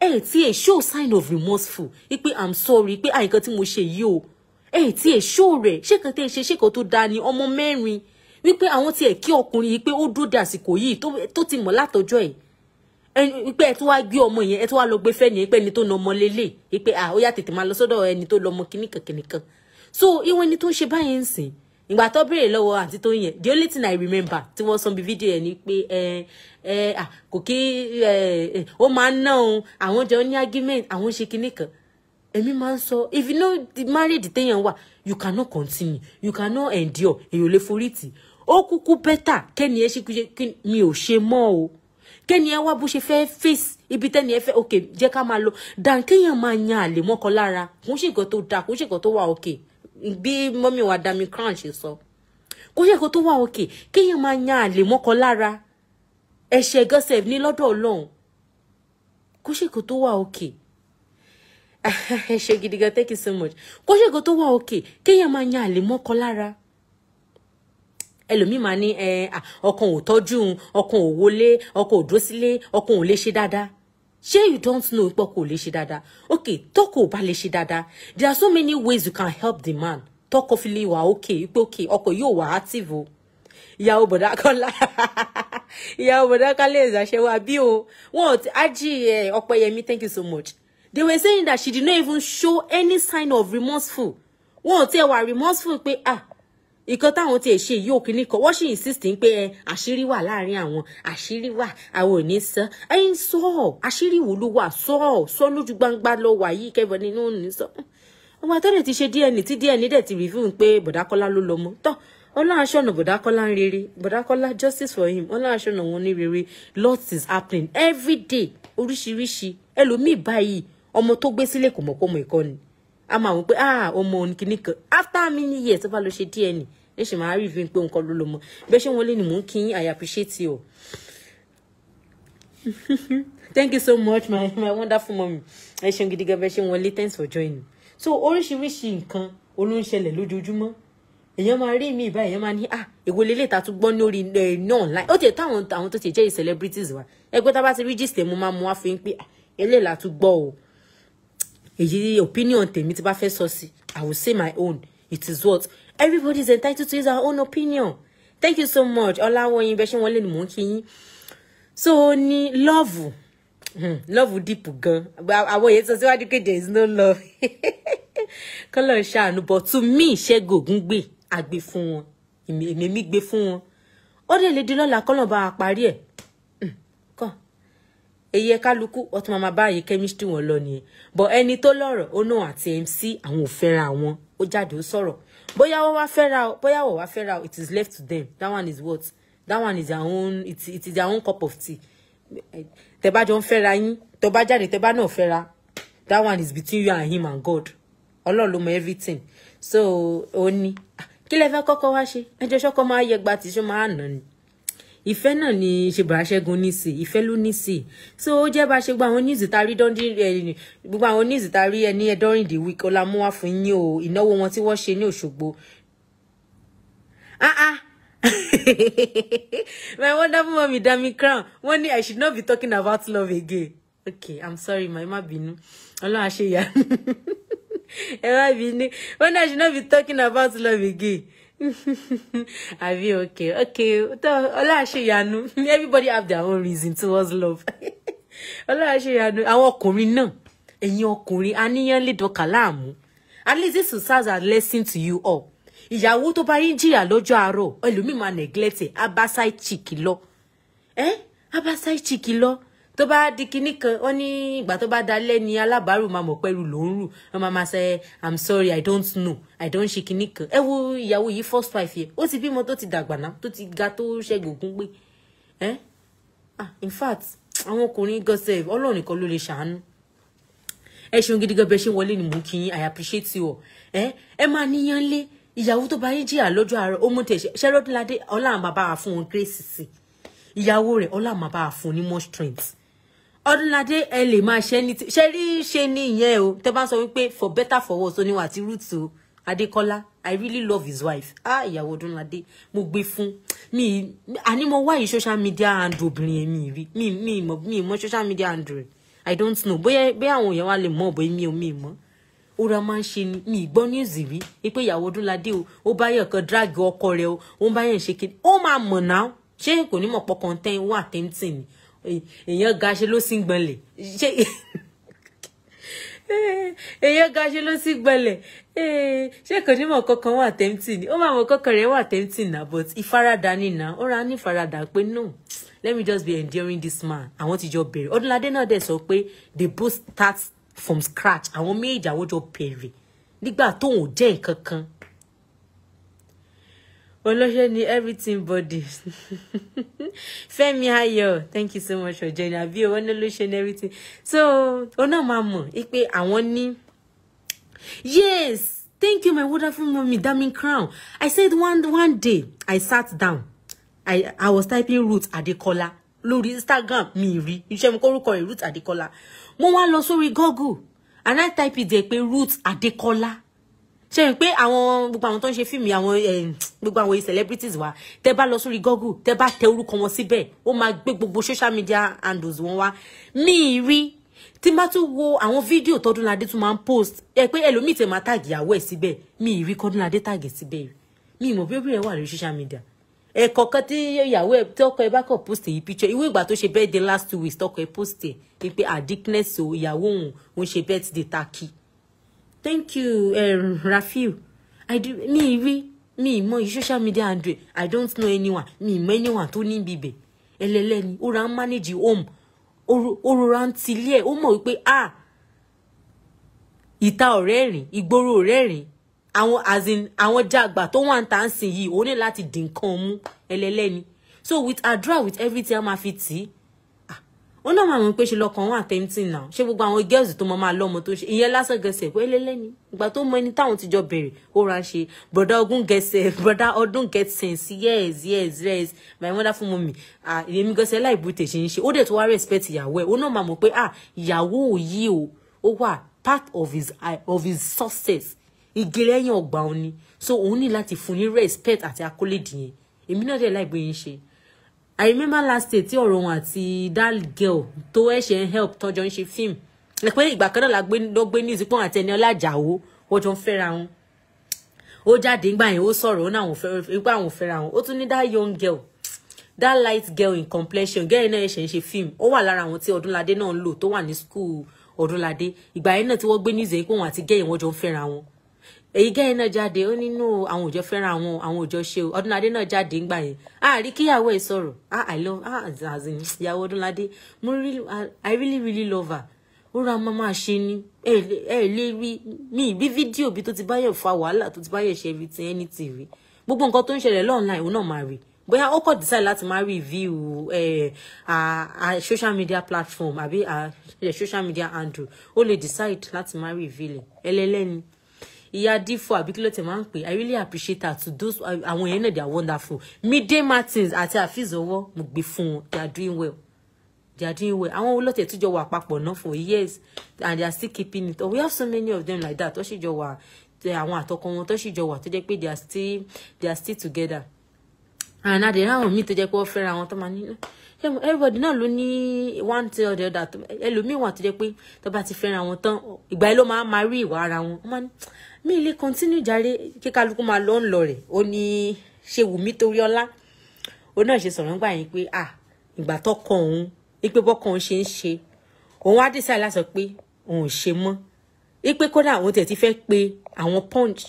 ẹ tí ẹ show sign of remorseful wípé I'm sorry pé àyíkan ah, tí mo ṣe yìí o ẹ tí ẹ show rẹ̀ ṣé kan tẹ́ ẹ ṣe ṣé kan tó dáa ni ọmọ mẹ́rin wípé àwọn tiẹ̀ kí ọkùnrin yìí pé ó dúró de àsìkò yìí tó ti mọ̀ látọjọ́ ẹ̀ pé ẹ tún wá gbé ọmọ yẹn ẹ tún wá lọ gbé fẹ́ni pé ẹni tó na ọmọ lélẹ̀ pé à ó yà tètè máa lọ sọ́dọ̀ ẹni tó lọ́mọ kìnnìkan kìnnìkan so ìwọ ẹni tó ń ṣe báyìí ń sìn ìgbà tó béèrè lọ́wọ́ àǹtí tó yẹn the only thing i remember tí wọ́n san bí fídíò ẹ̀ ni pé ẹ ẹ kò kí ẹ ó máa ń ná òun àwọn jọ ní argument àwọn ṣe kinní kan èmi máa ń sọ if you know the marriage téèyàn wà you cannot continue you cannot endure èyàn ò lè forí tì ó kúkú bẹ́tà kẹ́ni ẹ ṣe mi ò ṣe mọ́ o kẹ́ni ẹ wá bó ṣe fẹ́ fèsì ibi tẹ́ni ẹ fẹ́ òkè jẹ́ ká máa lọ dànkéèyàn máa yan àlè mọ́kọ lára kò ń ṣe nǹkan tó dáa kò ń ṣe nǹkan tó wà òkè bí mọ́mí wa dami crown ṣe sọ kò ń ṣe nǹkan tó wà òkè kéèyàn máa yan àlè mọ́kọ lára ẹ̀ṣẹ̀ gọ́sẹ̀f ní lọ́dọ̀ ọlọ́run kò ṣe nǹkan tó wà òkè ẹ ṣe thank you so much kò ṣe nǹkan tó wà òkè kéèyàn máa yan àlè mọ́kọ lára ẹlòmíì ní ẹ ọkàn ò tọ́jú ọkàn ò wọlé ọkàn ò dúrósílé ọkàn ò lè ṣe dáadáa ṣé you don't know pé ọkàn ò lè ṣe dáadáa okay tọ́kọ ò bá lè ṣe dáadáa there are so many ways you can help the man tọ́kọ fi lè wà okay pé okay ọkọ yóò wà active o ìyàwó bọ̀dá kọ́lá ìyàwó bọ̀dá kọ́lá ìzàṣẹ́wó àbí o wọn ò ti ájì ọ̀pẹ̀yẹmí thank you so much they were saying that she did not even show any sign of remorseful wọn ò tiẹ̀ wà remorseful pé ah ìkan táwọn ti ṣe yìí òkè nìkan wọ́n sì insist pé ẹ àṣírí wà láàrin àwọn àṣírí wà àwọn ò ní sọ ẹyin sọ àṣírí wò ló wà sọ sọ lójú gbangba lọ wà yìí kẹfọ nínú òní sọ ọmọ àtọ́lẹ̀ ti ṣe DNA tí DNA dẹ̀ ti rìvíù pé bọ̀dákọ́lá ló lọ mọ́ tán ọlọ́run aṣọ́nà bọ̀dákọ́lá ń rere bọ̀dákọ́lá justice for him ọlọ́run aṣọ́nà wọn ní rere lots is happening every day oríṣiríṣi ẹlòmíì báyìí ọmọ tó gbé sílẹ̀ kò mọ̀ pọ̀ mọ̀ ìkọ́ni a máa wò pé ah ọmọ òun kan after many years tó bá lọ ṣe díẹ̀ nì ẹ ṣì máa rí ìfín pé nǹkan ló lọ mọ bẹ́ẹ̀ ṣé wọ́n lé ni mò ń kí I appreciate you. thank you so much my my wonderful mommy ẹ ṣeun gidi gan bẹ́ẹ̀ ṣe wọlé thanks for joining so oríṣiríṣi nǹkan olóńṣẹlẹ̀ lójoojúmọ́ èèyàn máa rí mi ìbá èèyàn máa ní ah èwo lélẹ̀ ta tún gbọ́ lórí ẹ̀ náà láì ó ti ẹ̀ táwọn àwọn tó ti jẹ́ celebrities wa ẹgbẹ́ tá bá ti rí gist ẹ̀ mo máa mú wá fi ń pé ah eléyìí la tún gbọ́ o èyí opinion tèmi tí bá fẹ́ sọ sí i will say my own it is what everybody is entitled to use our own opinion thank you so much ọláwọyìn bẹ ṣé wọn lè ní mò ń kí yín so ní lọ́ọ̀vù hmm, lọ́ọ̀vù deep gan àwọn èyí sọ síwájú pé there is no love kọ́lọ̀ ń ṣàánú but to me ṣẹ́gun ògún gbé àgbè fún wọn èmi gbé fún wọn ó dẹ̀ lè di lọ́la kọ́lọ̀ bá parí ẹ̀ èyí ẹ kálukú wọn ti máa máa bá chemistry wọn lọ nìyẹn but ẹni tó lọ́rọ̀ ono àti MC àwọn ò fẹ́ra wọn ó jáde ó sọ̀rọ̀ bóyá wọ́n wá fẹ́ra o bóyá wọ́n wá fẹ́ra o it is left to them that one is what that one is their own it, it is their own cup of tea tẹ́ bá jọ ń fẹ́ra yín tó bá jáde tẹ́ náà fẹ́ra that one is between you and him and God Ọlọ́run ló mọ everything so ó ní ah, kí lẹ fẹ́ kọ́kọ́ wá ṣe ẹjọ́ sọ́kọ́ máa yẹgba tìṣó máa nà ni ìfẹ́ náà ni ṣe bàrà ṣẹ́gun ní sí ìfẹ́ ló ní so ó jẹ́ bá ṣe eh, gbogbo àwọn news tari dọ́ndí gbogbo àwọn news tari ẹni ẹ during the week ọlámúwá fún yín o ìnáwó wọn tí wọ́n ṣe ní Òṣogbo ah ah my wonderful mommy dami crown wọ́n ní i should not be talking about love again okay i'm sorry my má bínú Ọlọ́run àṣeyà ẹ má bínú wọ́n ní i should not be talking about love again you okay, okay. Ola Asheyanu, everybody have their own reason towards love. Ola Asheyanu, àwọn ọkùnrin náà, ẹ̀yin ọkùnrin, àníyàn lè dọ̀kà láàmú. At least this will serve as a lesson to you all. Ìyàwó tó bá yín jìyà lọ́jọ́ aro. ẹlòmíì máa neglect ẹ̀, abasai chiki lo. Eh? abasai chiki lo tó bá di kinní kan wọ́n ní ìgbà tó bá dalẹ̀ ni alábàárù máa mọ̀ pẹ̀lú ló rù wọ́n máa máa sẹ i'm sorry i don't know i don't ṣe kinní kan ẹ wo ìyàwó yìí first wife yẹn ó ti bímọ tó ti dàgbà náà tó ti ga tó ṣẹ́gun ògún pé ẹ́ ah in fact àwọn ọkùnrin gọ́sẹ̀ ọlọ́run nìkan ló lè ṣàánú ẹ ṣeun gidi gan bẹ ṣe wọlé ni mò ń kí i appreciate you ọ ẹ ẹ máa níyàn lé ìyàwó tó bá yín jìyà lọ́jọ́ àárọ̀ ó mú tẹ̀sẹ̀ ṣẹ́rọ́dúnládé ọlọ́run bàbá wa fún wọn grace sí ìyàwó rẹ̀ ọlọ́run bàbá fún ní more strength ọdúnládé ẹ lè máa ṣe ní ṣe rí ṣe ní ìyẹn o tẹ bá sọ wípé for better for worse oníwà àti roots o adékọlá i really love his wife ah ìyàwó ọdúnládé mo gbé fún mi àní mo wá yìí social media handle obìnrin yẹn mi rí mi mi mọ mi mọ social media handle i don't know bóyá bóyá àwọn èèyàn wa lè mọ ọbọ mi ò mi mọ ó ra máa ń ṣe ni mi ìgbọ́ news rí i pé ìyàwó ọdúnládé o ó bá yẹn kan drag ọkọ rẹ o ó ń bá yẹn ṣe kiri ó máa mọ̀ náà ṣé kò ní mọ̀ pọ̀ content wà tempting ni èèyàn ga ṣe ló sì ń gbọ̀nlẹ̀ ṣé èèyàn ga ṣe ló sì ń gbọ̀nlẹ̀ eh, ṣé kò ní mọ̀ kankan wà tẹ́mtì ni ó máa mọ̀ kankan rẹ̀ wà tẹ́mtì náà but ìfaradà ni náà ó ra ní ìfaradà pé no let me just be enduring this man àwọn ti jọ bẹ̀rẹ̀ Ọdúnládé náà dẹ̀ sọ pé they both start from scratch àwọn méjì àwọn jọ bẹ̀rẹ̀ nígbà tóun jẹ́ nǹkan kan olóṣè ni everything body Fẹ́mi Ayọ̀ thank you so much for joining àbí owó ní olóṣè ni everything so ó náà máa mọ̀ pé àwọn ní yes thank you my wonderful mommy Diamond Crown I said one one day I sat down I I was typing root Adekola lórí Instagram mi rí iṣẹ́ mi kórúkọ rẹ̀ root Adekola mo wá lọ sórí Google and I type it there pé root Adekola ṣe rí i pé àwọn gbogbo àwọn tó ń ṣe fíìmù àwọn eh, gbogbo àwọn celebrities wa tẹ bá lọ sórí google tẹ bá tẹ orúkọ wọn síbẹ̀ ó máa gbé gbogbo social media handles wọn wá mí rí tí má tún wo àwọn fídíò tọdúnladé tún máa ń post ẹ pé ẹlòmíì tẹ máa tàgì àwọ ẹ síbẹ̀ mí rí kọdúnladé tàgì síbẹ̀ mí mọ̀ bí obìnrin wà lórí social media ẹ̀kọ́ kan tí ìyàwó ẹ̀ tọkọ ẹ̀ bá kàn post èyí picture ìwé ìgbà tó ṣe birthday last two weeks tọkọ ẹ̀ post ẹ̀ pé àdíkínẹ́sì ìyàwó òun òun ṣe birthday turkey thank you um, Rafiu i do mi rí mi mọ social media handle i don't know anyone mi mọ anyone tó ní bíbẹ ẹlẹlẹni ó ra ń manage home ó rọra ń tilé ẹ ó mọ̀ wípé ah ìta ọ̀rẹ́ rìn ìgboro ọ̀rẹ́ rìn àwọn as in àwọn jàgbà tó wà ń tà ń sìn yìí ó ní láti dín nǹkan mú ẹlẹlẹni so with àdúrà with everything a máa fi tì í wọn náà máa ń pèsè lọkàn wọn àtẹ̀mtì náà ṣé gbogbo àwọn girls tó mọ máa lọ́mọ tó ṣe ìyẹn lásán gẹ̀ẹ́sẹ̀ pé lélẹ́ni ìgbà tó mọ ẹni táwọn ti jọ bẹ̀rẹ̀ ó ra ṣe broda ogun gẹ̀ẹ́sẹ̀ broda ọdún get sense yes yes yes my wonderful mummy ah èmi gẹ̀ẹ́sẹ̀ láì bùtẹ̀ ṣe ń ṣe ó dẹ̀ tó wá respect ìyàwó ẹ̀ ó náà máa mọ̀ ah ìyàwó yìí o ó wà part of his of his success ìgẹ̀rẹ́yìn ọgbà òní so òun ní láti fún respect àti akólèdì yẹn èmi náà dẹ̀ láì bóyá ń ṣe i remember last year tí ọ̀rọ̀ wọn àti that girl tó ẹ̀ṣẹ̀ ń help tọ́jọ́ ń ṣe fíìmù ẹ pé ìgbà kan náà ló gbé ní ìsìnkú àti ẹni ọlájàwó wọ́n jọ ń fẹ́ra wọn ó jáde ńgbà yẹn ó sọ̀rọ̀ ó náà ipá àwọn fẹ́ra wọn ó tún ní that young girl that light girl in complexion girl náà ẹ̀ṣẹ̀ ń ṣe fíìmù ó wà lára àwọn tí ọdúnladé náà ń lò tó wà ní school ọdúnladé ìgbà yẹn náà tí wọ́n gbé ní ìsìnkú àti gẹ́yìn wọ́n jọ ń fẹ́ra wọn èyí gẹ́yìn náà jáde ó nínú àwọn òjò fẹ́ràn àwọn àwọn òjò ṣe o ọdúnladé náà jáde ńgbà yẹn àárí kíyàwó ẹ̀ sọ̀rọ̀ ah i love ah azin ìyàwó ọdúnladé mo really i really really love her ó ra mama ṣe ni ẹ ẹ lè rí mi ìrí fídíò bí tó ti báyọ̀ fa wàhálà tó ti báyọ̀ ṣe rí ti ẹni tì rí gbogbo nǹkan tó ń ṣẹlẹ̀ lọ́ọ̀nà ìwọ náà máa rí bóyá ó kọ̀ decide láti máa review social media platform àbí social media handle ó lè decide láti máa reveal ẹ̀ ẹlẹ́lẹ́ni ìyá dífò àbí kí ló tẹ̀ máa ń pè i really appreciate her to those àwọn èèyàn náà they are wonderful midday martins àti àfíìs ọwọ́ mo gbé fún wọn they are doing well they are doing well àwọn olóòtẹ̀ tó jọ wà papọ̀ náà for years and they are still keeping it up we have so many of them like that tó sì jọ wà àwọn àtọkọ wọn tó sì jọ wà tó jẹ́ pé they are still they are still together and adé ráwọn míì tó jẹ́ pé wọ́n fẹ́ra wọn tó máa ní everybody náà ló ní one thing or the other ẹlòmíì wà tó jẹ́ pé tó bá ti fẹ́ra wọn tán ìgbà yẹn ló máa máa rí ìwà ara wọn wọ́n máa ní mi lè continue jàre kí kálukú máa lọ ń lọ rẹ̀ ó ní ṣe Wùmí torí ọlá òun náà ṣe sọ̀rọ̀ ńgbà yẹn pé à ìgbà tọkọ òun ipe bọ́kọ òun ṣe ń ṣe òun á dísà lásọ pé òun ò ṣe mọ́ ipe kódà òun tẹ̀ ti fẹ́ pe àwọn punch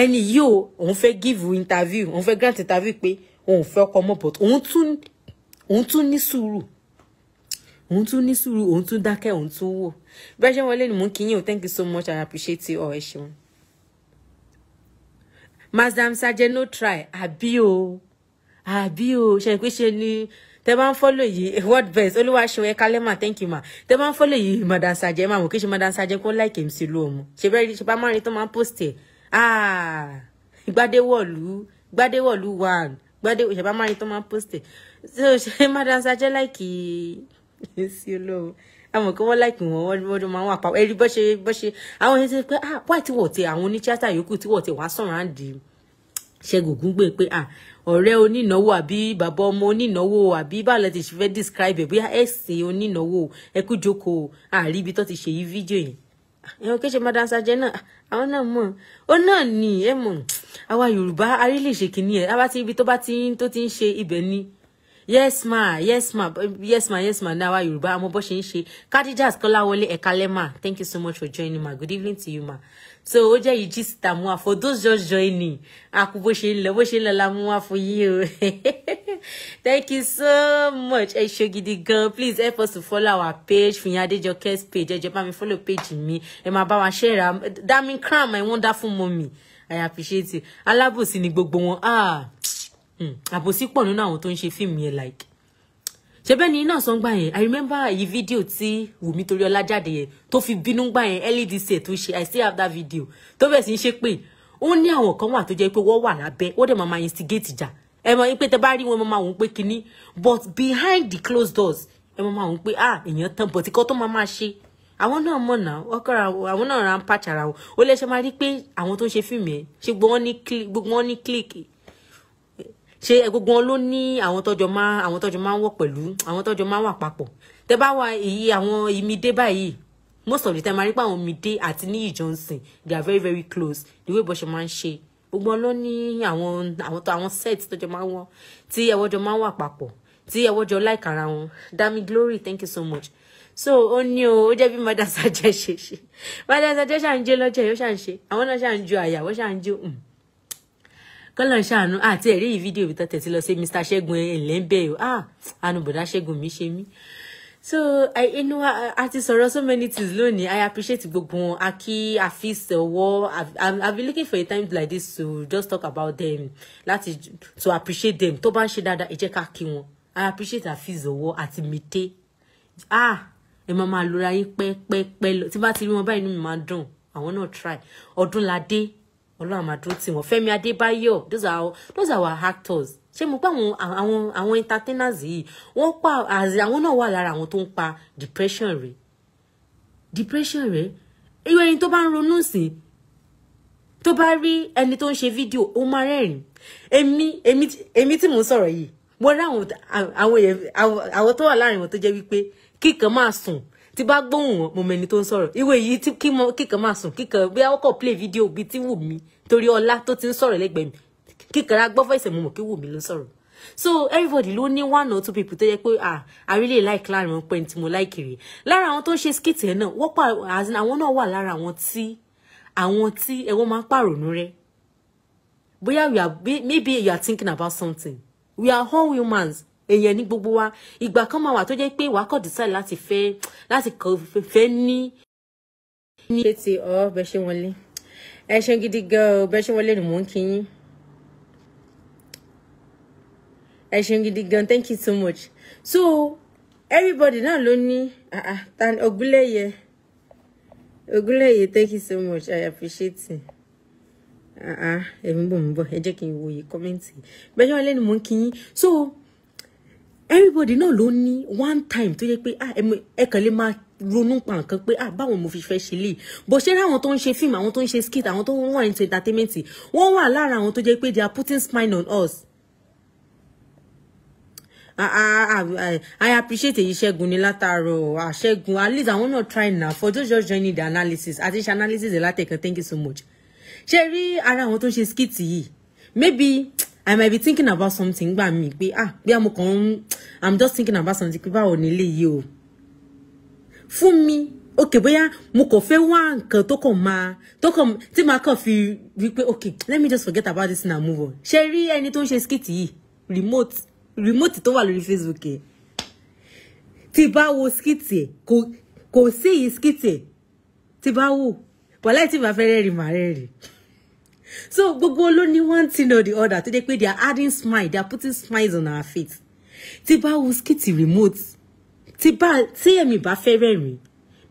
ẹni yìí o òun give interview òun fẹ́ grant interview pé òun fẹ́ ọkọ mọ́ but òun tún òun tún ní sùúrù òun tún ní sùúrù òun tún dákẹ́ òun tún wò bẹ́ẹ̀ wọlé ni mò ń kí o thank you so much i appreciate you all ẹ ṣeun. madam sajẹ no try àbí o àbí o ṣe pé ṣe ni tẹ bá ń fọlọ yìí word best olúwaṣeun ẹ kalẹ ma thank you ma tẹ bá ń fọlọ yìí madam sajẹ ma mò kí ṣe madam sajẹ kó láìkè mc lu òun ṣe bẹ́ẹ̀ ṣe bá márùn tó máa ń post ẹ̀ ah gbadewọ̀lú gbadewọ̀lú one gbadewọ̀lú ṣe bá márùn tó máa ń post ẹ̀ so ṣe madam sajẹ like Like sí olóhùn àwọn kan wọn láìpẹ́ wọn wọn ló máa ń wà pa ẹrí bọ́ ṣe bọ́ ṣe àwọn yẹn ti pé ah wáì tí wọ́n ti àwọn oníṣẹ́ta yòókù tí wọ́n ti wá sọ̀rọ̀ àǹdí ṣẹ́gun gúngbè pé ah ọ̀rẹ́ onínáwó àbí bàbá ọmọ onínáwó àbí báàlẹ̀ ti ṣe fẹ́ describe bóyá ẹ̀sìn onínáwó ẹkú jókòó àrí ibi tó ti ṣe yí fídíò yẹn ah, ẹ̀wọ̀n kéṣe madam sajẹ́ náà ah, àwọn náà mọ̀ ó náà ní ẹ̀ mọ̀ àwa yorùbá arílẹ̀ ṣe kìíní ẹ̀ abá ti ibi tó bá ti ń ṣe ibẹ̀ ni yes ma yes ma yes ma yes ma náwa yorùbá àmọ́ bó ṣe ń ṣe kadijas kọláwọlé ẹkálẹmà thank you so much for joining ma good evening to you ma so ó jẹ́ yìí gist àmú wa for those just joining àkú bó ṣe ń lọ bó ṣe ń lọ la mú wa fún yìí o thank you so much ẹ ṣe gidi gan please help us to follow our page Fiyan Adejoke's page ẹ jẹ́ bá mi follow page mi ẹ máa bá wa share am dami crown my wonderful mommy i appreciate you alábòsí ni gbogbo wọn ah. Hmm. àbòsí pọ̀ nínú àwọn tó ń ṣe fíìmù yẹn like ṣebẹ́ ni iná sọ́ngbà yẹn i remember èyí fídíò tí Wùmí Toríọlá jáde yẹn tó fi bínú gbà yẹn early this year tó ṣe i still have that video tó bẹ̀ sí ń ṣe pé ó ní àwọn kan wà tó jẹ́ pé wọ́n wà lábẹ́ ó dẹ̀ máa instigate jà ẹ mọ̀ pé tẹ bá rí wọn máa wọn pé kinní but behind the closed doors ẹ máa wọn pé ah èèyàn tán but ikọ́ tó máa máa ṣe àwọn náà mọ̀ náà ọkọ̀ra àwọn náà ra ń pàṣàrà wọn ó lẹ́sẹ̀ máa rí pé àwọn tó ń ṣe fíìmù yẹn ṣe gbogbo wọn ní click ṣé gbogbo wọn ló ní àwọn tọjọ máa àwọn tọjọ máa ń wọ pẹ̀lú àwọn tọjọ máa ń wà papọ̀ tẹ bá wà èyí àwọn ìmìdé báyìí most of the time a rí pé àwọn ìmìdé àti Níyì Johnson they are very very close the way bó ṣe máa ń ṣe gbogbo wọn ló ní àwọn àwọn àwọn set tọjọ máa ń wọ tí ẹwọjọ máa ń wà papọ̀ tí ẹwọjọ like ara wọn Dami Glory thank you so much so ó ní o ó jẹ́ bí madam sajẹ ṣe ṣe madam sajẹ ṣà ń jẹ lọ́jọ́ yìí ó ṣà ń ṣe àwọn náà ṣà ń ju àyà ó ṣà kọ́lọ̀ ń ṣàánú àti ah, ẹ̀rí yìí fídíò mi tọ́tẹ̀ tí lọ sí Mr. Ṣẹ́gun ẹ̀lẹ́ńbẹ̀ o ah anubọ̀dá Ṣẹ́gun mi ṣe mí so inú a ti sọ̀rọ̀ so many things lónìí I appreciate gbogbo wọn a kí àfíìsì ọwọ́ I've been looking for a time like this to just talk about them láti to appreciate them tó bá ń ṣe dáadáa ẹ jẹ́ ká kí wọn I appreciate àfíìsì ọwọ́ àti mìtẹ́ ah ẹ máa máa lura yín pẹ́pẹ́pẹ́ lọ tí bá ti rí wọn báyìí inú mi máa dùn àwọn náà try Ọdúnládé ọlọ́run máa dúró tì wọ́n fẹ́mi adébáyọ̀ those are those are our actors ṣé mo pa àwọn àwọn àwọn entertainers yìí wọ́n pa àwọn náà wà lára àwọn tó ń pa depression rẹ̀ depression rẹ̀ irú ẹni tó bá ń ronú sí tó bá rí ẹni tó ń ṣe fídíò ó máa rẹ́rìn èmi èmi èmi tí mò ń sọ̀rọ̀ yìí mo rí àwọn àwọn àwọn tó wà láàrin wọn tó jẹ́ wípé kíkan máa sùn tí bá gbóhùn wọn mo mẹni tó ń sọ̀rọ̀ ìwé yìí tí kí mo kíkan máa sùn kíkan bí ọkọ play video bíi tí wù mí torí ọlá tó ti ń sọ̀rọ̀ lẹ́gbẹ̀ẹ́ mi kíkan ra gbọ́ fẹsẹ̀ mo mọ̀ kí wù mí ló sọ̀rọ̀ so everybody ló ní one or two people tó jẹ́ pé ah i really like láàrin wọn pé ní tí mo like rè lára àwọn tó ń ṣe skit yẹn náà wọ́pọ̀ àwọn náà wà lára àwọn tí àwọn tí ẹ̀wọ́n máa ń pàrònú rẹ̀ bóyá maybe you are thinking about something we are all humans èèyàn ní gbogbo wa ìgbà kan máa wà tó jẹ́ pé ìwà kọ̀ dísàlì láti fẹ́ láti kọ̀ fẹ́ ní. ní ṣe ti ọ bẹ ṣe wọlé ẹ ṣeun gidi gan o bẹ ṣe wọlé ni mò ń kí ẹ ṣeun gidi gan thank you so much so everybody náà ló ní Ògúnléyè Ògúnléyè thank you so much I appreciate it èmi bò ń bọ̀ ẹ jẹ́ kí n wòye kọ́mẹ́ǹtì bẹ́ẹ̀ ṣe wọlé ni mò ń kí yín so everybody náà ló ní one time tó yẹ pé ah, ẹ kàn lè máa ronú pa nǹkan pé ah báwo mo fi fẹ́ ṣe lè bó ṣe rí àwọn tó ń ṣe fíìmù àwọn tó ń ṣe skit àwọn tó ń wà into entertainment wọ́n wà lára àwọn tó jẹ́ pé they are putting smile on us. I, I, I, I appreciate èyí ṣẹ́gun ní látàárọ̀ àṣẹ́gun at least I àwọn náà try na for those just joining the analysis àti ṣe analysis ẹ̀ látẹ̀kan thank you so much. ṣe rí ara àwọn tó ń ṣe skit yìí maybe i might be thinking about something gbà mí pé ah bí mo kàn i'm just thinking about something pé báwo ni eléyìí o fún mi ok bóyá mo kàn fẹ́ wá nǹkan tó kàn máa tó kàn tí màá kàn fi wí pé ok let me just forget about this and move on ṣe rí ẹni to ń ṣe skit yìí remote remote tó wà lórí facebook ẹ tí bá wo skit ẹ ko kò sí yìí skit ẹ tí bá wò wàláì tí bá fẹ́ rẹ́rìn màá rẹ́rìn so gbogbo ló ní one thing or the other To jẹ́ pé they are adding smile they are putting smiles on our face tí bá wo skit remote tí bá tí èmi bá fẹ́ rẹ́rìn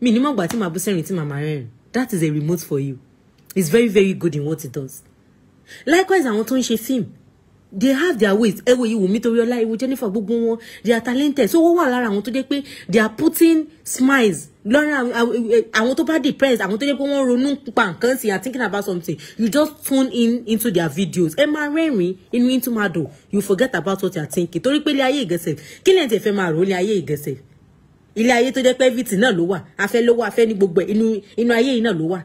mi ní mọ̀gbà tí màá bú sẹ́rìn tí màmá rẹ́rìn that is a remote for you it's very very good in what it does likewise àwọn tó ń ṣe film they have their ways ẹ wo ìwò mi torí ọlá ìwò Jennifer gbogbo wọn they are talented so wọ́n wà lára àwọn tó jẹ́ pé they are putting smiles lọ́rọ̀ àwọn tó bá depressed àwọn tó jẹ́ pé wọ́n ronú pa nǹkan sí and thinking about something you just tune in into their videos ẹ máa rẹ́rìn-ín inú into mado you forget about what you are thinking torí pé ilé ayé ìgẹ̀sẹ̀ kí lẹ́yìn tí ẹ fẹ́ máa rò ilé ayé ìgẹ̀sẹ̀ ilé ayé tó jẹ́ pé everything náà ló wà afẹ́ ló wà afẹ́ ní gbogbo ẹ̀ inú inú ayé yìí náà ló wà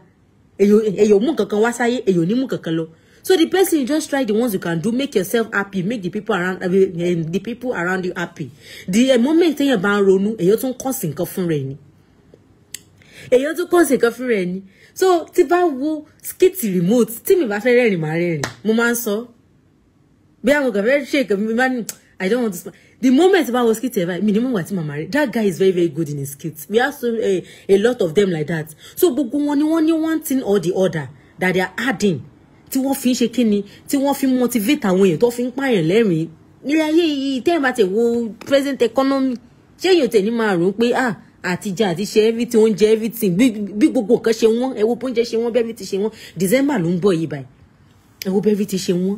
èyò mú kankan wá sáyé èyò ní mú kankan lọ so the person you just try the ones you can do make yourself happy make the people around uh, the people around you happy the uh, moment téèyàn bá ń ronú èyàn tún kọ́ sí nǹkan fún rẹ̀ ni èèyàn tún kàn sí nǹkan fún rẹ̀ ni so tí bá wo skit remote tí mi bá fẹ́ rẹ́rìn máa rẹ́rìn mo máa ń sọ bí àwọn kan fẹ́ ṣe nǹkan bá ní i don't want to the moment bá wo skit ẹ̀ báyìí mi ni mo wà tí màmá rẹ̀ that guy is very very good in his skit we have so, uh, a lot of them like that so gbogbo wọn ni wọ́n ní one thing or the other that they are adding tí wọ́n fi ń ṣe kíni tí wọ́n fi ń motivate àwọn èèyàn tó fi ń pààyàn lẹ́rìn-ín ilé ayé yìí tẹ́yìn bá ti wo present economy ṣé èèyàn tẹ̀ ní máa rò ó pé ah àtijẹ àtiṣe everything oúnjẹ everything bí gbogbo nǹkan ṣe wọ́n ẹ wo bóúnjẹ ṣe wọ́n bẹ́ẹ̀ bí ti ṣe wọ́n december ló ń bọ̀ yìí báyìí ẹ wo bẹ́ẹ̀ bí ti ṣe wọ́n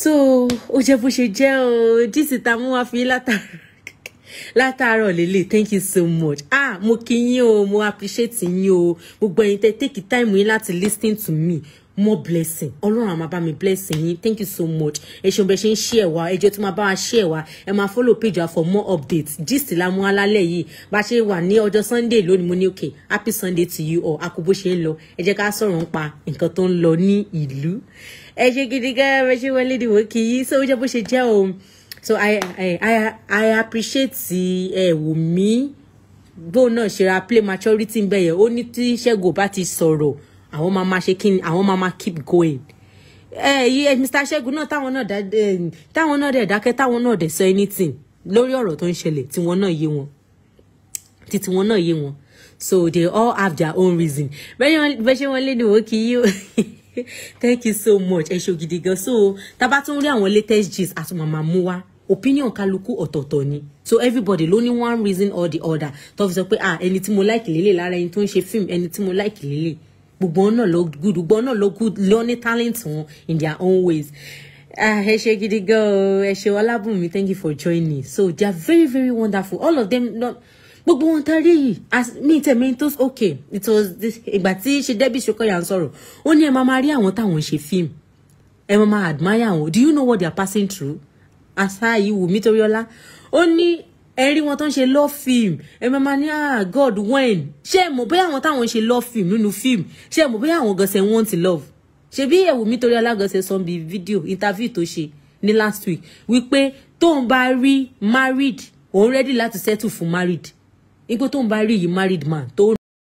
so ó jẹ́ bó ṣe jẹ́ o díìsì ta mú wá fi látàárọ̀ lélẹ̀ thank you so much ah mo kí yín o mo appreciate yín o gbogbo ẹ̀yin tẹ́ take time yín láti listen to me more blessing ọlọ́run àmà bá mi blessing yín thank you so much ẹ ṣeun bẹ́ẹ̀ ṣe ń ṣí ẹ̀ wá ẹjọ́ tó máa bá wa ṣí ẹ̀ wá ẹ máa follow page wa for more updates gist lámú alálẹ̀ yìí bá ṣe wà ní ọjọ́ sunday lónìí mo ní okay happy sunday to you all àkóbó ṣe ń lọ ẹ jẹ́ ká sọ̀rọ̀ ń pa nǹkan tó ń lọ ní ìlú ẹ ṣe gidi gan ẹ ṣe wọlé ìdìbò kì í sọ wíjọ bó ṣe jẹ́ o so i i i, I appreciate ẹ wò mí bóun náà ṣe ra play maturity ń bẹ̀yẹ̀ ó ní tí ṣẹ́gun ò bá ti sọ̀rọ̀ àwọn máa máa ṣe kí àwọn máa máa keep going ẹ Mr. Ṣẹ́gun náà táwọn náà dá táwọn náà dẹ̀ dákẹ́ táwọn náà dẹ̀ sọ anything lórí ọ̀rọ̀ tó ń ṣẹlẹ̀ tiwọn náà yé wọn títí wọn náà yé wọn so they all have their own reason bẹ́ẹ̀ ṣe wọ́n lé ní wọ́n kì í yí thank you so much ẹ ṣé gidi gan so tábà tún rí àwọn latest gist àti màmá mú wá opinion kálukú ọ̀tọ̀ọ̀tọ̀ ni so everybody ló ní one reason or the other tó fi sọ pé ah ẹni tí mo like lélẹ̀ lára ẹni tó ń ṣe film ẹni tí mo like lélẹ̀ gbogbo wọn náà ló good gbogbo wọn náà ló good ló ní talent wọn in their own ways Ah, ẹ ṣe gidi gan o ẹ ṣe ọlábùnmi thank you for joining so they are very very wonderful all of them gbogbo wọn tẹ́lẹ̀ yìí as me tẹ̀ me tó okay it was this ìgbà tí ṣe debi ṣokọ̀yà ń sọ̀rọ̀ ó ní ẹ máa máa rí àwọn táwọn ṣe fíìmù ẹ máa máa admire àwọn do you know what they are passing through asa yìí wù mí ọlá ó ní ẹ rí wọn tó ń ṣe love film ẹ máa ní ah god when ṣé ẹ mọ̀ bóyá àwọn táwọn ń ṣe love film nínú film ṣé ẹ mọ̀ bóyá àwọn gọ̀ọ̀sẹ̀ want love ṣebí ẹ̀wù mi torí alágọ̀ọ̀sẹ̀ sọ bí video interview tó ṣe ní last week wípé tóun bá rí married òun ready láti settle for married ipò tóun bá rí yìí married man tó